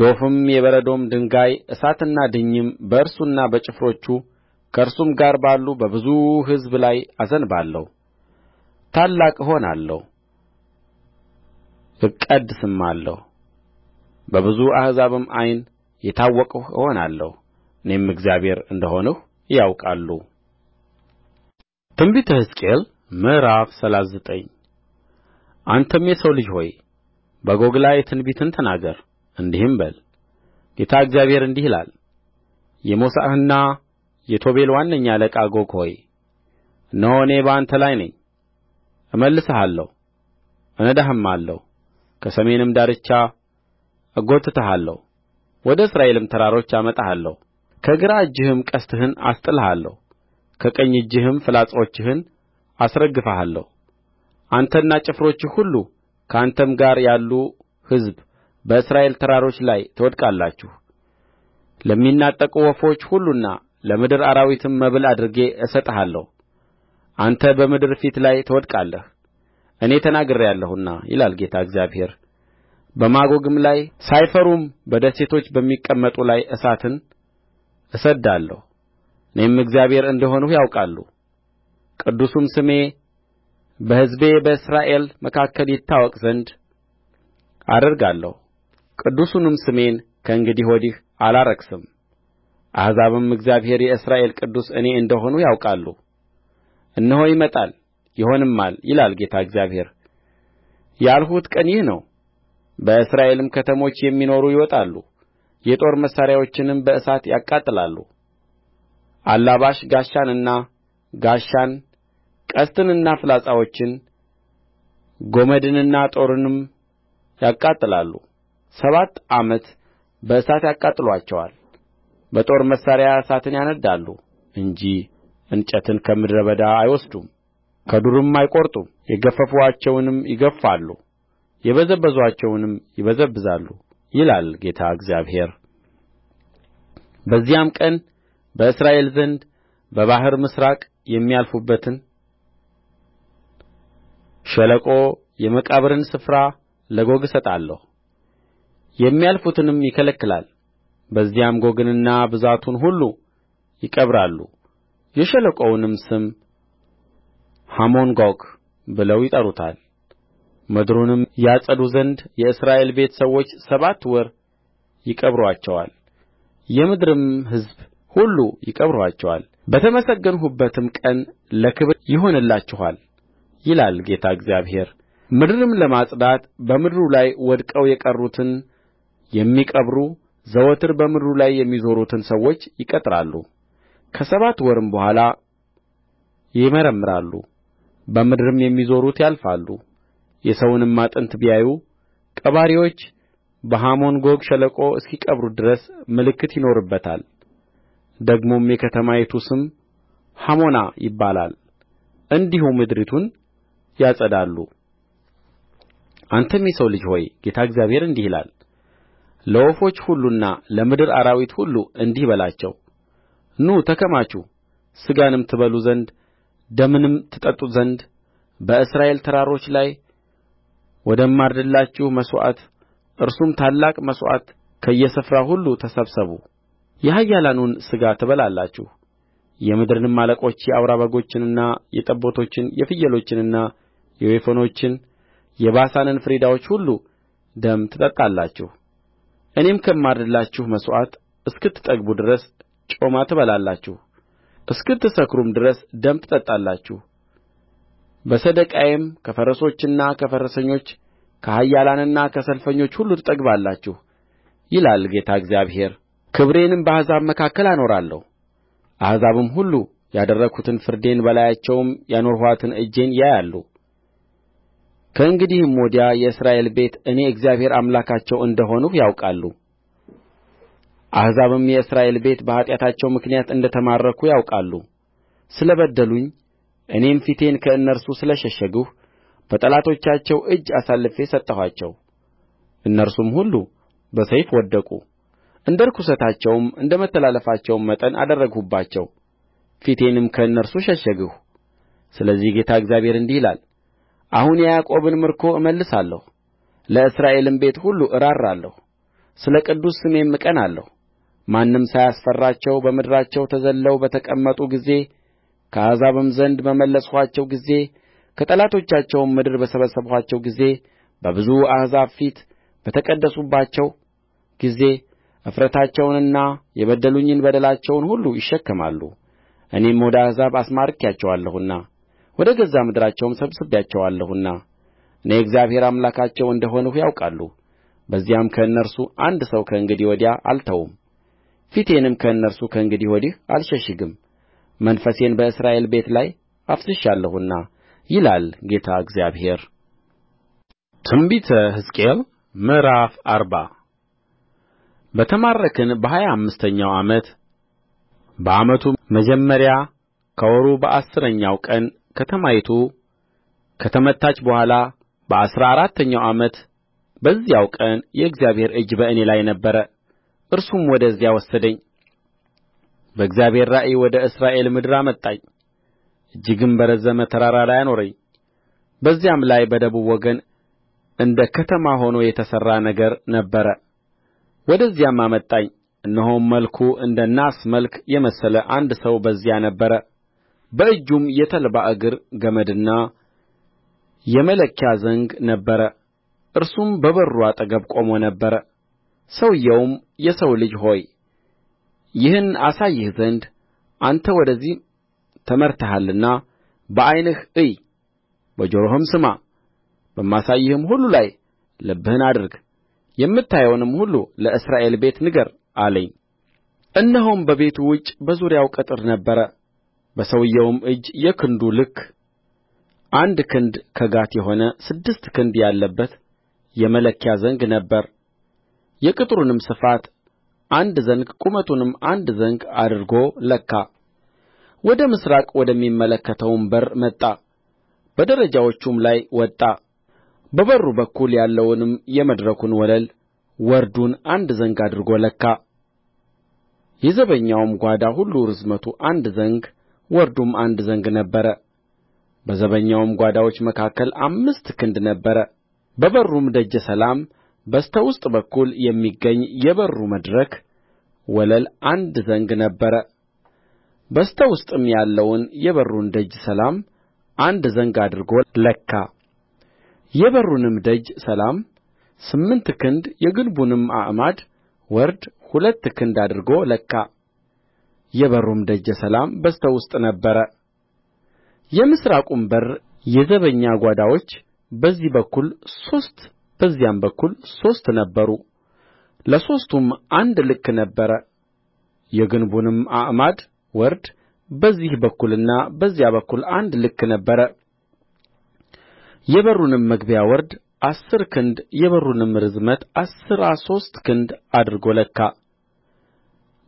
ዶፍም የበረዶም ድንጋይ እሳትና ድኝም በእርሱና በጭፍሮቹ ከእርሱም ጋር ባሉ በብዙ ሕዝብ ላይ አዘንባለሁ ታላቅ እሆናለሁ እቀደስማለሁ በብዙ አሕዛብም ዓይን የታወቅሁ እሆናለሁ እኔም እግዚአብሔር እንደ ሆንሁ ያውቃሉ ትንቢተ ሕዝቅኤል ምዕራፍ ሰላሳ ዘጠኝ አንተም የሰው ልጅ ሆይ በጎግ ላይ ትንቢትን ተናገር እንዲህም በል ጌታ እግዚአብሔር እንዲህ ይላል የሞሳሕና የቶቤል ዋነኛ አለቃ ጎግ ሆይ እነሆ እኔ በአንተ ላይ ነኝ እመልስሃለሁ እነዳህማለሁ ከሰሜንም ዳርቻ እጐትትሃለሁ ወደ እስራኤልም ተራሮች አመጣሃለሁ ከግራ እጅህም ቀስትህን አስጥልሃለሁ ከቀኝ እጅህም ፍላጾችህን አስረግፍሃለሁ አንተና ጭፍሮችህ ሁሉ ከአንተም ጋር ያሉ ሕዝብ በእስራኤል ተራሮች ላይ ትወድቃላችሁ ለሚናጠቁ ወፎች ሁሉና ለምድር አራዊትም መብል አድርጌ እሰጥሃለሁ አንተ በምድር ፊት ላይ ትወድቃለህ እኔ ተናግሬአለሁና ይላል ጌታ እግዚአብሔር በማጎግም ላይ ሳይፈሩም በደሴቶች በሚቀመጡ ላይ እሳትን እሰድዳለሁ እኔም እግዚአብሔር እንደ ሆንሁ ያውቃሉ ቅዱሱም ስሜ በሕዝቤ በእስራኤል መካከል ይታወቅ ዘንድ አደርጋለሁ ቅዱሱንም ስሜን ከእንግዲህ ወዲህ አላረክስም አሕዛብም እግዚአብሔር የእስራኤል ቅዱስ እኔ እንደ ሆንሁ ያውቃሉ እነሆ ይመጣል ይሆንማል ይላል ጌታ እግዚአብሔር ያልሁት ቀን ይህ ነው በእስራኤልም ከተሞች የሚኖሩ ይወጣሉ የጦር መሣሪያዎችንም በእሳት ያቃጥላሉ አላባሽ ጋሻንና ጋሻን ቀስትንና ፍላጻዎችን ጎመድንና ጦርንም ያቃጥላሉ ሰባት ዓመት በእሳት ያቃጥሉአቸዋል በጦር መሣሪያ እሳትን ያነድዳሉ እንጂ እንጨትን ከምድረ በዳ አይወስዱም ከዱርም አይቈርጡም የገፈፉአቸውንም ይገፍፋሉ የበዘበዙአቸውንም ይበዘብዛሉ ይላል ጌታ እግዚአብሔር በዚያም ቀን በእስራኤል ዘንድ በባሕር ምሥራቅ የሚያልፉበትን ሸለቆ የመቃብርን ስፍራ ለጎግ እሰጣለሁ የሚያልፉትንም ይከለክላል በዚያም ጎግንና ብዛቱን ሁሉ ይቀብራሉ የሸለቆውንም ስም ሐሞንጎግ ብለው ይጠሩታል ምድሩንም ያጸዱ ዘንድ የእስራኤል ቤት ሰዎች ሰባት ወር ይቀብሩአቸዋል የምድርም ሕዝብ ሁሉ ይቀብሩአቸዋል በተመሰገንሁበትም ቀን ለክብር ይሆንላችኋል ይላል ጌታ እግዚአብሔር ምድርን ለማጽዳት በምድሩ ላይ ወድቀው የቀሩትን የሚቀብሩ ዘወትር በምድሩ ላይ የሚዞሩትን ሰዎች ይቀጥራሉ ከሰባት ወርም በኋላ ይመረምራሉ በምድርም የሚዞሩት ያልፋሉ የሰውንም አጥንት ቢያዩ ቀባሪዎች በሐሞን ጎግ ሸለቆ እስኪቀብሩት ድረስ ምልክት ይኖርበታል ደግሞም የከተማይቱ ስም ሐሞና ይባላል እንዲሁ ምድሪቱን ያጸዳሉ አንተም የሰው ልጅ ሆይ ጌታ እግዚአብሔር እንዲህ ይላል ለወፎች ሁሉና ለምድር አራዊት ሁሉ እንዲህ በላቸው ኑ ተከማቹ ሥጋንም ትበሉ ዘንድ ደምንም ትጠጡ ዘንድ በእስራኤል ተራሮች ላይ ወደማርድላችሁ መሥዋዕት እርሱም ታላቅ መሥዋዕት ከየስፍራው ሁሉ ተሰብሰቡ የኃያላኑን ሥጋ ትበላላችሁ የምድርንም አለቆች የአውራ በጎችንና የጠቦቶችን የፍየሎችንና የወይፈኖችን የባሳንን ፍሪዳዎች ሁሉ ደም ትጠጣላችሁ እኔም ከማርድላችሁ መሥዋዕት እስክትጠግቡ ድረስ ጮማ ትበላላችሁ እስክትሰክሩም ድረስ ደም ትጠጣላችሁ በሰደቃዬም ከፈረሶችና ከፈረሰኞች ከኃያላንና ከሰልፈኞች ሁሉ ትጠግባላችሁ ይላል ጌታ እግዚአብሔር ክብሬንም በአሕዛብ መካከል አኖራለሁ አሕዛብም ሁሉ ያደረግሁትን ፍርዴን በላያቸውም ያኖርኋትን እጄን ያያሉ ከእንግዲህም ወዲያ የእስራኤል ቤት እኔ እግዚአብሔር አምላካቸው እንደ ሆንሁ ያውቃሉ አሕዛብም የእስራኤል ቤት በኃጢአታቸው ምክንያት እንደ ተማረኩ ያውቃሉ ስለ በደሉኝ እኔም ፊቴን ከእነርሱ ስለ ሸሸግሁ በጠላቶቻቸው እጅ አሳልፌ ሰጠኋቸው እነርሱም ሁሉ በሰይፍ ወደቁ እንደ ርኵሰታቸውም እንደ መተላለፋቸውም መጠን አደረግሁባቸው ፊቴንም ከእነርሱ ሸሸግሁ ስለዚህ ጌታ እግዚአብሔር እንዲህ ይላል አሁን የያዕቆብን ምርኮ እመልሳለሁ ለእስራኤልም ቤት ሁሉ እራራለሁ ስለ ቅዱስ ስሜም እቀናለሁ ማንም ሳያስፈራቸው በምድራቸው ተዘልለው በተቀመጡ ጊዜ ከአሕዛብም ዘንድ በመለስኋቸው ጊዜ ከጠላቶቻቸውም ምድር በሰበሰብኋቸው ጊዜ በብዙ አሕዛብ ፊት በተቀደስሁባቸው ጊዜ እፍረታቸውንና የበደሉኝን በደላቸውን ሁሉ ይሸከማሉ እኔም ወደ አሕዛብ አስማርኬአቸዋለሁና ወደ ገዛ ምድራቸውም ሰብስቤአቸዋለሁና እኔ እግዚአብሔር አምላካቸው እንደ ሆንሁ ያውቃሉ በዚያም ከእነርሱ አንድ ሰው ከእንግዲህ ወዲያ አልተውም ፊቴንም ከእነርሱ ከእንግዲህ ወዲህ አልሸሽግም መንፈሴን በእስራኤል ቤት ላይ አፍስሻለሁና ይላል ጌታ እግዚአብሔር። ትንቢተ ሕዝቅኤል ምዕራፍ አርባ በተማረክን በሀያ አምስተኛው ዓመት በዓመቱ መጀመሪያ ከወሩ በአሥረኛው ቀን ከተማይቱ ከተመታች በኋላ በአሥራ አራተኛው ዓመት በዚያው ቀን የእግዚአብሔር እጅ በእኔ ላይ ነበረ። እርሱም ወደዚያ ወሰደኝ በእግዚአብሔር ራእይ ወደ እስራኤል ምድር አመጣኝ እጅግም በረዘመ ተራራ ላይ አኖረኝ በዚያም ላይ በደቡብ ወገን እንደ ከተማ ሆኖ የተሠራ ነገር ነበረ ወደዚያም አመጣኝ እነሆም መልኩ እንደ ናስ መልክ የመሰለ አንድ ሰው በዚያ ነበረ በእጁም የተልባ እግር ገመድና የመለኪያ ዘንግ ነበረ እርሱም በበሩ አጠገብ ቆሞ ነበር ሰውየውም የሰው ልጅ ሆይ ይህን አሳይህ ዘንድ አንተ ወደዚህ ተመርተሃልና በዓይንህ እይ በጆሮህም ስማ በማሳይህም ሁሉ ላይ ልብህን አድርግ የምታየውንም ሁሉ ለእስራኤል ቤት ንገር አለኝ እነሆም በቤቱ ውጭ በዙሪያው ቅጥር ነበረ በሰውየውም እጅ የክንዱ ልክ አንድ ክንድ ከጋት የሆነ ስድስት ክንድ ያለበት የመለኪያ ዘንግ ነበረ የቅጥሩንም ስፋት አንድ ዘንግ ቁመቱንም አንድ ዘንግ አድርጎ ለካ ወደ ምሥራቅ ወደሚመለከተውም በር መጣ በደረጃዎቹም ላይ ወጣ በበሩ በኩል ያለውንም የመድረኩን ወለል ወርዱን አንድ ዘንግ አድርጎ ለካ የዘበኛውም ጓዳ ሁሉ ርዝመቱ አንድ ዘንግ ወርዱም አንድ ዘንግ ነበረ በዘበኛውም ጓዳዎች መካከል አምስት ክንድ ነበረ በበሩም ደጀ ሰላም በስተ ውስጥ በኩል የሚገኝ የበሩ መድረክ ወለል አንድ ዘንግ ነበረ በስተ ውስጥም ያለውን የበሩን ደጀ ሰላም አንድ ዘንግ አድርጎ ለካ የበሩንም ደጀ ሰላም ስምንት ክንድ የግንቡንም አዕማድ ወርድ ሁለት ክንድ አድርጎ ለካ የበሩም ደጀ ሰላም በስተ ውስጥ ነበረ የምሥራቁም በር የዘበኛ ጓዳዎች በዚህ በኩል ሦስት በዚያም በኩል ሦስት ነበሩ ለሦስቱም አንድ ልክ ነበረ የግንቡንም አዕማድ ወርድ በዚህ በኩልና በዚያ በኩል አንድ ልክ ነበረ የበሩንም መግቢያ ወርድ አሥር ክንድ የበሩንም ርዝመት አሥራ ሦስት ክንድ አድርጎ ለካ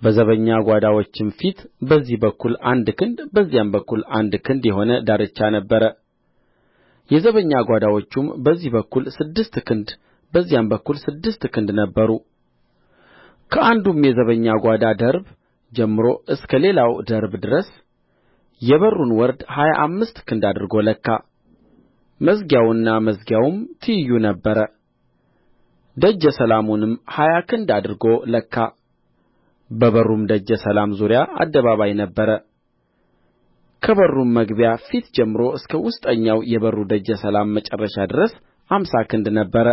በዘበኛ ጓዳዎችም ፊት በዚህ በኩል አንድ ክንድ በዚያም በኩል አንድ ክንድ የሆነ ዳርቻ ነበረ የዘበኛ ጓዳዎቹም በዚህ በኩል ስድስት ክንድ በዚያም በኩል ስድስት ክንድ ነበሩ ከአንዱም የዘበኛ ጓዳ ደርብ ጀምሮ እስከ ሌላው ደርብ ድረስ የበሩን ወርድ ሀያ አምስት ክንድ አድርጎ ለካ መዝጊያውና መዝጊያውም ትይዩ ነበረ ደጀ ሰላሙንም ሀያ ክንድ አድርጎ ለካ በበሩም ደጀ ሰላም ዙሪያ አደባባይ ነበረ ከበሩም መግቢያ ፊት ጀምሮ እስከ ውስጠኛው የበሩ ደጀ ሰላም መጨረሻ ድረስ አምሳ ክንድ ነበረ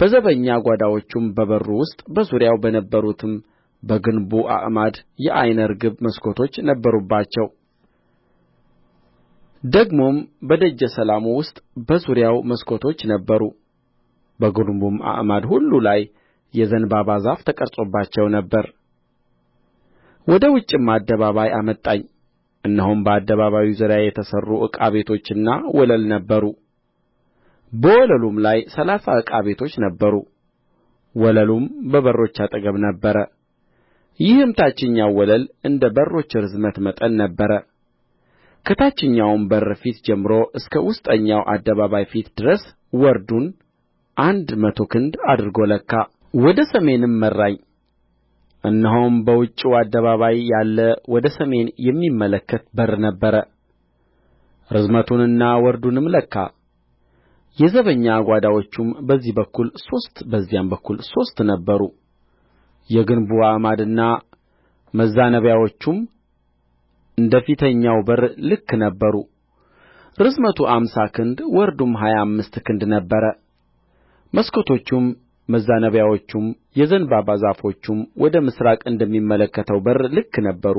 በዘበኛ ጓዳዎቹም በበሩ ውስጥ በዙሪያው በነበሩትም በግንቡ አዕማድ የዓይነ ርግብ መስኮቶች ነበሩባቸው ደግሞም በደጀ ሰላሙ ውስጥ በዙሪያው መስኮቶች ነበሩ በግንቡም አዕማድ ሁሉ ላይ የዘንባባ ዛፍ ተቀርጾባቸው ነበር ወደ ውጭም አደባባይ አመጣኝ እነሆም በአደባባዩ ዙሪያ የተሠሩ ዕቃ ቤቶችና ወለል ነበሩ በወለሉም ላይ ሠላሳ ዕቃ ቤቶች ነበሩ ወለሉም በበሮች አጠገብ ነበረ ይህም ታችኛው ወለል እንደ በሮች ርዝመት መጠን ነበረ ከታችኛውም በር ፊት ጀምሮ እስከ ውስጠኛው አደባባይ ፊት ድረስ ወርዱን አንድ መቶ ክንድ አድርጎ ለካ ወደ ሰሜንም መራኝ እነሆም በውጭው አደባባይ ያለ ወደ ሰሜን የሚመለከት በር ነበረ ርዝመቱንና ወርዱንም ለካ የዘበኛ ጓዳዎቹም በዚህ በኩል ሦስት በዚያም በኩል ሦስት ነበሩ የግንቡ አዕማድና መዛነቢያዎቹም እንደ ፊተኛው በር ልክ ነበሩ ርዝመቱ አምሳ ክንድ ወርዱም ሀያ አምስት ክንድ ነበረ መስኮቶቹም መዛነቢያዎቹም የዘንባባ ዛፎቹም ወደ ምሥራቅ እንደሚመለከተው በር ልክ ነበሩ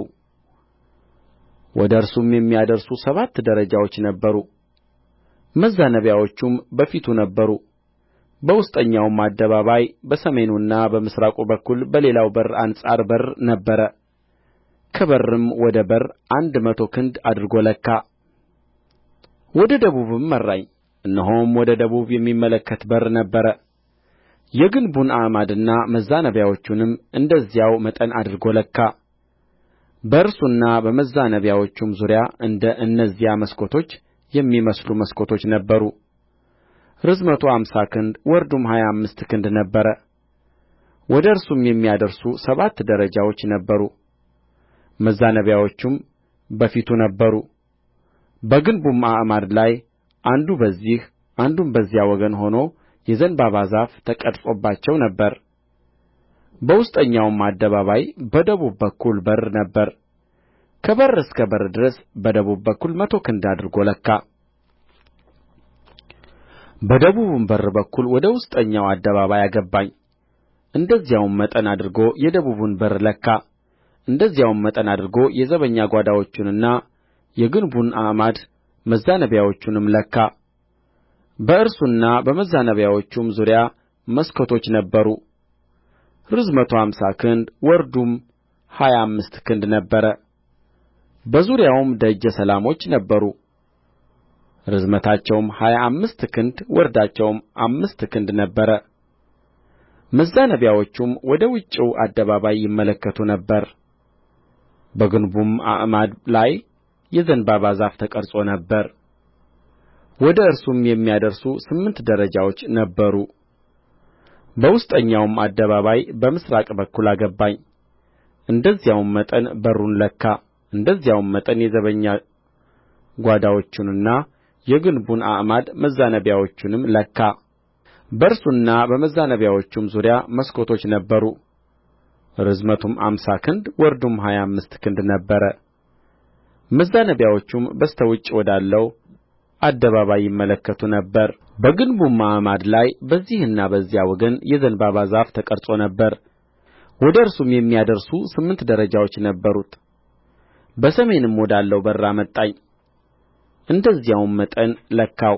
ወደ እርሱም የሚያደርሱ ሰባት ደረጃዎች ነበሩ መዛነቢያዎቹም በፊቱ ነበሩ በውስጠኛውም አደባባይ በሰሜኑና በምሥራቁ በኩል በሌላው በር አንጻር በር ነበረ ከበርም ወደ በር አንድ መቶ ክንድ አድርጎ ለካ ወደ ደቡብም መራኝ እነሆም ወደ ደቡብ የሚመለከት በር ነበረ የግንቡን አዕማድና መዛነቢያዎቹንም እንደዚያው መጠን አድርጎ ለካ በእርሱና በመዛነቢያዎቹም ዙሪያ እንደ እነዚያ መስኮቶች የሚመስሉ መስኮቶች ነበሩ ርዝመቱ አምሳ ክንድ ወርዱም ሀያ አምስት ክንድ ነበረ ወደ እርሱም የሚያደርሱ ሰባት ደረጃዎች ነበሩ መዛነቢያዎቹም በፊቱ ነበሩ በግንቡም አዕማድ ላይ አንዱ በዚህ አንዱም በዚያ ወገን ሆኖ የዘንባባ ዛፍ ተቀርጾባቸው ነበር በውስጠኛውም አደባባይ በደቡብ በኩል በር ነበረ ከበር እስከ በር ድረስ በደቡብ በኩል መቶ ክንድ አድርጎ ለካ በደቡብም በር በኩል ወደ ውስጠኛው አደባባይ አገባኝ እንደዚያውም መጠን አድርጎ የደቡቡን በር ለካ እንደዚያውም መጠን አድርጎ የዘበኛ ጓዳዎቹንና የግንቡን አዕማድ መዛነቢያዎቹንም ለካ በእርሱና በመዛነቢያዎቹም ዙሪያ መስኮቶች ነበሩ ርዝመቱ አምሳ ክንድ ወርዱም ሀያ አምስት ክንድ ነበረ በዙሪያውም ደጀ ሰላሞች ነበሩ ርዝመታቸውም ሀያ አምስት ክንድ ወርዳቸውም አምስት ክንድ ነበረ መዛነቢያዎቹም ወደ ውጭው አደባባይ ይመለከቱ ነበር በግንቡም አዕማድ ላይ የዘንባባ ዛፍ ተቀርጾ ነበር ወደ እርሱም የሚያደርሱ ስምንት ደረጃዎች ነበሩ በውስጠኛውም አደባባይ በምሥራቅ በኩል አገባኝ እንደዚያውም መጠን በሩን ለካ እንደዚያውም መጠን የዘበኛ ጓዳዎቹንና የግንቡን አዕማድ መዛነቢያዎቹንም ለካ በእርሱና በመዛነቢያዎቹም ዙሪያ መስኮቶች ነበሩ ርዝመቱም አምሳ ክንድ ወርዱም ሀያ አምስት ክንድ ነበረ መዛነቢያዎቹም በስተ ውጭ ወዳለው አደባባይ ይመለከቱ ነበር በግንቡም አዕማድ ላይ በዚህና በዚያ ወገን የዘንባባ ዛፍ ተቀርጾ ነበር ወደ እርሱም የሚያደርሱ ስምንት ደረጃዎች ነበሩት በሰሜንም ወዳለው በር አመጣኝ እንደዚያውም መጠን ለካው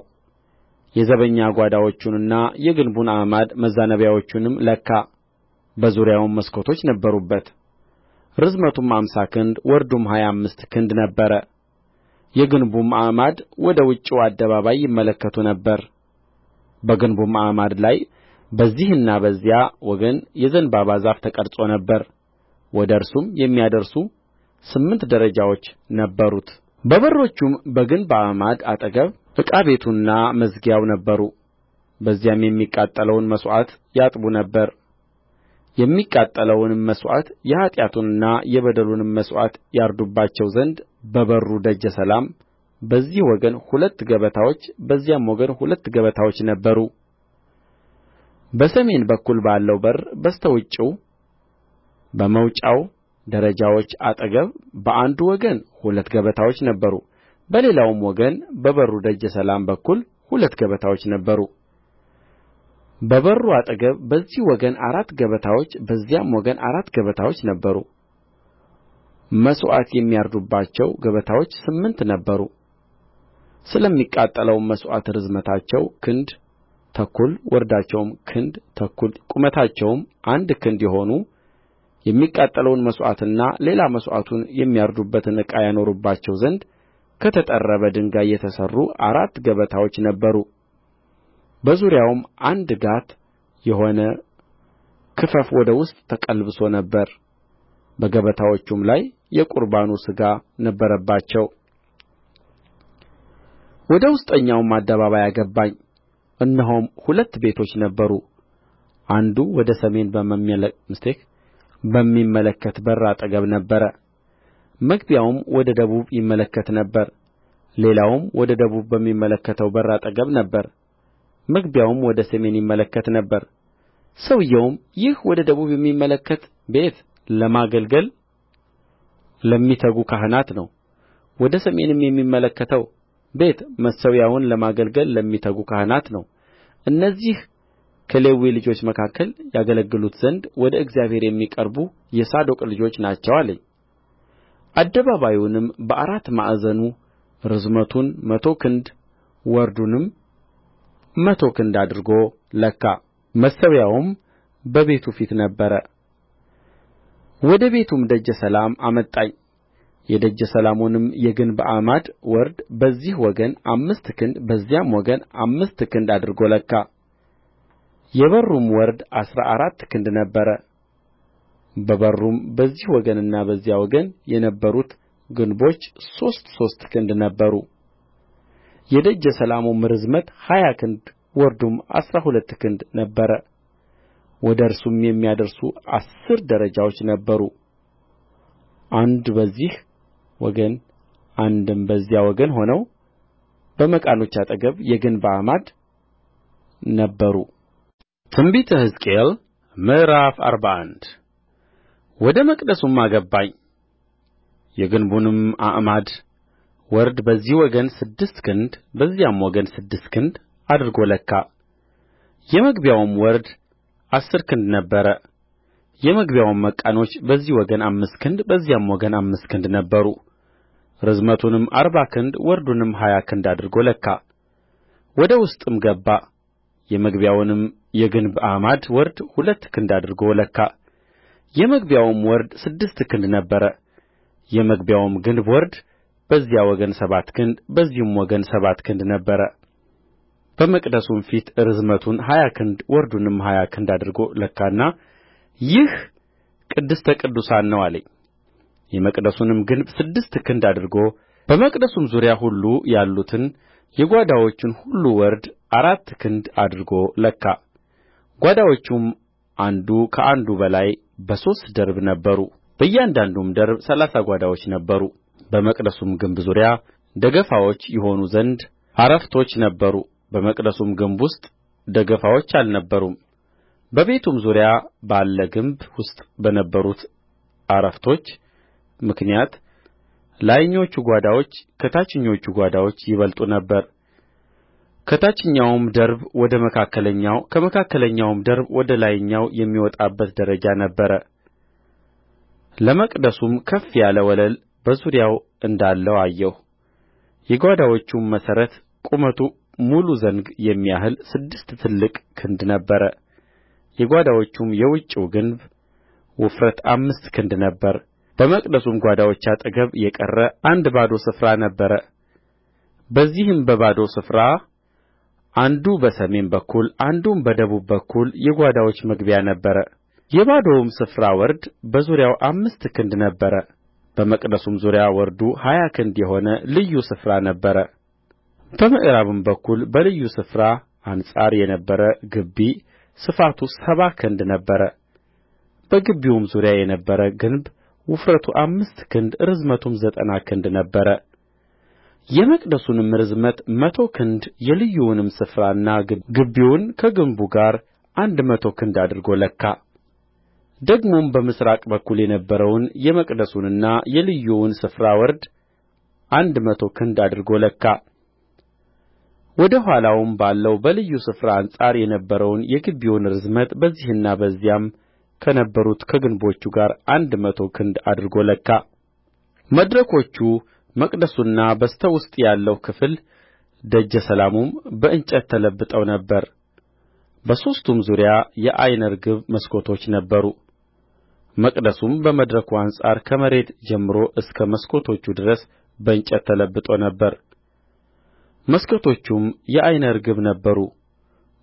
የዘበኛ ጓዳዎቹንና የግንቡን አዕማድ መዛነቢያዎቹንም ለካ በዙሪያውም መስኮቶች ነበሩበት ርዝመቱም አምሳ ክንድ ወርዱም ሀያ አምስት ክንድ ነበረ የግንቡም አዕማድ ወደ ውጭው አደባባይ ይመለከቱ ነበር በግንቡም አዕማድ ላይ በዚህና በዚያ ወገን የዘንባባ ዛፍ ተቀርጾ ነበር ወደ እርሱም የሚያደርሱ ስምንት ደረጃዎች ነበሩት በበሮቹም በግንብ አዕማድ አጠገብ ዕቃ ቤቱና መዝጊያው ነበሩ በዚያም የሚቃጠለውን መሥዋዕት ያጥቡ ነበር የሚቃጠለውንም መሥዋዕት የኃጢአቱንና የበደሉንም መሥዋዕት ያርዱባቸው ዘንድ በበሩ ደጀ ሰላም በዚህ ወገን ሁለት ገበታዎች በዚያም ወገን ሁለት ገበታዎች ነበሩ በሰሜን በኩል ባለው በር በስተ ውጭው በመውጫው ደረጃዎች አጠገብ በአንዱ ወገን ሁለት ገበታዎች ነበሩ በሌላውም ወገን በበሩ ደጀ ሰላም በኩል ሁለት ገበታዎች ነበሩ በበሩ አጠገብ በዚህ ወገን አራት ገበታዎች በዚያም ወገን አራት ገበታዎች ነበሩ መሥዋዕት የሚያርዱባቸው ገበታዎች ስምንት ነበሩ ስለሚቃጠለውም መሥዋዕት ርዝመታቸው ክንድ ተኩል ወርዳቸውም ክንድ ተኩል ቁመታቸውም አንድ ክንድ የሆኑ የሚቃጠለውን መሥዋዕትና ሌላ መሥዋዕቱን የሚያርዱበትን ዕቃ ያኖሩባቸው ዘንድ ከተጠረበ ድንጋይ የተሠሩ አራት ገበታዎች ነበሩ በዙሪያውም አንድ ጋት የሆነ ክፈፍ ወደ ውስጥ ተቀልብሶ ነበር በገበታዎቹም ላይ የቍርባኑ ሥጋ ነበረባቸው ወደ ውስጠኛውም አደባባይ አገባኝ እነሆም ሁለት ቤቶች ነበሩ አንዱ ወደ ሰሜን በሚመለከት በር አጠገብ ነበረ መግቢያውም ወደ ደቡብ ይመለከት ነበር ሌላውም ወደ ደቡብ በሚመለከተው በር አጠገብ ነበረ መግቢያውም ወደ ሰሜን ይመለከት ነበር ሰውዬውም ይህ ወደ ደቡብ የሚመለከት ቤት ለማገልገል ለሚተጉ ካህናት ነው ወደ ሰሜንም የሚመለከተው ቤት መሠዊያውን ለማገልገል ለሚተጉ ካህናት ነው እነዚህ ከሌዊ ልጆች መካከል ያገለግሉት ዘንድ ወደ እግዚአብሔር የሚቀርቡ የሳዶቅ ልጆች ናቸው አለኝ አደባባዩንም በአራት ማዕዘኑ ርዝመቱን መቶ ክንድ ወርዱንም መቶ ክንድ አድርጎ ለካ መሠዊያውም በቤቱ ፊት ነበረ ወደ ቤቱም ደጀ ሰላም አመጣኝ የደጀ ሰላሙንም የግንብ አዕማድ ወርድ በዚህ ወገን አምስት ክንድ በዚያም ወገን አምስት ክንድ አድርጎ ለካ የበሩም ወርድ አሥራ አራት ክንድ ነበረ በበሩም በዚህ ወገንና በዚያ ወገን የነበሩት ግንቦች ሦስት ሦስት ክንድ ነበሩ የደጀ ሰላሙም ርዝመት ሀያ ክንድ ወርዱም አሥራ ሁለት ክንድ ነበረ ወደ እርሱም የሚያደርሱ አሥር ደረጃዎች ነበሩ አንዱ በዚህ ወገን አንድም በዚያ ወገን ሆነው በመቃኖች አጠገብ የግንብ አዕማድ ነበሩ ትንቢተ ሕዝቅኤል ምዕራፍ አርባ አንድ ወደ መቅደሱም አገባኝ የግንቡንም አዕማድ ወርድ በዚህ ወገን ስድስት ክንድ በዚያም ወገን ስድስት ክንድ አድርጎ ለካ የመግቢያውም ወርድ አሥር ክንድ ነበረ የመግቢያውም መቃኖች በዚህ ወገን አምስት ክንድ በዚያም ወገን አምስት ክንድ ነበሩ ርዝመቱንም አርባ ክንድ ወርዱንም ሀያ ክንድ አድርጎ ለካ ወደ ውስጥም ገባ የመግቢያውንም የግንብ አዕማድ ወርድ ሁለት ክንድ አድርጎ ለካ የመግቢያውም ወርድ ስድስት ክንድ ነበረ የመግቢያውም ግንብ ወርድ በዚያ ወገን ሰባት ክንድ በዚህም ወገን ሰባት ክንድ ነበረ በመቅደሱም ፊት ርዝመቱን ሀያ ክንድ ወርዱንም ሀያ ክንድ አድርጎ ለካና ይህ ቅድስተ ቅዱሳን ነው አለኝ የመቅደሱንም ግንብ ስድስት ክንድ አድርጎ በመቅደሱም ዙሪያ ሁሉ ያሉትን የጓዳዎቹን ሁሉ ወርድ አራት ክንድ አድርጎ ለካ ጓዳዎቹም አንዱ ከአንዱ በላይ በሦስት ደርብ ነበሩ በእያንዳንዱም ደርብ ሠላሳ ጓዳዎች ነበሩ በመቅደሱም ግንብ ዙሪያ ደገፋዎች ይሆኑ ዘንድ አረፍቶች ነበሩ በመቅደሱም ግንብ ውስጥ ደገፋዎች አልነበሩም በቤቱም ዙሪያ ባለ ግንብ ውስጥ በነበሩት አረፍቶች ምክንያት ላይኞቹ ጓዳዎች ከታችኞቹ ጓዳዎች ይበልጡ ነበር ከታችኛውም ደርብ ወደ መካከለኛው ከመካከለኛውም ደርብ ወደ ላይኛው የሚወጣበት ደረጃ ነበረ ለመቅደሱም ከፍ ያለ ወለል በዙሪያው እንዳለው አየሁ የጓዳዎቹም መሠረት ቁመቱ ሙሉ ዘንግ የሚያህል ስድስት ትልቅ ክንድ ነበረ የጓዳዎቹም የውጭው ግንብ ውፍረት አምስት ክንድ ነበረ በመቅደሱም ጓዳዎች አጠገብ የቀረ አንድ ባዶ ስፍራ ነበረ በዚህም በባዶው ስፍራ አንዱ በሰሜን በኩል አንዱም በደቡብ በኩል የጓዳዎች መግቢያ ነበረ የባዶውም ስፍራ ወርድ በዙሪያው አምስት ክንድ ነበረ በመቅደሱም ዙሪያ ወርዱ ሀያ ክንድ የሆነ ልዩ ስፍራ ነበረ በምዕራብም በኩል በልዩ ስፍራ አንጻር የነበረ ግቢ ስፋቱ ሰባ ክንድ ነበረ በግቢውም ዙሪያ የነበረ ግንብ ውፍረቱ አምስት ክንድ ርዝመቱም ዘጠና ክንድ ነበረ የመቅደሱንም ርዝመት መቶ ክንድ የልዩውንም ስፍራና ግቢውን ከግንቡ ጋር አንድ መቶ ክንድ አድርጎ ለካ ደግሞም በምሥራቅ በኩል የነበረውን የመቅደሱንና የልዩውን ስፍራ ወርድ አንድ መቶ ክንድ አድርጎ ለካ ወደ ኋላውም ባለው በልዩ ስፍራ አንጻር የነበረውን የግቢውን ርዝመት በዚህና በዚያም ከነበሩት ከግንቦቹ ጋር አንድ መቶ ክንድ አድርጎ ለካ መድረኮቹ መቅደሱና በስተ ውስጥ ያለው ክፍል ደጀ ሰላሙም በእንጨት ተለብጠው ነበር በሦስቱም ዙሪያ የዓይነ ርግብ መስኮቶች ነበሩ መቅደሱም በመድረኩ አንጻር ከመሬት ጀምሮ እስከ መስኮቶቹ ድረስ በእንጨት ተለብጦ ነበር መስኮቶቹም የዓይነ ርግብ ነበሩ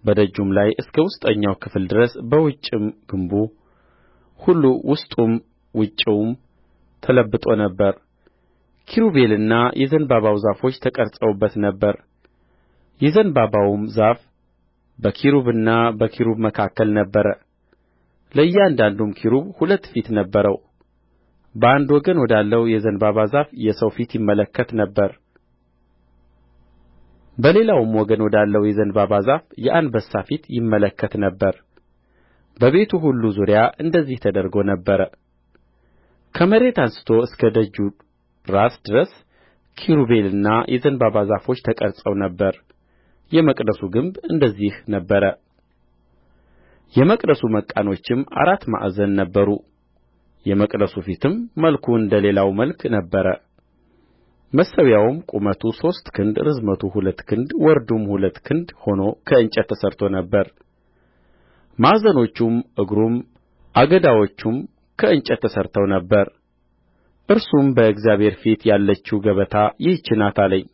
በደጁም ላይ እስከ ውስጠኛው ክፍል ድረስ በውጭም ግንቡ ሁሉ ውስጡም ውጭውም ተለብጦ ነበር ኪሩቤልና የዘንባባው ዛፎች ተቀርጸውበት ነበር የዘንባባውም ዛፍ በኪሩብና በኪሩብ መካከል ነበረ ለእያንዳንዱም ኪሩብ ሁለት ፊት ነበረው በአንድ ወገን ወዳለው የዘንባባ ዛፍ የሰው ፊት ይመለከት ነበር በሌላውም ወገን ወዳለው የዘንባባ ዛፍ የአንበሳ ፊት ይመለከት ነበር በቤቱ ሁሉ ዙሪያ እንደዚህ ተደርጎ ነበር ከመሬት አንሥቶ እስከ ደጁ ራስ ድረስ ኪሩቤልና የዘንባባ ዛፎች ተቀርጸው ነበር የመቅደሱ ግንብ እንደዚህ ነበረ የመቅደሱ መቃኖችም አራት ማዕዘን ነበሩ የመቅደሱ ፊትም መልኩ እንደ ሌላው መልክ ነበረ መሠዊያውም ቁመቱ ሦስት ክንድ ርዝመቱ ሁለት ክንድ ወርዱም ሁለት ክንድ ሆኖ ከእንጨት ተሠርቶ ነበር ማዕዘኖቹም እግሩም አገዳዎቹም ከእንጨት ተሠርተው ነበር እርሱም በእግዚአብሔር ፊት ያለችው ገበታ ይህች ናት አለኝ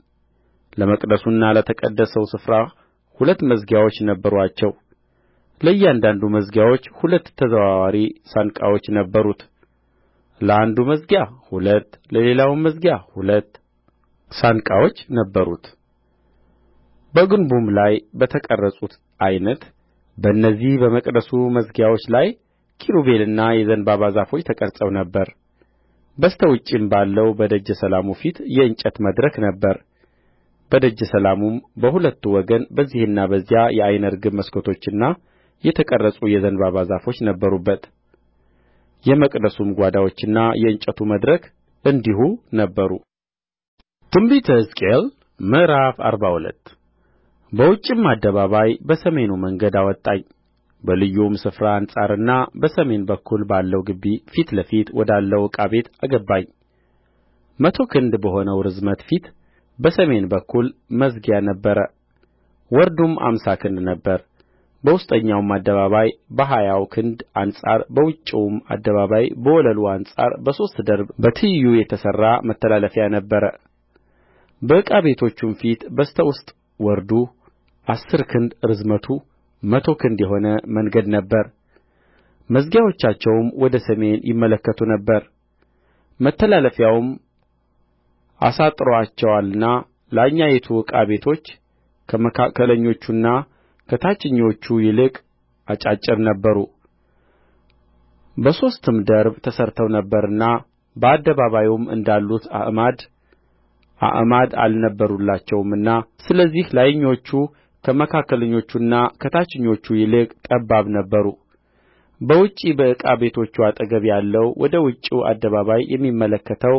ለመቅደሱና ለተቀደሰው ስፍራ ሁለት መዝጊያዎች ነበሩአቸው ለእያንዳንዱ መዝጊያዎች ሁለት ተዘዋዋሪ ሳንቃዎች ነበሩት ለአንዱ መዝጊያ ሁለት ለሌላውም መዝጊያ ሁለት ሳንቃዎች ነበሩት በግንቡም ላይ በተቀረጹት ዓይነት በእነዚህ በመቅደሱ መዝጊያዎች ላይ ኪሩቤልና የዘንባባ ዛፎች ተቀርጸው ነበር በስተ ውጭም ባለው በደጀ ሰላሙ ፊት የእንጨት መድረክ ነበረ በደጀ ሰላሙም በሁለቱ ወገን በዚህና በዚያ የዓይነ ርግብ መስኮቶችና የተቀረጹ የዘንባባ ዛፎች ነበሩበት የመቅደሱም ጓዳዎችና የእንጨቱ መድረክ እንዲሁ ነበሩ ትንቢተ ሕዝቅኤል ምዕራፍ አርባ ሁለት በውጭም አደባባይ በሰሜኑ መንገድ አወጣኝ በልዩውም ስፍራ አንጻርና በሰሜን በኩል ባለው ግቢ ፊት ለፊት ወዳለው ዕቃ ቤት አገባኝ መቶ ክንድ በሆነው ርዝመት ፊት በሰሜን በኩል መዝጊያ ነበረ ወርዱም አምሳ ክንድ ነበረ በውስጠኛውም አደባባይ በሀያው ክንድ አንጻር በውጭውም አደባባይ በወለሉ አንጻር በሦስት ደርብ በትይዩ የተሠራ መተላለፊያ ነበረ በዕቃ ቤቶቹም ፊት በስተ ውስጥ ወርዱ አሥር ክንድ ርዝመቱ መቶ ክንድ የሆነ መንገድ ነበረ መዝጊያዎቻቸውም ወደ ሰሜን ይመለከቱ ነበር መተላለፊያውም አሳጥሮአቸዋልና ላይኞቹ ዕቃ ቤቶች ከመካከለኞቹና ከታችኞቹ ይልቅ አጫጭር ነበሩ በሦስትም ደርብ ተሠርተው ነበርና በአደባባዩም እንዳሉት አዕማድ አዕማድ አልነበሩላቸውምና ስለዚህ ላይኞቹ ከመካከለኞቹና ከታችኞቹ ይልቅ ጠባብ ነበሩ በውጭ በዕቃ ቤቶቹ አጠገብ ያለው ወደ ውጭው አደባባይ የሚመለከተው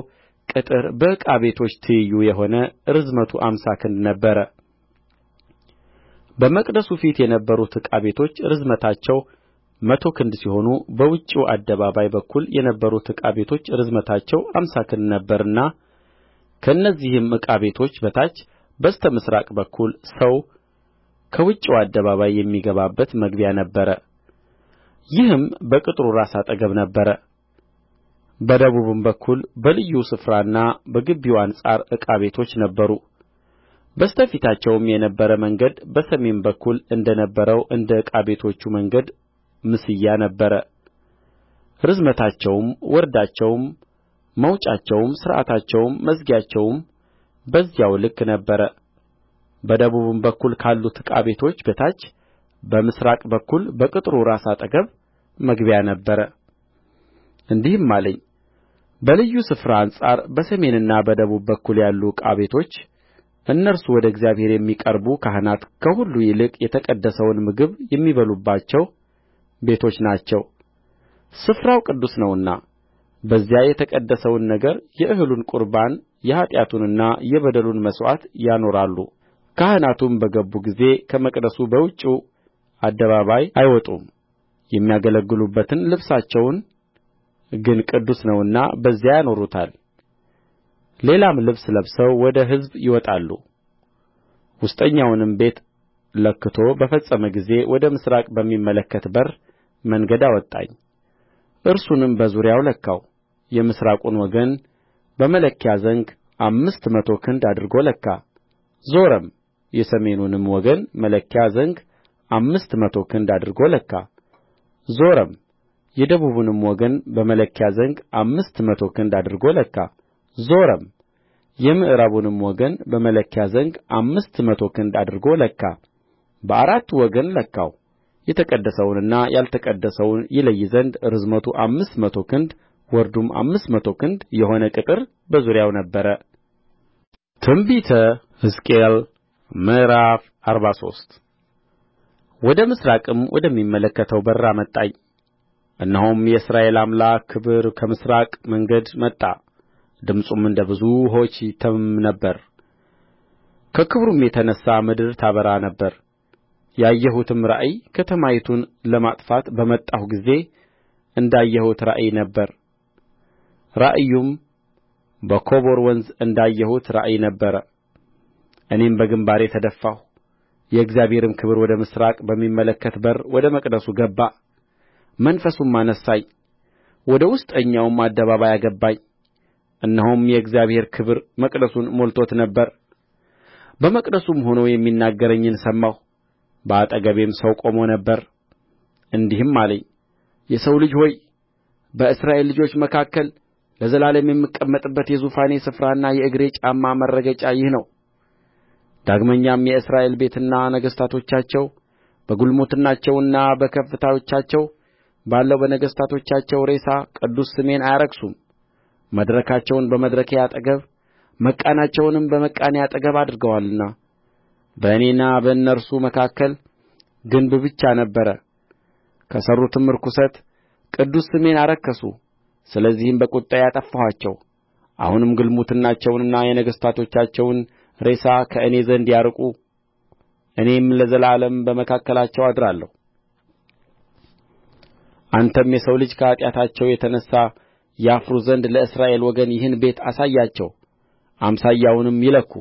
ቅጥር በዕቃ ቤቶች ትይዩ የሆነ ርዝመቱ አምሳ ክንድ ነበረ በመቅደሱ ፊት የነበሩት ዕቃ ቤቶች ርዝመታቸው መቶ ክንድ ሲሆኑ በውጭው አደባባይ በኩል የነበሩት ዕቃ ቤቶች ርዝመታቸው አምሳ ክንድ ነበረና ከእነዚህም ዕቃ ቤቶች በታች በስተ ምሥራቅ በኩል ሰው ከውጭው አደባባይ የሚገባበት መግቢያ ነበረ ይህም በቅጥሩ ራስ አጠገብ ነበረ በደቡብም በኩል በልዩ ስፍራና በግቢው አንጻር ዕቃ ቤቶች ነበሩ በስተ ፊታቸውም የነበረ መንገድ በሰሜን በኩል እንደ ነበረው እንደ ዕቃ ቤቶቹ መንገድ ምስያ ነበረ ርዝመታቸውም ወርዳቸውም መውጫቸውም ሥርዓታቸውም መዝጊያቸውም በዚያው ልክ ነበረ በደቡብም በኩል ካሉት ዕቃ ቤቶች በታች በምሥራቅ በኩል በቅጥሩ ራስ አጠገብ መግቢያ ነበረ እንዲህም አለኝ በልዩ ስፍራ አንጻር በሰሜንና በደቡብ በኩል ያሉ ዕቃ ቤቶች እነርሱ ወደ እግዚአብሔር የሚቀርቡ ካህናት ከሁሉ ይልቅ የተቀደሰውን ምግብ የሚበሉባቸው ቤቶች ናቸው ስፍራው ቅዱስ ነውና በዚያ የተቀደሰውን ነገር የእህሉን ቍርባን የኃጢአቱንና የበደሉን መሥዋዕት ያኖራሉ ካህናቱም በገቡ ጊዜ ከመቅደሱ በውጭው አደባባይ አይወጡም የሚያገለግሉበትን ልብሳቸውን ግን ቅዱስ ነውና በዚያ ያኖሩታል ሌላም ልብስ ለብሰው ወደ ሕዝብ ይወጣሉ ውስጠኛውንም ቤት ለክቶ በፈጸመ ጊዜ ወደ ምሥራቅ በሚመለከት በር መንገድ አወጣኝ እርሱንም በዙሪያው ለካው የምሥራቁን ወገን በመለኪያ ዘንግ አምስት መቶ ክንድ አድርጎ ለካ ዞረም የሰሜኑንም ወገን መለኪያ ዘንግ አምስት መቶ ክንድ አድርጎ ለካ ዞረም የደቡቡንም ወገን በመለኪያ ዘንግ አምስት መቶ ክንድ አድርጎ ለካ ዞረም የምዕራቡንም ወገን በመለኪያ ዘንግ አምስት መቶ ክንድ አድርጎ ለካ በአራቱ ወገን ለካው የተቀደሰውንና ያልተቀደሰውን ይለይ ዘንድ ርዝመቱ አምስት መቶ ክንድ ወርዱም አምስት መቶ ክንድ የሆነ ቅጥር በዙሪያው ነበረ ትንቢተ ሕዝቅኤል ምዕራፍ አርባ ሶስት ወደ ምሥራቅም ወደሚመለከተው በር አመጣኝ እነሆም የእስራኤል አምላክ ክብር ከምሥራቅ መንገድ መጣ ድምፁም እንደ ብዙ ውኆች ይተምም ነበር ከክብሩም የተነሣ ምድር ታበራ ነበር ያየሁትም ራእይ ከተማይቱን ለማጥፋት በመጣሁ ጊዜ እንዳየሁት ራእይ ነበረ ራእዩም በኮቦር ወንዝ እንዳየሁት ራእይ ነበረ እኔም በግምባሬ ተደፋሁ የእግዚአብሔርም ክብር ወደ ምሥራቅ በሚመለከት በር ወደ መቅደሱ ገባ መንፈሱም አነሣኝ ወደ ውስጠኛውም አደባባይ አገባኝ እነሆም የእግዚአብሔር ክብር መቅደሱን ሞልቶት ነበር በመቅደሱም ሆኖ የሚናገረኝን ሰማሁ በአጠገቤም ሰው ቆሞ ነበር እንዲህም አለኝ የሰው ልጅ ሆይ በእስራኤል ልጆች መካከል ለዘላለም የምቀመጥበት የዙፋኔ ስፍራና የእግሬ ጫማ መረገጫ ይህ ነው ዳግመኛም የእስራኤል ቤትና ነገሥታቶቻቸው በግልሙትናቸውና በከፍታዎቻቸው ባለው በነገሥታቶቻቸው ሬሳ ቅዱስ ስሜን አያረክሱም መድረካቸውን በመድረኬ አጠገብ መቃናቸውንም በመቃኔ አጠገብ አድርገዋልና በእኔና በእነርሱ መካከል ግንብ ብቻ ነበረ ከሠሩትም ርኵሰት ቅዱስ ስሜን አረከሱ ስለዚህም በቍጣዬ አጠፋኋቸው አሁንም ግልሙትናቸውንና የነገሥታቶቻቸውን ሬሳ ከእኔ ዘንድ ያርቁ እኔም ለዘላለም በመካከላቸው አድራለሁ አንተም የሰው ልጅ ከኃጢአታቸው የተነሣ ያፍሩ ዘንድ ለእስራኤል ወገን ይህን ቤት አሳያቸው አምሳያውንም ይለኩ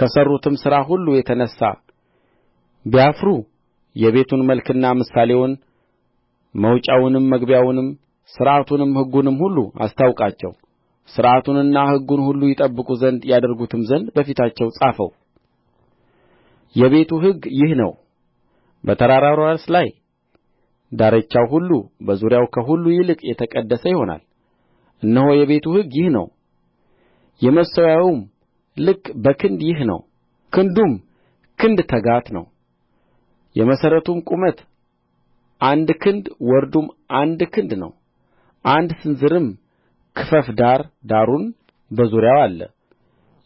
ከሠሩትም ሥራ ሁሉ የተነሣ ቢያፍሩ የቤቱን መልክና ምሳሌውን መውጫውንም መግቢያውንም ሥርዓቱንም ሕጉንም ሁሉ አስታውቃቸው ሥርዓቱንና ሕጉን ሁሉ ይጠብቁ ዘንድ ያደርጉትም ዘንድ በፊታቸው ጻፈው የቤቱ ሕግ ይህ ነው በተራራው ራስ ላይ ዳርቻው ሁሉ በዙሪያው ከሁሉ ይልቅ የተቀደሰ ይሆናል እነሆ የቤቱ ሕግ ይህ ነው የመሠዊያውም ልክ በክንድ ይህ ነው ክንዱም ክንድ ተጋት ነው የመሠረቱም ቁመት አንድ ክንድ ወርዱም አንድ ክንድ ነው አንድ ስንዝርም ክፈፍ ዳር ዳሩን በዙሪያው አለ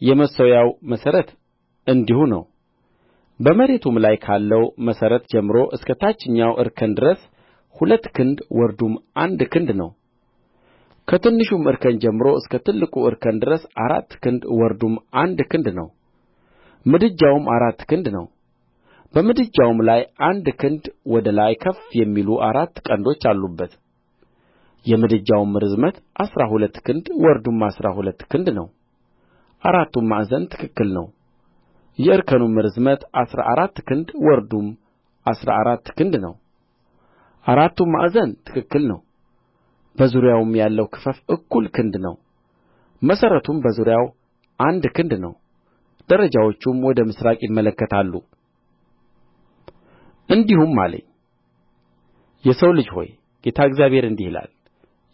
የመሠዊያው መሠረት እንዲሁ ነው በመሬቱም ላይ ካለው መሠረት ጀምሮ እስከ ታችኛው እርከን ድረስ ሁለት ክንድ ወርዱም አንድ ክንድ ነው ከትንሹም እርከን ጀምሮ እስከ ትልቁ እርከን ድረስ አራት ክንድ ወርዱም አንድ ክንድ ነው ምድጃውም አራት ክንድ ነው በምድጃውም ላይ አንድ ክንድ ወደ ላይ ከፍ የሚሉ አራት ቀንዶች አሉበት የምድጃውም ርዝመት አሥራ ሁለት ክንድ ወርዱም አሥራ ሁለት ክንድ ነው አራቱም ማዕዘን ትክክል ነው የእርከኑም ርዝመት አሥራ አራት ክንድ ወርዱም አሥራ አራት ክንድ ነው አራቱም ማዕዘን ትክክል ነው በዙሪያውም ያለው ክፈፍ እኩል ክንድ ነው መሠረቱም በዙሪያው አንድ ክንድ ነው ደረጃዎቹም ወደ ምሥራቅ ይመለከታሉ እንዲህም አለኝ የሰው ልጅ ሆይ ጌታ እግዚአብሔር እንዲህ ይላል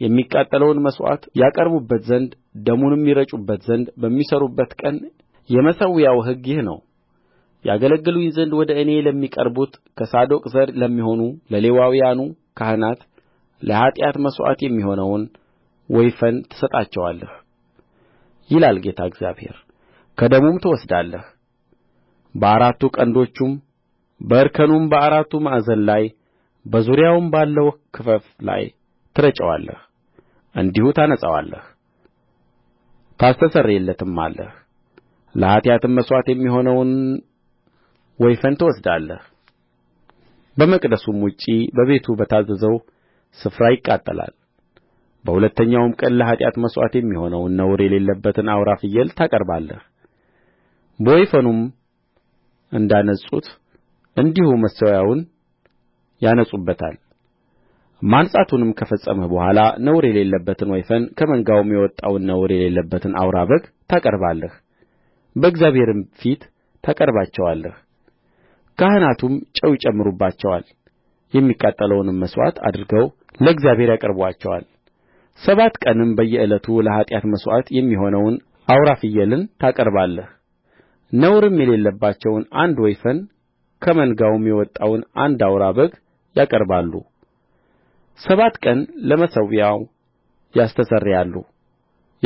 የሚቃጠለውን መሥዋዕት ያቀርቡበት ዘንድ ደሙንም ይረጩበት ዘንድ በሚሠሩበት ቀን የመሠዊያው ሕግ ይህ ነው ያገለግሉኝ ዘንድ ወደ እኔ ለሚቀርቡት ከሳዶቅ ዘር ለሚሆኑ ለሌዋውያኑ ካህናት ለኃጢአት መሥዋዕት የሚሆነውን ወይፈን ትሰጣቸዋለህ ይላል ጌታ እግዚአብሔር ከደሙም ትወስዳለህ በአራቱ ቀንዶቹም በእርከኑም በአራቱ ማዕዘን ላይ በዙሪያውም ባለው ክፈፍ ላይ ትረጨዋለህ እንዲሁ ታነጻዋለህ ታስተሰርይለትማለህ ለኃጢአትም መሥዋዕት የሚሆነውን ወይፈን ትወስዳለህ በመቅደሱም ውጭ በቤቱ በታዘዘው ስፍራ ይቃጠላል በሁለተኛውም ቀን ለኃጢአት መሥዋዕት የሚሆነውን ነውር የሌለበትን አውራ ፍየል ታቀርባለህ በወይፈኑም እንዳነጹት እንዲሁ መሠዊያውን ያነጹበታል ማንጻቱንም ከፈጸምህ በኋላ ነውር የሌለበትን ወይፈን ከመንጋውም የወጣውን ነውር የሌለበትን አውራ በግ ታቀርባለህ በእግዚአብሔርም ፊት ታቀርባቸዋለህ ካህናቱም ጨው ይጨምሩባቸዋል የሚቃጠለውንም መሥዋዕት አድርገው ለእግዚአብሔር ያቀርቡአቸዋል ሰባት ቀንም በየዕለቱ ለኃጢአት መሥዋዕት የሚሆነውን አውራ ፍየልን ታቀርባለህ ነውርም የሌለባቸውን አንድ ወይፈን ከመንጋውም የወጣውን አንድ አውራ በግ ያቀርባሉ ሰባት ቀን ለመሠዊያው ያስተሰርያሉ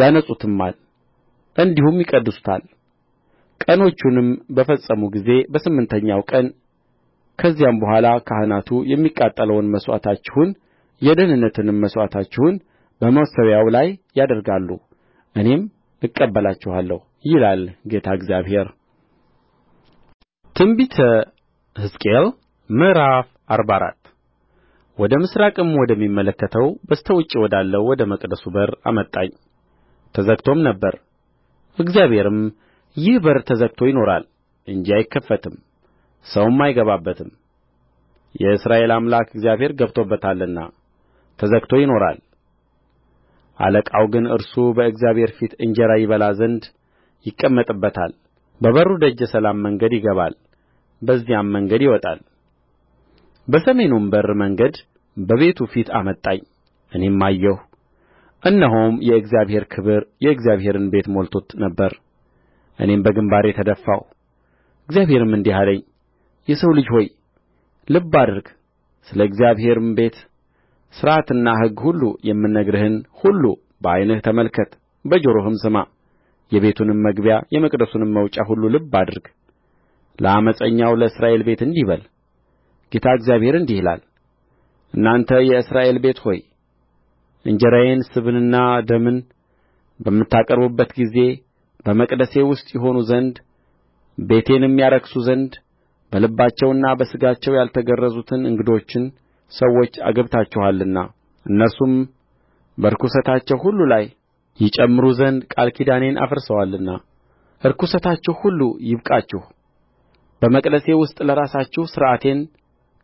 ያነጹትማል እንዲሁም ይቀድሱታል ቀኖቹንም በፈጸሙ ጊዜ በስምንተኛው ቀን ከዚያም በኋላ ካህናቱ የሚቃጠለውን መሥዋዕታችሁን የደኅንነትንም መሥዋዕታችሁን በመሠዊያው ላይ ያደርጋሉ እኔም እቀበላችኋለሁ ይላል ጌታ እግዚአብሔር ትንቢተ ሕዝቅኤል ምዕራፍ አርባ አራት ወደ ምሥራቅም ወደሚመለከተው በስተ ውጭ ወዳለው ወደ መቅደሱ በር አመጣኝ ተዘግቶም ነበር እግዚአብሔርም ይህ በር ተዘግቶ ይኖራል እንጂ አይከፈትም ሰውም አይገባበትም የእስራኤል አምላክ እግዚአብሔር ገብቶበታልና ተዘግቶ ይኖራል አለቃው ግን እርሱ በእግዚአብሔር ፊት እንጀራ ይበላ ዘንድ ይቀመጥበታል በበሩ ደጀ ሰላም መንገድ ይገባል በዚያም መንገድ ይወጣል በሰሜኑም በር መንገድ በቤቱ ፊት አመጣኝ እኔም አየሁ እነሆም የእግዚአብሔር ክብር የእግዚአብሔርን ቤት ሞልቶት ነበር እኔም በግምባሬ ተደፋሁ እግዚአብሔርም እንዲህ አለኝ የሰው ልጅ ሆይ ልብ አድርግ ስለ እግዚአብሔርም ቤት ሥርዓትና ሕግ ሁሉ የምነግርህን ሁሉ በዓይንህ ተመልከት በጆሮህም ስማ የቤቱንም መግቢያ የመቅደሱንም መውጫ ሁሉ ልብ አድርግ ለዓመፀኛው ለእስራኤል ቤት እንዲህ በል ጌታ እግዚአብሔር እንዲህ ይላል እናንተ የእስራኤል ቤት ሆይ እንጀራዬን ስብንና ደምን በምታቀርቡበት ጊዜ በመቅደሴ ውስጥ ይሆኑ ዘንድ ቤቴንም ያረክሱ ዘንድ በልባቸውና በሥጋቸው ያልተገረዙትን እንግዶችን ሰዎች አግብታችኋልና እነርሱም በርኵሰታቸው ሁሉ ላይ ይጨምሩ ዘንድ ቃል ኪዳኔን አፍርሰዋልና ርኵሰታችሁ ሁሉ ይብቃችሁ በመቅደሴ ውስጥ ለራሳችሁ ሥርዓቴን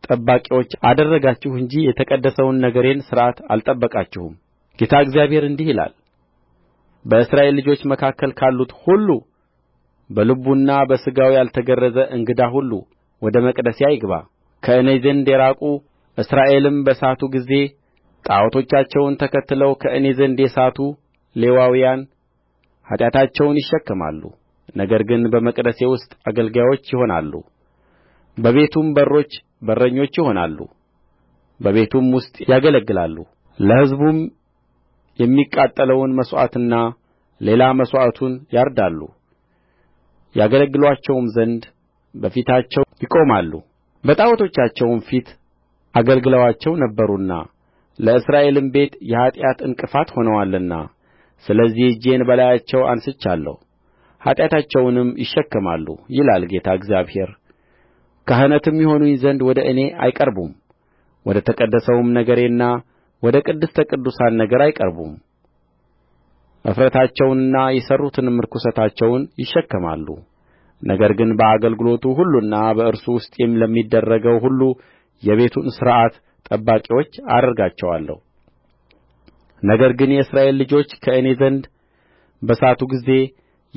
ጠባቂዎች አደረጋችሁ እንጂ የተቀደሰውን ነገሬን ሥርዓት አልጠበቃችሁም ጌታ እግዚአብሔር እንዲህ ይላል በእስራኤል ልጆች መካከል ካሉት ሁሉ በልቡና በሥጋው ያልተገረዘ እንግዳ ሁሉ ወደ መቅደሴ አይግባ ከእኔ ዘንድ የራቁ እስራኤልም በሳቱ ጊዜ ጣዖቶቻቸውን ተከትለው ከእኔ ዘንድ የሳቱ ሌዋውያን ኃጢአታቸውን ይሸከማሉ ነገር ግን በመቅደሴ ውስጥ አገልጋዮች ይሆናሉ በቤቱም በሮች በረኞች ይሆናሉ በቤቱም ውስጥ ያገለግላሉ ለሕዝቡም የሚቃጠለውን መሥዋዕትና ሌላ መሥዋዕቱን ያርዳሉ ያገለግሉአቸውም ዘንድ በፊታቸው ይቆማሉ በጣዖቶቻቸውም ፊት አገልግለዋቸው ነበሩና ለእስራኤልም ቤት የኃጢአት ዕንቅፋት ሆነዋልና ስለዚህ እጄን በላያቸው አንሥቻለሁ ኃጢአታቸውንም ይሸከማሉ ይላል ጌታ እግዚአብሔር ካህናትም ይሆኑኝ ዘንድ ወደ እኔ አይቀርቡም ወደ ተቀደሰውም ነገሬና ወደ ቅድስተ ቅዱሳን ነገር አይቀርቡም እፍረታቸውንና የሠሩትንም ርኵሰታቸውን ይሸከማሉ ነገር ግን በአገልግሎቱ ሁሉና በእርሱ ውስጥ ለሚደረገው ሁሉ የቤቱን ሥርዓት ጠባቂዎች አደርጋቸዋለሁ ነገር ግን የእስራኤል ልጆች ከእኔ ዘንድ በሳቱ ጊዜ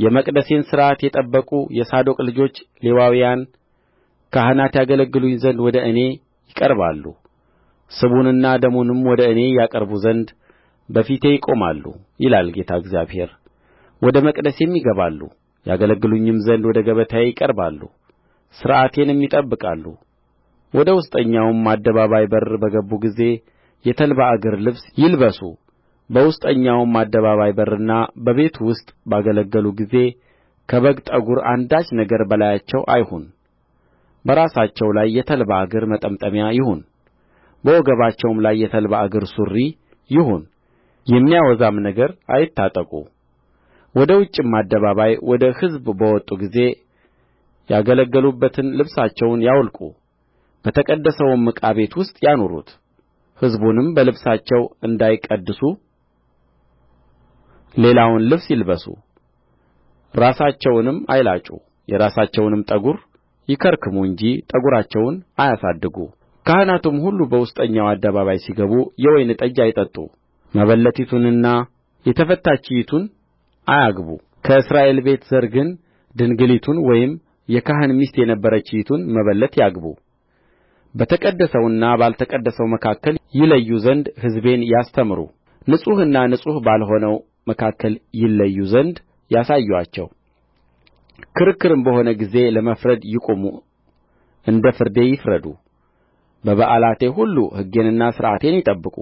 የመቅደሴን ሥርዓት የጠበቁ የሳዶቅ ልጆች ሌዋውያን ካህናት ያገለግሉኝ ዘንድ ወደ እኔ ይቀርባሉ ስቡንና ደሙንም ወደ እኔ ያቀርቡ ዘንድ በፊቴ ይቆማሉ ይላል ጌታ እግዚአብሔር ወደ መቅደሴም ይገባሉ ያገለግሉኝም ዘንድ ወደ ገበታዬ ይቀርባሉ ሥርዓቴንም ይጠብቃሉ ወደ ውስጠኛውም አደባባይ በር በገቡ ጊዜ የተልባ እግር ልብስ ይልበሱ በውስጠኛውም አደባባይ በርና በቤቱ ውስጥ ባገለገሉ ጊዜ ከበግ ጠጉር አንዳች ነገር በላያቸው አይሁን በራሳቸው ላይ የተልባ እግር መጠምጠሚያ ይሁን በወገባቸውም ላይ የተልባ እግር ሱሪ ይሁን የሚያወዛም ነገር አይታጠቁ ወደ ውጭም አደባባይ ወደ ሕዝብ በወጡ ጊዜ ያገለገሉበትን ልብሳቸውን ያውልቁ በተቀደሰውም ዕቃ ቤት ውስጥ ያኑሩት ሕዝቡንም በልብሳቸው እንዳይቀድሱ ሌላውን ልብስ ይልበሱ ራሳቸውንም አይላጩ የራሳቸውንም ጠጕር ይከርክሙ እንጂ ጠጕራቸውን አያሳድጉ ካህናቱም ሁሉ በውስጠኛው አደባባይ ሲገቡ የወይን ጠጅ አይጠጡ መበለቲቱንና የተፈታችይቱን አያግቡ ከእስራኤል ቤት ዘር ግን ድንግሊቱን ወይም የካህን ሚስት የነበረችይቱን መበለት ያግቡ በተቀደሰውና ባልተቀደሰው መካከል ይለዩ ዘንድ ሕዝቤን ያስተምሩ ንጹሕና ንጹሕ ባልሆነው መካከል ይለዩ ዘንድ ያሳዩአቸው ክርክርም በሆነ ጊዜ ለመፍረድ ይቁሙ እንደ ፍርዴ ይፍረዱ በበዓላቴ ሁሉ ሕጌንና ሥርዓቴን ይጠብቁ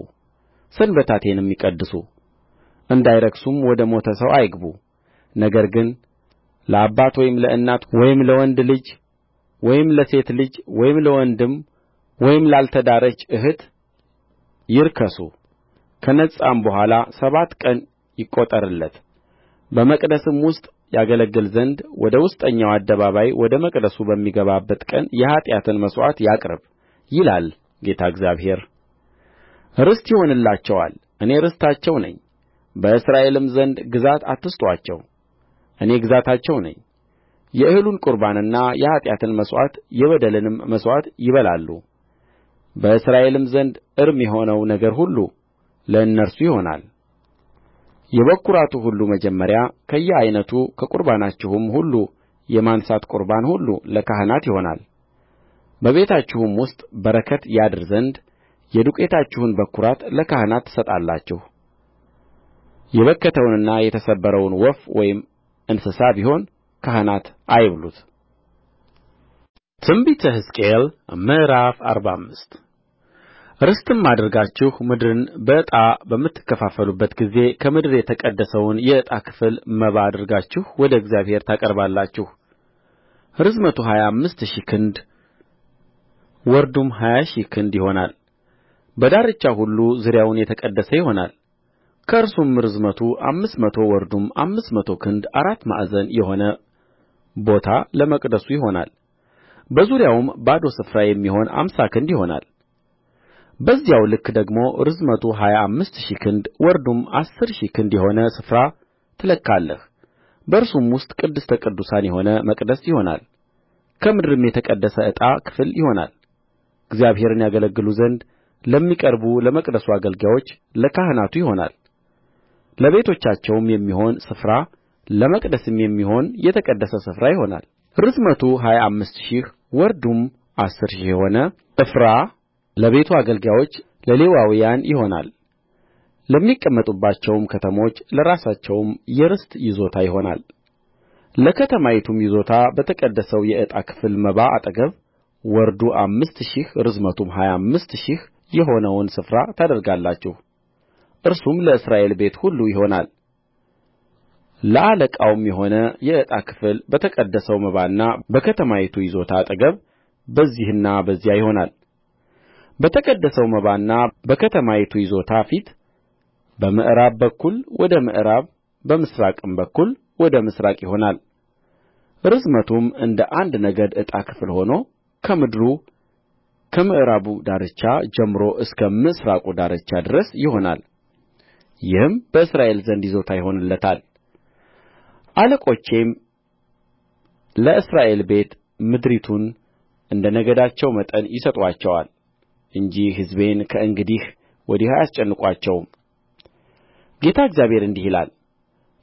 ሰንበታቴንም ይቀድሱ እንዳይረክሱም ወደ ሞተ ሰው አይግቡ ነገር ግን ለአባት ወይም ለእናት ወይም ለወንድ ልጅ ወይም ለሴት ልጅ ወይም ለወንድም ወይም ላልተዳረች እህት ይርከሱ ከነጻም በኋላ ሰባት ቀን ይቈጠርለት በመቅደስም ውስጥ ያገለግል ዘንድ ወደ ውስጠኛው አደባባይ ወደ መቅደሱ በሚገባበት ቀን የኃጢአትን መሥዋዕት ያቅርብ ይላል ጌታ እግዚአብሔር ርስት ይሆንላቸዋል እኔ ርስታቸው ነኝ በእስራኤልም ዘንድ ግዛት አትስጡአቸው እኔ ግዛታቸው ነኝ የእህሉን ቍርባንና የኃጢአትን መሥዋዕት የበደልንም መሥዋዕት ይበላሉ በእስራኤልም ዘንድ እርም የሆነው ነገር ሁሉ ለእነርሱ ይሆናል የበኵራቱ ሁሉ መጀመሪያ ከየዓይነቱ ከቍርባናችሁም ሁሉ የማንሣት ቍርባን ሁሉ ለካህናት ይሆናል በቤታችሁም ውስጥ በረከት ያድር ዘንድ የዱቄታችሁን በኵራት ለካህናት ትሰጣላችሁ የበከተውንና የተሰበረውን ወፍ ወይም እንስሳ ቢሆን ካህናት አይብሉት ትንቢተ ሕዝቅኤል ምዕራፍ አርባ አምስት ርስትም አድርጋችሁ ምድርን በዕጣ በምትካፈሉበት ጊዜ ከምድር የተቀደሰውን የዕጣ ክፍል መባ አድርጋችሁ ወደ እግዚአብሔር ታቀርባላችሁ ርዝመቱ ሀያ አምስት ሺህ ክንድ ወርዱም ሀያ ሺህ ክንድ ይሆናል በዳርቻ ሁሉ ዙሪያውን የተቀደሰ ይሆናል ከእርሱም ርዝመቱ አምስት መቶ ወርዱም አምስት መቶ ክንድ አራት ማዕዘን የሆነ ቦታ ለመቅደሱ ይሆናል በዙሪያውም ባዶ ስፍራ የሚሆን አምሳ ክንድ ይሆናል በዚያው ልክ ደግሞ ርዝመቱ ሀያ አምስት ሺህ ክንድ ወርዱም አሥር ሺህ ክንድ የሆነ ስፍራ ትለካለህ በእርሱም ውስጥ ቅድስተ ቅዱሳን የሆነ መቅደስ ይሆናል ከምድርም የተቀደሰ ዕጣ ክፍል ይሆናል እግዚአብሔርን ያገለግሉ ዘንድ ለሚቀርቡ ለመቅደሱ አገልጋዮች ለካህናቱ ይሆናል ለቤቶቻቸውም የሚሆን ስፍራ ለመቅደስም የሚሆን የተቀደሰ ስፍራ ይሆናል ርዝመቱ ሀያ አምስት ሺህ ወርዱም አሥር ሺህ የሆነ ዕፍራ ለቤቱ አገልጋዮች ለሌዋውያን ይሆናል ለሚቀመጡባቸውም ከተሞች ለራሳቸውም የርስት ይዞታ ይሆናል ለከተማይቱም ይዞታ በተቀደሰው የዕጣ ክፍል መባ አጠገብ ወርዱ አምስት ሺህ ርዝመቱም ሀያ አምስት ሺህ የሆነውን ስፍራ ታደርጋላችሁ እርሱም ለእስራኤል ቤት ሁሉ ይሆናል ለአለቃውም የሆነ የዕጣ ክፍል በተቀደሰው መባና በከተማይቱ ይዞታ አጠገብ በዚህና በዚያ ይሆናል በተቀደሰው መባና በከተማይቱ ይዞታ ፊት በምዕራብ በኩል ወደ ምዕራብ በምሥራቅም በኩል ወደ ምሥራቅ ይሆናል ርዝመቱም እንደ አንድ ነገድ ዕጣ ክፍል ሆኖ ከምድሩ ከምዕራቡ ዳርቻ ጀምሮ እስከ ምሥራቁ ዳርቻ ድረስ ይሆናል ይህም በእስራኤል ዘንድ ይዞታ ይሆንለታል አለቆቼም ለእስራኤል ቤት ምድሪቱን እንደ ነገዳቸው መጠን ይሰጡአቸዋል እንጂ ሕዝቤን ከእንግዲህ ወዲህ አያስጨንቋቸውም ጌታ እግዚአብሔር እንዲህ ይላል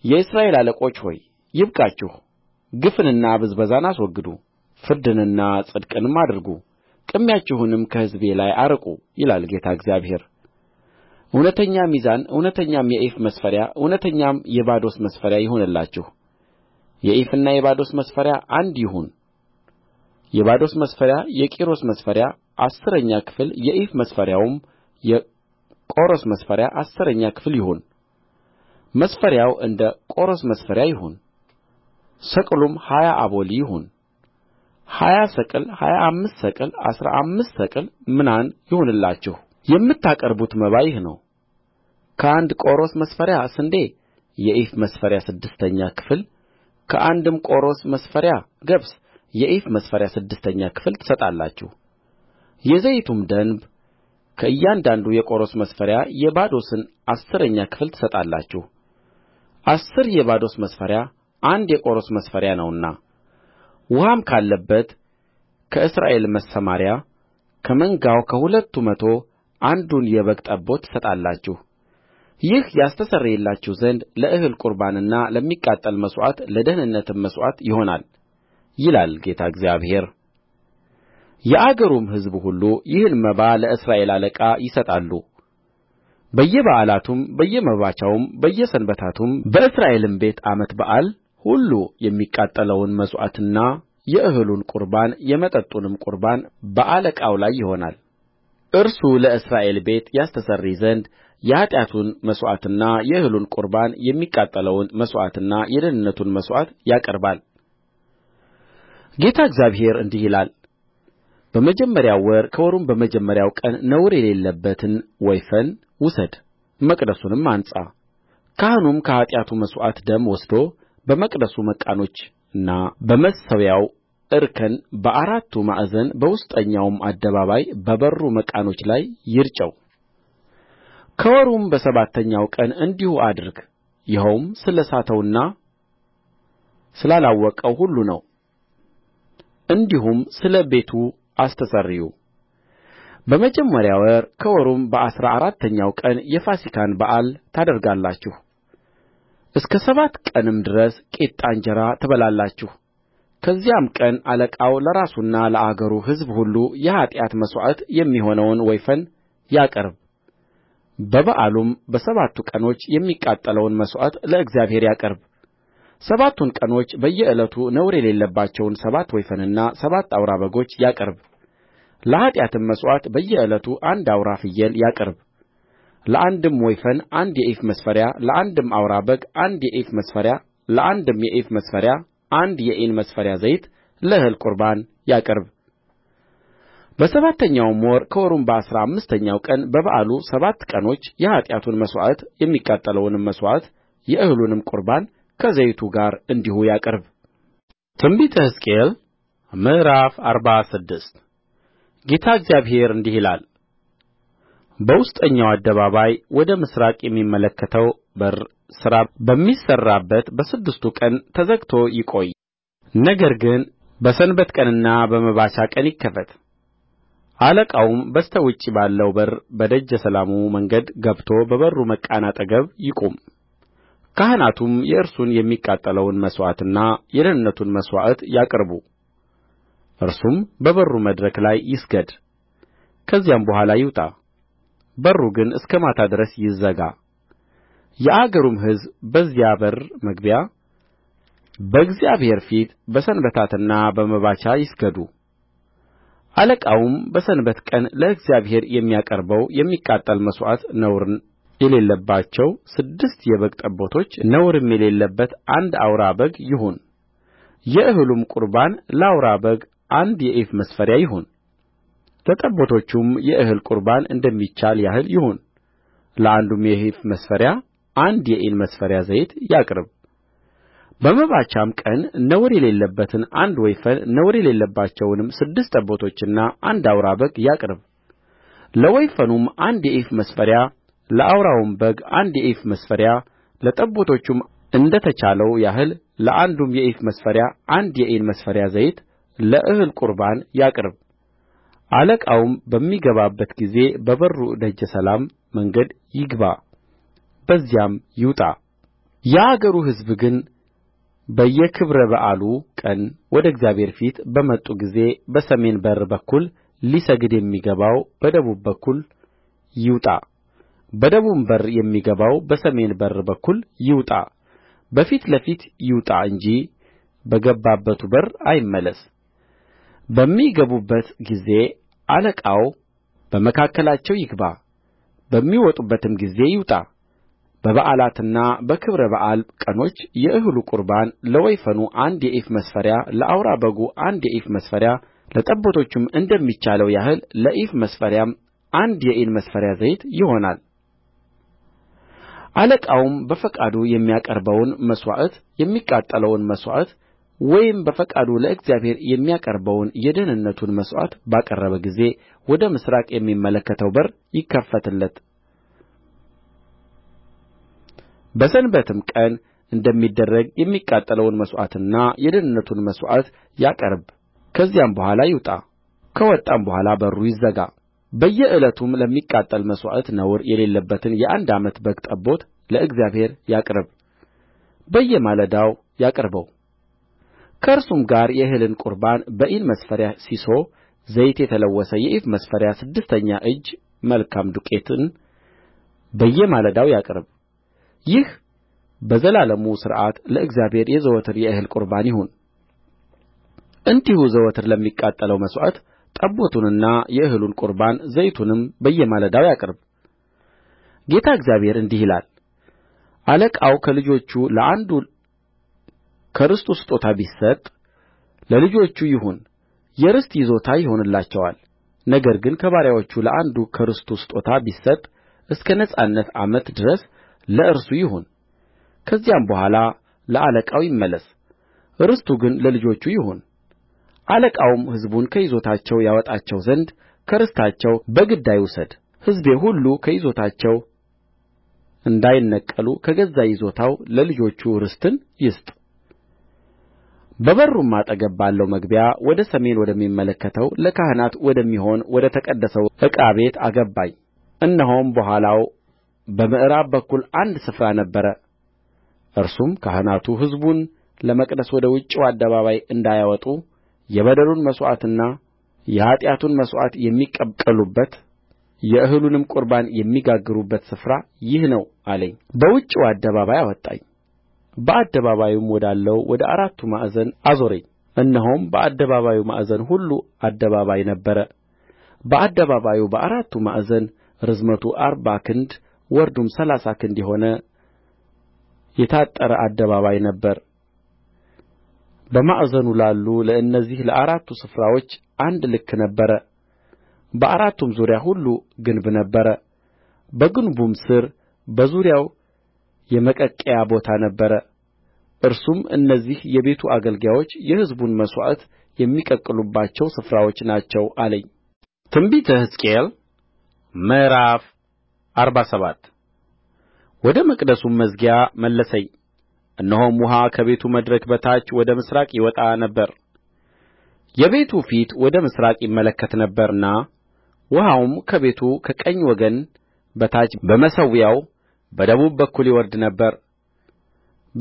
የእስራኤል አለቆች ሆይ ይብቃችሁ ግፍንና ብዝበዛን አስወግዱ ፍርድንና ጽድቅንም አድርጉ ቅሚያችሁንም ከሕዝቤ ላይ አርቁ ይላል ጌታ እግዚአብሔር እውነተኛ ሚዛን እውነተኛም የኢፍ መስፈሪያ እውነተኛም የባዶስ መስፈሪያ ይሁንላችሁ የኢፍና የባዶስ መስፈሪያ አንድ ይሁን የባዶስ መስፈሪያ የቂሮስ መስፈሪያ አሥረኛ ክፍል የኢፍ መስፈሪያውም የቆሮስ መስፈሪያ አሥረኛ ክፍል ይሁን መስፈሪያው እንደ ቆሮስ መስፈሪያ ይሁን ሰቅሉም ሀያ አቦሊ ይሁን ሀያ ሰቅል ሀያ አምስት ሰቅል አሥራ አምስት ሰቅል ምናን ይሁንላችሁ የምታቀርቡት መባ ይህ ነው ከአንድ ቆሮስ መስፈሪያ ስንዴ የኢፍ መስፈሪያ ስድስተኛ ክፍል ከአንድም ቆሮስ መስፈሪያ ገብስ የኢፍ መስፈሪያ ስድስተኛ ክፍል ትሰጣላችሁ የዘይቱም ደንብ ከእያንዳንዱ የቆሮስ መስፈሪያ የባዶስን አሥረኛ ክፍል ትሰጣላችሁ አሥር የባዶስ መስፈሪያ አንድ የቆሮስ መስፈሪያ ነውና ውኃም ካለበት ከእስራኤል መሰማሪያ ከመንጋው ከሁለቱ መቶ አንዱን የበግ ጠቦት ትሰጣላችሁ ይህ ያስተሰርይላችሁ ዘንድ ለእህል ቍርባንና ለሚቃጠል መሥዋዕት ለደኅንነትም መሥዋዕት ይሆናል ይላል ጌታ እግዚአብሔር የአገሩም ሕዝብ ሁሉ ይህን መባ ለእስራኤል አለቃ ይሰጣሉ በየበዓላቱም በየመባቻውም በየሰንበታቱም በእስራኤልም ቤት ዓመት በዓል ሁሉ የሚቃጠለውን መሥዋዕትና የእህሉን ቍርባን የመጠጡንም ቍርባን በአለቃው ላይ ይሆናል እርሱ ለእስራኤል ቤት ያስተሰርይ ዘንድ የኃጢአቱን መሥዋዕትና የእህሉን ቍርባን የሚቃጠለውን መሥዋዕትና የደኅንነቱን መሥዋዕት ያቀርባል ጌታ እግዚአብሔር እንዲህ ይላል በመጀመሪያው ወር ከወሩም በመጀመሪያው ቀን ነውር የሌለበትን ወይፈን ውሰድ መቅደሱንም አንጻ ካህኑም ከኃጢአቱ መሥዋዕት ደም ወስዶ በመቅደሱ መቃኖችና በመሠዊያው እርከን በአራቱ ማዕዘን በውስጠኛውም አደባባይ በበሩ መቃኖች ላይ ይርጨው ከወሩም በሰባተኛው ቀን እንዲሁ አድርግ ይኸውም ስለ ሳተውና ስላላወቀው ሁሉ ነው እንዲሁም ስለ ቤቱ አስተስርዩ በመጀመሪያ ወር ከወሩም በአሥራ አራተኛው ቀን የፋሲካን በዓል ታደርጋላችሁ እስከ ሰባት ቀንም ድረስ ቂጣ እንጀራ ትበላላችሁ ከዚያም ቀን አለቃው ለራሱና ለአገሩ ሕዝብ ሁሉ የኃጢአት መሥዋዕት የሚሆነውን ወይፈን ያቅርብ በበዓሉም በሰባቱ ቀኖች የሚቃጠለውን መሥዋዕት ለእግዚአብሔር ያቅርብ ሰባቱን ቀኖች በየዕለቱ ነውር የሌለባቸውን ሰባት ወይፈንና ሰባት አውራ በጎች ያቅርብ ለኃጢአትም መሥዋዕት በየዕለቱ አንድ አውራ ፍየል ያቅርብ ለአንድም ወይፈን አንድ የኢፍ መስፈሪያ ለአንድም አውራ በግ አንድ የኢፍ መስፈሪያ ለአንድም የኢፍ መስፈሪያ አንድ የኢን መስፈሪያ ዘይት ለእህል ቍርባን ያቅርብ በሰባተኛውም ወር ከወሩም በአሥራ አምስተኛው ቀን በበዓሉ ሰባት ቀኖች የኃጢአቱን መሥዋዕት የሚቃጠለውንም መሥዋዕት የእህሉንም ቍርባን ከዘይቱ ጋር እንዲሁ ያቅርብ ትንቢተ ሕዝቅኤል ምዕራፍ አርባ ስድስት ጌታ እግዚአብሔር እንዲህ ይላል በውስጠኛው አደባባይ ወደ ምሥራቅ የሚመለከተው በር ሥራ በሚሠራበት በስድስቱ ቀን ተዘግቶ ይቈይ ነገር ግን በሰንበት ቀንና በመባቻ ቀን ይከፈት አለቃውም በስተ ውጭ ባለው በር በደጀ ሰላሙ መንገድ ገብቶ በበሩ መቃን አጠገብ ይቁም ካህናቱም የእርሱን የሚቃጠለውን መሥዋዕትና የደኅንነቱን መሥዋዕት ያቅርቡ እርሱም በበሩ መድረክ ላይ ይስገድ ከዚያም በኋላ ይውጣ በሩ ግን እስከ ማታ ድረስ ይዘጋ የአገሩም ሕዝብ በዚያ በር መግቢያ በእግዚአብሔር ፊት በሰንበታትና በመባቻ ይስገዱ አለቃውም በሰንበት ቀን ለእግዚአብሔር የሚያቀርበው የሚቃጠል መሥዋዕት ነውር የሌለባቸው ስድስት የበግ ጠቦቶች ነውርም የሌለበት አንድ አውራ በግ ይሁን የእህሉም ቍርባን ለአውራ በጉ አንድ የኢፍ መስፈሪያ ይሁን ለጠቦቶቹም የእህል ቍርባን እንደሚቻል ያህል ይሁን ለአንዱም የኢፍ መስፈሪያ አንድ የኢን መስፈሪያ ዘይት ያቅርብ በመባቻም ቀን ነውር የሌለበትን አንድ ወይፈን ነውር የሌለባቸውንም ስድስት ጠቦቶችና አንድ አውራ በግ ያቅርብ ለወይፈኑም አንድ የኢፍ መስፈሪያ ለአውራውም በግ አንድ የኢፍ መስፈሪያ ለጠቦቶቹም እንደ ተቻለው ያህል ለአንዱም የኢፍ መስፈሪያ አንድ የኢን መስፈሪያ ዘይት ለእህል ቍርባን ያቅርብ አለቃውም በሚገባበት ጊዜ በበሩ ደጀ ሰላም መንገድ ይግባ በዚያም ይውጣ የአገሩ ሕዝብ ግን በየክብረ በዓሉ ቀን ወደ እግዚአብሔር ፊት በመጡ ጊዜ በሰሜን በር በኩል ሊሰግድ የሚገባው በደቡብ በኩል ይውጣ በደቡብም በር የሚገባው በሰሜን በር በኩል ይውጣ በፊት ለፊት ይውጣ እንጂ በገባበቱ በር አይመለስ በሚገቡበት ጊዜ አለቃው በመካከላቸው ይግባ በሚወጡበትም ጊዜ ይውጣ በበዓላትና በክብረ በዓል ቀኖች የእህሉ ቍርባን ለወይፈኑ አንድ የኢፍ መስፈሪያ ለአውራ በጉ አንድ የኢፍ መስፈሪያ ለጠቦቶቹም እንደሚቻለው ያህል ለኢፍ መስፈሪያም አንድ የኢን መስፈሪያ ዘይት ይሆናል አለቃውም በፈቃዱ የሚያቀርበውን መሥዋዕት የሚቃጠለውን መሥዋዕት ወይም በፈቃዱ ለእግዚአብሔር የሚያቀርበውን የደኅንነቱን መሥዋዕት ባቀረበ ጊዜ ወደ ምሥራቅ የሚመለከተው በር ይከፈትለት በሰንበትም ቀን እንደሚደረግ የሚቃጠለውን መሥዋዕትና የደኅንነቱን መሥዋዕት ያቅርብ ከዚያም በኋላ ይውጣ ከወጣም በኋላ በሩ ይዘጋ በየዕለቱም ለሚቃጠል መሥዋዕት ነውር የሌለበትን የአንድ ዓመት በግ ጠቦት ለእግዚአብሔር ያቅርብ በየማለዳው ያቅርበው ከእርሱም ጋር የእህልን ቍርባን በኢን መስፈሪያ ሢሶ ዘይት የተለወሰ የኢፍ መስፈሪያ ስድስተኛ እጅ መልካም ዱቄትን በየማለዳው ያቅርብ ይህ በዘላለሙ ሥርዓት ለእግዚአብሔር የዘወትር የእህል ቍርባን ይሁን እንዲሁ ዘወትር ለሚቃጠለው መሥዋዕት ጠቦቱንና የእህሉን ቍርባን ዘይቱንም በየማለዳው ያቅርብ ጌታ እግዚአብሔር እንዲህ ይላል አለቃው ከልጆቹ ለአንዱ ከርስቱ ስጦታ ቢሰጥ ለልጆቹ ይሁን የርስት ይዞታ ይሆንላቸዋል ነገር ግን ከባሪያዎቹ ለአንዱ ከርስቱ ስጦታ ቢሰጥ እስከ ነጻነት ዓመት ድረስ ለእርሱ ይሁን ከዚያም በኋላ ለአለቃው ይመለስ ርስቱ ግን ለልጆቹ ይሁን አለቃውም ሕዝቡን ከይዞታቸው ያወጣቸው ዘንድ ከርስታቸው በግድ አይውሰድ ሕዝቤ ሁሉ ከይዞታቸው እንዳይነቀሉ ከገዛ ይዞታው ለልጆቹ ርስትን ይስጥ በበሩም አጠገብ ባለው መግቢያ ወደ ሰሜን ወደሚመለከተው ለካህናት ወደሚሆን ወደ ተቀደሰው ዕቃ ቤት አገባኝ እነሆም በኋላው በምዕራብ በኩል አንድ ስፍራ ነበረ እርሱም ካህናቱ ሕዝቡን ለመቅደስ ወደ ውጭው አደባባይ እንዳያወጡ የበደሉን መሥዋዕትና የኃጢአቱን መሥዋዕት የሚቀቅሉበት የእህሉንም ቍርባን የሚጋግሩበት ስፍራ ይህ ነው አለኝ በውጭው አደባባይ አወጣኝ በአደባባዩም ወዳለው ወደ አራቱ ማዕዘን አዞረኝ እነሆም በአደባባዩ ማዕዘን ሁሉ አደባባይ ነበረ በአደባባዩ በአራቱ ማዕዘን ርዝመቱ አርባ ክንድ ወርዱም ሠላሳ ክንድ የሆነ የታጠረ አደባባይ ነበረ በማዕዘኑ ላሉ ለእነዚህ ለአራቱ ስፍራዎች አንድ ልክ ነበረ በአራቱም ዙሪያ ሁሉ ግንብ ነበረ በግንቡም ሥር በዙሪያው የመቀቀያ ቦታ ነበረ እርሱም እነዚህ የቤቱ አገልጋዮች የሕዝቡን መሥዋዕት የሚቀቅሉባቸው ስፍራዎች ናቸው አለኝ ትንቢተ ሕዝቅኤል ምዕራፍ አርባ ሰባት ወደ መቅደሱም መዝጊያ መለሰኝ እነሆም ውኃ ከቤቱ መድረክ በታች ወደ ምሥራቅ ይወጣ ነበር የቤቱ ፊት ወደ ምሥራቅ ይመለከት ነበርና ውኃውም ከቤቱ ከቀኝ ወገን በታች በመሠዊያው በደቡብ በኩል ይወርድ ነበር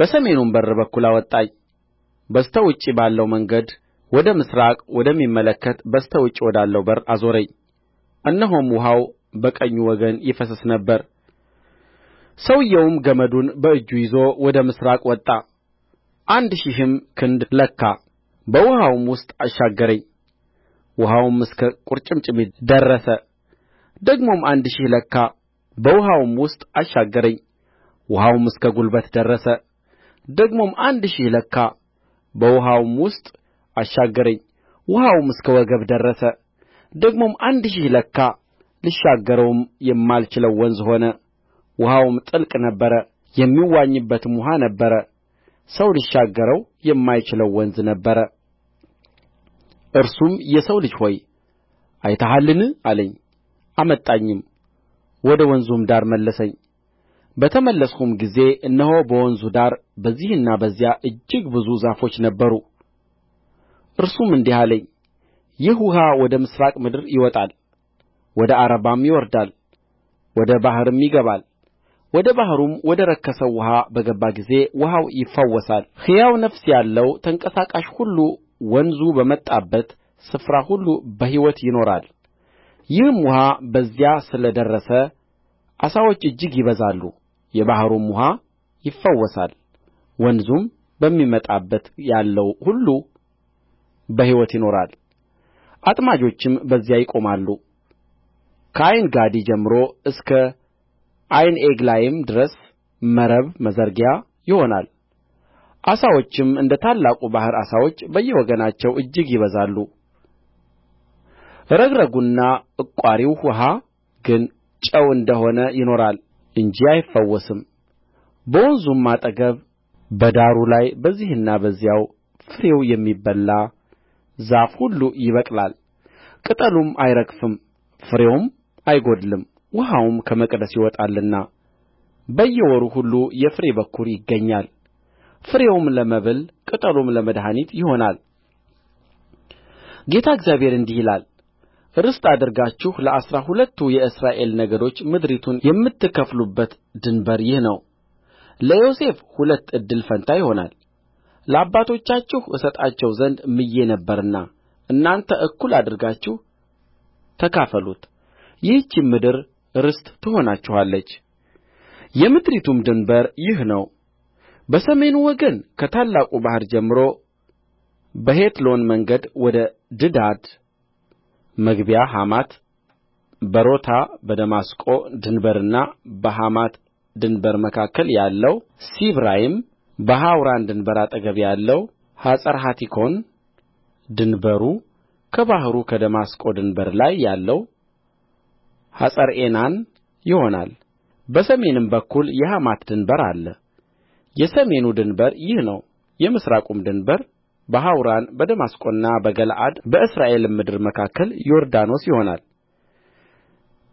በሰሜኑም በር በኩል አወጣኝ በስተ ውጭ ባለው መንገድ ወደ ምሥራቅ ወደሚመለከት በስተ ውጭ ወዳለው በር አዞረኝ እነሆም ውኃው በቀኙ ወገን ይፈስስ ነበር ሰውዮውም ገመዱን በእጁ ይዞ ወደ ምሥራቅ ወጣ አንድ ሺህም ክንድ ለካ በውኃውም ውስጥ አሻገረኝ ውኃውም እስከ ቍርጭምጭሚት ደረሰ ደግሞም አንድ ሺህ ለካ በውኃውም ውስጥ አሻገረኝ ውኃውም እስከ ጕልበት ደረሰ ደግሞም አንድ ሺህ ለካ በውኃውም ውስጥ አሻገረኝ ውኃውም እስከ ወገብ ደረሰ ደግሞም አንድ ሺህ ለካ ልሻገረውም የማልችለው ወንዝ ሆነ ውኃውም ጥልቅ ነበረ የሚዋኝበትም ውኃ ነበረ ሰው ሊሻገረው የማይችለው ወንዝ ነበረ እርሱም የሰው ልጅ ሆይ አይተሃልን አለኝ አመጣኝም ወደ ወንዙም ዳር መለሰኝ በተመለስሁም ጊዜ እነሆ በወንዙ ዳር በዚህና በዚያ እጅግ ብዙ ዛፎች ነበሩ እርሱም እንዲህ አለኝ ይህ ውኃ ወደ ምሥራቅ ምድር ይወጣል ወደ ዓረባም ይወርዳል ወደ ባሕርም ይገባል ወደ ባሕሩም ወደ ረከሰው ውኃ በገባ ጊዜ ውኃው ይፈወሳል ሕያው ነፍስ ያለው ተንቀሳቃሽ ሁሉ ወንዙ በመጣበት ስፍራ ሁሉ በሕይወት ይኖራል ይህም ውኃ በዚያ ስለ ደረሰ ዓሣዎች እጅግ ይበዛሉ የባሕሩም ውኃ ይፈወሳል ወንዙም በሚመጣበት ያለው ሁሉ በሕይወት ይኖራል አጥማጆችም በዚያ ይቆማሉ ከዓይንጋዲ ጀምሮ እስከ ዓይንኤግላይም ድረስ መረብ መዘርጊያ ይሆናል ዓሣዎችም እንደ ታላቁ ባሕር ዓሣዎች በየወገናቸው እጅግ ይበዛሉ ረግረጉና እቋሪው ውኃ ግን ጨው እንደ ሆነ ይኖራል እንጂ አይፈወስም በወንዙም አጠገብ በዳሩ ላይ በዚህና በዚያው ፍሬው የሚበላ ዛፍ ሁሉ ይበቅላል ቅጠሉም አይረግፍም ፍሬውም አይጐድልም ውኃውም ከመቅደስ ይወጣልና በየወሩ ሁሉ የፍሬ በኵር ይገኛል ፍሬውም ለመብል ቅጠሉም ለመድኃኒት ይሆናል ጌታ እግዚአብሔር እንዲህ ይላል ርስት አድርጋችሁ ለአሥራ ሁለቱ የእስራኤል ነገዶች ምድሪቱን የምትከፍሉበት ድንበር ይህ ነው ለዮሴፍ ሁለት እድል ፈንታ ይሆናል ለአባቶቻችሁ እሰጣቸው ዘንድ ምዬ ነበርና እናንተ እኩል አድርጋችሁ ተካፈሉት ይህችም ምድር ርስት ትሆናችኋለች የምድሪቱም ድንበር ይህ ነው በሰሜኑ ወገን ከታላቁ ባሕር ጀምሮ በሔትሎን መንገድ ወደ ጽዳድ መግቢያ ሐማት በሮታ በደማስቆ ድንበርና በሐማት ድንበር መካከል ያለው ሲብራይም በሐውራን ድንበር አጠገብ ያለው ሐጸርሃቲኮን ድንበሩ ከባሕሩ ከደማስቆ ድንበር ላይ ያለው ሐጸርዔናን ይሆናል በሰሜንም በኩል የሐማት ድንበር አለ የሰሜኑ ድንበር ይህ ነው የምሥራቁም ድንበር በሐውራን በደማስቆና በገለዓድ በእስራኤልም ምድር መካከል ዮርዳኖስ ይሆናል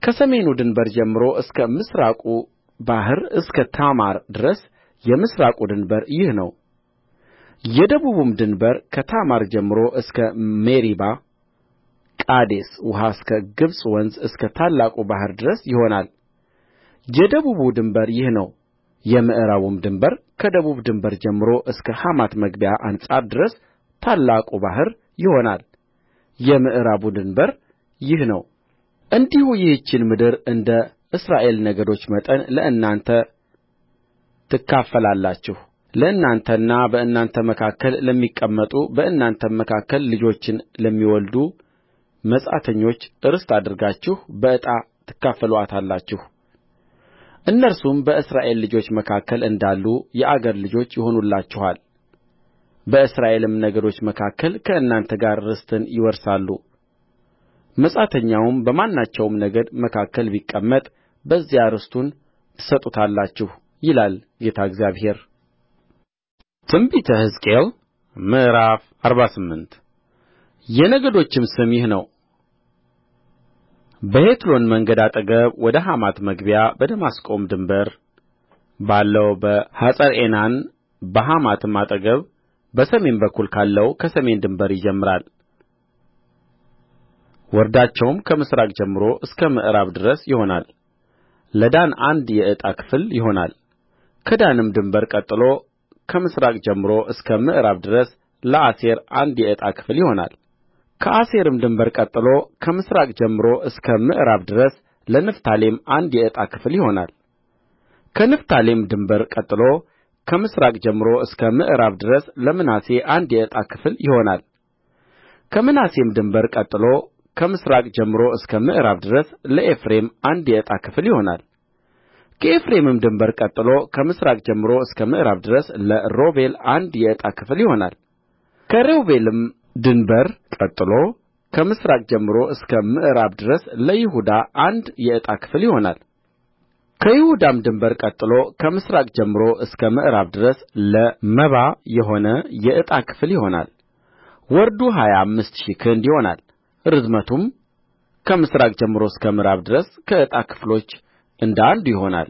ከሰሜኑ ድንበር ጀምሮ እስከ ምሥራቁ ባሕር እስከ ታማር ድረስ የምሥራቁ ድንበር ይህ ነው የደቡቡም ድንበር ከታማር ጀምሮ እስከ ሜሪባ ቃዴስ ውኃ እስከ ግብጽ ወንዝ እስከ ታላቁ ባሕር ድረስ ይሆናል የደቡቡ ድንበር ይህ ነው የምዕራቡም ድንበር ከደቡብ ድንበር ጀምሮ እስከ ሐማት መግቢያ አንጻር ድረስ ታላቁ ባሕር ይሆናል የምዕራቡ ድንበር ይህ ነው እንዲሁ ይህችን ምድር እንደ እስራኤል ነገዶች መጠን ለእናንተ ትካፈላላችሁ ለእናንተና በእናንተ መካከል ለሚቀመጡ በእናንተም መካከል ልጆችን ለሚወልዱ መጻተኞች ርስት አድርጋችሁ በዕጣ ትካፈሉአታላችሁ እነርሱም በእስራኤል ልጆች መካከል እንዳሉ የአገር ልጆች ይሆኑላችኋል በእስራኤልም ነገዶች መካከል ከእናንተ ጋር ርስትን ይወርሳሉ መጻተኛውም በማናቸውም ነገድ መካከል ቢቀመጥ በዚያ ርስቱን ትሰጡታላችሁ ይላል ጌታ እግዚአብሔር ትንቢተ ሕዝቅኤል ምዕራፍ አርባ ስምንት የነገዶችም ስም ይህ ነው በሔትሎን መንገድ አጠገብ ወደ ሐማት መግቢያ በደማስቆም ድንበር ባለው በሐጸርዔናን በሐማትም አጠገብ በሰሜን በኩል ካለው ከሰሜን ድንበር ይጀምራል ወርዳቸውም ከምሥራቅ ጀምሮ እስከ ምዕራብ ድረስ ይሆናል ለዳን አንድ የዕጣ ክፍል ይሆናል ከዳንም ድንበር ቀጥሎ ከምሥራቅ ጀምሮ እስከ ምዕራብ ድረስ ለአሴር አንድ የዕጣ ክፍል ይሆናል ከአሴርም ድንበር ቀጥሎ ከምሥራቅ ጀምሮ እስከ ምዕራብ ድረስ ለንፍታሌም አንድ የዕጣ ክፍል ይሆናል ከንፍታሌም ድንበር ቀጥሎ ከምሥራቅ ጀምሮ እስከ ምዕራብ ድረስ ለምናሴ አንድ የዕጣ ክፍል ይሆናል ከምናሴም ድንበር ቀጥሎ ከምሥራቅ ጀምሮ እስከ ምዕራብ ድረስ ለኤፍሬም አንድ የዕጣ ክፍል ይሆናል ከኤፍሬምም ድንበር ቀጥሎ ከምሥራቅ ጀምሮ እስከ ምዕራብ ድረስ ለሮቤል አንድ የዕጣ ክፍል ይሆናል ከሮቤልም ድንበር ቀጥሎ ከምሥራቅ ጀምሮ እስከ ምዕራብ ድረስ ለይሁዳ አንድ የዕጣ ክፍል ይሆናል ከይሁዳም ድንበር ቀጥሎ ከምሥራቅ ጀምሮ እስከ ምዕራብ ድረስ ለመባ የሆነ የዕጣ ክፍል ይሆናል ወርዱ ሀያ አምስት ሺህ ክንድ ይሆናል ርዝመቱም ከምሥራቅ ጀምሮ እስከ ምዕራብ ድረስ ከዕጣ ክፍሎች እንደ አንዱ ይሆናል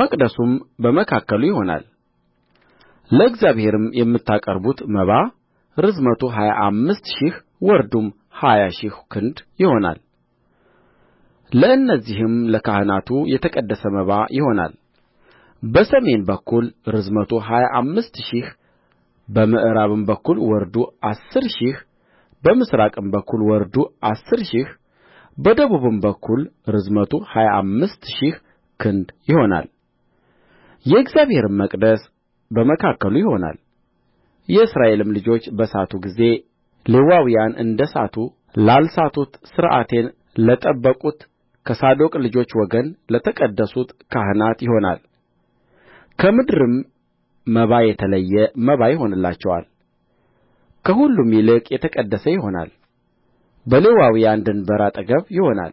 መቅደሱም በመካከሉ ይሆናል ለእግዚአብሔርም የምታቀርቡት መባ ርዝመቱ ሀያ አምስት ሺህ ወርዱም ሀያ ሺህ ክንድ ይሆናል ለእነዚህም ለካህናቱ የተቀደሰ መባ ይሆናል በሰሜን በኩል ርዝመቱ ሀያ አምስት ሺህ በምዕራብም በኩል ወርዱ አሥር ሺህ በምሥራቅም በኩል ወርዱ አሥር ሺህ በደቡብም በኩል ርዝመቱ ሀያ አምስት ሺህ ክንድ ይሆናል የእግዚአብሔርም መቅደስ በመካከሉ ይሆናል የእስራኤልም ልጆች በሳቱ ጊዜ ሌዋውያን እንደ ሳቱ ላልሳቱት ሥርዓቴን ለጠበቁት ከሳዶቅ ልጆች ወገን ለተቀደሱት ካህናት ይሆናል ከምድርም መባ የተለየ መባ ይሆንላቸዋል ከሁሉም ይልቅ የተቀደሰ ይሆናል በሌዋውያን ድንበር አጠገብ ይሆናል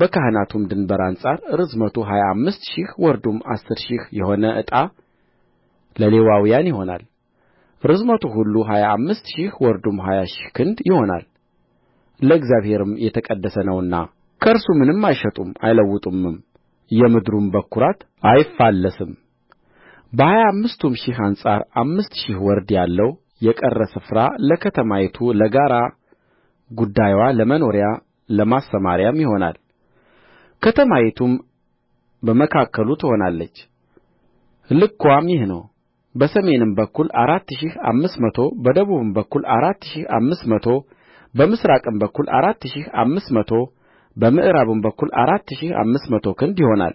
በካህናቱም ድንበር አንጻር ርዝመቱ ሀያ አምስት ሺህ ወርዱም አሥር ሺህ የሆነ ዕጣ ለሌዋውያን ይሆናል ርዝመቱ ሁሉ ሀያ አምስት ሺህ ወርዱም ሀያ ሺህ ክንድ ይሆናል ለእግዚአብሔርም የተቀደሰ ነውና ከእርሱ ምንም አይሸጡም አይለውጡምም የምድሩም በኵራት አይፋለስም በሀያ አምስቱም ሺህ አንጻር አምስት ሺህ ወርድ ያለው የቀረ ስፍራ ለከተማይቱ ለጋራ ጉዳይዋ ለመኖሪያ ለማሰማርያም ይሆናል ከተማይቱም በመካከሉ ትሆናለች ልክዋም ይህ ነው በሰሜን በኩል አራት ሺህ አምስት መቶ በደቡብም በኩል አራት ሺህ አምስት መቶ በምሥራቅም በኩል አራት ሺህ አምስት መቶ በምዕራብም በኩል አራት ሺህ አምስት መቶ ክንድ ይሆናል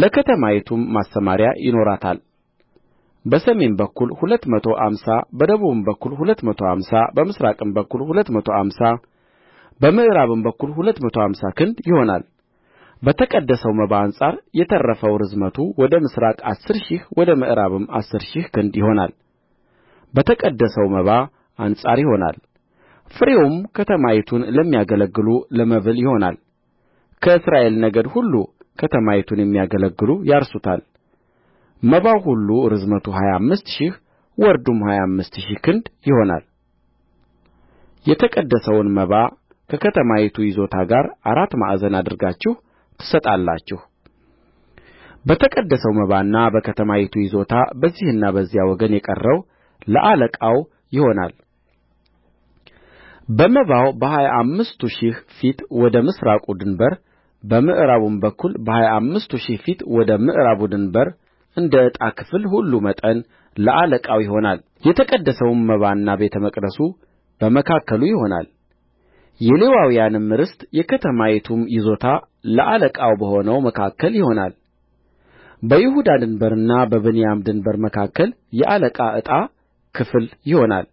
ለከተማይቱም ማሰማርያ ይኖራታል በሰሜን በኩል ሁለት መቶ አምሳ በደቡብም በኩል ሁለት መቶ አምሳ በምሥራቅም በኩል ሁለት መቶ አምሳ በምዕራብም በኩል ሁለት መቶ አምሳ ክንድ ይሆናል በተቀደሰው መባ አንጻር የተረፈው ርዝመቱ ወደ ምሥራቅ አሥር ሺህ ወደ ምዕራብም አሥር ሺህ ክንድ ይሆናል በተቀደሰው መባ አንጻር ይሆናል ፍሬውም ከተማይቱን ለሚያገለግሉ ለመብል ይሆናል ከእስራኤል ነገድ ሁሉ ከተማይቱን የሚያገለግሉ ያርሱታል መባው ሁሉ ርዝመቱ ሀያ አምስት ሺህ ወርዱም ሀያ አምስት ሺህ ክንድ ይሆናል የተቀደሰውን መባ ከከተማይቱ ይዞታ ጋር አራት ማዕዘን አድርጋችሁ ትሰጣላችሁ በተቀደሰው መባና በከተማይቱ ይዞታ በዚህና በዚያ ወገን የቀረው ለአለቃው ይሆናል በመባው በሀያ አምስቱ ሺህ ፊት ወደ ምሥራቁ ድንበር በምዕራቡም በኩል በሀያ አምስቱ ሺህ ፊት ወደ ምዕራቡ ድንበር እንደ ዕጣ ክፍል ሁሉ መጠን ለአለቃው ይሆናል የተቀደሰውም መባና ቤተ መቅደሱ በመካከሉ ይሆናል የሌዋውያንም ርስት የከተማይቱም ይዞታ ለአለቃው በሆነው መካከል ይሆናል በይሁዳ ድንበርና በብንያም ድንበር መካከል የአለቃ ዕጣ ክፍል ይሆናል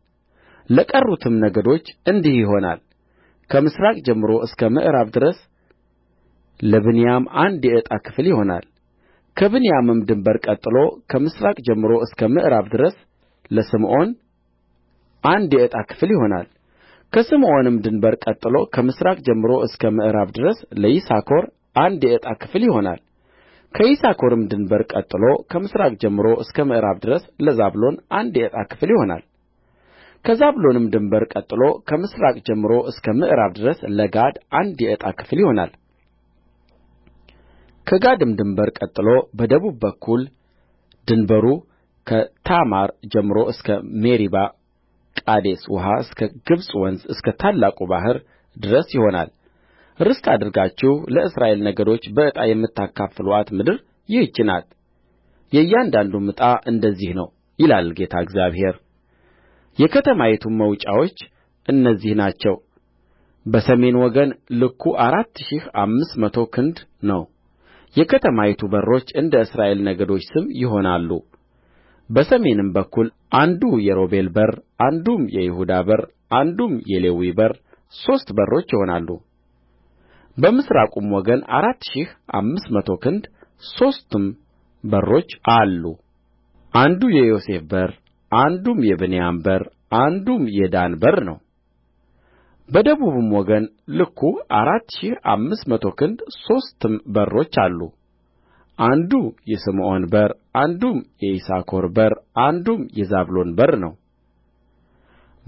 ለቀሩትም ነገዶች እንዲህ ይሆናል ከምሥራቅ ጀምሮ እስከ ምዕራብ ድረስ ለብንያም አንድ የዕጣ ክፍል ይሆናል ከብንያምም ድንበር ቀጥሎ ከምሥራቅ ጀምሮ እስከ ምዕራብ ድረስ ለስምዖን አንድ የዕጣ ክፍል ይሆናል ከስምዖንም ድንበር ቀጥሎ ከምሥራቅ ጀምሮ እስከ ምዕራብ ድረስ ለይሳኮር አንድ የዕጣ ክፍል ይሆናል ከይሳኮርም ድንበር ቀጥሎ ከምሥራቅ ጀምሮ እስከ ምዕራብ ድረስ ለዛብሎን አንድ የዕጣ ክፍል ይሆናል ከዛብሎንም ድንበር ቀጥሎ ከምሥራቅ ጀምሮ እስከ ምዕራብ ድረስ ለጋድ አንድ የዕጣ ክፍል ይሆናል ከጋድም ድንበር ቀጥሎ በደቡብ በኩል ድንበሩ ከታማር ጀምሮ እስከ ሜሪባ ቃዴስ ውኃ እስከ ግብፅ ወንዝ እስከ ታላቁ ባሕር ድረስ ይሆናል ርስት አድርጋችሁ ለእስራኤል ነገዶች በዕጣ የምታካፍሉአት ምድር ይህች ናት የእያንዳንዱም ዕጣ እንደዚህ ነው ይላል ጌታ እግዚአብሔር የከተማይቱም መውጫዎች እነዚህ ናቸው በሰሜን ወገን ልኩ አራት ሺህ አምስት መቶ ክንድ ነው የከተማይቱ በሮች እንደ እስራኤል ነገዶች ስም ይሆናሉ በሰሜን በኩል አንዱ የሮቤል በር አንዱም የይሁዳ በር አንዱም የሌዊ በር ሦስት በሮች ይሆናሉ በምሥራቁም ወገን አራት ሺህ አምስት መቶ ክንድ ሦስትም በሮች አሉ አንዱ የዮሴፍ በር አንዱም የብንያም በር አንዱም የዳን በር ነው በደቡብም ወገን ልኩ አራት ሺህ አምስት መቶ ክንድ ሦስትም በሮች አሉ አንዱ የስምዖን በር አንዱም የይሳኮር በር አንዱም የዛብሎን በር ነው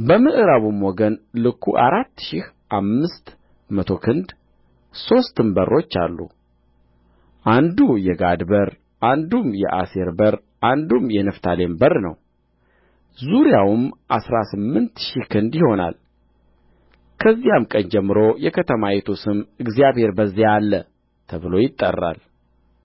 በምዕራቡም ወገን ልኩ አራት ሺህ አምስት መቶ ክንድ ሦስትም በሮች አሉ አንዱ የጋድ በር አንዱም የአሴር በር አንዱም የንፍታሌም በር ነው ዙሪያውም አሥራ ስምንት ሺህ ክንድ ይሆናል ከዚያም ቀን ጀምሮ የከተማይቱ ስም እግዚአብሔር በዚያ አለ ተብሎ ይጠራል